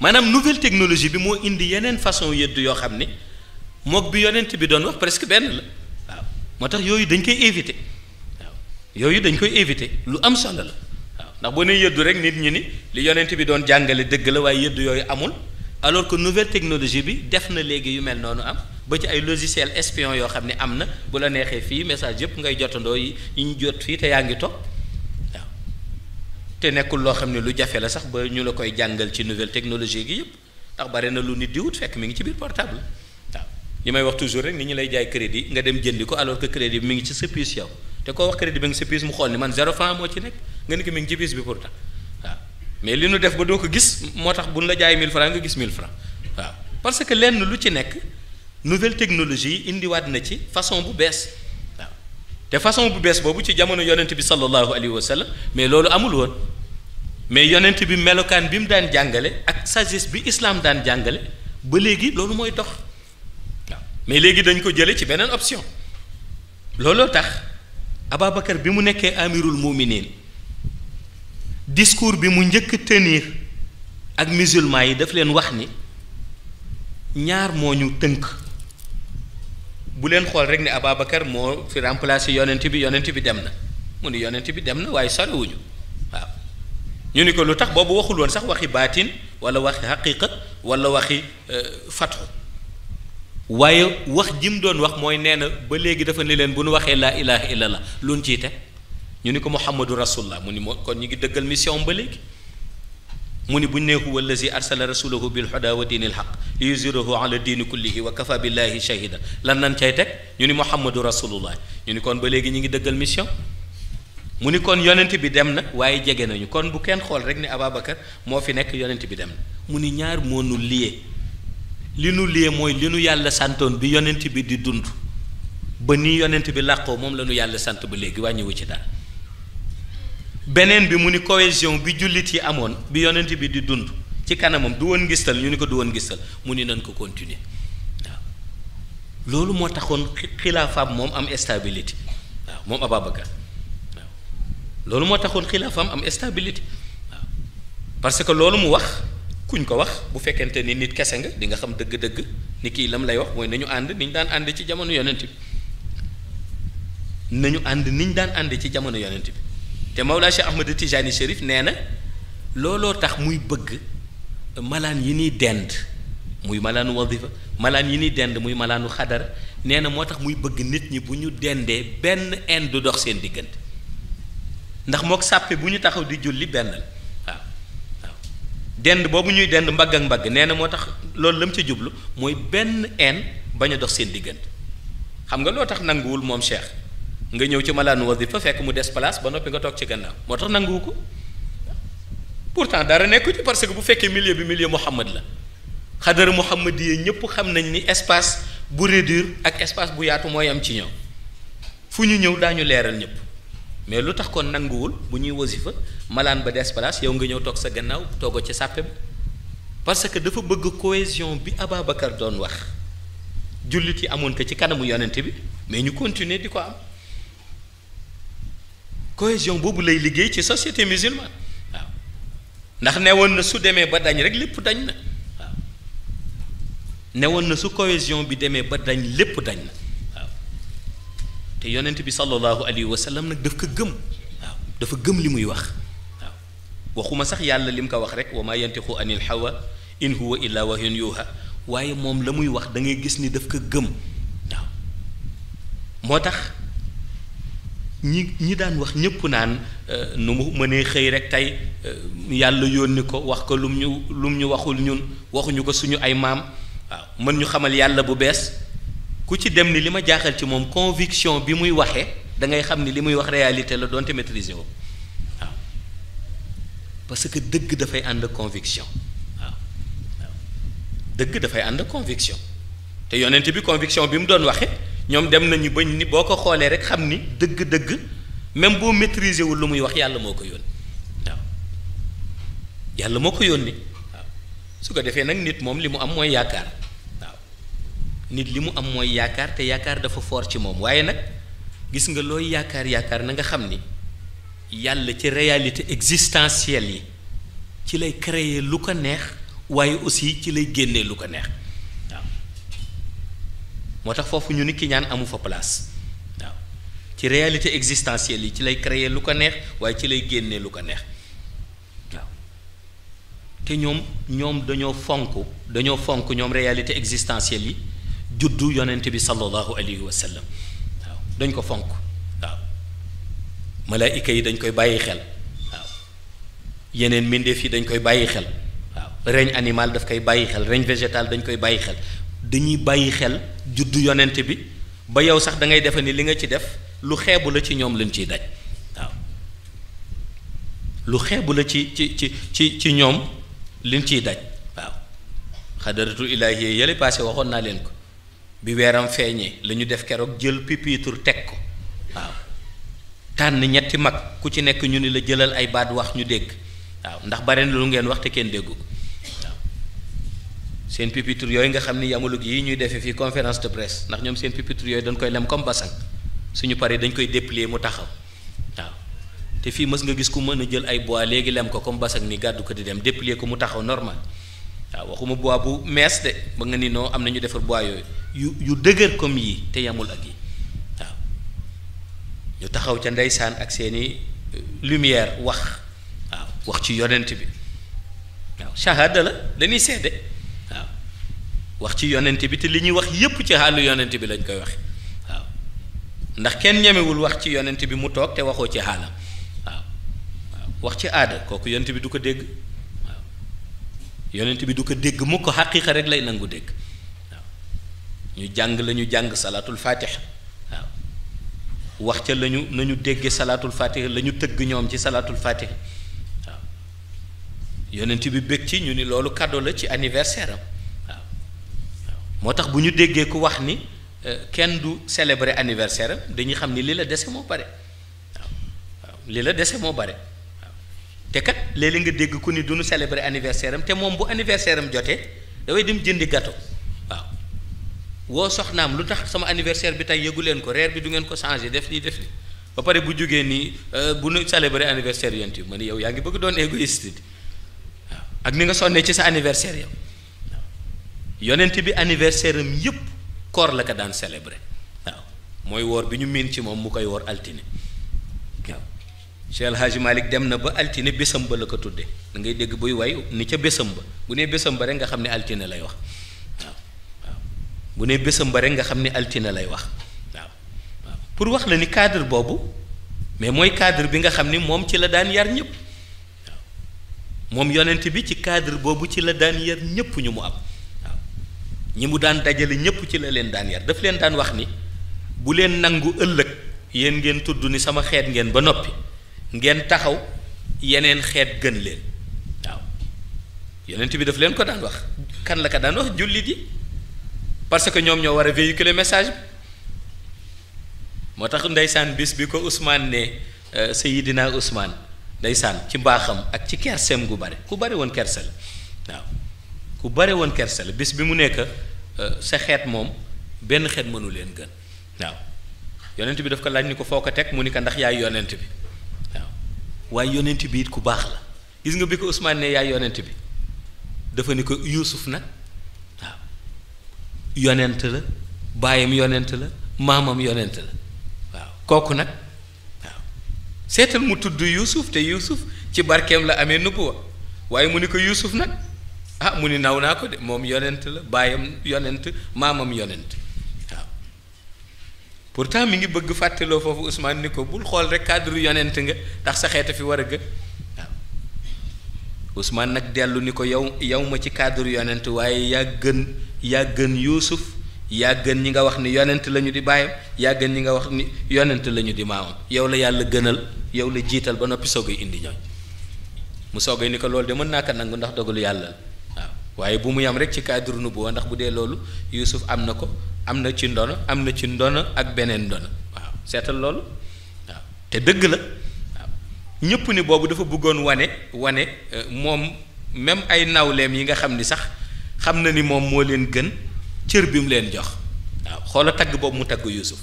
maanaam nouvelle technologie bi moo indi yeneen façon yëddu yoo xam ne moog bi yonent bi doon wax presque benn la waaw moo tax yooyu dañ koy éviter waaw yooyu dañ koy éviter lu am solo la waaw ndax boo ne yëddu rek nit ñi ni li yonent bi doon jàngale dëgg la waaye yëddu yooyu amul alors que nouvelle technologie bi def na léegi yu mel noonu am ba ci ay logiciel espion yoo xam ne am na bu la neexee fii message yëpp ngay jotandoo yi ñu jot fii te yaa ngi topp waaw te nekkul loo xam ne lu jafe la sax ba ñu la koy jàngal ci nouvelle technologie gi yëpp ndax bari na lu nit di wut fekk mi ngi ci biir portable waaw li may wax toujours rek ni ñu lay jaay crédit nga dem jëndi ko alors que crédit mi ngi ci sa yow te koo wax crédit bi ngi sa mu xool ni man zéro franc moo ci nekk nga ni ko mi ngi ci puce bi pourtant waaw mais li nu def ba doo ko gis moo tax buñ la jaay 1000 francs nga gis 1000 francs ci nekk. nouvelle technologie indiwaat na ci façon bu bees waaw te façon bu bees boobu ci jamono yonent bi sallallahu alayhi wa mais loolu amul woon mais yonent bi melokaan bi mu daan jàngale ak sagesse bi islam daan jàngale ba léegi loolu mooy dox waaw mais léegi dañ ko jële ci beneen option looloo tax Ababacar bi mu nekkee amirul muminin discours bi mu njëkk tenir ak musulman yi daf leen wax ni ñaar moo ñu tënk bu leen xool rek ne Ababacar moo fi remplacé yonent bi yonent bi dem na mu ni yonent bi dem na waaye sorewuñu waaw ñu ni ko lu tax boobu waxul woon sax waxi baatin wala waxi xaqiqa wala waxi euh, fatxu waaye wax jim doon wax mooy nee na ba léegi dafa ni leen bu nu waxee laa ilaha illallah luñ ciy te ñu ni ko muhammadu rasulullah mu ni moo kon ñu ngi dëggal mission ba léegi mu ni buñ nee huwa allazi arsala rasulahu bil huda wa diinil haq li yuzirahu ala diini kullihi wa kafa billahi shahida lan nan cay teg ñu ni muhammadu rasulullah ñu ni kon ba léegi ñu ngi dëggal mission mu ni kon yonent bi dem na waaye jege nañu kon bu kenn xool rek ni Ababacar moo fi nekk yonent bi dem mu ni ñaar moo nu liyee li nu liyee mooy li nu yàlla santoon bi yonent bi di dund ba nii yonent bi làqoo moom la nu yàlla sant ba léegi wàññiwu ci dara beneen bi mu ni cohésion bi jullit yi amoon bi yonent bi di dund ci kanamam du woon ngistal ñu ni ko du woon ngistal mu ni nan ko continuer waaw loolu moo taxoon xilaafaam moom am stabilité waaw moom Ababacar loolu moo taxoon xilaafaam am stabilité parce que loolu mu wax kuñ ko wax bu fekkente ni nit kese nga di nga xam dëgg-dëgg ni kii lam lay wax mooy nañu ànd niñ daan ànd ci jamono yonent bi nañu ànd niñ daan ànd ci jamono yonent bi te Mawlaa Cheikh Ahmad Tijaani Chérif nee na looloo tax muy bëgg malaan yi ñuy dend muy malaanu wadifa malaan yi ñuy dend muy malaanu xadara nee na moo tax muy bëgg nit ñi bu ñu dendee benn ind du dox seen diggante ndax mook sàppe bu ñu taxaw di julli benn la waaw waaw dend boobu ñuy dend mbagg ak mbagg nee na moo tax loolu la mu ca jublu mooy benn ind bañ dox seen diggante xam nga loo tax nanguwul moom Cheikh nga ñëw ci malaanu wasifa fekk mu des place ba noppi nga toog ci gannaaw moo tax nanguwu ko pourtant dara nekku ci parce que bu fekkee milieu bi milieu Muhammad la xadara Muhammad yi ñëpp xam nañ ni espace bu réduire ak espace bu yaatu mooy am ci ñoom fu ñu ñëw daañu leeral ñëpp mais lu tax kon nanguwul bu ñuy wasifa malaan ba des place yow nga ñëw toog sa gannaaw toogo ci sàppe bi parce que dafa bëgg cohésion bi Ababacar doon wax jullit yi amoon ko ci kanamu yonent bi mais ñu continuer di ko am cohésion boobu lay liggéey ci société musulmane waaw ndax ne woon na su demee ba dañ rek lépp dañ na waaw ne woon na su cohésion bi demee ba dañ lépp dañ na waaw te yonent bi sallallahu alayhi wa sallam nag daf ko gëm waaw dafa gëm li muy wax waaw waxuma sax yàlla li mu ko wax rek wa maa yantixu anil hawa in huwa illa wahyun yuha waaye moom la muy wax dangay gis ni daf ko gëm waaw moo tax ñi ñi daan wax ñëpp naan euh, nu mu mënee xëy rek tey euh, yàlla yónni ko wax ko lu ñu lum ñu waxul ñun waxuñu ko suñu ay maam waaw mën ñu xamal yàlla bu bees ku ci dem ni li ma jaaxal ci moom conviction bi muy waxee da ngay xam ni li muy wax réalité la doonte maîtriser woo waaw parce que dëgg dafay ànd conviction waaw dëgg dafay ànd conviction te yonent bi conviction bi mu doon waxee. ñoom dem nañu ba ni boo ko xoolee rek xam ni dëgg-dëgg même boo maîtriser wul lu muy wax yàlla moo ko yónni waaw yàlla moo ko yónnee waaw su ko defee nag nit moom li mu am mooy yaakaar waaw nit li mu am mooy yaakaar te yaakaar dafa fort ci moom waaye nag gis nga looy yaakaar yaakaar na nga xam ni yàlla ci réalité existentielle yi ci lay créer lu ko neex waaye aussi ci lay génnee lu ko neex. moo tax foofu ñu ni ki ñaan amu fa place waaw ci réalité existentielle yi ci lay créer lu ko neex waaye ci lay génnee lu ko neex waaw te ñoom ñoom dañoo fonk dañoo fonk ñoom réalité existentielle yi juddu yonent bi sallallahu alayhi wa sallam waaw dañ ko fonk waaw malaayika yi dañ koy bàyyi xel waaw yeneen mbindeef yi dañ koy bàyyi xel waaw règne animal daf koy bàyyi xel règne végétal dañ koy bàyyi xel dañuy bàyyi xel juddu yonent bi ba yow sax da ngay defe ni li nga ci def lu xeebu la ci ñoom lañ ciy daj waaw lu xeebu la ci ci ci ci ci ñoom liñ ciy daj waaw xadaratu ilaahi yële passé waxoon naa leen ko bi weeram feeñee la ñu def keroog jël pipiitur teg ko waaw tànn ñetti mag ku ci nekk ñu ni la jëlal ay baat wax ñu dégg waaw ndax bare na lu ngeen waxte kenn déggu ko seen pupitre yooyu nga xam ni yamulug yii ñuy defee fii conférence de presse ndax ñoom seen pupitre yooyu dañ koy lem comme basang suñu paree dañ koy déplier mu taxaw waaw te fii mës nga gis ku mën a jël ay bois léegi lem ko comme basang ni gàddu ko di dem déplier ko mu taxaw normal waaw waxuma bois bu mees de ba nga ni noo am na ñu defar bois yooyu yu yu dëgër comme yii te yamul ak yi waaw ñu taxaw ca ndeysaan ak seeni euh, lumière wax waaw wax ci yonent bi waaw shahada dañuy seede wax ci yonent bi te li ñuy wax yépp ci xaalu yonent bi lañ koy waxe waaw ndax kenn ñemewul wax ci yonent bi mu toog te waxoo ci xaalam waaw waaw wax ci aada kooku yonent bi du ko dégg waaw yonent bi du ko dégg mu ko xaqiiqa rek lay nangu dégg waaw ñu jàng lañu jàng salaatul faatiha waaw wax ca lañu nañu déggee salaatul faatiha la ñu tëgg ñoom ci salaatul faatiha waaw yonent bi bég ci ñu ni loolu kàddu la ci anniversaire am moo tax bu ñu déggee ku wax ni euh, kenn du célébrer anniversaire am dañuy xam ni li la dese moo bare waaw waaw li la dese moo bare te kat léeg li nga dégg ku ni du ñu célébrer anniversaire am te moom bu anniversaire am jotee dafay dem jëndi gâteau waaw woo soxnaam lu tax sama anniversaire bi tey yëgu leen ko reer bi du ngeen ko changé def lii def lii ba pare bu jógee nii euh, bu nu célébrer anniversaire yent yi ma ni yow yaa ngi bëgg doon égoïste waaw ak ni nga sonnee ci sa anniversaire yow. yonent bi anniversaire am yëpp koor la ko daan célébrer waaw mooy woor bi ñu miin ci moom mu koy woor altine waaw Cheikh El Hadj dem na ba altine bésam ba la ko tudde da ngay dégg buy way ni ca bésam ba bu nee ba rek nga xam ne altine lay wax waaw waaw bésam ba rek nga xam ni altine lay wax waaw pour wax la ni cadre boobu mais mooy cadre bi nga xam ni moom ci la daan yar ñëpp waaw moom yonent bi ci cadre boobu ci la daan yar ñëpp ñu mu am. ñi mu daan dajale ñépp ci la leen daan yar daf leen daan wax ni bu leen nangu ëllëg yéen ngeen tudd ni sama xeet ngeen ba noppi ngeen taxaw yeneen xeet gën leen waaw yonent bi daf leen ko daan wax kan la ko daan wax jullit yi parce que ñoom ñoo war a véhiculer message moo tax ndeysaan bis bi ko Ousmane ne euh, Seydina Ousmane ndeysaan ci mbaaxam ak ci kerseem gu bare ku bare woon kerse la waaw ku bare woon kersa la bis bi mu nekk euh, sa xeet moom benn xeet mënu leen gën waaw yonent bi daf ko laaj ni ko foo ko teg mu ni ko ndax yaay yonent bi waaw waaye yonent bi it ku baax la gis nga bi ko Ousmane ne bi dafa ni ko Yuusuf nag waaw yonent la baayam yonent la maamam yonent la waaw kooku nag waaw seetal mu tudd Yuusuf te Yuusuf ci barkeem la amee nubuwa waaye mu ni ko Yuusuf nag ah mu ni naw naa ko de moom yonent la baayam yonent maamam yonent waaw pourtant mi ngi bëgg fàttaloo foofu Ousmane ni ko bul xool rek cadre yonent nga tax sa xeeta fi war a gën nag dellu ni ko yow yow ma ci cadre yonent waaye yaa gën gën Yuusuf yaa gën ñi nga wax ni yonent la ñu di baayam yaa gën ñi nga wax ni yonent lañu di maamam yow la yàlla gënal yow la jiital ba noppi soog a indi ñooñ mu soog a ni ko loolu de mën naa ko nangu ndax dogalu yàlla waaye bu mu yam rek ci cadre nubuwa ndax bu dee loolu Yuusuf am na ko am na ci ndono am na ci ndono ak beneen ndono waaw seetal loolu waaw te dëgg la ñépp ni boobu dafa bëggoon wane wane euh, moom même ay nawleem yi nga xam ni sax xam na ni moom moo leen gën cër bi mu leen jox waaw xoola tagg boobu mu tagg Yuusuf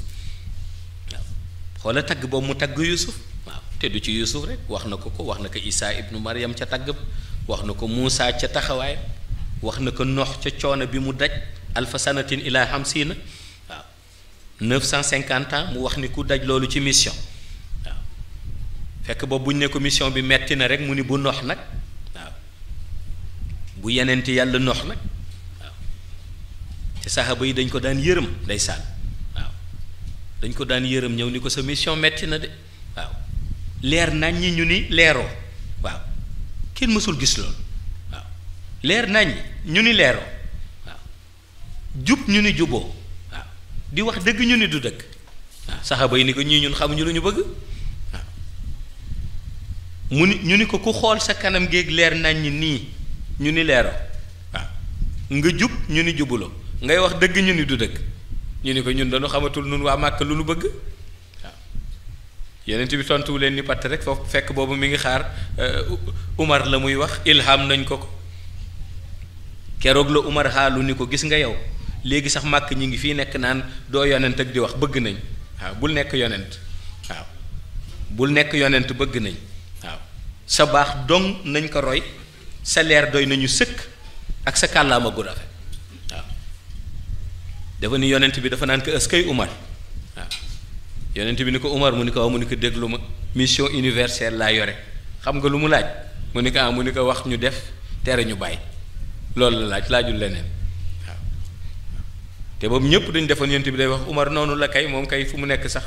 waaw xoola tagg boobu mu tagg Yuusuf waaw te du ci Yuusuf rek wax na ko ko wax na ko Isaa ibnu Maryam ca tagg ba wax na ko Muusaa ca taxawaay wax na ko noox ca coono bi mu daj alfa sanatin ila hamsina waaw neuf cent cinquante ans mu wax ni ku daj loolu ci mission waaw fekk boobu buñ ne ko mission bi metti na rek mu ni bu noox nag waaw bu yeneent yàlla noox nag waaw te saxaaba yi dañ ko daan yërëm ndeysaan waaw dañ ko daan yërëm ñëw ni ko sa mission metti na de waaw leer nañ ñi ñu ni leeroo waaw kenn mësul gis loolu leer nañ ñu ni leeroo jub ñu ni juboo di wax dëgg ñu ni du dëgg waaw saxaaba yi ni ko ñii ñun xamuñu lu ñu bëgg mu ni ñu ni ko ku xool sa kanam géeg leer nañ nii ñu ni leeroo waaw nga jub ñu ni jubuloo ngay wax dëgg ñu ni du dëgg ñu ni ko ñun dañu xamatul nun waa màkk lu nu bëgg yeneen bi tontuwu leen ni patt rek foofu fekk boobu mi ngi xaar euh, Umar la muy wax ilham nañ ko ko keroog la Umar xaalu ni ko gis nga yow léegi sax màkk ñi ngi fii nekk naan doo yonent ak di wax bëgg nañ waaw bul nekk yonent waaw bul nekk yonent bëgg nañ waaw sa baax dong nañ ko roy sa leer doy nañu sëkk ak sa kàllaama gu waaw dafa ni yonent bi dafa naan ko ëskay Umar waaw yonent bi ni ko Umar mu ni ko waaw mu ni ko déglu ma mission universelle laa yore xam nga lu mu laaj mu ni ko ah mu ni ko wax ñu def tere ñu bàyyi loolu la laaj laajul leneen waaw te boobu ñëpp dañ defoon yent bi day wax Umar noonu la kay moom kay fu mu nekk sax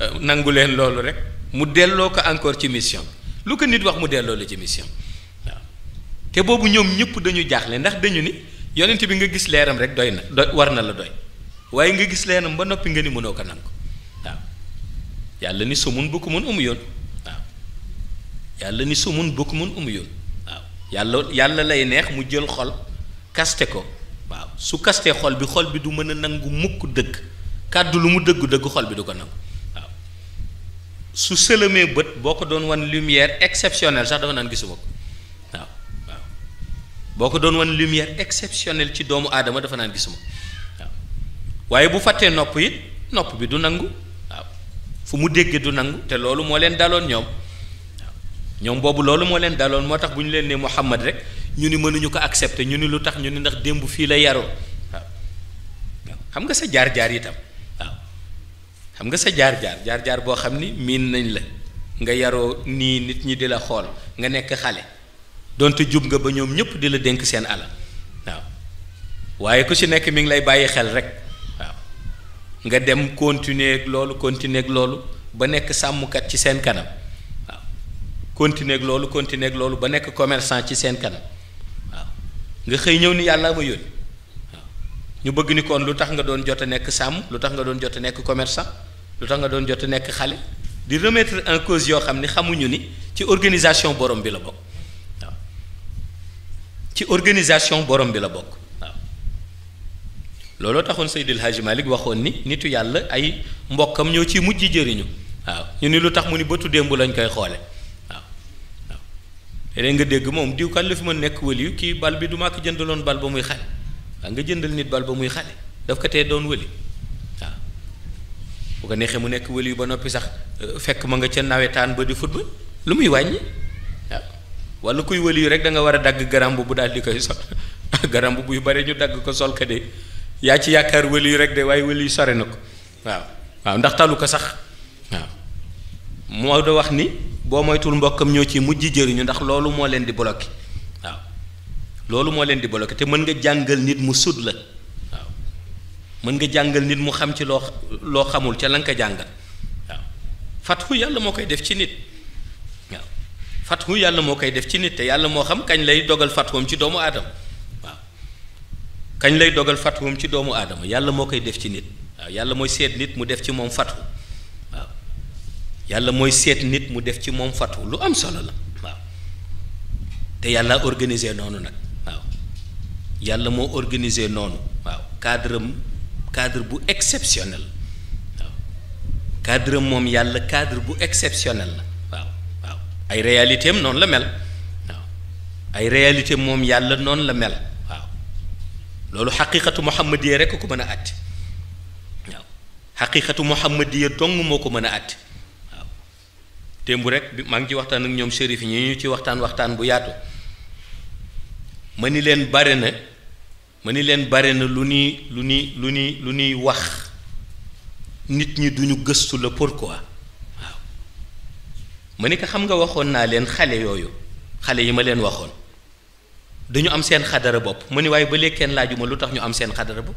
euh, nangu leen loolu rek mu delloo ko encore ci mission lu ko nit wax mu delloo la ci mission waaw te boobu ñoom ñëpp dañu jaaxle ndax dañu ni yonent bi nga gis leeram rek doy na doy war na la doy waaye nga gis leeram ba noppi nga ni mënoo ko nangu waaw yàlla ni sumun bukku mun umu yàlla ni sumun bukku mun umu yoon waaw yàlla yàlla lay neex mu jël xol kaste ko waaw su kastee xol bi xol bi du mën a nangu mukk dëkk kàddu lu mu dëggu dëggu xol bi du ko nangu waaw su sëlëmee bët boo ko doon wan lumière exceptionnelle sax dafa naan gisuma ko waaw waaw boo ko doon wan lumière exceptionnelle ci doomu aadama dafa naan gisuma waaw waaye bu fàttee nopp it nopp bi du nangu waaw fu mu déggee du nangu te loolu moo leen daloon ñoom waaw ñoom boobu loolu moo leen daloon moo tax bu ñu leen ne Muhammad rek ñu ni mënuñu ko accepter ñu ni lu tax ñu ni ndax démb fii la yaroo waaw xam nga sa jaar-jaar itam waaw xam nga sa jaar-jaar jaar-jaar boo xam ni miin nañ la nga yaroo nii nit ñi di la xool nga nekk xale donte jub nga ba ñoom ñëpp di la dénk seen alal waaw waaye ku si nekk mi ngi lay bàyyi xel rek waaw nga dem continuer loolu continuer loolu ba nekk sàmmkat ci seen kanam. continuer ak loolu continuer loolu ba nekk commerçant ci seen kanam nga xëy ñëw ni yàlla ma yónni waaw ñu bëgg ni kon lu tax nga doon jot a nekk sàmm lu tax nga doon jot a nekk commerçant lu tax nga doon jot a nekk xale di remettre en cause yoo xam ni xamuñu ni ci organisation borom bi la bokk waaw ci organisation borom bi la bokk looloo taxoon Seydil Hadji Malick waxoon ni nitu yàlla ay mbokkam ñoo ci mujj jëriñu waaw ñu ni lu tax mu ni bëtu démb lañ koy xoole léeg nga dégg moom diw kan la fi mën nekk wëliyu kii bal bi du màkk jëndaloon bal ba muy xale waaw nga jëndal nit bal ba muy xale daf ko tee doon wëli waaw bu ko neexee mu nekk wëliyu ba noppi sax euh, fekk ma nga ca nawetaan ba di football lu muy wàññi waaw wala kuy wëliyu rek da nga war a dagg garam bu daal di koy sol garam bu buy bare ñu dagg ko sol ka de yaa ci yaakaar wëliyu rek de waaye wëliyu sore na ko waaw waaw ndax talu ko sax waaw moo da wax ni. boo moytul mbokkam ñoo ci mujj jëriñu ndax loolu moo leen di bloqué waaw loolu moo leen di bloqué te mën nga jàngal nit mu sut la waaw mën nga jàngal nit mu xam ci loo loo xamul ca la nga ko jàngal waaw fathu yàlla moo koy def ci nit waaw fathu yàlla moo koy def ci nit te yàlla moo xam kañ lay dogal fathuwam ci doomu aadama waaw kañ lay dogal fathuwam ci doomu aadama yàlla moo koy def ci nit waaw yàlla mooy seet nit mu def ci moom fathu yàlla mooy seet nit mu def ci moom fatu lu am solo la waaw te yàlla organiser noonu nag waaw yàlla moo organiser noonu waaw cadre am bu exceptionnel waaw cadre moom yàlla cadre bu exceptionnel la waaw waaw ay réalité am noonu la mel waaw ay réalité moom yàlla noonu la mel waaw loolu xaqiqatu rek a ko mën a àtte waaw xaqiqatu muhammadiya dong moo ko mën a àtte démb rek bi maa ngi ci waxtaan ak ñoom shérif yi ñu ñu ci waxtaan waxtaan bu yaatu ma ni leen bare na ma ni leen bare na lu ñuy lu ñuy lu ñuy lu ñuy wax nit ñi duñu gëstu la pourquoi waaw ma ni ko xam nga waxoon naa leen xale yooyu xale yi ma leen waxoon dañu am seen xadara bopp ma ni waaye ba léegi kenn laajuma lu tax ñu am seen xadara bopp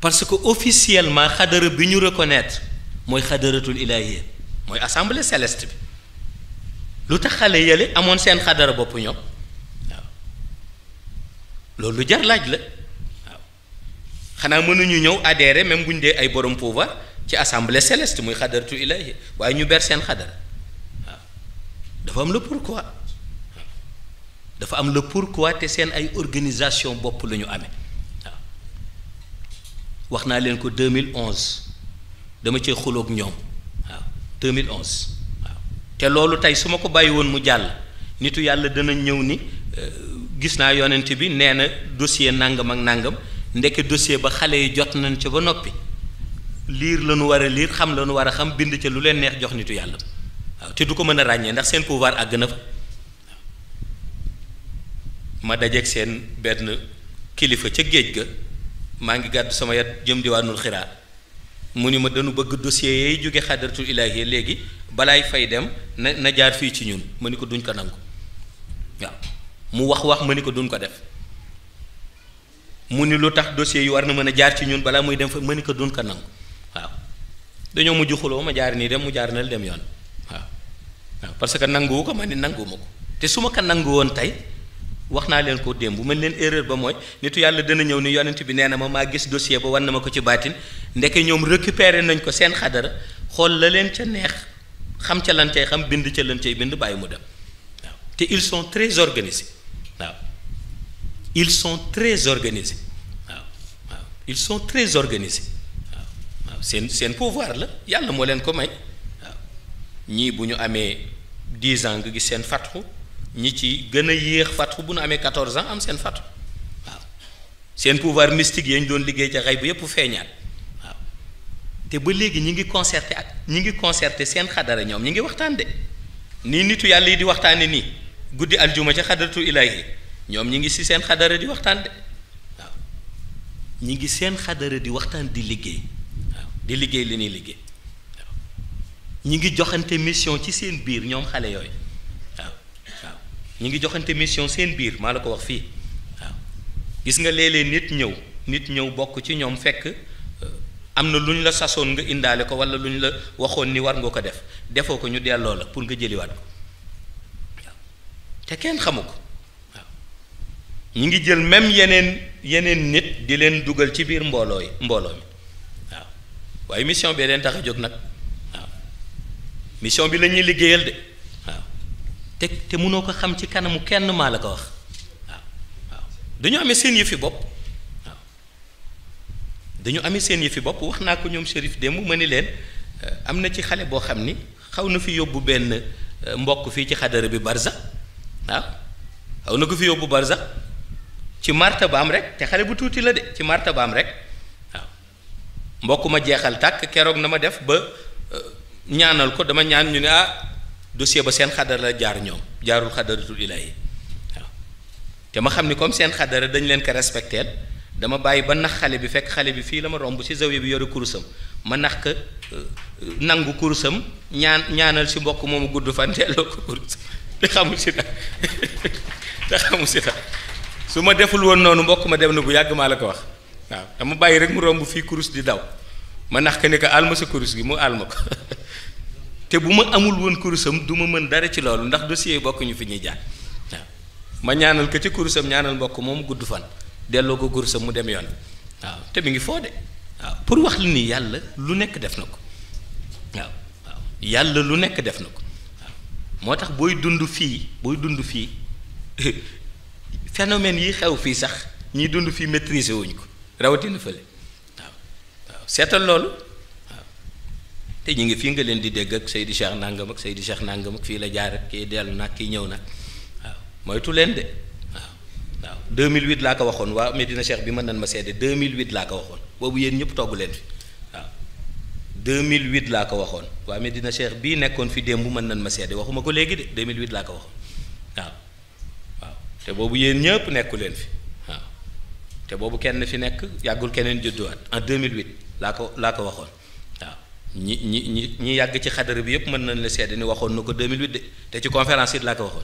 parce que officiellement xadara bi ñu reconnaître mooy xadaratul ilahiyya mooy assemblée céleste bi lu tax xale yële amoon seen xadara bopp ñoom waaw loolu lu jar laaj la waaw xanaa mënuñu ñëw adhéré même bu ñu dee ay borom pouvoir ci assemblée céleste muy xadaratu ilahi waaye ñu ber seen xadara waaw dafa am le pourquoi dafa am le pourquoi te seen ay organisation bopp la ñu amee waaw wax naa leen ko 2011 dama cee xuloog ñoom. 2011 waaw te loolu tey su ma ko bàyyi woon mu jàll nitu yàlla dana ñëw ni euh, gis naa yonent bi nee na dossier nangam ak nangam ndeke dossier ba xale yi jot nañ ca ba noppi liir la ñu war a liir xam la ñu war a xam bind ca lu leen neex jox nitu yàlla waaw te du ko mën a ràññee ndax seen pouvoir àgg na fa ma dajeeg seen benn kilifa ca géej ga maa ngi gàddu sama yat jëm diwaanul xiraa mu ni ma dañu bëgg dossier yeey jóge xadaratul ilaahi léegi balaay fay dem na na jaar fii ci ñun ma ni ko duñ ko nangu waaw mu wax wax ma ni ko duñ ko def mu ni lu tax dossier yi war na mën a jaar ci ñun balaa muy dem fa ma ni ko duñ ko nangu waaw dañoo mujj xuloo ma jaar nii dem mu jaar na dem yoon waaw waaw parce que nanguwu ko ma ni nanguwuma ko te su ma ko nangu woon tey wax naa leen koo démb bu mën leen erreur ba mooy nitu yàlla dana ñëw ni yonant bi nee na ma maa gis dossier ba wan na ma ko ci baatin ndeke ñoom récupéré nañ ko seen xadara xool la leen ca neex xam ca lan xam bind ca lan cay bind bàyyi mu dem waaw te ils sont très organisés waaw ils sont très organisés waaw waaw ils sont très seen seen pouvoir la yàlla moo leen ko may waaw ñii bu ñu amee dix ans nga gis seen fatxu ñi ci gën a yéex fatxu bu nu amee 14 ans am seen fatxu waaw seen pouvoir mystique yañ doon liggéey ca xay bu yépp feeñaat waaw te ba léegi ñi ngi concerté ak ñi ngi concerté seen xadara ñoom ñi ngi waxtaan de nii nitu yàlla yi di waxtaane nii guddi aljuma ca xadaratu ilaahi ñoom ñi ngi si seen xadara di waxtaan de waaw ñi ngi seen xadara di waxtaan di liggéey waaw di liggéey li ñuy liggéey waaw ñi ngi joxante mission ci seen biir ñoom xale yooyu ñu ngi joxante mission seen biir maa la ko wax fii waaw gis nga léeg-léeg nit ñëw nit ñëw bokk ci ñoom fekk euh, am na lu ñu la sasoon nga indaale ko wala lu ñu la waxoon ni war nga ko def defoo ko ñu delloo la pour nga jëliwaat ko waaw te kenn xamu ko waaw ñu ngi jël même yeneen yeneen nit di leen dugal ci biir mbooloo yi mbooloo mi waaw waaye mission bi leen tax a jóg nag waaw mission bi la ñuy liggéeyal de. te te mënoo ko xam ci kanamu kenn maa la ko wax waaw waaw dañoo ame seen yëfi bopp waaw dañu amee seen yëfi bopp wax naa ko ñoom Chérif démb ma ni leen euh, am na ci xale boo xam ni xaw na fi yóbbu benn euh, mbokk fii ci xadara bi barza waaw xaw na ko fi yóbbu barza ci marta ba am rek te xale bu tuuti la de ci marta ba am rek waaw mbokk ma jeexal tàkk keroog na ma def ba euh, ñaanal ko dama ñaan ñu ne ah dossier ba seen xadara la jaar ñoom jaarul xadaratul ilaahi waaw te ma xam ni comme seen xadara dañ leen ko respecteel dama bàyyi ba nax xale bi fekk xale bi fii la ma romb ci zawiya bi yore kurusam ma nax euh, nangu kurusam ñaan ñaanal ci mbokk moomu gudd fan delloo ko kurusam te deful woon noonu mbokk ma dem na bu yàgg maa la ko wax waaw dama bàyyi rek mu romb fii kurus di daw ma nax ka ni ko alma sa kurus mu alma ko te bu ma amul woon kurusam du ma mën dara ci loolu ndax dossier bokkuñu fi ñuy jaar waaw ma ñaanal ko ci kurusam ñaanal mbokk moom gudd fan delloo ko kurusam mu dem yoon waaw te mi ngi foo de waaw pour wax li nii yàlla lu nekk def na ko waaw waaw yàlla lu nekk def na ko waaw moo tax booy dund fii booy dund fii phénomène yi xew fii sax ñiy dund fii maîtriser wuñ ko rawatina fële waaw waaw seetal loolu. te ñu ngi fii nga leen di dégg ak Seydi Cheikh nangam ak Seydi Cheikh nangam ak fii la jaar ak kii dellu nag kii ñëw nag waaw moytu leen de waaw waaw 2008 laa ko waxoon waa Medina Cheikh bi mën nan ma seede 2008 laa ko waxoon boobu yéen ñëpp togg leen fi waaw 2008 laa ko waxoon waa Medina Cheikh bii nekkoon fi démb mën nan ma seede waxuma ko léegi de 2008 laa ko waxoon waaw te boobu yéen ñëpp nekku leen fi waaw te boobu kenn fi nekk yàggul keneen judduwaat en 2008 laa ko laa ko waxoon. ñi ñi ñi ñi yàgg ci xadara bi yëpp mën nañ la seede ni waxoon na ko 2008 de te ci conférence it laa ko waxoon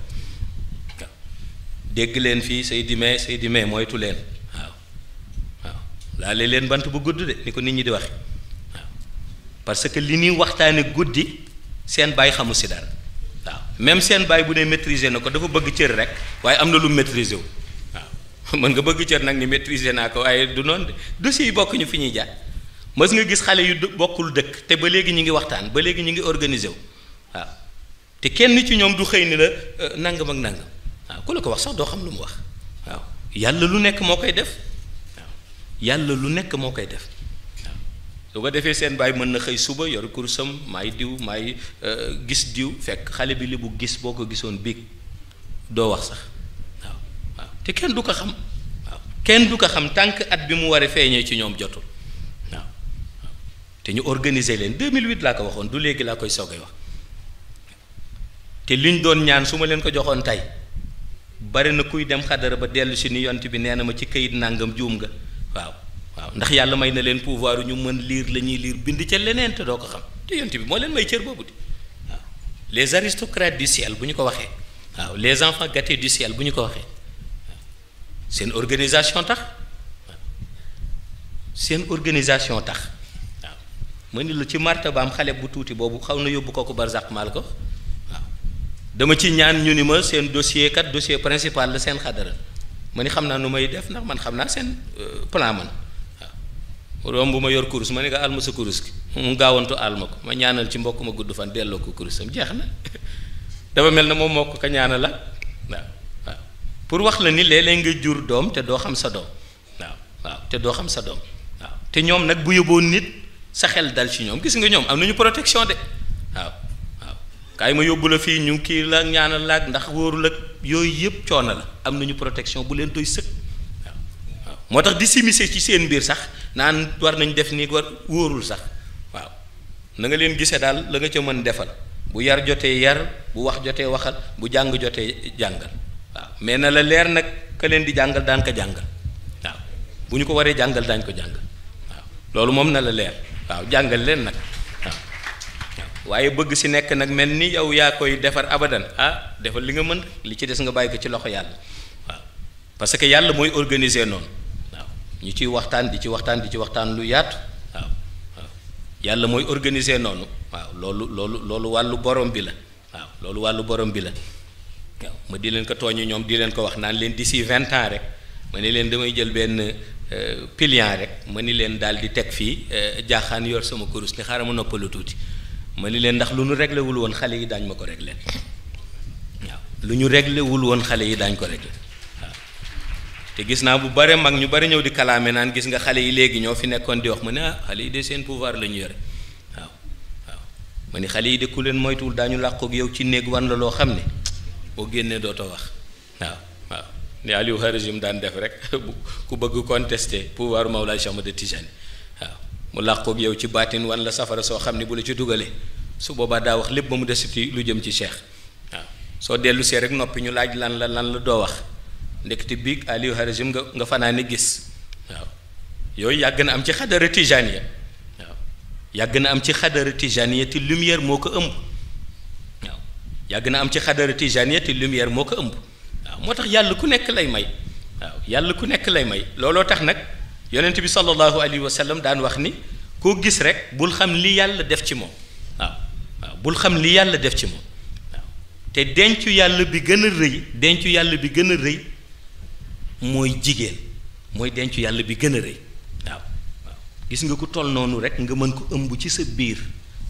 dégg leen fii Seydi May Seydi May moytu leen waaw waaw laale leen bant bu gudd de ni ko nit ñi di wax parce que li ñuy waxtaane guddi seen baay xamu si dara waaw même seen baay bu ne maîtriser na ko dafa bëgg cër rek waaye am na lu maîtriser wu waaw mën nga bëgg cër nag ni maîtriser naa ko waaye du noon de dossiers yi bokk fi ñuy jaar. mës nga gis xale yu bokkul dëkk te ba léegi ñu ngi waxtaan ba léegi ñu ngi organiser wu waaw te kenn ci ñoom du xëy ni la euh, nangam ak nangam waaw ku la ko wax sax doo xam lu mu wax waaw yàlla lu nekk moo koy def waaw yàlla lu nekk moo koy def waaw su ko defee seen baay mën na xëy suba yor kursam maay diw maay euh, gis diw fekk xale bi li bu gis boo ko gisoon biig doo wax sax waaw waaw te kenn du ko xam waaw kenn du ko xam tànk at bi mu waree feeñee ci ñoom jotul. te ñu organiser leen 2008 laa ko waxoon du léegi laa koy soogay wax te liñ doon ñaan su ma leen ko joxoon tey bari na kuy dem xadara ba dellu si ni yont bi nee na ma ci kayit nàngam juum ga waaw waaw ndax yàlla may na leen pouvoir ñu mën liir la ñuy liir bind ca leneen te doo ko xam te yont bi moo leen may cër boobu di waaw les aristocrates du ciel bu ñu ko waxee waaw les enfants gâtés du ciel bu ñu ko waxee seen organisation tax seen organisation tax ma ni la ci martabaam xale bu tuuti boobu xaw na yóbbu ko barzak maal ko waaw dama ci ñaan ñu ni ma seen dossier kat dossier principal la seen xadara ma ni xam naa nu may def ndax man xam naa seen euh, plan man waaw romb ma yor kurus ma ne nga alma sa kurus ki mu gaawantu alma ko ma ñaanal ci mbokk ma gudd fan delloo ko kurusam jeex na dafa mel na moom moo ko ka ñaanal la waaw waaw pour wax la ni léeg-léeg nga jur doom te doo xam sa doom waaw te doo xam sa doom sa xel dal ci ñoom gis nga ñoom am nañu protection de waaw waaw kaay ma yóbbu la fii ñu kii la ñaanal laag ndax wóorul ak yooyu yëpp coono la am na ñu protection bu leen doy sëkk waaw waaw moo tax di simisee ci seen biir sax naan war nañ def nii war wóorul sax waaw na nga leen gisee daal la nga ca mën defal bu yar jotee yar bu wax jotee waxal bu jàng jotee jàngal waaw mais na la leer nag ka leen di jàngal daan ko jàngal waaw bu ñu ko waree jàngal daañ ko jàngal loolu moom na la leer. waaw jàngal leen nag waaw waaye bëgg si nekk nag mel ni yow yaa koy defar abadan ah defal li nga mën li ci des nga bàyyi ko ci loxo yàlla waaw parce que yàlla mooy organiser noonu waaw ñu ciy waxtaan di ci waxtaan di ci waxtaan lu yaatu waaw waaw yàlla mooy organiser noonu waaw loolu loolu loolu wàllu borom bi la waaw loolu wàllu borom bi la waaw ma di leen ko tooñu ñoom di leen ko wax naan leen di si vingt ans rek ma ne leen damay jël benn. Euh, pilien rek ma ni leen daal di teg fii euh, jaaxaan yor sama kurus ni xaaral ma noppalu tuuti ma ni leen ndax lu ñu réglé woon xale yi dañ ma ko réglé waaw lu ñu réglé woon xale yi daañ ko réglé te gis naa bu bare mag ñu bari ñëw di kalaame naan gis nga xale yi léegi ñoo fi nekkoon di wax ma ne ah xale yi de seen pouvoir la ñu yore waaw waaw ma ni xale yi de ku leen moytuwul daañu làqoog yow ci néeg wan la loo xam ne boo génnee dootoo wax waaw ni Aliou Harazim daan def rek ku bëgg contester pouvoir Mawlaay Cheikh Ahmad Tijani waaw mu làqoog yow ci baatin wan la safara soo xam ne bu la ci dugalee su boobaa daa wax lépp ba mu des desiti lu jëm ci Cheikh waaw soo dellu see rek noppi ñu laaj lan la lan la doo wax ndekete biig Aliou Harazim nga nga fanaane gis waaw yooyu yàgg na am ci xadara Tijaniya waaw yàgg na am ci xadara Tijaniya te lumière moo ko ëmb waaw yàgg na am ci xadara Tijaniya te lumière moo ko ëmb moo tax yàlla ku nekk lay may waaw yàlla ku nekk lay may looloo tax nag yonent bi sallallahu alayhi wa sallam daan wax ni koo gis rek bul xam li yàlla def ci moom waaw waaw bul xam li yàlla def ci moom waaw te dencu yàlla bi gën a rëy dencu yàlla bi gën a rëy mooy jigéen mooy dencu yàlla bi gën a rëy waaw waaw gis nga ko toll noonu rek nga mën ko ëmb ci sa biir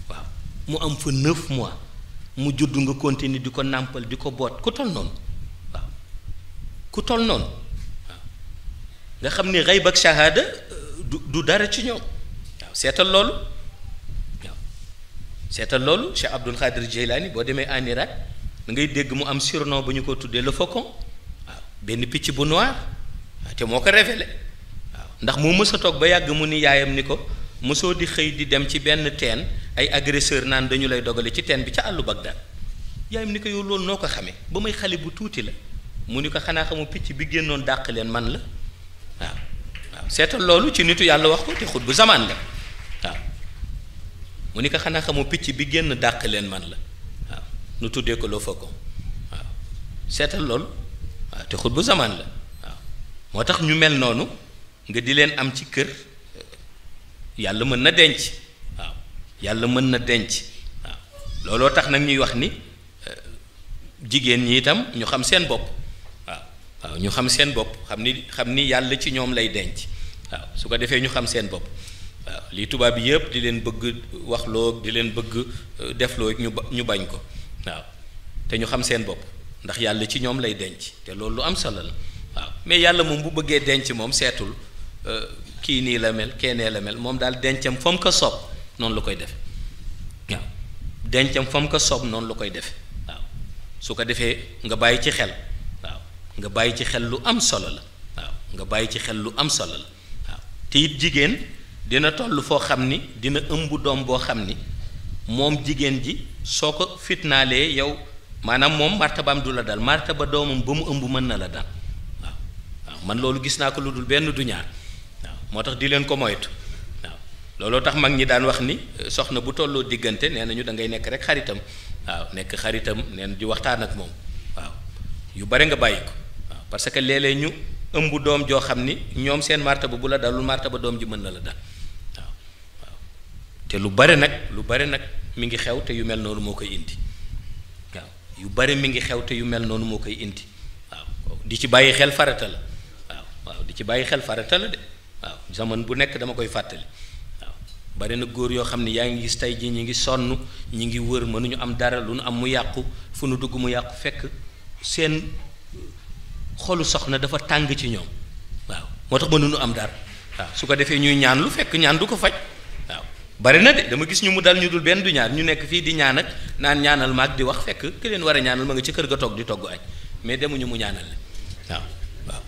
waaw mu am fa neuf mois mu judd nga continuer di ko nàmpal di ko boot ku toll noonu. ku toll noonu waaw nga xam ni xayb ak shahada du dara ci ñoom waaw seetal loolu waaw seetal loolu Cheikh Abdul Xaadir Jeylaani boo demee en Irak da ngay dégg mu am surnom bu ñu ko tuddee la faucon waaw benn picc bu noir waaw te moo ko révélé waaw ndax moo mës a toog ba yàgg mu ni yaayam ni ko mësoo di xëy di dem ci benn teen ay agresseur naan dañu lay dogale ci teen bi ca àllu Bagdad yaayam ni ko yow loolu noo ko xamee ba may xale bu tuuti la. mu ni ko xanaa xamu picc bi génnoon dàq leen man la waaw waaw seetal loolu ci nitu yàlla wax ko te xut bu zamaan la waaw mu ni ko xanaa xamu picc bi génn dàq leen man la nu tuddee ko loo fa ko waaw seetal loolu waaw te xut bu zamaan la waaw moo tax ñu mel noonu nga di leen am ci kër yàlla mën na denc waaw yàlla mën na denc waaw looloo tax nag ñuy wax ni euh, jigéen ñi itam ñu xam seen bopp waaw ñu xam seen bopp xam ni xam ni yàlla ci ñoom lay denc waaw su ko defee ñu xam seen bopp waaw lii tubaab yi yëpp di leen bëgg wax waxloo di leen bëgg euh, defloo ñu ñu bañ ko waaw te ñu xam seen bopp ndax yàlla ci ñoom lay denc te loolu lu am solo la waaw mais yàlla moom bu bëggee denc moom seetul euh, kii nii la mel keenee la mel moom daal dencam fa mu ko soob noonu la koy defee waaw dencam fa mu ko soob noonu la koy defee waaw su ko defee nga bàyyi ci xel. nga bàyyi ci xel lu am solo la waaw nga bàyyi ci xel lu am solo la waaw te it jigéen dina tollu foo xam ni dina ëmb doom boo xam ni moom jigéen ji soo ko fitnaalee yow maanaam moom martabaam du la dal martaba doomam ba mu ëmb mën na la dal waaw man loolu gis naa ko lu dul benn du ñaar waaw moo tax di leen ko moytu waaw looloo tax mag ñi daan wax ni eh, soxna bu tolloo diggante nee nañu da ngay nekk rek xaritam waaw nekk xaritam nee na di waxtaan ak moom waaw yu bare nga bàyyi ko. parce que léeg ñu ëmb doom joo xam ni ñoom seen martaba bu la dalul martaba doom ji mën na la dal waaw waaw te lu bari nag lu bari nag mi ngi xew te yu mel noonu moo koy indi waaw yu bare mi ngi xew yu mel noonu moo koy indi di ci bàyyi xel farata la waaw waaw di ci bàyyi xel farata la de waaw zaman bu nekk dama koy fàttali waaw bare na góor yoo xam ne yaa ngi gis tey jii ñi ngi sonn ñi ngi wër mënuñu am dara lu nu am mu yàqu fu nu dugg mu yàqu fekk seen xolu soxna dafa tàng ci ñoom waaw moo tax mënuñu am dara waaw su ko defee ñuy ñaan lu fekk ñaan du ko faj waaw bari na de dama gis ñu mu dal ñu dul benn du ñaar ñu nekk fii di ñaan ak naan ñaanal maag di wax fekk ki leen war a ñaanal ma nga ci kër ga toog di togg añ mais demuñu mu ñaanal la waaw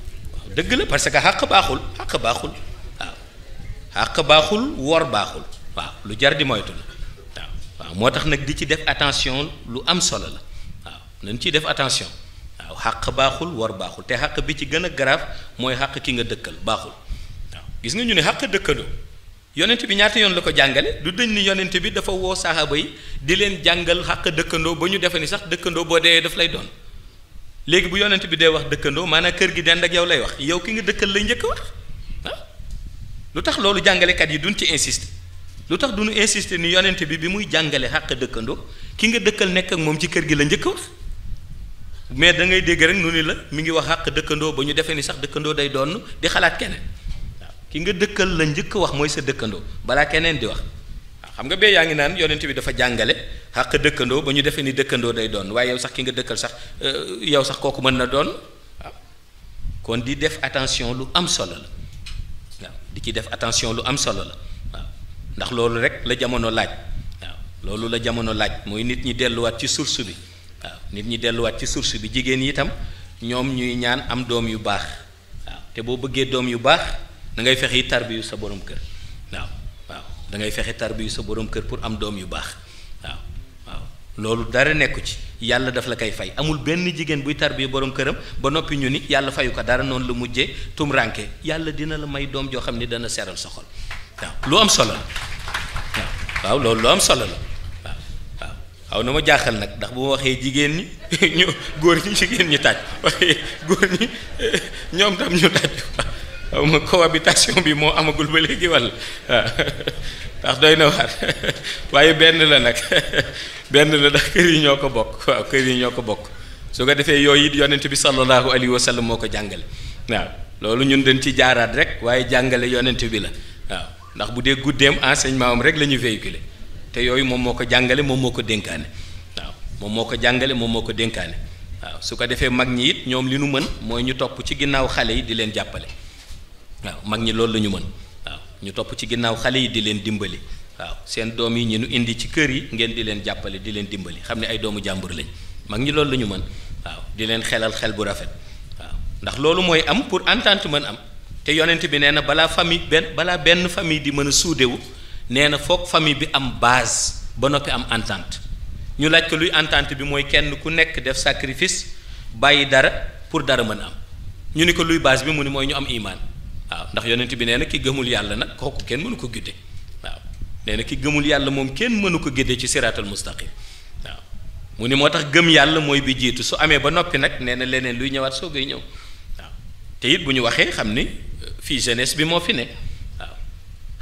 dëgg la parce que xàq baaxul xàq baaxul waaw xàq baaxul wor baaxul waaw lu jar di moytu la waaw moo tax nag di ci def attention lu am solo la waaw nañ ciy def attention waaw xàq baaxul war baaxul te xàq bi ci gën a grave mooy xàq ki nga dëkkal baaxul waaw gis nga ñu ne xàq dëkkandoo yonent bi ñaata yoon la ko jàngale du dañ ni yonent bi dafa woo saxaaba yi di leen jàngal xàq dëkkandoo ba ñu defe ni sax dëkkandoo boo deewee daf lay doon léegi bu yonent bi dee wax dëkkandoo maanaam kër gi dend ak yow lay wax yow ki nga dëkkal la njëkk wax lu tax loolu jàngalekat yi duñ ci insiste lu tax du duñu insiste ni yonent bi bi muy jàngale xàq dëkkandoo ki nga dëkkal nekk ak moom ci kër gi la njëkk wax mais da ngay dégg rek nu ni la mi ngi wax àq dëkkandoo ba ñu defee ni sax dëkkandoo day doon di xalaat keneen waaw ki nga dëkkal la njëkk wax mooy sa dëkkandoo balaa keneen di wax xam nga bee yaa ngi naan yonent bi dafa jàngale àq dëkkandoo ba ñu defee ni dëkkandoo day doon waaye yow sax ki nga dëkkal sax euh, yow sax kooku mën na doon kon di def attention lu am solo la waaw di ci def attention lu am solo la waaw ndax loolu rek la jamono laaj waaw loolu la jamono laaj mooy nit ñi delluwaat ci source bi. waaw nit ñi delluwaat ci source bi jigéen yi itam ñoom ñuy ñaan am doom yu baax waaw te boo bëggee doom yu baax dangay ngay fexe tarbiyu sa borom kër waaw da ngay fexe tarbiyu sa borom kër pour am doom yu baax waaw waaw loolu dara nekku ci yàlla daf la koy fay amul benn jigéen buy tarbiyu borom këram ba noppi ñu ni yàlla fayu ko dara noonu la mujje tumranke yàlla dina la may doom joo xam ni dana seral sa xol waaw lu am solo la waaw loolu lu am solo la. waaw na ma jaaxal nag ndax bu ma waxee jigéen ñi ñu góor ñi jigéen ñi tàcc waxee góor ñi ñoom tam ñu tàcc waaw ma cohabitation bi moo amagul ba léegi walla ndax doy na waar waaye benn la nag benn la ndax kër yi ñoo ko bokk waaw kër yi ñoo ko bokk su ko defee yooy it yonent bi sallallahu alayhi wa sallam moo ko jàngale waaw loolu ñun dañ ci jaaraat rek waaye jàngale yonent bi la waaw ndax bu dee guddeem enseignement am rek la ñu véhiculer te yooyu moom moo ko jàngale moom moo ko dénkaane waaw moom moo ko jàngale moom moo ko dénkaane waaw su ko defee mag ñi it ñoom li nu mën mooy ñu topp ci ginnaaw xale yi di leen jàppale waaw mag ñi loolu la ñu mën waaw ñu topp ci ginnaaw xale yi di leen dimbali waaw seen doom yi ñu nu indi ci kër yi ngeen di leen jàppale di leen dimbali xam ne ay doomu jàmbur lañ mag ñi loolu la mën waaw di leen xelal xel bu rafet waaw ndax loolu mooy am pour entente mën am te yonent bi nee na balaa famille benn balaa benn famille di mën a suudewu nee na foog famille bi am base ba noppi am entente ñu laaj ko luy entente bi mooy kenn ku nekk def sacrifice bàyyi dara pour dara mën am ñu ni ko luy base bi mu ni mooy ñu am imaan waaw ndax yonent bi nee na ki gëmul yàlla nag kooku kenn mënu ko gidde waaw nee na ki gëmul yàlla moom kenn mënu ko gidde ci siraatal mustaqim waaw mu ni moo tax gëm yàlla mooy bi jiitu su amee ba noppi nag nee na leneen luy ñëwaat soogay ñëw waaw te it bu ñu waxee xam ni euh, fii jeunesse bi moo fi ne.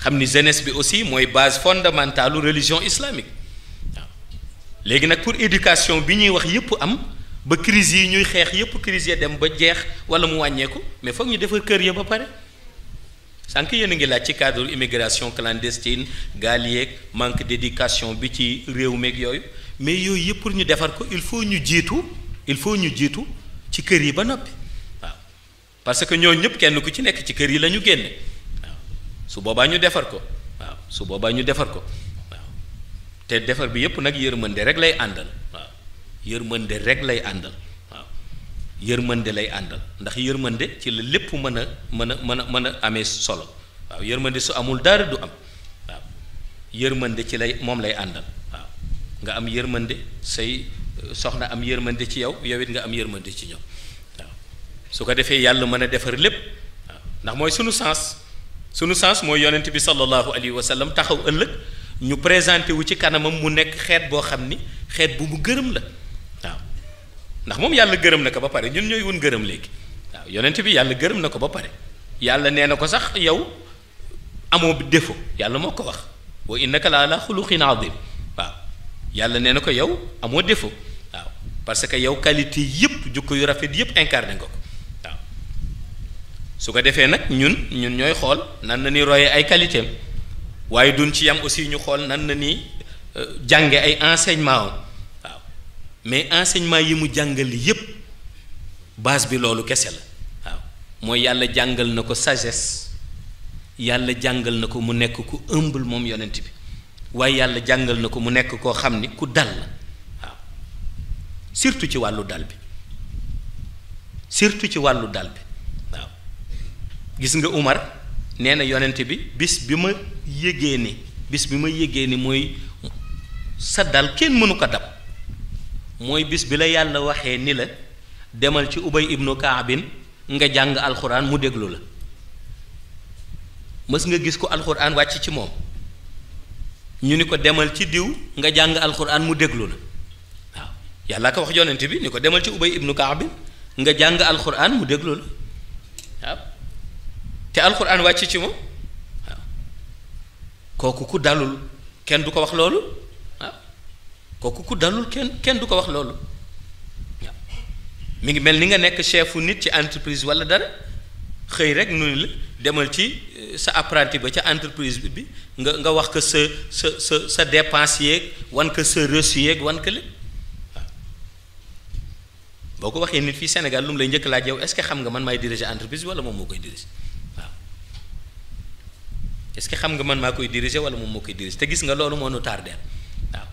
xam ni jeunesse bi aussi mooy base fondamentale religion islamique waaw léegi nag pour éducation bi ñuy wax yëpp am ba crise yi ñuy xeex yëpp crise ya dem ba jeex wala mu wàññeeku mais foog ñu defar kër yi ba pare sànq yéen a ngi laaj ci cadre immigration clandestine gaal yeeg manque d'éducation bi ci réew meeg yooyu mais yooyu yëpp pour ñu defar ko il faut ñu jiitu il faut ñu jiitu ci kër yi ba noppi waaw parce que ñoo ñëpp kenn ku ci nekk ci kër yi la ñu génne. su boobaa ñu defar ko waaw su boobaa ñu defar ko waaw te defar bi yépp nag yërmande rek lay àndal waaw yërmande rek lay àndal waaw yërmande lay àndal ndax yërmande ci la lépp mën a mën a mën a mën a amee solo waaw yërmande su amul dara du am waaw yërmande ci lay moom lay àndal waaw nga am yërmande say euh, soxna am yërmande ci yow yow it nga am yërmande ci ñoom waaw su ko defee yàlla mën a defar lépp waaw ndax mooy sunu sens. sunu sens mooy yonent bi sallallahu alayhi wa sallam taxaw ëllëg ñu présenté wu ci kanamam mu nekk xeet boo xam ni xeet bu mu gërëm la waaw ndax moom yàlla gërëm na ko ba pare ñun ñooy wun gërëm léegi waaw yonent bi yàlla gërëm na ko ba pare yàlla nee na ko sax yow amoo défaut yàlla moo ko wax wa laa la ala xuluqin adim waaw yàlla nee na ko yow amoo défaut waaw parce que yow qualité yëpp jukko yu rafet yëpp incarné nga ko su ko defee nag ñun ñun ñooy xool nan na ni royee ay qualité waaye duñ ci yam aussi ñu xool nan na ni euh, jànge ay ensegnement am waaw mais enseignement yi mu jàngal li yépp base bi loolu kese la waaw mooy yàlla jàngal na ko sagesse yàlla jàngal na ko mu nekk ku humble moom yonent bi waaye yàlla jàngal na ko mu nekk koo xam ni ku dal la waaw surtout ci wàllu dal bi surtout ci wàllu dal bi gis nga Umar nee na yonent bi bis bi ma yégee ni bis bi ma yégee ni mooy sa dal kenn mënu ko dab mooy bis bi la yàlla waxee ni la demal ci ubay ibnu kaabin nga jàng alxuraan mu déglu la mës nga gis ko alxuraan wàcc ci moom ñu ni ko demal ci diw nga jàng alxuraan mu déglu la waaw yàlla ko wax yonent bi ni ko demal ci ubay ibnu kaabin nga jàng alxuraan mu déglu la waaw te alxuraan wàcc ci moom kooku ku dalul kenn du ko wax loolu kooku ku dalul kenn kenn du ko wax loolu waaw ngi mel ni nga nekk chefu nit ci entreprise walla dara xëy rek nu la demal ci euh, sa apprenti ba ca entreprise bi nga nga wax ko sa sa sa sa dépense yeeg wan que sa reçu yeeg wan que lépp boo ko waxee nit fii Sénégal lu mu lay njëkk laaj yow est-ce xam nga man maay diriger entreprise walla moom moo koy diriger. est-ce que xam nga man maa koy diriger wala moom moo koy diriger te gis nga loolu moo nu tardé waaw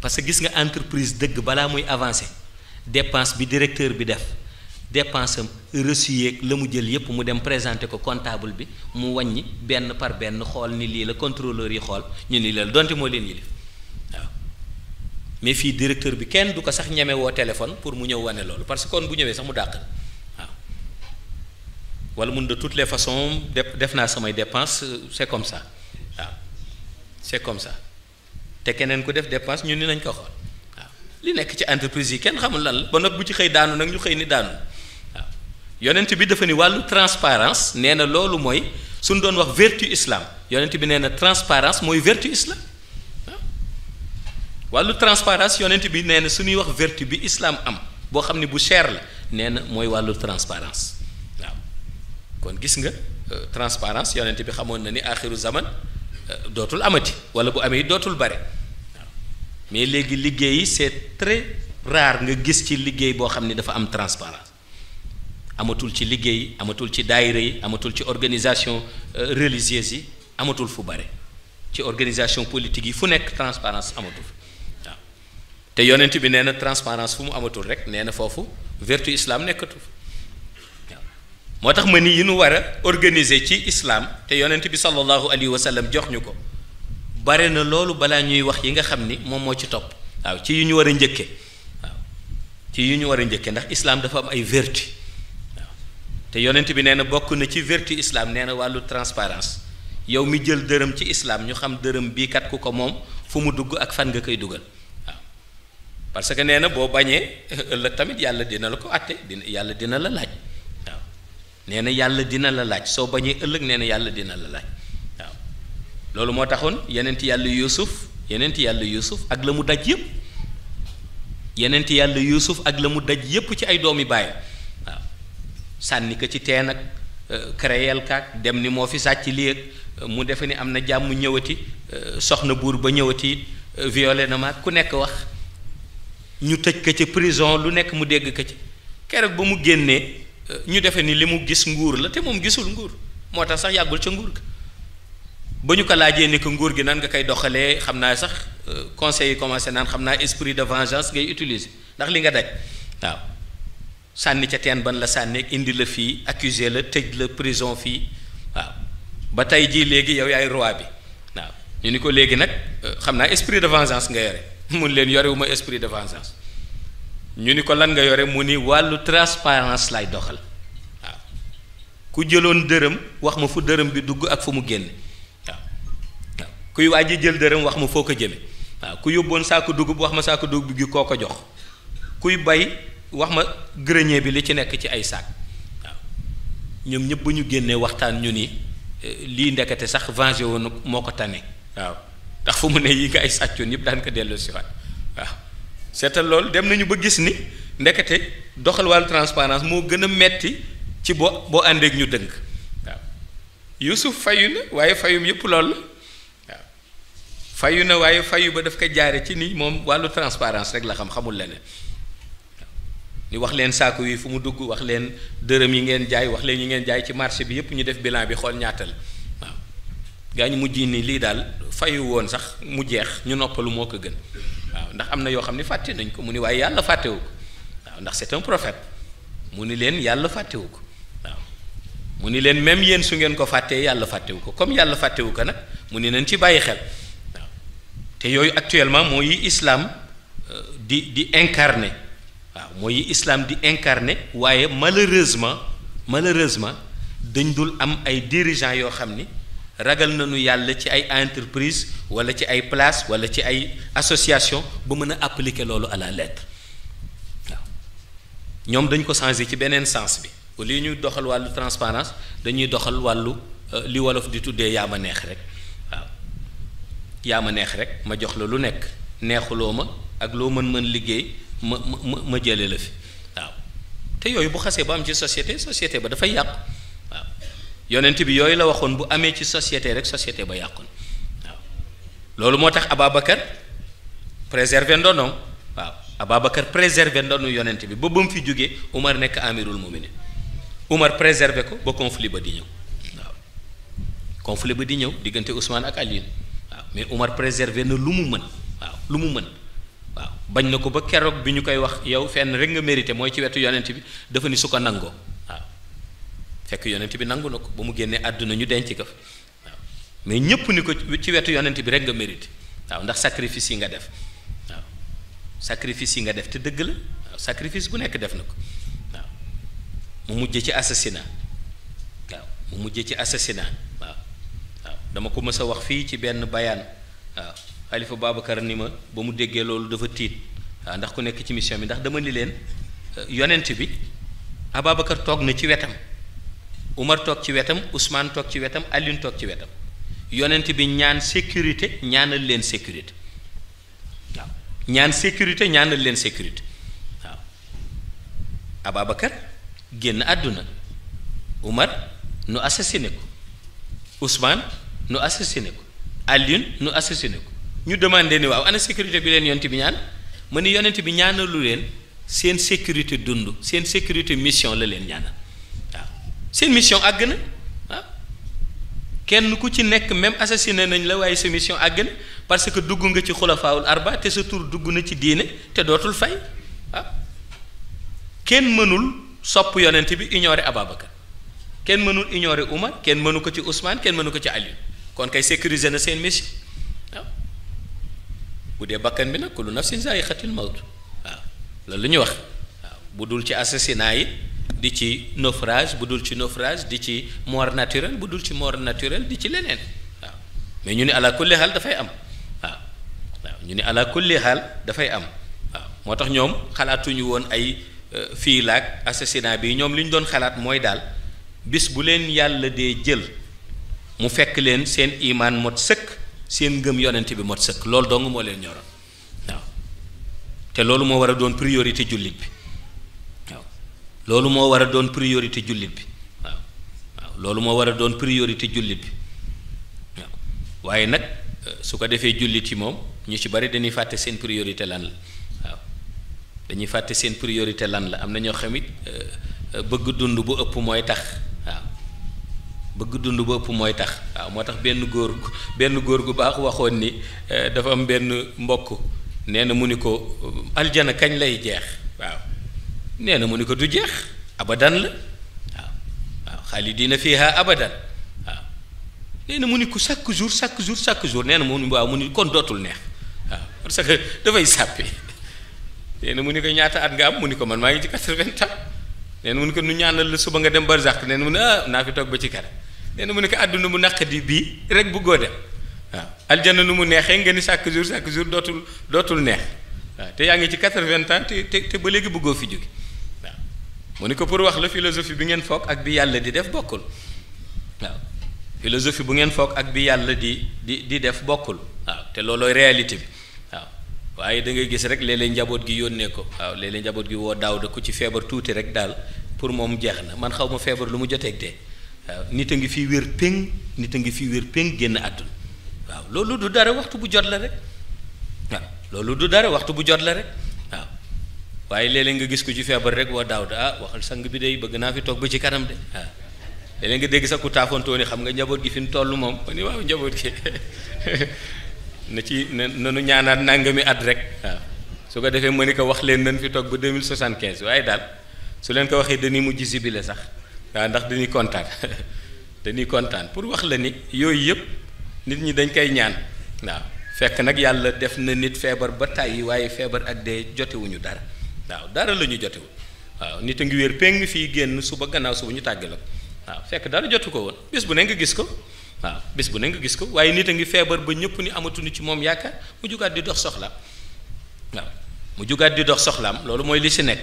parce que gis nga entreprise dëgg balaa muy avancer dépense bi directeur bi def dépense am reçu yeeg la mu jël yépp mu dem présenter ko comptable bi mu wàññi benn par benn xool ni lii la contrôleur yi xool ñu ni la donte moo leen yilif waaw mais fii directeur bi kenn du ko sax ñeme woo téléphone pour mu ñëw wane loolu parce que kon bu ñëwee sax mu dàqal. wala mun de toutes les façons def naa samay dépense c'est comme ça waaw c'est comme ça te keneen ku def dépense ñun ni nañ ko xool waaw li nekk ci entreprise yi kenn xamul lan la ba noppi bu ci xëy daanu nag ñu xëy ni daanu waaw yonent bi dafa ni wàllu transparence nee na loolu mooy suñ doon wax vertu islaam yonent bi nee na transparence mooy vertu islam wàllu transparence yonent bi nee na su ñuy wax vertu bi islaam am boo xam ne bu cher la nee na mooy wàllu transparence kon gis nga euh, transparence yonent bi xamoon na ni axiru zaman euh, dootul amati wala bu amee dootul bare waaw mais léegi liggéey yi c'est très rare nga gis ci liggéey boo xam ni dafa am transparence amatul ci liggéey amatul ci daayira yi amatul ci organisation euh, religieuse yi amatul fu bare ci organisation politique yi fu nekk transparence amatul waaw te yonent bi nee na transparence fu mu amatul rek nee na foofu vertu islam nekkatu moo tax ma ni yi nu war a organiser ci islaam te yonent bi sallallahu alayhi wa jox ñu ko bare na loolu balaa ñuy wax yi nga xam ni moom moo ci topp waaw ci yu ñu war a njëkke waaw ci yu ñu war a njëkke ndax islaam dafa am ay vertu waaw te yonent bi nee na bokk na ci vertu islaam nee na wàllu transparence yow mi jël dërëm ci islaam ñu xam dërëm bii kat ku ko moom fu mu dugg ak fan nga koy dugal waaw parce que nee na boo bañee ëllëg tamit yàlla dina la ko àtte dina yàlla dina la laaj neena yàlla dina la laaj soo bañee ëllëg nee na yàlla dina la laaj waaw loolu moo taxoon yeneenti yàlla yuusuf yeneenti yàlla yuusuf ak la mu daj yëpp yeneenti yàlla yuusuf ak la mu daj yépp ci ay doomi baayam waaw sànni ko ci teen ak euh, créel kaak dem ni moo fi sàcc lii ak euh, mu defe ni am na jàmm ñëwati euh, soxna buur ba ñëwati violé na ma ku nekk wax ñu tëj ko ci prison lu nekk mu dégg ko ci keroog ba mu génnee ñu defee ni li mu gis nguur la te moom gisul nguur moo tax sax yàggul ca nguur ga ba ñu ko laajee ni ko nguur gi nan nga koy doxalee xam naa sax euh, conseil yi commencé naan xam naa esprit de vengeance ngay utiliser ndax li nga daj waaw sànni ca teen ban la sànni indi la fii accusé la tëj la prison fii waaw ba tey jii léegi yow yaay roi bi waaw ñu ni ko léegi nag euh, xam naa esprit de vengeance nga yore mun leen yorewuma esprit de vengeance ñu ni ko lan nga yore mu ni wàllu transparence lay doxal waaw ku jëloon dërëm wax ma fu dërëm bi dugg ak fu mu génn waaw waaw kuy waaj jël dërëm wax ma foo ko jëme waaw ku yóbboon saako dugub wax ma saako dugub gi koo ko jox kuy bay wax ma grenier bi li ci nekk ci ay saak waaw ñoom ñëpp bu ñu génnee waxtaan ñu ni eh, lii ndekete sax vengé woon moo ko tane waaw ndax fu mu ne yi nga ay sàccoon yëpp daan ko delloosi si waat waaw seetal lool dem nañu ba gis ni ndekete doxal wàllu transparence moo gën a metti ci bo boo àndeek ñu dënk waaw Yuusuf fayu na waaye fayum yëpp lool na waaye fayu ba daf ko jaare ci ni moom wàllu transparence rek la xam xamul leneen ni wax leen saako yi fu mu dugg wax leen dërëm yi ngeen jaay wax leen yi ngeen jaay ci marché bi yëpp ñu def bilan bi xool ñaatal waaw gaa ñu mujj ni lii daal fayu woon sax mu jeex ñu noppalu moo ko gën waaw ndax am na yoo xam ne fàtte nañ ko mu ni waaye yàlla fàttewu ko waaw ndax c'est un prophète mu ni leen yàlla fàttewu ko waaw mu ni leen même yéen su ngeen ko fàttee yàlla fàttewu ko comme yàlla fàttewu ko nag mu ni leen ci bàyyi xel waaw te yooyu actuellement mooy islam euh, di di incarné waaw mooy islam di incarné waaye malheureusement malheureusement dañ dul am ay dirigeants yoo xam ni. ragal nañu yàlla ci ay entreprise wala ci ay place wala ci ay association ba mën a appliquer loolu àlla la lettre waaw ñoom dañ ko changer ci beneen sens bi au lieu ñuy doxal wàllu transparence dañuy doxal wàllu euh, li wolof di tuddee yaa ma neex rek waaw yaa ma neex rek ma jox la lu nekk neexuloo ma ak loo mën mën liggéey ma ma ma jëlee la fi waaw te yooyu bu xasee ba am ci société société ba dafay yàqu. yonent bi yooyu la waxoon bu amee ci société rek société ba yàqoon waaw loolu moo tax Ababacar préserver ndono waaw Ababacar préserver ndonu yonent bi ba ba mu fi jógee Umar nekk amirul muminin Umar préservé ko ba conflit ba di ñëw waaw conflit ba di ñëw diggante Ousmane ak Aliou waaw mais Umar préserver na lu mu mën waaw lu mu mën waaw bañ na ko ba keroog bi ñu koy wax yow fenn rek nga mérité mooy ci wetu yonent bi dafa ni su ko nangoo. fekk yonent bi nangu na ko ba mu génnee àdduna ñu denc ko waaw mais ñëpp ni ko ci wetu yonent bi rek nga mérite waaw ndax sacrifice yi nga def waaw sacrifice yi nga def te dëgg la waaw sacrifice bu nekk def na ko waaw mu mujj ci assassinat waaw mu mujj ci assassinat waaw waaw dama ko mës a wax fii ci benn bayaan waaw xalifa Babacar ni ma ba mu déggee loolu dafa tiit waaw ndax ku nekk ci mission bi ndax dama ni leen euh, yonent bi Ababacar toog na ci wetam. Umar toog ci wetam Ousmane toog ci wetam Alioune toog ci wetam yonent bi ñaan sécurité ñaanal leen sécurité waaw ñaan sécurité ñaanal leen sécurité waaw Ababacar génn àdduna Umar nu assassiné ko Ousmane nu assassiné ko Alioune nu assassiné ko ñu demandé ni waaw ana sécurité bi leen yonent bi ñaan ma ni yonent bi ñaanalu leen seen sécurité dund seen sécurité mission la leen ñaanal seen mission àgg na kenn ku ci nekk même assassiné nañ la waaye sa mission àgg na parce que dugg nga ci xulafaawul arba te sa tur dugg na ci diine te dootul fay waaw kenn mënul sopp yonent bi ignorer Ababacar kenn mënul ignorer Umar kenn mënu ko ci Ousmane kenn mënu ko ci Aliou kon kay sécuriser na seen mission waaw bu dee bakkan bi nag kullu nafsin zaa'iqatul mawt waaw loolu lu ñu wax waaw bu dul ci assassinat yi di ci naufrage bu dul ci naufrage di ci mort naturelle bu dul ci moor naturel di ci leneen waaw mais ñu ni ala kulli dafay am waaw waaw ñu ni ala kulli dafay am waaw moo tax ñoom xalaatuñu woon ay euh, fii laag assassinat bi ñoom li ñu doon xalaat mooy daal bis bu leen yàlla dee jël mu fekk leen seen imaan mot sëkk seen ngëm yonent bi mot sëkk loolu dong moo leen ñoroon waaw te loolu moo war a doon priorité jullit bi. loolu moo war a doon priorité jullit bi waaw waaw loolu moo war a doon priorité jullit bi waaw waaye nag euh, su ko defee jullit yi moom ñu ci bari dañuy fàtte seen priorité lan la dañuy fàtte seen priorité lan la am na ñoo xamit euh, euh, bëgg dund bu ëpp mooy tax waaw bëgg dund bu ëpp mooy tax waaw moo tax benn góor benn góor gu baax waxoon ni dafa am benn mbokk nee na mu ni ko aljana kañ lay jeex waaw nee na mu ni ko du jeex abadan la waaw waaw fii fiha abadan waaw nee na mu ni ko chaque jour chaque jour chaque jour nee na mu ni waaw mu ni kon dootul neex waaw parce que dafay sàppi nee na mu ni ko ñaata at nga am mu ni ko man maa ngi ci quatre-vingts ans nee na mu ni ko nu ñaanal la suba nga dem barzak nee na mu ne ah naa fi toog ba ci kanam nee mu ni ko àdduna mu naqadi bii rek bëggoo dem waaw aljana nu mu neexee nga ni chaque jour chaque jour dootul dootul neex waaw te yaa ngi ci quatre-vingts ans te te ba léegi bëggoo fi jóge mu ni ko pour wax la philosophie bi ngeen foog ak bi yàlla di def bokkul waaw philosophie bu ngeen foog ak bi yàlla di di di def bokkul waaw te loolooy réalité bi waaye da ngay gis rek léeg njaboot gi yónnee ko waaw njaboot gi woo daaw da ku ci feebar tuuti rek daal pour moom jeex na man xaw ma feebar lu mu joteeg dee nit a ngi fii wér péng nit a ngi fii wér péng génn àdduna waaw loolu du dara waxtu bu jot la rek waaw loolu du dara waxtu bu jot la rek waaye léeg-léeg nga gis ko ci feebar rek waa daaw ah waxal sang bi day bëgg naa fi toog ba ci kanam de ah léeg-léeg nga dégg sax ku taafantoo ni xam nga njaboot gi fi mu tollu moom ma ni waaw njaboot gi na ci na nu ñaanaat nangami at rek waaw ah. su ko defee ma ni ko wax leen nañ fi toog ba deux mille soixante quinze waaye daal su leen ko waxee dañuy mujj si bile sax waaw ndax dañuy kontaan dañuy kontaan pour wax la ni yooyu yëpp nit ñi dañ koy ñaan waaw fekk nag yàlla def na nit feebar ba tàyyi waaye feebar ak dee jotewuñu dara. waaw dara la ñu jotewul waaw nit a ngi wér péng fii génn suba gannaaw suba ñu tàgg la ko waaw fekk dara jotu ko woon bis bu ne nga gis ko waaw bis bu ne nga gis ko waaye nit a ngi feebar ba ñëpp ni amatuñu ci moom yaakaar mu jugaat di dox soxlaam waaw mu jugaat di dox soxlaam loolu mooy li si nekk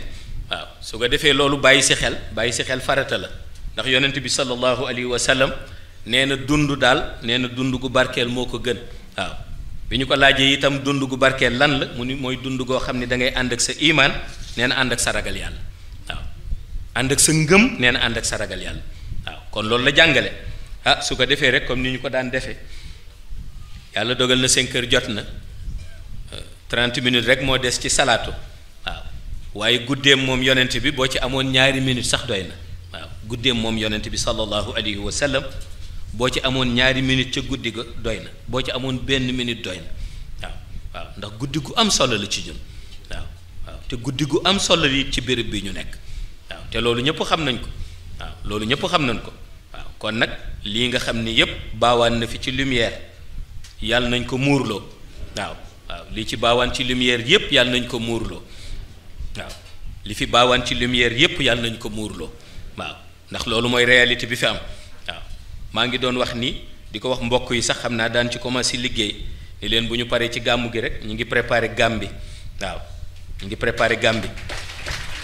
waaw su ko defee loolu bàyyi si xel bàyyi si xel farata la ndax yonent bi sallallahu alayhi wa sallam nee na dund daal nee na dund gu barkeel moo ko gën bi ñu ko laajee itam dund gu barkeel lan la mu ni mooy dund goo xam ne da ngay ànd ak sa imaan nee na ànd ak sa ragal yàlla waaw ànd ak sa ngëm nee na ànd ak sa ragal yàlla waaw kon loolu la jàngale ah su ko defee rek comme ni ñu ko daan defe yàlla dogal na seen kër jot na euh, trent minutes rek moo des ci salaatu waaw waaye guddeem moom yonent bi boo ci amoon ñaari minutes sax doy na waaw guddeem moom yonent bi sallallahu alayhi wa sallam boo ci amoon ñaari minute ca guddi ga doy na boo ci amoon benn minit doy na waaw waaw ndax guddi gu am solo la ci ñun waaw te guddi gu am solo la ci béréb bi ñu nekk waaw te loolu ñëpp xam nañ ko waaw loolu ñëpp xam nañ ko waaw kon nag lii nga xam ni yëpp baawaan na fi ci lumière yàlla nañ ko muurloo waaw waaw li ci baawaan ci lumière yëpp yàlla nañ ko muurloo waaw li fi baawaan ci lumière yëpp yàlla nañ ko muurloo waaw ndax loolu mooy réalité bi fi am. maa ngi doon wax ni di ko wax mbokk yi sax xam naa daan ci commencé liggéey ni leen bu ñu paree ci gàmm gi rek ñu ngi préparé gàmm bi waaw ñu ngi préparé gàmm bi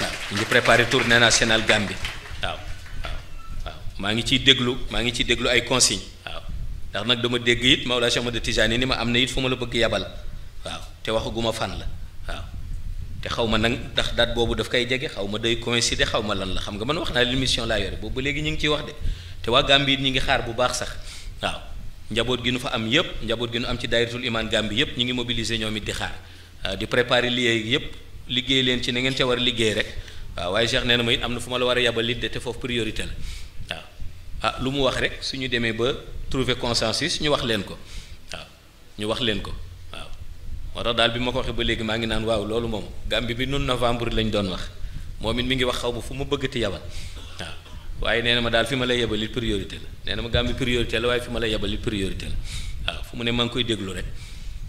waaw ñu ngi préparé tournée nationale gàmm bi waaw maa ngi ciy déglu maa ngi ciy déglu ay consigne waaw ndax nag dama dégg it la Cheikh Ahmad Tijaani ni ma am na it fu ma la bëgg yabal waaw te ma fan la waaw te xaw ma nag ndax date boobu daf koy jege xaw ma day coïncider xaw ma lan la xam nga man wax naa leen mission boobu ba léegi ñu ngi ciy wax de. te waa Gambie ñi ngi xaar bu baax sax waaw njaboot gi nu fa am yëpp njaboot gi nu am ci daayiratul imaan Gambie yëpp ñu ngi mobiliser ñoom di xaar di préparer liggéey yëpp liggéey leen ci na ngeen ca war a liggéey rek waaw waaye Cheikh nee na ma am na fu ma la war a yabal it de te foofu priorité la waaw a ah, lu mu wax rek suñu demee ba trouver consensus suñu wax leen ko waaw ñu wax leen ko waaw moo tax daal bi ma ko waxee ba léegi maa ngi naan waaw loolu moom Gambie bi noonu novembre lañ doon wax moom it mi ngi wax xaw ma fu ma bëggati yabal waaye nee na ma daal fi ma lay yebali priorité la nee na ma Gàmbi priorité la waaye fi ma lay yebali priorité la waaw fu mu ne maa ngi koy déglu rek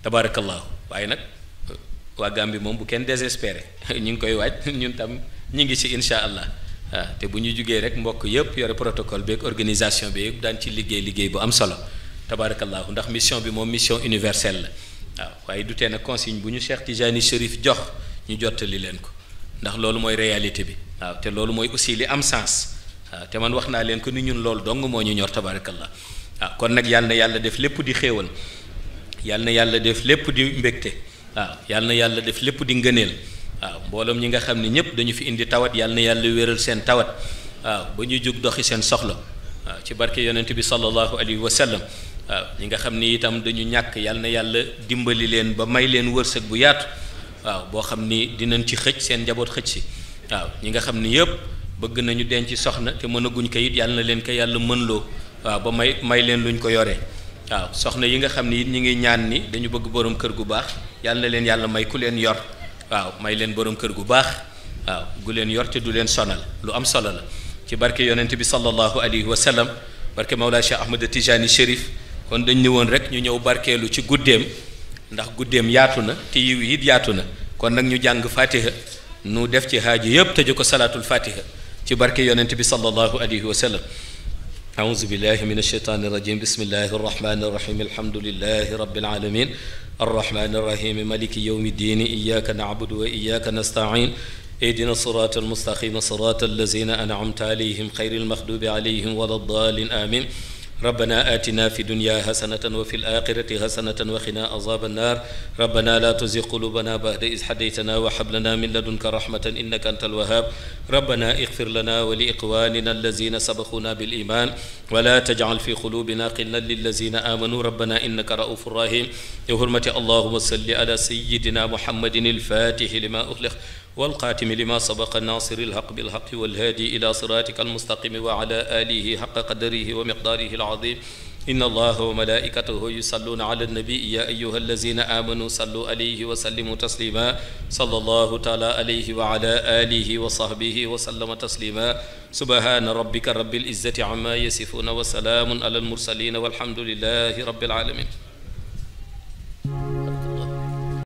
tabaarakallaahu waaye nag euh, waa Gàmbi moom bu kenn désespéré ñu ngi koy waaj ñun tam ñu ngi ci incha allah waaw te bu ñu jugee rek mbokk yëpp yore protocole beeg organisation bi yëpp daan ci liggéey liggéey bu am solo tabaarakallaahu ndax mission bi moom mission universelle la waaw waaye du tee nag consigne bu ñu Cheikh Tijani Chérif jox ñu jottali leen ko ndax loolu mooy réalité bi waaw te loolu mooy aussi li am sens. waaw ah, te man wax naa leen ko ni ñun loolu dong moo ñu ñor tabarakallah ah kon nag yàlla na yàlla def lépp di xéewal yàlla na yàlla def lépp di mbégte waaw yàlla na yàlla def lépp di ngëneel waaw mbooloom ñi nga xam ne ñëpp dañu fi indi tawat yàlla na yàlla wéral seen tawat waaw ba ñu jóg doxi seen soxla waaw ci barke yonent bi sallallahu alayhi wa sallam waaw ñi nga xam ni itam dañu ñàkk yàlla na yàlla dimbali leen ba may leen wërsëg bu yaatu waaw boo xam ni dinañ ci xëcc seen njaboot xëcc si waaw ñi bëgg nañu denc soxna te mënaguñ ko it yàlla na leen ko yàlla mën loo waaw ba may may leen luñ ko yore waaw soxna yi nga xam ni it ñu ngi ñaan ni dañu bëgg borom kër gu baax yàlla na leen yàlla may ku leen yor waaw may leen borom kër gu baax waaw gu leen yor te du leen sonal lu am solo la ci barke yonent bi sallallahu alayhi wa sallam barke Mawlaa Cheikh Ahmad Tijani Chérif kon dañ ne woon rek ñu ñëw barkeelu ci guddeem ndax guddeem yaatu na te yiw it yaatu na kon nag ñu jàng fatiha nu def ci haaji yëpp tëju ko salaatul fatiha ci barke yonent bi sallallahu alayhi wa sallam أعوذ بالله من الشيطان الرجيم بسم الله الرحمن الرحيم الحمد لله رب العالمين الرحمن الرحيم مالك يوم الدين إياك نعبد وإياك نستعين اهدنا الصراط المستقيم صراط الذين أنعمت عليهم خير المخدوب عليهم ولا الضالين آمين rabbana aatina fi dunya xasanatan wa fi laaxirati xasanatan wa xina azaaba annaar rabbana laa tuzi qulubana baxda is xadaytana wa hab lana min ladunka rahmatan innaka anta alwahaab rabbana ixfir lana wa li ixwanina allazina sabaxuna bil iman wala tajcal fi qulubina xillan lillazina amanu rabbana innaka raufu rahim bi hurmati allahuma salli ala sayidina muhammadin alfatixi lima uxliq والقاتم لما سبق ناصر الحق بالحق والهادي إلى صراطك المستقيم وعلى آله حق قدره ومقداره العظيم إن الله وملائكته يصلون على النبي يا أيها الذين آمنوا صلوا عليه وسلموا تسليما صلى الله تعالى عليه وعلى آله وصحبه وسلم تسليما سبحان ربك رب العزة عما يصفون وسلام على المرسلين والحمد لله رب العالمين